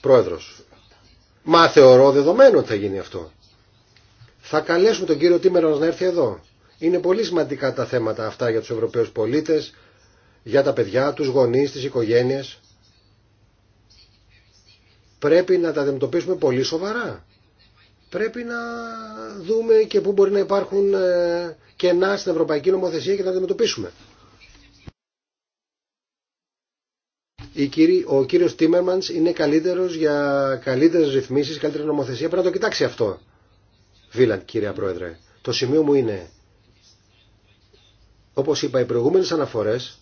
Πρόεδρος, μα θεωρώ δεδομένο ότι θα γίνει αυτό. Θα καλέσουμε τον κύριο Τίμερο να έρθει εδώ. Είναι πολύ σημαντικά τα θέματα αυτά για τους Ευρωπαίους πολίτες, για τα παιδιά, τους γονείς, τις οικογένειες πρέπει να τα αντιμετωπίσουμε πολύ σοβαρά. Πρέπει να δούμε και πού μπορεί να υπάρχουν ε, κενά στην ευρωπαϊκή νομοθεσία και να τα αντιμετωπίσουμε. Ο κύριος Τίμερμανς είναι καλύτερος για καλύτερες ρυθμίσεις, καλύτερη νομοθεσία. Πρέπει να το κοιτάξει αυτό, Βίλαντ, κύριε Πρόεδρε. Το σημείο μου είναι, όπως είπα, οι προηγούμενες αναφορές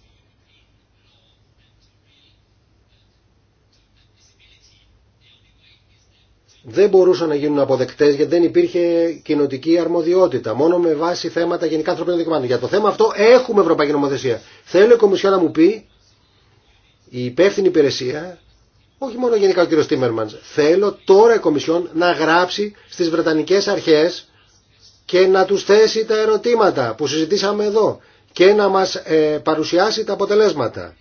δεν μπορούσαν να γίνουν αποδεκτέ γιατί δεν υπήρχε κοινοτική αρμοδιότητα. Μόνο με βάση θέματα γενικά ανθρωπίνων δικαιωμάτων. Για το θέμα αυτό έχουμε Ευρωπαϊκή Νομοθεσία. Θέλω η Κομισιόν να μου πει η υπεύθυνη υπηρεσία, όχι μόνο γενικά ο κ. Τίμερμαντ, θέλω τώρα η Κομισιόν να γράψει στι Βρετανικέ αρχέ και να του θέσει τα ερωτήματα που συζητήσαμε εδώ και να μα ε, παρουσιάσει τα αποτελέσματα.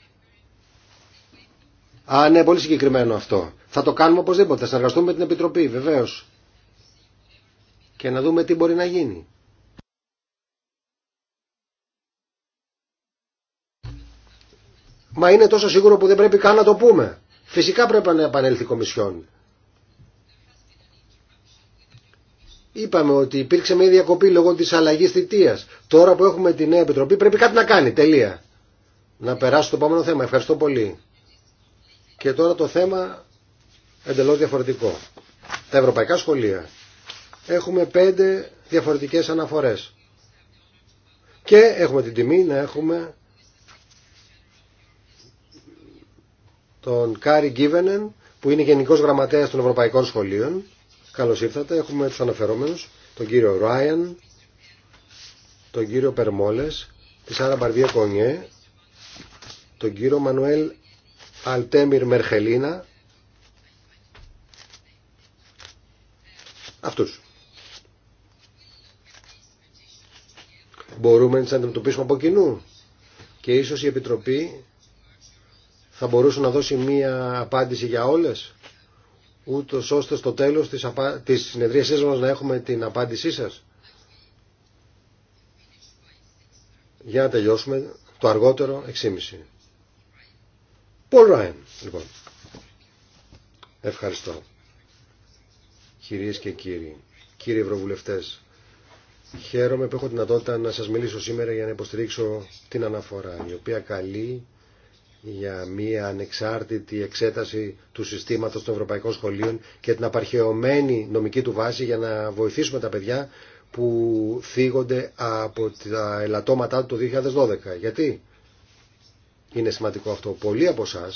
Α, ναι, πολύ συγκεκριμένο αυτό. Θα το κάνουμε οπωσδήποτε. Θα συνεργαστούμε με την Επιτροπή, βεβαίω. Και να δούμε τι μπορεί να γίνει. Μα είναι τόσο σίγουρο που δεν πρέπει καν να το πούμε. Φυσικά πρέπει να επανέλθει η Κομισιόν. Είπαμε ότι υπήρξε μια διακοπή λόγω της αλλαγής θητείας. Τώρα που έχουμε τη νέα επιτροπή πρέπει κάτι να κάνει. Τελεία. Να περάσω στο επόμενο θέμα. Ευχαριστώ πολύ. Και τώρα το θέμα εντελώς διαφορετικό. Τα ευρωπαϊκά σχολεία έχουμε πέντε διαφορετικές αναφορές. Και έχουμε την τιμή να έχουμε τον Κάρι Γκίβενεν που είναι Γενικός Γραμματέας των Ευρωπαϊκών Σχολείων. Καλώς ήρθατε. Έχουμε τους αναφερόμενους, τον κύριο Ράιαν, τον κύριο Περμόλες, τη Σάρα Μπαρδία Κονιέ, τον κύριο Μανουέλ Αλτέμιρ Μερχελίνα, Αυτούς. Μπορούμε να τι αντιμετωπίσουμε από κοινού. Και ίσως η Επιτροπή θα μπορούσε να δώσει μία απάντηση για όλες, ούτω ώστε στο τέλος της, απα... της μας να έχουμε την απάντησή σας. Για να τελειώσουμε το αργότερο 6.30. Πολ Ράιν, λοιπόν. Ευχαριστώ κυρίες και κύριοι, κύριοι ευρωβουλευτές, χαίρομαι που έχω την δυνατότητα να σας μιλήσω σήμερα για να υποστηρίξω την αναφορά, η οποία καλεί για μια ανεξάρτητη εξέταση του συστήματος των Ευρωπαϊκών Σχολείων και την απαρχαιωμένη νομική του βάση για να βοηθήσουμε τα παιδιά που θίγονται από τα ελαττώματά του το 2012. Γιατί είναι σημαντικό αυτό. Πολλοί από εσά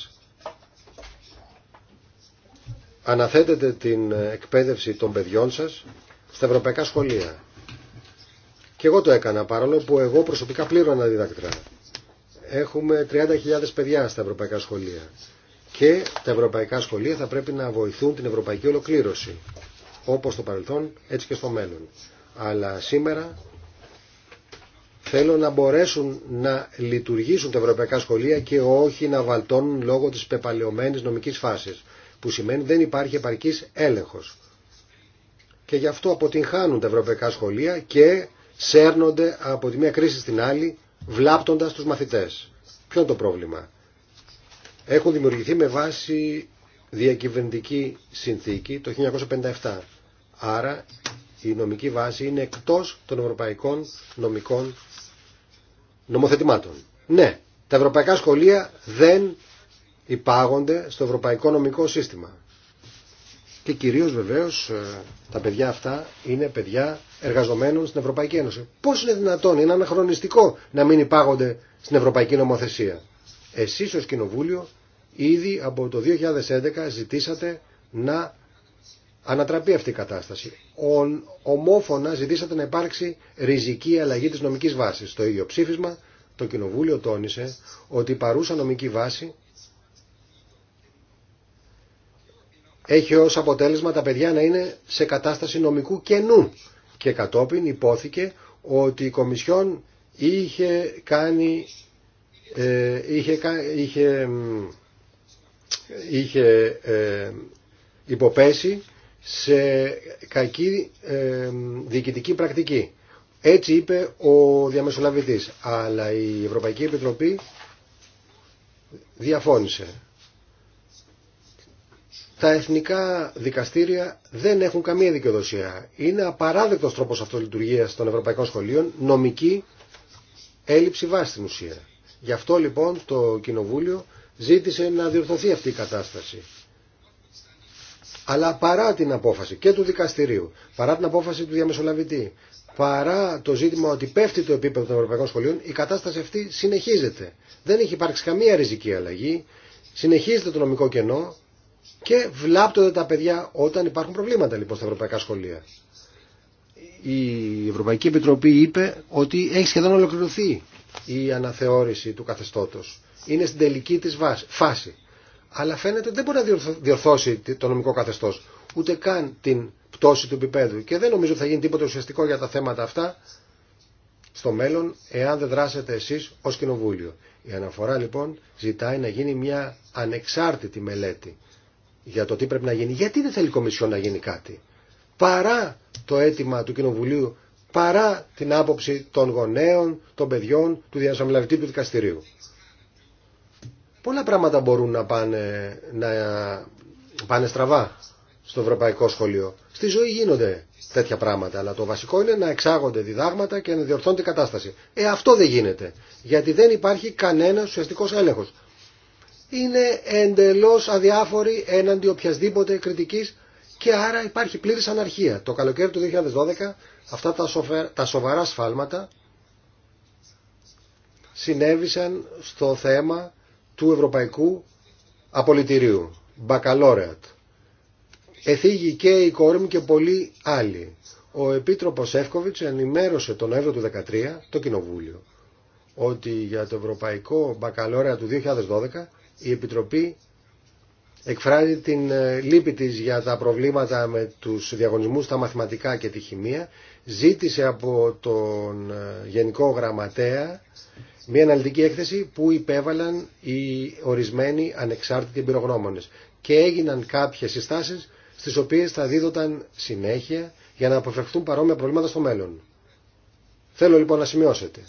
αναθέτετε την εκπαίδευση των παιδιών σας στα ευρωπαϊκά σχολεία. Και εγώ το έκανα παρόλο που εγώ προσωπικά πλήρωνα διδακτρά. Έχουμε 30.000 παιδιά στα ευρωπαϊκά σχολεία. Και τα ευρωπαϊκά σχολεία θα πρέπει να βοηθούν την ευρωπαϊκή ολοκλήρωση. Όπως στο παρελθόν, έτσι και στο μέλλον. Αλλά σήμερα θέλω να μπορέσουν να λειτουργήσουν τα ευρωπαϊκά σχολεία και όχι να βαλτώνουν λόγω της πεπαλαιωμένης νομικής φάσης που σημαίνει δεν υπάρχει επαρκής έλεγχος. Και γι' αυτό αποτυγχάνουν τα ευρωπαϊκά σχολεία και σέρνονται από τη μία κρίση στην άλλη, βλάπτοντας τους μαθητές. Ποιο είναι το πρόβλημα. Έχουν δημιουργηθεί με βάση διακυβερνητική συνθήκη το 1957. Άρα η νομική βάση είναι εκτός των ευρωπαϊκών νομικών νομοθετημάτων. Ναι, τα ευρωπαϊκά σχολεία δεν υπάγονται στο ευρωπαϊκό νομικό σύστημα. Και κυρίως βεβαίως ε, τα παιδιά αυτά είναι παιδιά εργαζομένων στην Ευρωπαϊκή Ένωση. Πώς είναι δυνατόν, είναι αναχρονιστικό να μην υπάγονται στην Ευρωπαϊκή Νομοθεσία. Εσείς ως Κοινοβούλιο ήδη από το 2011 ζητήσατε να ανατραπεί αυτή η κατάσταση. ομόφωνα ζητήσατε να υπάρξει ριζική αλλαγή της νομικής βάσης. Στο ίδιο ψήφισμα το Κοινοβούλιο τόνισε ότι η παρούσα νομική βάση έχει ως αποτέλεσμα τα παιδιά να είναι σε κατάσταση νομικού κενού. Και κατόπιν υπόθηκε ότι η Κομισιόν είχε κάνει ε, είχε, είχε, είχε ε, υποπέσει σε κακή ε, διοικητική πρακτική. Έτσι είπε ο διαμεσολαβητής. Αλλά η Ευρωπαϊκή Επιτροπή διαφώνησε τα εθνικά δικαστήρια δεν έχουν καμία δικαιοδοσία. Είναι απαράδεκτος τρόπος αυτολειτουργίας των ευρωπαϊκών σχολείων, νομική έλλειψη βάση στην ουσία. Γι' αυτό λοιπόν το Κοινοβούλιο ζήτησε να διορθωθεί αυτή η κατάσταση. Αλλά παρά την απόφαση και του δικαστηρίου, παρά την απόφαση του διαμεσολαβητή, παρά το ζήτημα ότι πέφτει το επίπεδο των ευρωπαϊκών σχολείων, η κατάσταση αυτή συνεχίζεται. Δεν έχει υπάρξει καμία ριζική αλλαγή, συνεχίζεται το νομικό κενό και βλάπτονται τα παιδιά όταν υπάρχουν προβλήματα λοιπόν στα ευρωπαϊκά σχολεία. Η Ευρωπαϊκή Επιτροπή είπε ότι έχει σχεδόν ολοκληρωθεί η αναθεώρηση του καθεστώτος. Είναι στην τελική της φάση. Αλλά φαίνεται δεν μπορεί να διορθώσει το νομικό καθεστώς, ούτε καν την πτώση του επίπεδου. Και δεν νομίζω ότι θα γίνει τίποτα ουσιαστικό για τα θέματα αυτά στο μέλλον, εάν δεν δράσετε εσείς ως Κοινοβούλιο. Η αναφορά λοιπόν ζητάει να γίνει μια ανεξάρτητη μελέτη για το τι πρέπει να γίνει. Γιατί δεν θέλει η Κομισιόν να γίνει κάτι. Παρά το αίτημα του Κοινοβουλίου, παρά την άποψη των γονέων, των παιδιών, του διασαμιλαβητή του δικαστηρίου. Πολλά πράγματα μπορούν να πάνε, να πάνε στραβά στο ευρωπαϊκό σχολείο. Στη ζωή γίνονται τέτοια πράγματα, αλλά το βασικό είναι να εξάγονται διδάγματα και να διορθώνεται η κατάσταση. Ε, αυτό δεν γίνεται, γιατί δεν υπάρχει κανένας ουσιαστικός έλεγχος είναι εντελώς αδιάφοροι έναντι οποιασδήποτε κριτικής και άρα υπάρχει πλήρης αναρχία. Το καλοκαίρι του 2012 αυτά τα σοβαρά σφάλματα συνέβησαν στο θέμα του Ευρωπαϊκού Απολυτηρίου, Baccalaureate. Εθίγει και η κόρη μου και πολλοί άλλοι. Ο Επίτροπος Εύκοβιτς ενημέρωσε τον Νοέμβριο του 2013 το Κοινοβούλιο ότι για το Ευρωπαϊκό Μπακαλόρεατ του 2012 η Επιτροπή εκφράζει την ε, λύπη της για τα προβλήματα με τους διαγωνισμούς στα μαθηματικά και τη χημεία. Ζήτησε από τον ε, Γενικό Γραμματέα μια αναλυτική έκθεση που υπέβαλαν οι ορισμένοι ανεξάρτητοι εμπειρογνώμονες και έγιναν κάποιες συστάσεις στις οποίες θα δίδονταν συνέχεια για να αποφευχθούν παρόμοια προβλήματα στο μέλλον. Θέλω λοιπόν να σημειώσετε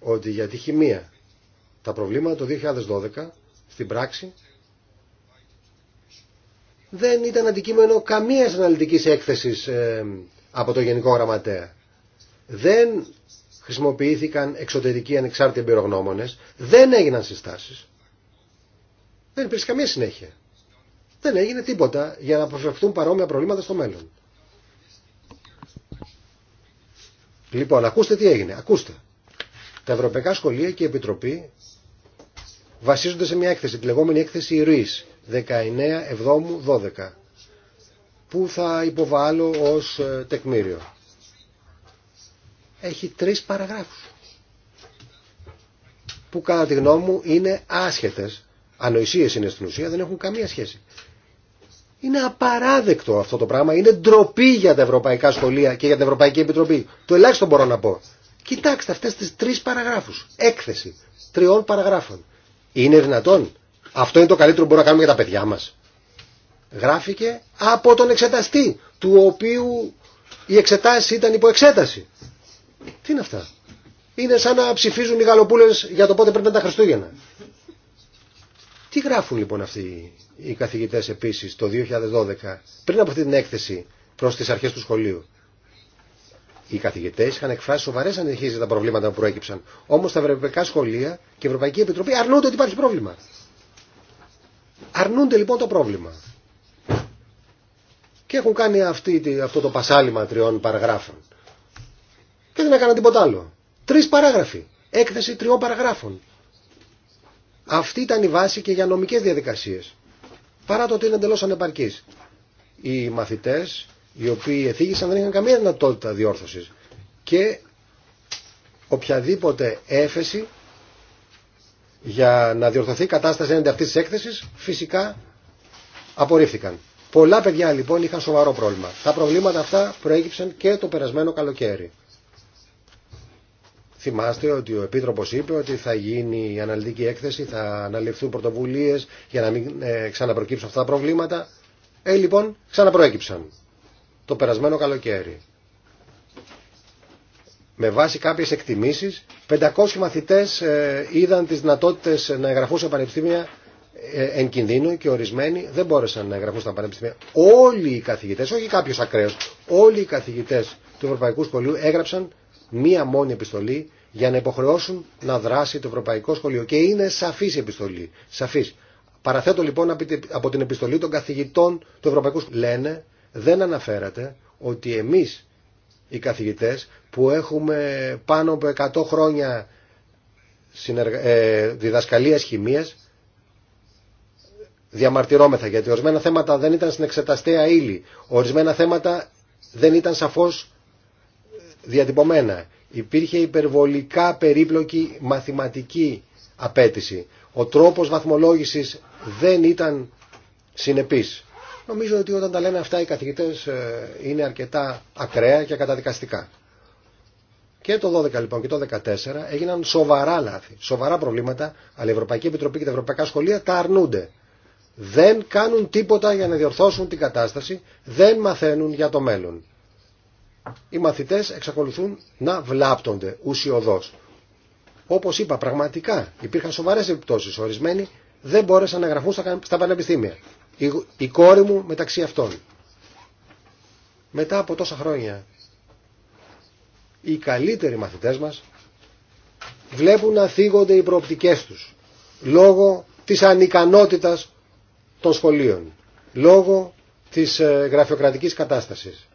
ότι για τη χημεία τα προβλήματα το 2012 στην πράξη δεν ήταν αντικείμενο καμίας αναλυτικής έκθεσης ε, από το Γενικό Γραμματέα. Δεν χρησιμοποιήθηκαν εξωτερικοί ανεξάρτητοι εμπειρογνώμονες, δεν έγιναν συστάσεις. Δεν υπήρξε καμία συνέχεια. Δεν έγινε τίποτα για να αποφευχθούν παρόμοια προβλήματα στο μέλλον. Λοιπόν, ακούστε τι έγινε. Ακούστε. Τα Ευρωπαϊκά Σχολεία και η Επιτροπή βασίζονται σε μια έκθεση, τη λεγόμενη έκθεση ΡΙΣ 19 12 που θα υποβάλω ως ε, τεκμήριο. Έχει τρεις παραγράφους που κατά τη γνώμη μου είναι άσχετες, ανοησίες είναι στην ουσία, δεν έχουν καμία σχέση. Είναι απαράδεκτο αυτό το πράγμα, είναι ντροπή για τα ευρωπαϊκά σχολεία και για την Ευρωπαϊκή Επιτροπή. Το ελάχιστο μπορώ να πω. Κοιτάξτε αυτές τις τρεις παραγράφους, έκθεση τριών παραγράφων. Είναι δυνατόν. Αυτό είναι το καλύτερο που μπορούμε να κάνουμε για τα παιδιά μας. Γράφηκε από τον εξεταστή, του οποίου η εξετάση ήταν υπό εξέταση. Τι είναι αυτά. Είναι σαν να ψηφίζουν οι γαλοπούλες για το πότε πρέπει να τα Χριστούγεννα. Τι γράφουν λοιπόν αυτοί οι καθηγητές επίσης το 2012 πριν από αυτή την έκθεση προς τις αρχές του σχολείου. Οι καθηγητέ είχαν εκφράσει σοβαρέ ανησυχίε για τα προβλήματα που προέκυψαν. Όμω τα ευρωπαϊκά σχολεία και η Ευρωπαϊκή Επιτροπή αρνούνται ότι υπάρχει πρόβλημα. Αρνούνται λοιπόν το πρόβλημα. Και έχουν κάνει αυτή, αυτό το πασάλιμα τριών παραγράφων. Και δεν έκαναν τίποτα άλλο. Τρει παράγραφοι. Έκθεση τριών παραγράφων. Αυτή ήταν η βάση και για νομικέ διαδικασίε. Παρά το ότι είναι εντελώ ανεπαρκή. Οι μαθητέ οι οποίοι εθίγησαν δεν είχαν καμία δυνατότητα διόρθωσης και οποιαδήποτε έφεση για να διορθωθεί η κατάσταση έναντι αυτής της έκθεσης φυσικά απορρίφθηκαν. Πολλά παιδιά λοιπόν είχαν σοβαρό πρόβλημα. Τα προβλήματα αυτά προέκυψαν και το περασμένο καλοκαίρι. Θυμάστε ότι ο Επίτροπος είπε ότι θα γίνει η αναλυτική έκθεση, θα αναλυφθούν πρωτοβουλίες για να μην ε, ξαναπροκύψουν αυτά τα προβλήματα. Ε, λοιπόν, ξαναπροέκυψαν το περασμένο καλοκαίρι. Με βάση κάποιες εκτιμήσεις, 500 μαθητές ε, είδαν τις δυνατότητες να εγγραφούν σε πανεπιστήμια ε, εν κινδύνου και ορισμένοι δεν μπόρεσαν να εγγραφούν στα πανεπιστήμια. Όλοι οι καθηγητές, όχι κάποιος ακραίος, όλοι οι καθηγητές του Ευρωπαϊκού Σχολείου έγραψαν μία μόνη επιστολή για να υποχρεώσουν να δράσει το Ευρωπαϊκό Σχολείο. Και είναι σαφής η επιστολή. Σαφής. Παραθέτω λοιπόν από την επιστολή των καθηγητών του Ευρωπαϊκού Σχολείου. Λένε δεν αναφέρατε ότι εμείς οι καθηγητές που έχουμε πάνω από 100 χρόνια ε, διδασκαλίας χημίας διαμαρτυρόμεθα γιατί ορισμένα θέματα δεν ήταν στην εξεταστέα ύλη ορισμένα θέματα δεν ήταν σαφώς διατυπωμένα υπήρχε υπερβολικά περίπλοκη μαθηματική απέτηση ο τρόπος βαθμολόγησης δεν ήταν συνεπής Νομίζω ότι όταν τα λένε αυτά οι καθηγητές ε, είναι αρκετά ακραία και καταδικαστικά. Και το 12 λοιπόν και το 14 έγιναν σοβαρά λάθη, σοβαρά προβλήματα, αλλά η Ευρωπαϊκή Επιτροπή και τα Ευρωπαϊκά Σχολεία τα αρνούνται. Δεν κάνουν τίποτα για να διορθώσουν την κατάσταση, δεν μαθαίνουν για το μέλλον. Οι μαθητές εξακολουθούν να βλάπτονται ουσιοδός. Όπως είπα, πραγματικά υπήρχαν σοβαρές επιπτώσεις. Ορισμένοι δεν μπόρεσαν να γραφούν στα πανεπιστήμια η κόρη μου μεταξύ αυτών. Μετά από τόσα χρόνια οι καλύτεροι μαθητές μας βλέπουν να θίγονται οι προοπτικές τους λόγω της ανικανότητας των σχολείων, λόγω της ε, γραφειοκρατικής κατάστασης.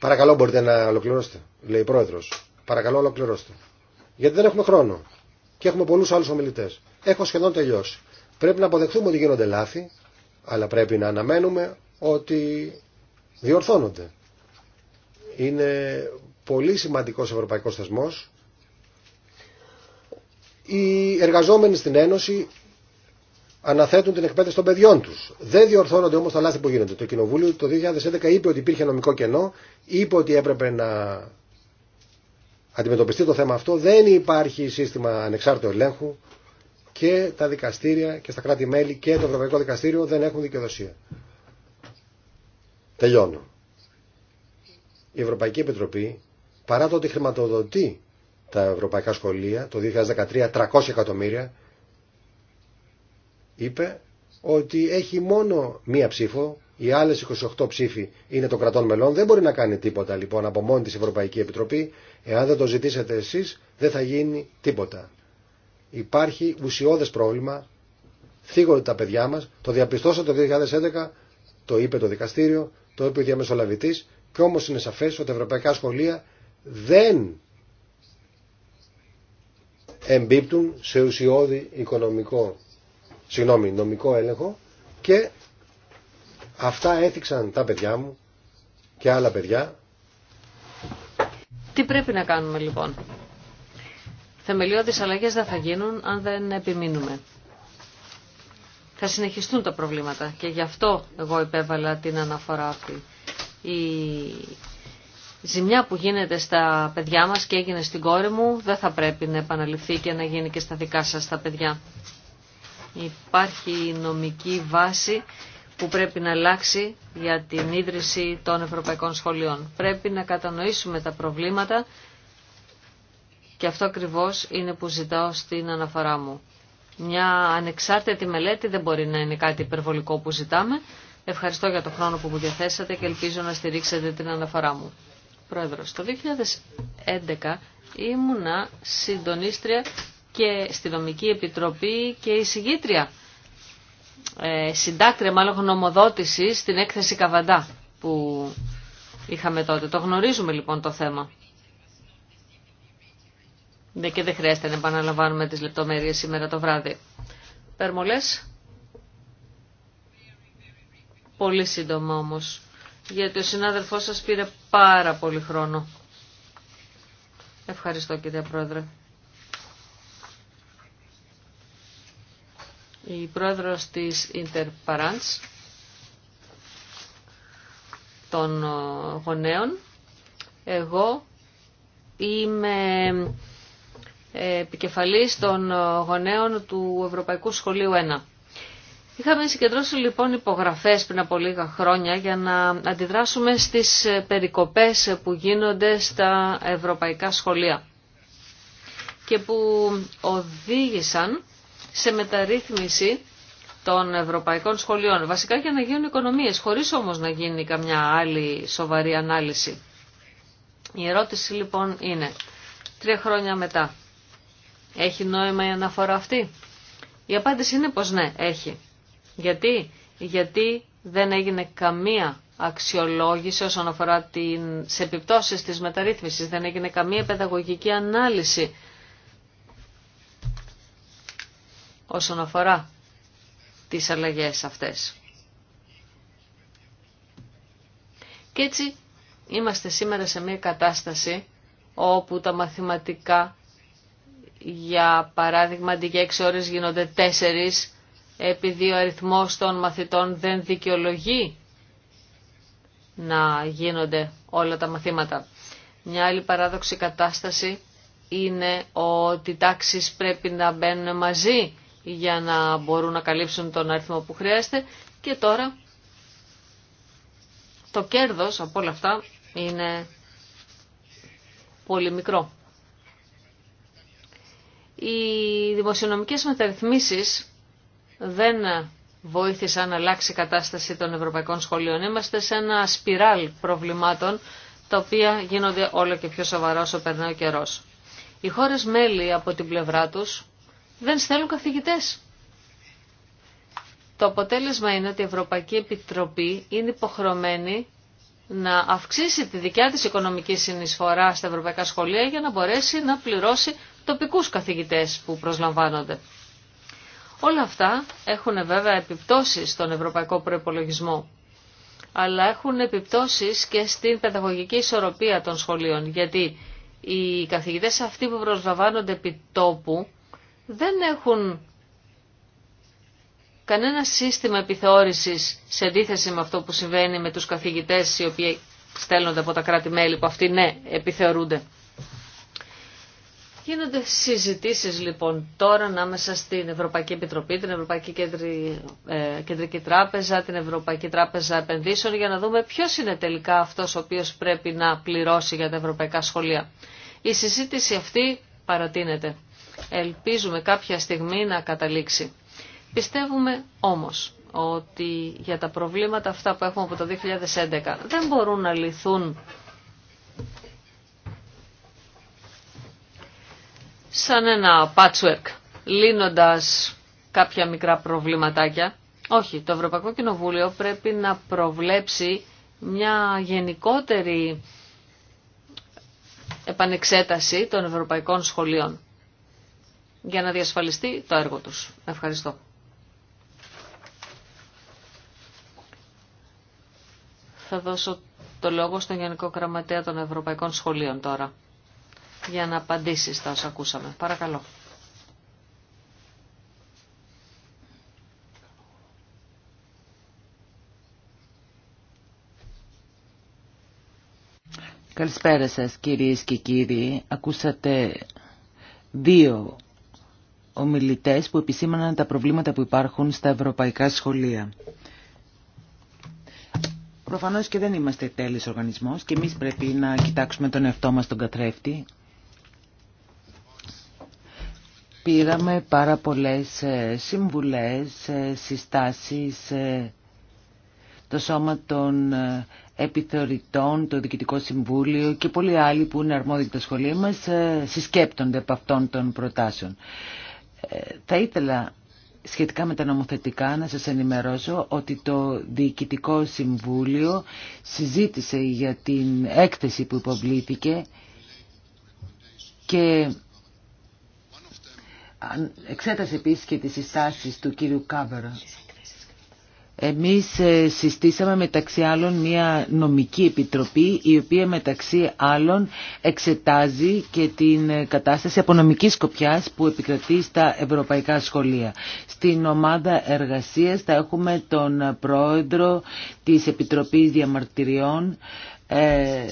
Παρακαλώ μπορείτε να ολοκληρώσετε, λέει η πρόεδρος. Παρακαλώ ολοκληρώστε. Γιατί δεν έχουμε χρόνο και έχουμε πολλούς άλλους ομιλητές. Έχω σχεδόν τελειώσει. Πρέπει να αποδεχθούμε ότι γίνονται λάθη, αλλά πρέπει να αναμένουμε ότι διορθώνονται. Είναι πολύ σημαντικός ευρωπαϊκός θεσμός. Οι εργαζόμενοι στην Ένωση αναθέτουν την εκπαίδευση των παιδιών του. Δεν διορθώνονται όμω τα λάθη που γίνονται. Το Κοινοβούλιο το 2011 είπε ότι υπήρχε νομικό κενό, είπε ότι έπρεπε να αντιμετωπιστεί το θέμα αυτό. Δεν υπάρχει σύστημα ανεξάρτητου ελέγχου και τα δικαστήρια και στα κράτη-μέλη και το Ευρωπαϊκό Δικαστήριο δεν έχουν δικαιοδοσία. Τελειώνω. Η Ευρωπαϊκή Επιτροπή, παρά το ότι χρηματοδοτεί τα ευρωπαϊκά σχολεία το 2013 300 εκατομμύρια, είπε ότι έχει μόνο μία ψήφο, οι άλλε 28 ψήφοι είναι των κρατών μελών. Δεν μπορεί να κάνει τίποτα λοιπόν από μόνη τη Ευρωπαϊκή Επιτροπή. Εάν δεν το ζητήσετε εσεί, δεν θα γίνει τίποτα υπάρχει ουσιώδες πρόβλημα, θίγονται τα παιδιά μας, το διαπιστώσα το 2011, το είπε το δικαστήριο, το είπε ο διαμεσολαβητής και όμως είναι σαφές ότι τα ευρωπαϊκά σχολεία δεν εμπίπτουν σε ουσιώδη οικονομικό, συγγνώμη, νομικό έλεγχο και αυτά έθιξαν τα παιδιά μου και άλλα παιδιά. Τι πρέπει να κάνουμε λοιπόν. Θεμελιώδεις αλλαγές δεν θα γίνουν αν δεν επιμείνουμε. Θα συνεχιστούν τα προβλήματα και γι' αυτό εγώ υπέβαλα την αναφορά αυτή. Η ζημιά που γίνεται στα παιδιά μας και έγινε στην κόρη μου δεν θα πρέπει να επαναληφθεί και να γίνει και στα δικά σας τα παιδιά. Υπάρχει νομική βάση που πρέπει να αλλάξει για την ίδρυση των ευρωπαϊκών σχολείων. Πρέπει να κατανοήσουμε τα προβλήματα και αυτό ακριβώς είναι που ζητάω στην αναφορά μου. Μια ανεξάρτητη μελέτη δεν μπορεί να είναι κάτι υπερβολικό που ζητάμε. Ευχαριστώ για τον χρόνο που μου διαθέσατε και ελπίζω να στηρίξετε την αναφορά μου. Πρόεδρος, το 2011 ήμουνα συντονίστρια και στη Νομική Επιτροπή και εισηγήτρια. Ε, συντάκτρια μάλλον γνωμοδότηση στην έκθεση Καβαντά που είχαμε τότε. Το γνωρίζουμε λοιπόν το θέμα. Ναι και δεν χρειάζεται να επαναλαμβάνουμε τις λεπτομέρειες σήμερα το βράδυ. Περμολές. Πολύ σύντομα όμως. Γιατί ο συνάδελφός σας πήρε πάρα πολύ χρόνο. Ευχαριστώ κύριε Πρόεδρε. Η πρόεδρος της Interparants των γονέων. Εγώ είμαι επικεφαλής των ε, γονέων του Ευρωπαϊκού Σχολείου 1. Είχαμε συγκεντρώσει λοιπόν υπογραφές πριν από λίγα χρόνια για να αντιδράσουμε στις ε, περικοπές που γίνονται στα ευρωπαϊκά σχολεία και που οδήγησαν σε μεταρρύθμιση των ευρωπαϊκών σχολείων, βασικά για να γίνουν οικονομίες, χωρίς όμως να γίνει καμιά άλλη σοβαρή ανάλυση. Η ερώτηση λοιπόν είναι, τρία χρόνια μετά, έχει νόημα η αναφορά αυτή. Η απάντηση είναι πως ναι, έχει. Γιατί, γιατί δεν έγινε καμία αξιολόγηση όσον αφορά την, σε επιπτώσεις της μεταρρύθμισης, δεν έγινε καμία παιδαγωγική ανάλυση όσον αφορά τις αλλαγές αυτές. Και έτσι είμαστε σήμερα σε μια κατάσταση όπου τα μαθηματικά για παράδειγμα αντί για 6 ώρες γίνονται 4 επειδή ο αριθμός των μαθητών δεν δικαιολογεί να γίνονται όλα τα μαθήματα. Μια άλλη παράδοξη κατάσταση είναι ότι οι τάξεις πρέπει να μπαίνουν μαζί για να μπορούν να καλύψουν τον αριθμό που χρειάζεται και τώρα το κέρδος από όλα αυτά είναι πολύ μικρό. Οι δημοσιονομικές μεταρρυθμίσεις δεν βοήθησαν να αλλάξει η κατάσταση των ευρωπαϊκών σχολείων. Είμαστε σε ένα σπιράλ προβλημάτων, τα οποία γίνονται όλο και πιο σοβαρά όσο περνάει ο καιρός. Οι χώρες μέλη από την πλευρά τους δεν στέλνουν καθηγητές. Το αποτέλεσμα είναι ότι η Ευρωπαϊκή Επιτροπή είναι υποχρεωμένη να αυξήσει τη δικιά της οικονομική συνεισφορά στα ευρωπαϊκά σχολεία για να μπορέσει να πληρώσει τοπικούς καθηγητές που προσλαμβάνονται. Όλα αυτά έχουν βέβαια επιπτώσεις στον ευρωπαϊκό προϋπολογισμό, αλλά έχουν επιπτώσεις και στην παιδαγωγική ισορροπία των σχολείων, γιατί οι καθηγητές αυτοί που προσλαμβάνονται επί τόπου δεν έχουν κανένα σύστημα επιθεώρησης σε αντίθεση με αυτό που συμβαίνει με τους καθηγητές οι οποίοι στέλνονται από τα κράτη-μέλη που αυτοί ναι επιθεωρούνται. Γίνονται συζητήσεις λοιπόν τώρα ανάμεσα στην Ευρωπαϊκή Επιτροπή, την Ευρωπαϊκή ε, Κεντρική Τράπεζα, την Ευρωπαϊκή Τράπεζα Επενδύσεων για να δούμε ποιος είναι τελικά αυτός ο οποίος πρέπει να πληρώσει για τα ευρωπαϊκά σχολεία. Η συζήτηση αυτή παρατείνεται. Ελπίζουμε κάποια στιγμή να καταλήξει. Πιστεύουμε όμως ότι για τα προβλήματα αυτά που έχουμε από το 2011 δεν μπορούν να λυθούν σαν ένα patchwork, λύνοντας κάποια μικρά προβληματάκια. Όχι, το Ευρωπαϊκό Κοινοβούλιο πρέπει να προβλέψει μια γενικότερη επανεξέταση των ευρωπαϊκών σχολείων για να διασφαλιστεί το έργο τους. Ευχαριστώ. Θα δώσω το λόγο στον Γενικό Κραματέα των Ευρωπαϊκών Σχολείων τώρα για να απαντήσει στα όσα ακούσαμε. Παρακαλώ. Καλησπέρα σας κυρίες και κύριοι. Ακούσατε δύο ομιλητές που επισήμαναν τα προβλήματα που υπάρχουν στα ευρωπαϊκά σχολεία. Προφανώς και δεν είμαστε τέλειος οργανισμός και εμείς πρέπει να κοιτάξουμε τον εαυτό μας τον καθρέφτη, Πήραμε πάρα πολλές ε, συμβουλές, ε, συστάσεις, ε, το Σώμα των Επιθεωρητών, το Διοικητικό Συμβούλιο και πολλοί άλλοι που είναι αρμόδιοι τα σχολεία μας συσκέπτονται από αυτών των προτάσεων. Θα ήθελα σχετικά με τα νομοθετικά να σας ενημερώσω ότι το Διοικητικό Συμβούλιο συζήτησε για την έκθεση που υποβλήθηκε και εξέτασε επίσης και τις συστάσεις του κύριου Κάβερα. Εμείς ε, συστήσαμε μεταξύ άλλων μια νομική επιτροπή η οποία μεταξύ άλλων εξετάζει και την ε, κατάσταση απονομικής κοπιάς που επικρατεί στα ευρωπαϊκά σχολεία. Στην ομάδα εργασίας θα έχουμε τον πρόεδρο της Επιτροπής Διαμαρτυριών ε,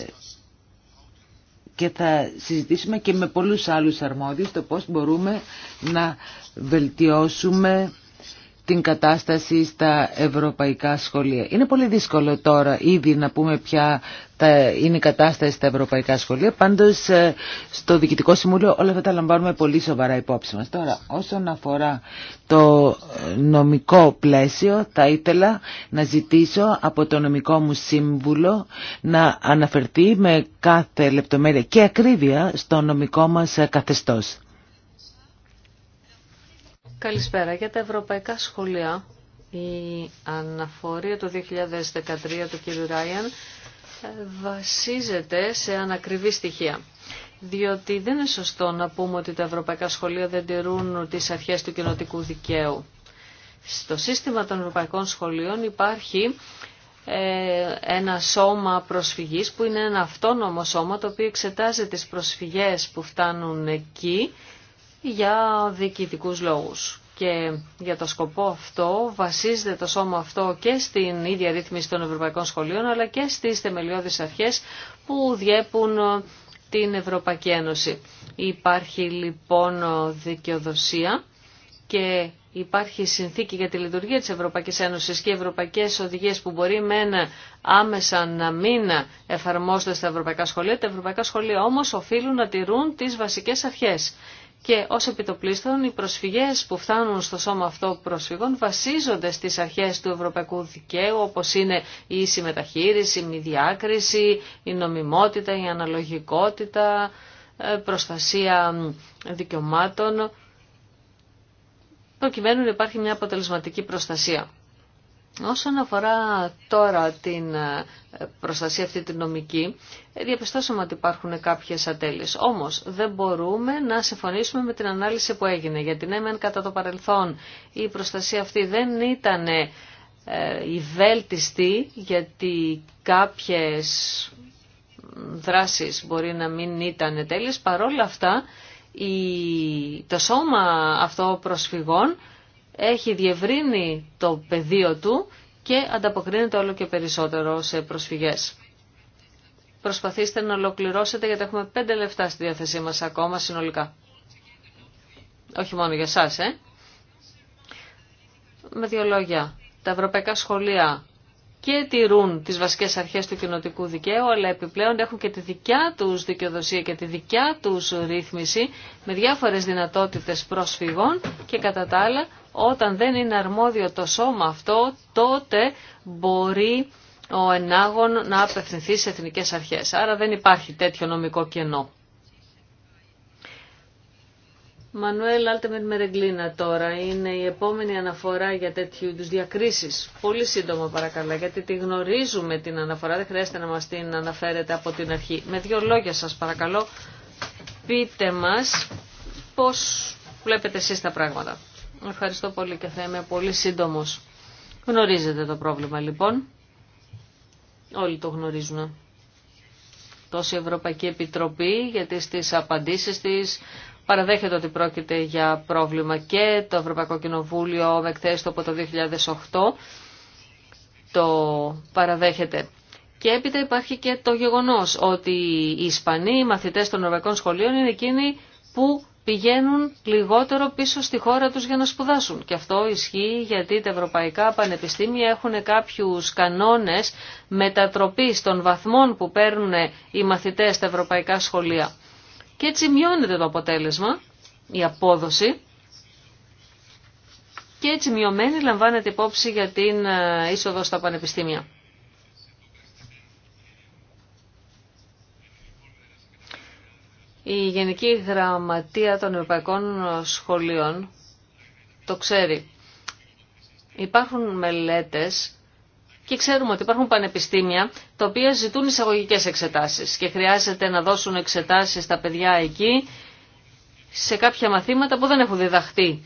και θα συζητήσουμε και με πολλούς άλλους αρμόδιους το πώς μπορούμε να βελτιώσουμε την κατάσταση στα ευρωπαϊκά σχολεία. Είναι πολύ δύσκολο τώρα ήδη να πούμε ποια είναι η κατάσταση στα ευρωπαϊκά σχολεία. Πάντως ε, στο Διοικητικό Συμβούλιο όλα αυτά τα λαμβάνουμε πολύ σοβαρά υπόψη μας. Τώρα όσον αφορά το ε, νομικό πλαίσιο θα ήθελα να ζητήσω από το νομικό μου σύμβουλο να αναφερθεί με κάθε λεπτομέρεια και ακρίβεια στο νομικό μας ε, καθεστώς. Καλησπέρα. Για τα ευρωπαϊκά σχολεία, η αναφορία του 2013 του κ. Ράιαν ε, βασίζεται σε ανακριβή στοιχεία. Διότι δεν είναι σωστό να πούμε ότι τα ευρωπαϊκά σχολεία δεν τηρούν τις αρχές του κοινοτικού δικαίου. Στο σύστημα των ευρωπαϊκών σχολείων υπάρχει ε, ένα σώμα προσφυγής που είναι ένα αυτόνομο σώμα το οποίο εξετάζει τις προσφυγές που φτάνουν εκεί για διοικητικούς λόγους. Και για το σκοπό αυτό βασίζεται το σώμα αυτό και στην ίδια ρύθμιση των ευρωπαϊκών σχολείων αλλά και στις θεμελιώδεις αρχές που διέπουν την Ευρωπαϊκή Ένωση. Υπάρχει λοιπόν δικαιοδοσία και υπάρχει συνθήκη για τη λειτουργία της Ευρωπαϊκής Ένωσης και ευρωπαϊκές οδηγίες που μπορεί με ένα άμεσα να μην εφαρμόζονται στα ευρωπαϊκά σχολεία. Τα ευρωπαϊκά σχολεία όμως οφείλουν να τηρούν τις βασικές αρχές και ως επιτοπλίστων οι προσφυγές που φτάνουν στο σώμα αυτό προσφυγών βασίζονται στις αρχές του ευρωπαϊκού δικαίου όπως είναι η ίση μεταχείριση, η διάκριση, η νομιμότητα, η αναλογικότητα, ε, προστασία δικαιωμάτων προκειμένου να υπάρχει μια αποτελεσματική προστασία. Όσον αφορά τώρα την ε, προστασία αυτή τη νομική, ε, διαπιστώσαμε ότι υπάρχουν κάποιες ατέλειες. Όμως δεν μπορούμε να συμφωνήσουμε με την ανάλυση που έγινε, γιατί ναι μεν κατά το παρελθόν η προστασία αυτή δεν ήταν ε, η γιατί κάποιες δράσεις μπορεί να μην ήταν τέλειες, παρόλα αυτά η... το σώμα αυτό προσφυγών έχει διευρύνει το πεδίο του και ανταποκρίνεται όλο και περισσότερο σε προσφυγές. Προσπαθήστε να ολοκληρώσετε γιατί έχουμε πέντε λεφτά στη διάθεσή μας ακόμα συνολικά. Όχι μόνο για σας, ε. Με δύο λόγια. Τα ευρωπαϊκά σχολεία και τηρούν τις βασικές αρχές του κοινοτικού δικαίου, αλλά επιπλέον έχουν και τη δικιά τους δικαιοδοσία και τη δικιά τους ρύθμιση με διάφορες δυνατότητες προσφυγών και κατά τα άλλα όταν δεν είναι αρμόδιο το σώμα αυτό, τότε μπορεί ο ενάγων να απευθυνθεί σε εθνικές αρχές. Άρα δεν υπάρχει τέτοιο νομικό κενό. Μανουέλ Άλτεμερ Μερεγκλίνα τώρα είναι η επόμενη αναφορά για τέτοιου είδου διακρίσει. Πολύ σύντομα παρακαλώ, γιατί τη γνωρίζουμε την αναφορά, δεν χρειάζεται να μας την αναφέρετε από την αρχή. Με δύο λόγια σα παρακαλώ, πείτε μα πώ βλέπετε εσεί τα πράγματα. Ευχαριστώ πολύ και θα είμαι πολύ σύντομος. Γνωρίζετε το πρόβλημα λοιπόν. Όλοι το γνωρίζουν. Τόσο Ευρωπαϊκή Επιτροπή, γιατί στις απαντήσεις της παραδέχεται ότι πρόκειται για πρόβλημα και το Ευρωπαϊκό Κοινοβούλιο με εκθέσει από το 2008 το παραδέχεται. Και έπειτα υπάρχει και το γεγονός ότι οι Ισπανοί μαθητές των Ευρωπαϊκών Σχολείων είναι εκείνοι που πηγαίνουν λιγότερο πίσω στη χώρα τους για να σπουδάσουν. Και αυτό ισχύει γιατί τα ευρωπαϊκά πανεπιστήμια έχουν κάποιους κανόνες μετατροπής των βαθμών που παίρνουν οι μαθητές στα ευρωπαϊκά σχολεία. Και έτσι μειώνεται το αποτέλεσμα, η απόδοση, και έτσι μειωμένη λαμβάνεται υπόψη για την ε, είσοδο στα πανεπιστήμια. Η Γενική Γραμματεία των Ευρωπαϊκών Σχολείων το ξέρει. Υπάρχουν μελέτες και ξέρουμε ότι υπάρχουν πανεπιστήμια τα οποία ζητούν εισαγωγικέ εξετάσεις και χρειάζεται να δώσουν εξετάσεις στα παιδιά εκεί σε κάποια μαθήματα που δεν έχουν διδαχτεί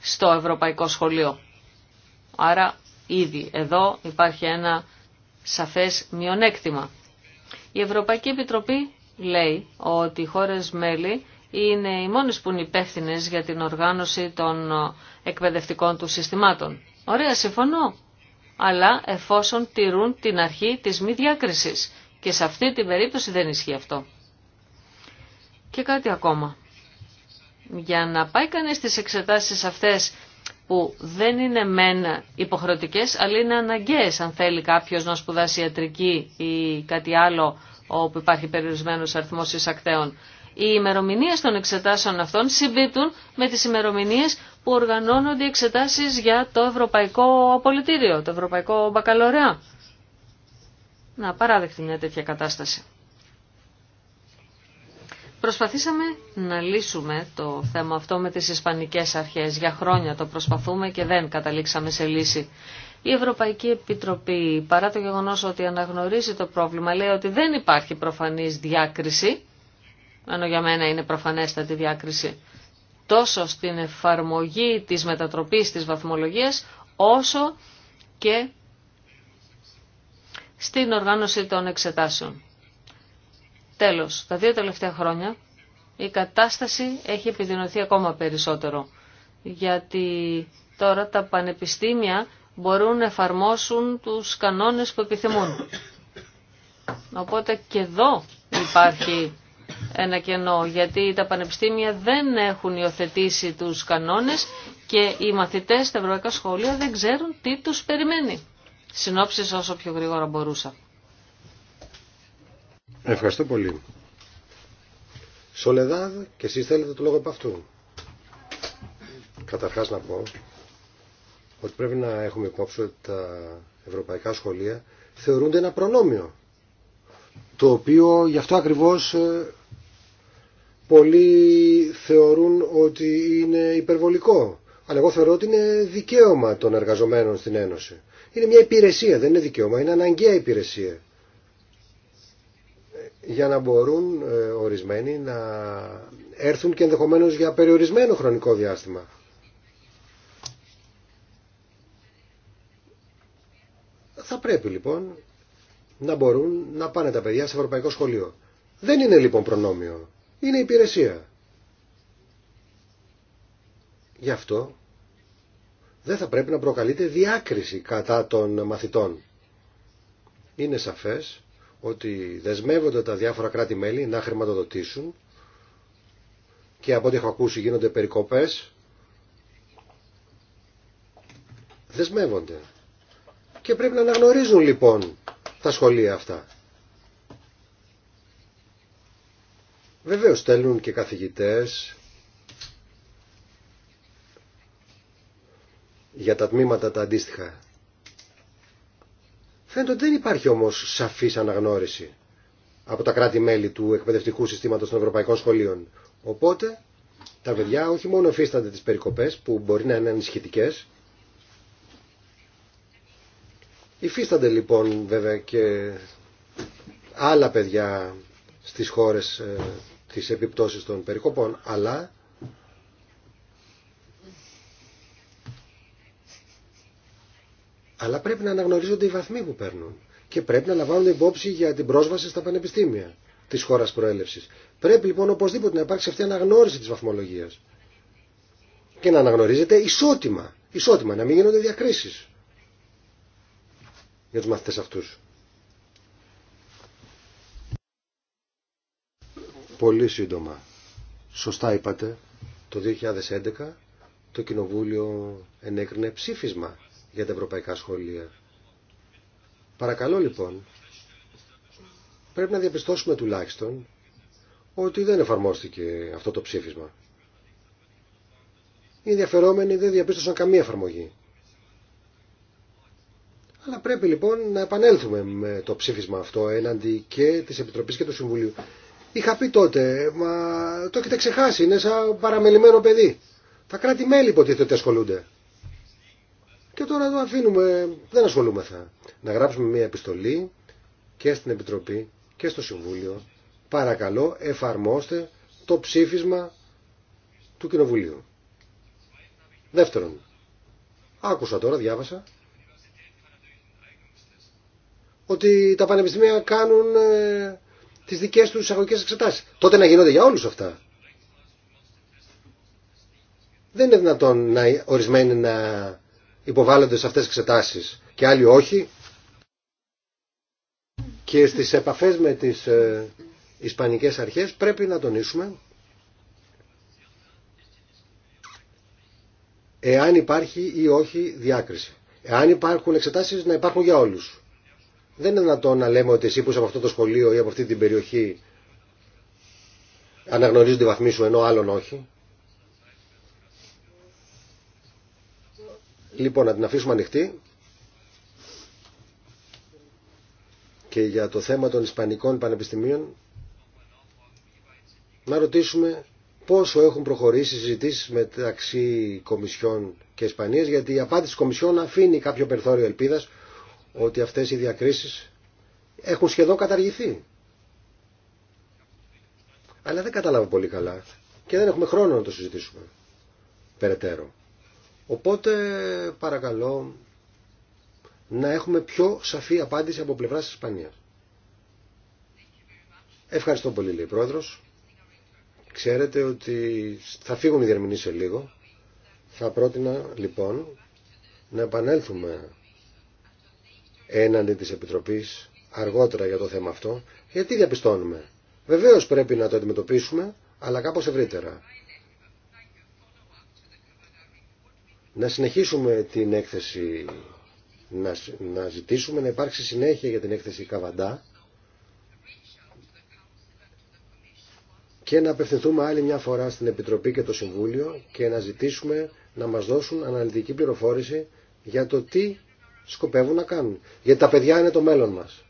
στο Ευρωπαϊκό Σχολείο. Άρα ήδη εδώ υπάρχει ένα σαφές μειονέκτημα. Η Ευρωπαϊκή Επιτροπή λέει ότι οι χώρες μέλη είναι οι μόνες που είναι υπεύθυνε για την οργάνωση των εκπαιδευτικών του συστημάτων. Ωραία, συμφωνώ. Αλλά εφόσον τηρούν την αρχή της μη διάκρισης. Και σε αυτή την περίπτωση δεν ισχύει αυτό. Και κάτι ακόμα. Για να πάει κανείς στις εξετάσεις αυτές που δεν είναι μεν υποχρεωτικές, αλλά είναι αναγκαίες αν θέλει κάποιος να σπουδάσει ιατρική ή κάτι άλλο όπου υπάρχει περιορισμένο αριθμός εισακτέων. Οι ημερομηνίε των εξετάσεων αυτών συμπίπτουν με τις ημερομηνίε που οργανώνονται οι εξετάσεις για το Ευρωπαϊκό Πολιτήριο, το Ευρωπαϊκό Μπακαλωρέα. Να, παράδεκτη μια τέτοια κατάσταση. Προσπαθήσαμε να λύσουμε το θέμα αυτό με τις Ισπανικές αρχές. Για χρόνια το προσπαθούμε και δεν καταλήξαμε σε λύση. Η Ευρωπαϊκή Επιτροπή, παρά το γεγονός ότι αναγνωρίζει το πρόβλημα, λέει ότι δεν υπάρχει προφανής διάκριση, ενώ για μένα είναι προφανέστατη διάκριση, τόσο στην εφαρμογή της μετατροπής της βαθμολογίας, όσο και στην οργάνωση των εξετάσεων. Τέλος, τα δύο τελευταία χρόνια η κατάσταση έχει επιδεινωθεί ακόμα περισσότερο, γιατί τώρα τα πανεπιστήμια μπορούν να εφαρμόσουν τους κανόνες που επιθυμούν. Οπότε και εδώ υπάρχει ένα κενό, γιατί τα πανεπιστήμια δεν έχουν υιοθετήσει τους κανόνες και οι μαθητές στα ευρωπαϊκά σχολεία δεν ξέρουν τι τους περιμένει. Συνόψεις όσο πιο γρήγορα μπορούσα. Ευχαριστώ πολύ. Σολεδάδ και εσείς θέλετε το λόγο από αυτού. Καταρχάς να πω ότι πρέπει να έχουμε υπόψη ότι τα ευρωπαϊκά σχολεία θεωρούνται ένα προνόμιο το οποίο γι' αυτό ακριβώς ε, πολλοί θεωρούν ότι είναι υπερβολικό αλλά εγώ θεωρώ ότι είναι δικαίωμα των εργαζομένων στην Ένωση είναι μια υπηρεσία, δεν είναι δικαίωμα, είναι αναγκαία υπηρεσία για να μπορούν ε, ορισμένοι να έρθουν και ενδεχομένως για περιορισμένο χρονικό διάστημα Θα πρέπει λοιπόν να μπορούν να πάνε τα παιδιά σε ευρωπαϊκό σχολείο. Δεν είναι λοιπόν προνόμιο. Είναι υπηρεσία. Γι' αυτό δεν θα πρέπει να προκαλείται διάκριση κατά των μαθητών. Είναι σαφές ότι δεσμεύονται τα διάφορα κράτη-μέλη να χρηματοδοτήσουν και από ό,τι έχω ακούσει γίνονται περικοπές. Δεσμεύονται και πρέπει να αναγνωρίζουν λοιπόν τα σχολεία αυτά. Βεβαίως στέλνουν και καθηγητές για τα τμήματα τα αντίστοιχα. Φαίνεται ότι δεν υπάρχει όμως σαφής αναγνώριση από τα κράτη-μέλη του εκπαιδευτικού συστήματος των ευρωπαϊκών σχολείων. Οπότε τα παιδιά όχι μόνο φύστανται τις περικοπές που μπορεί να είναι ανησυχητικές, Υφίστανται λοιπόν βέβαια και άλλα παιδιά στις χώρες ε, τις επιπτώσεις των περικοπών, αλλά αλλά πρέπει να αναγνωρίζονται οι βαθμοί που παίρνουν και πρέπει να λαμβάνονται υπόψη για την πρόσβαση στα πανεπιστήμια της χώρας προέλευσης. Πρέπει λοιπόν οπωσδήποτε να υπάρξει αυτή η αναγνώριση της βαθμολογίας και να αναγνωρίζεται ισότιμα, ισότιμα να μην γίνονται διακρίσεις για τους μαθητές αυτούς. Πολύ σύντομα. Σωστά είπατε, το 2011 το Κοινοβούλιο ενέκρινε ψήφισμα για τα ευρωπαϊκά σχολεία. Παρακαλώ λοιπόν, πρέπει να διαπιστώσουμε τουλάχιστον ότι δεν εφαρμόστηκε αυτό το ψήφισμα. Οι ενδιαφερόμενοι δεν διαπίστωσαν καμία εφαρμογή. Αλλά πρέπει λοιπόν να επανέλθουμε με το ψήφισμα αυτό έναντι και της Επιτροπής και του Συμβουλίου. Είχα πει τότε, μα το έχετε ξεχάσει, είναι σαν παραμελημένο παιδί. Τα κράτη-μέλη υποτίθεται ασχολούνται. Και τώρα το αφήνουμε, δεν ασχολούμεθα. Να γράψουμε μια επιστολή και στην Επιτροπή και στο Συμβούλιο. Παρακαλώ εφαρμόστε το ψήφισμα του Κοινοβουλίου. Δεύτερον, άκουσα τώρα, διάβασα, ότι τα πανεπιστήμια κάνουν ε, τις δικές τους εισαγωγικές εξετάσεις. Τότε να γίνονται για όλους αυτά. Δεν είναι δυνατόν να, ορισμένοι να υποβάλλονται σε αυτές τις εξετάσεις και άλλοι όχι. Και στις επαφές με τις ε, ισπανικές αρχές πρέπει να τονίσουμε εάν υπάρχει ή όχι διάκριση. Εάν υπάρχουν εξετάσεις να υπάρχουν για όλους. Δεν είναι δυνατόν να λέμε ότι εσύ που είσαι από αυτό το σχολείο ή από αυτή την περιοχή αναγνωρίζει τη βαθμή σου ενώ άλλον όχι. Λοιπόν, να την αφήσουμε ανοιχτή. Και για το θέμα των Ισπανικών Πανεπιστημίων να ρωτήσουμε πόσο έχουν προχωρήσει οι συζητήσει μεταξύ Κομισιόν και Ισπανίας γιατί η απάντηση της Κομισιόν αφήνει κάποιο περιθώριο ελπίδας ότι αυτές οι διακρίσεις έχουν σχεδόν καταργηθεί. Αλλά δεν καταλάβω πολύ καλά και δεν έχουμε χρόνο να το συζητήσουμε περαιτέρω. Οπότε παρακαλώ να έχουμε πιο σαφή απάντηση από πλευρά της Ισπανίας. Ευχαριστώ πολύ λέει πρόεδρος. Ξέρετε ότι θα φύγουν οι διερμηνείς σε λίγο. Θα πρότεινα λοιπόν να επανέλθουμε έναντι της Επιτροπής αργότερα για το θέμα αυτό, γιατί διαπιστώνουμε. Βεβαίως πρέπει να το αντιμετωπίσουμε, αλλά κάπως ευρύτερα. Να συνεχίσουμε την έκθεση, να, να ζητήσουμε να υπάρξει συνέχεια για την έκθεση Καβαντά και να απευθυνθούμε άλλη μια φορά στην Επιτροπή και το Συμβούλιο και να ζητήσουμε να μας δώσουν αναλυτική πληροφόρηση για το τι σκοπεύουν να κάνουν. Γιατί τα παιδιά είναι το μέλλον μας.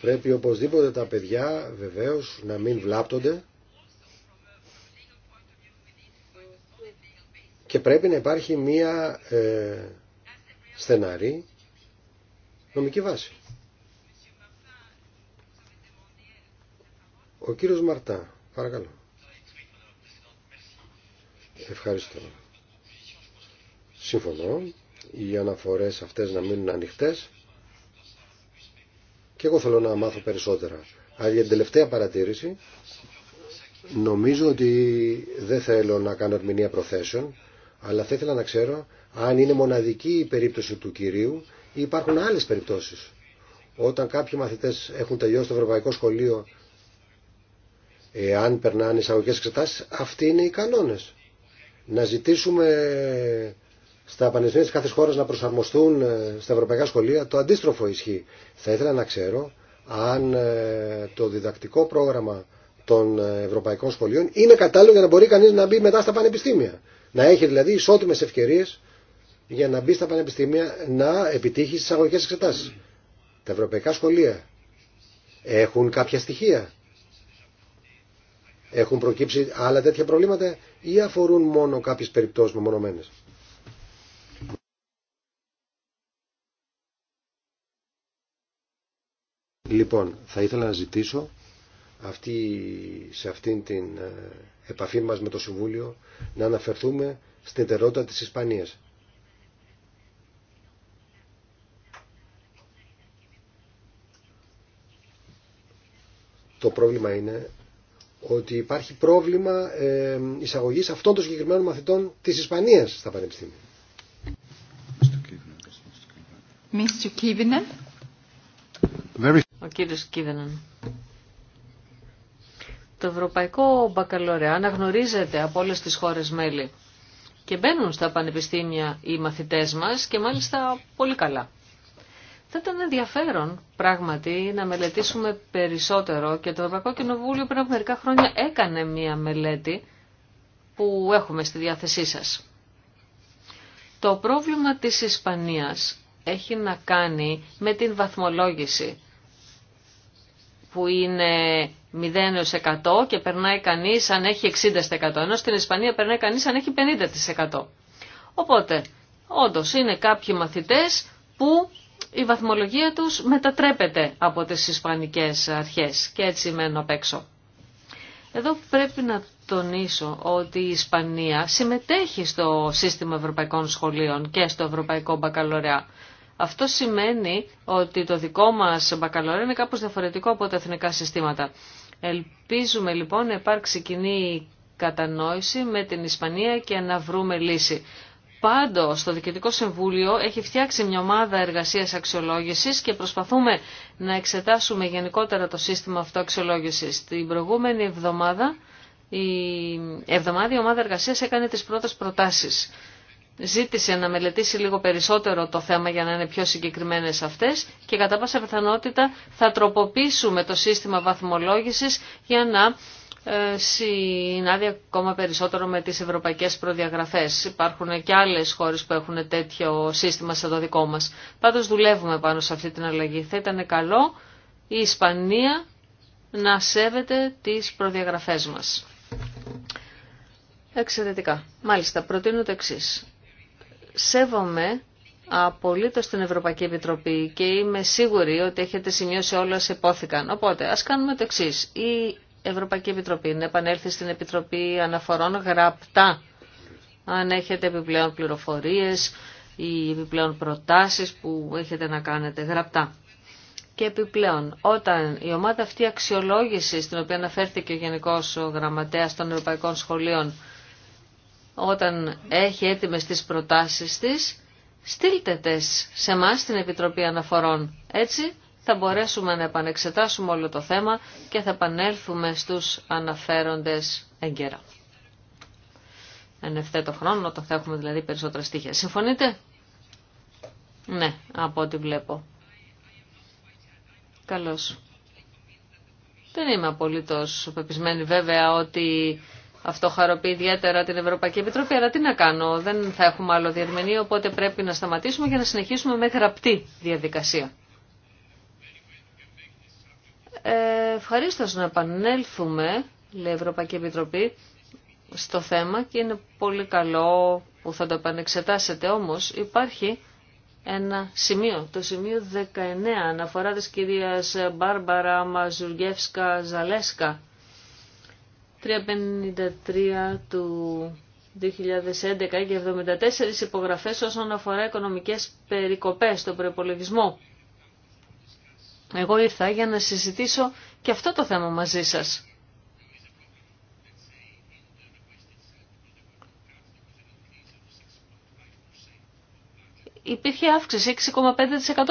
Πρέπει οπωσδήποτε τα παιδιά βεβαίως να μην βλάπτονται και πρέπει να υπάρχει μία ε, στεναρή νομική βάση. Ο κύριος Μαρτά, παρακαλώ. Ευχαριστώ. Συμφωνώ οι αναφορές αυτές να μείνουν ανοιχτές και εγώ θέλω να μάθω περισσότερα. Αλλά για την τελευταία παρατήρηση νομίζω ότι δεν θέλω να κάνω ερμηνεία προθέσεων αλλά θα ήθελα να ξέρω αν είναι μοναδική η περίπτωση του κυρίου ή υπάρχουν άλλες περιπτώσεις. Όταν κάποιοι μαθητές έχουν τελειώσει το Ευρωπαϊκό Σχολείο εάν περνάνε εισαγωγικές εξετάσεις αυτοί είναι οι κανόνες. Να ζητήσουμε στα πανεπιστήμια τη κάθε χώρα να προσαρμοστούν ε, στα ευρωπαϊκά σχολεία. Το αντίστροφο ισχύει. Θα ήθελα να ξέρω αν ε, το διδακτικό πρόγραμμα των ε, ευρωπαϊκών σχολείων είναι κατάλληλο για να μπορεί κανεί να μπει μετά στα πανεπιστήμια. Να έχει δηλαδή ισότιμε ευκαιρίε για να μπει στα πανεπιστήμια να επιτύχει στι αγωγικέ εξετάσει. Τα ευρωπαϊκά σχολεία έχουν κάποια στοιχεία. Έχουν προκύψει άλλα τέτοια προβλήματα ή αφορούν μόνο κάποιε περιπτώσει μεμονωμένε. Λοιπόν, θα ήθελα να ζητήσω αυτή, σε αυτήν την ε, επαφή μας με το Συμβούλιο να αναφερθούμε στην ετερότητα της Ισπανίας. Το πρόβλημα είναι ότι υπάρχει πρόβλημα ε, εισαγωγής αυτών των συγκεκριμένων μαθητών της Ισπανίας στα πανεπιστήμια. Mr. Kivinen. Ο κύριος Το Ευρωπαϊκό Μπακαλόρεα αναγνωρίζεται από όλες τις χώρες μέλη και μπαίνουν στα πανεπιστήμια οι μαθητές μας και μάλιστα πολύ καλά. Θα ήταν ενδιαφέρον πράγματι να μελετήσουμε περισσότερο και το Ευρωπαϊκό Κοινοβούλιο πριν από μερικά χρόνια έκανε μία μελέτη που έχουμε στη διάθεσή σας. Το πρόβλημα της Ισπανίας έχει να κάνει με την βαθμολόγηση που είναι 0% και περνάει κανείς αν έχει 60%, ενώ στην Ισπανία περνάει κανείς αν έχει 50%. Οπότε, όντως είναι κάποιοι μαθητές που η βαθμολογία τους μετατρέπεται από τις ισπανικές αρχές και έτσι μένω απ' έξω. Εδώ πρέπει να τονίσω ότι η Ισπανία συμμετέχει στο σύστημα ευρωπαϊκών σχολείων και στο ευρωπαϊκό μπακαλωρεά. Αυτό σημαίνει ότι το δικό μας μπακαλόρα είναι κάπως διαφορετικό από τα εθνικά συστήματα. Ελπίζουμε λοιπόν να υπάρξει κοινή κατανόηση με την Ισπανία και να βρούμε λύση. Πάντως, το Διοικητικό Συμβούλιο έχει φτιάξει μια ομάδα εργασία αξιολόγηση και προσπαθούμε να εξετάσουμε γενικότερα το σύστημα αυτό αξιολόγηση. Την προηγούμενη εβδομάδα η ομάδα εργασία έκανε τι πρώτε προτάσει ζήτησε να μελετήσει λίγο περισσότερο το θέμα για να είναι πιο συγκεκριμένες αυτές και κατά πάσα πιθανότητα θα τροποποιήσουμε το σύστημα βαθμολόγησης για να ε, συνάδει ακόμα περισσότερο με τις ευρωπαϊκές προδιαγραφές. Υπάρχουν και άλλες χώρες που έχουν τέτοιο σύστημα σαν το δικό μας. Πάντως δουλεύουμε πάνω σε αυτή την αλλαγή. Θα ήταν καλό η Ισπανία να σέβεται τις προδιαγραφές μας. Εξαιρετικά. Μάλιστα, προτείνω το εξή σέβομαι απολύτως την Ευρωπαϊκή Επιτροπή και είμαι σίγουρη ότι έχετε σημειώσει όλα σε πόθηκαν. Οπότε, ας κάνουμε το εξή. Η Ευρωπαϊκή Επιτροπή να επανέλθει στην Επιτροπή Αναφορών γραπτά, αν έχετε επιπλέον πληροφορίες ή επιπλέον προτάσεις που έχετε να κάνετε γραπτά. Και επιπλέον, όταν η ομάδα αυτή αξιολόγηση, στην οποία αναφέρθηκε ο Γενικός Γραμματέας των Ευρωπαϊκών Σχολείων, όταν έχει έτοιμες τις προτάσεις της, στείλτε τες σε εμά στην Επιτροπή Αναφορών. Έτσι θα μπορέσουμε να επανεξετάσουμε όλο το θέμα και θα επανέλθουμε στους αναφέροντες έγκαιρα. Εν ευθέτω χρόνο, όταν θα έχουμε δηλαδή περισσότερα στοιχεία. Συμφωνείτε? Ναι, από ό,τι βλέπω. Καλώς. Δεν είμαι απολύτως πεπισμένη βέβαια ότι αυτό χαροποιεί ιδιαίτερα την Ευρωπαϊκή Επιτροπή, αλλά τι να κάνω, δεν θα έχουμε άλλο διερμηνή, οπότε πρέπει να σταματήσουμε για να συνεχίσουμε με γραπτή διαδικασία. Ε, Ευχαρίστω να επανέλθουμε, λέει η Ευρωπαϊκή Επιτροπή, στο θέμα και είναι πολύ καλό που θα το επανεξετάσετε, όμως υπάρχει ένα σημείο, το σημείο 19, αναφορά της κυρίας Μπάρμπαρα Μαζουργεύσκα Ζαλέσκα 353 του 2011 και 74 υπογραφές όσον αφορά οικονομικές περικοπές στον προπολογισμό. Εγώ ήρθα για να συζητήσω και αυτό το θέμα μαζί σας. Υπήρχε αύξηση 6,5%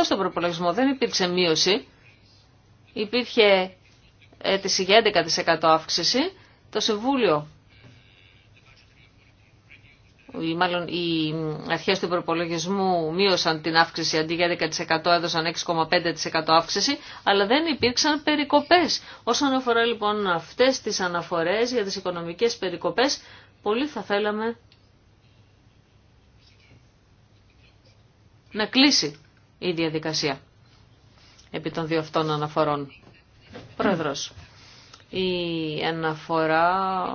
στον προπολογισμό, δεν υπήρξε μείωση. Υπήρχε αίτηση για 11% αύξηση το Συμβούλιο ή μάλλον οι αρχέ του προπολογισμού μείωσαν την αύξηση αντί για 10% έδωσαν 6,5% αύξηση, αλλά δεν υπήρξαν περικοπέ. Όσον αφορά λοιπόν αυτέ τι αναφορέ για τι οικονομικέ περικοπέ, πολύ θα θέλαμε να κλείσει η διαδικασία επί των δύο αυτών αναφορών. Πρόεδρος. Η αναφορά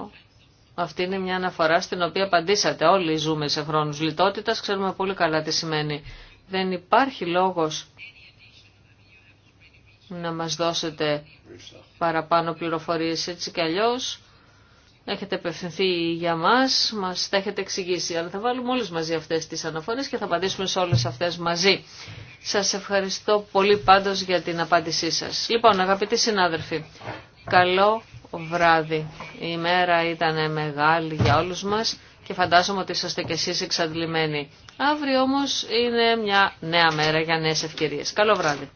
αυτή είναι μια αναφορά στην οποία απαντήσατε. Όλοι ζούμε σε χρόνους λιτότητας, ξέρουμε πολύ καλά τι σημαίνει. Δεν υπάρχει λόγος να μας δώσετε παραπάνω πληροφορίες έτσι κι αλλιώς. Έχετε επευθυνθεί για μας, μας τα έχετε εξηγήσει. Αλλά θα βάλουμε όλες μαζί αυτές τις αναφορές και θα απαντήσουμε σε όλες αυτές μαζί. Σας ευχαριστώ πολύ πάντως για την απάντησή σας. Λοιπόν, αγαπητοί συνάδελφοι, Καλό βράδυ. Η μέρα ήταν μεγάλη για όλους μας και φαντάζομαι ότι είσαστε κι εσείς εξαντλημένοι. Αύριο όμως είναι μια νέα μέρα για νέες ευκαιρίες. Καλό βράδυ.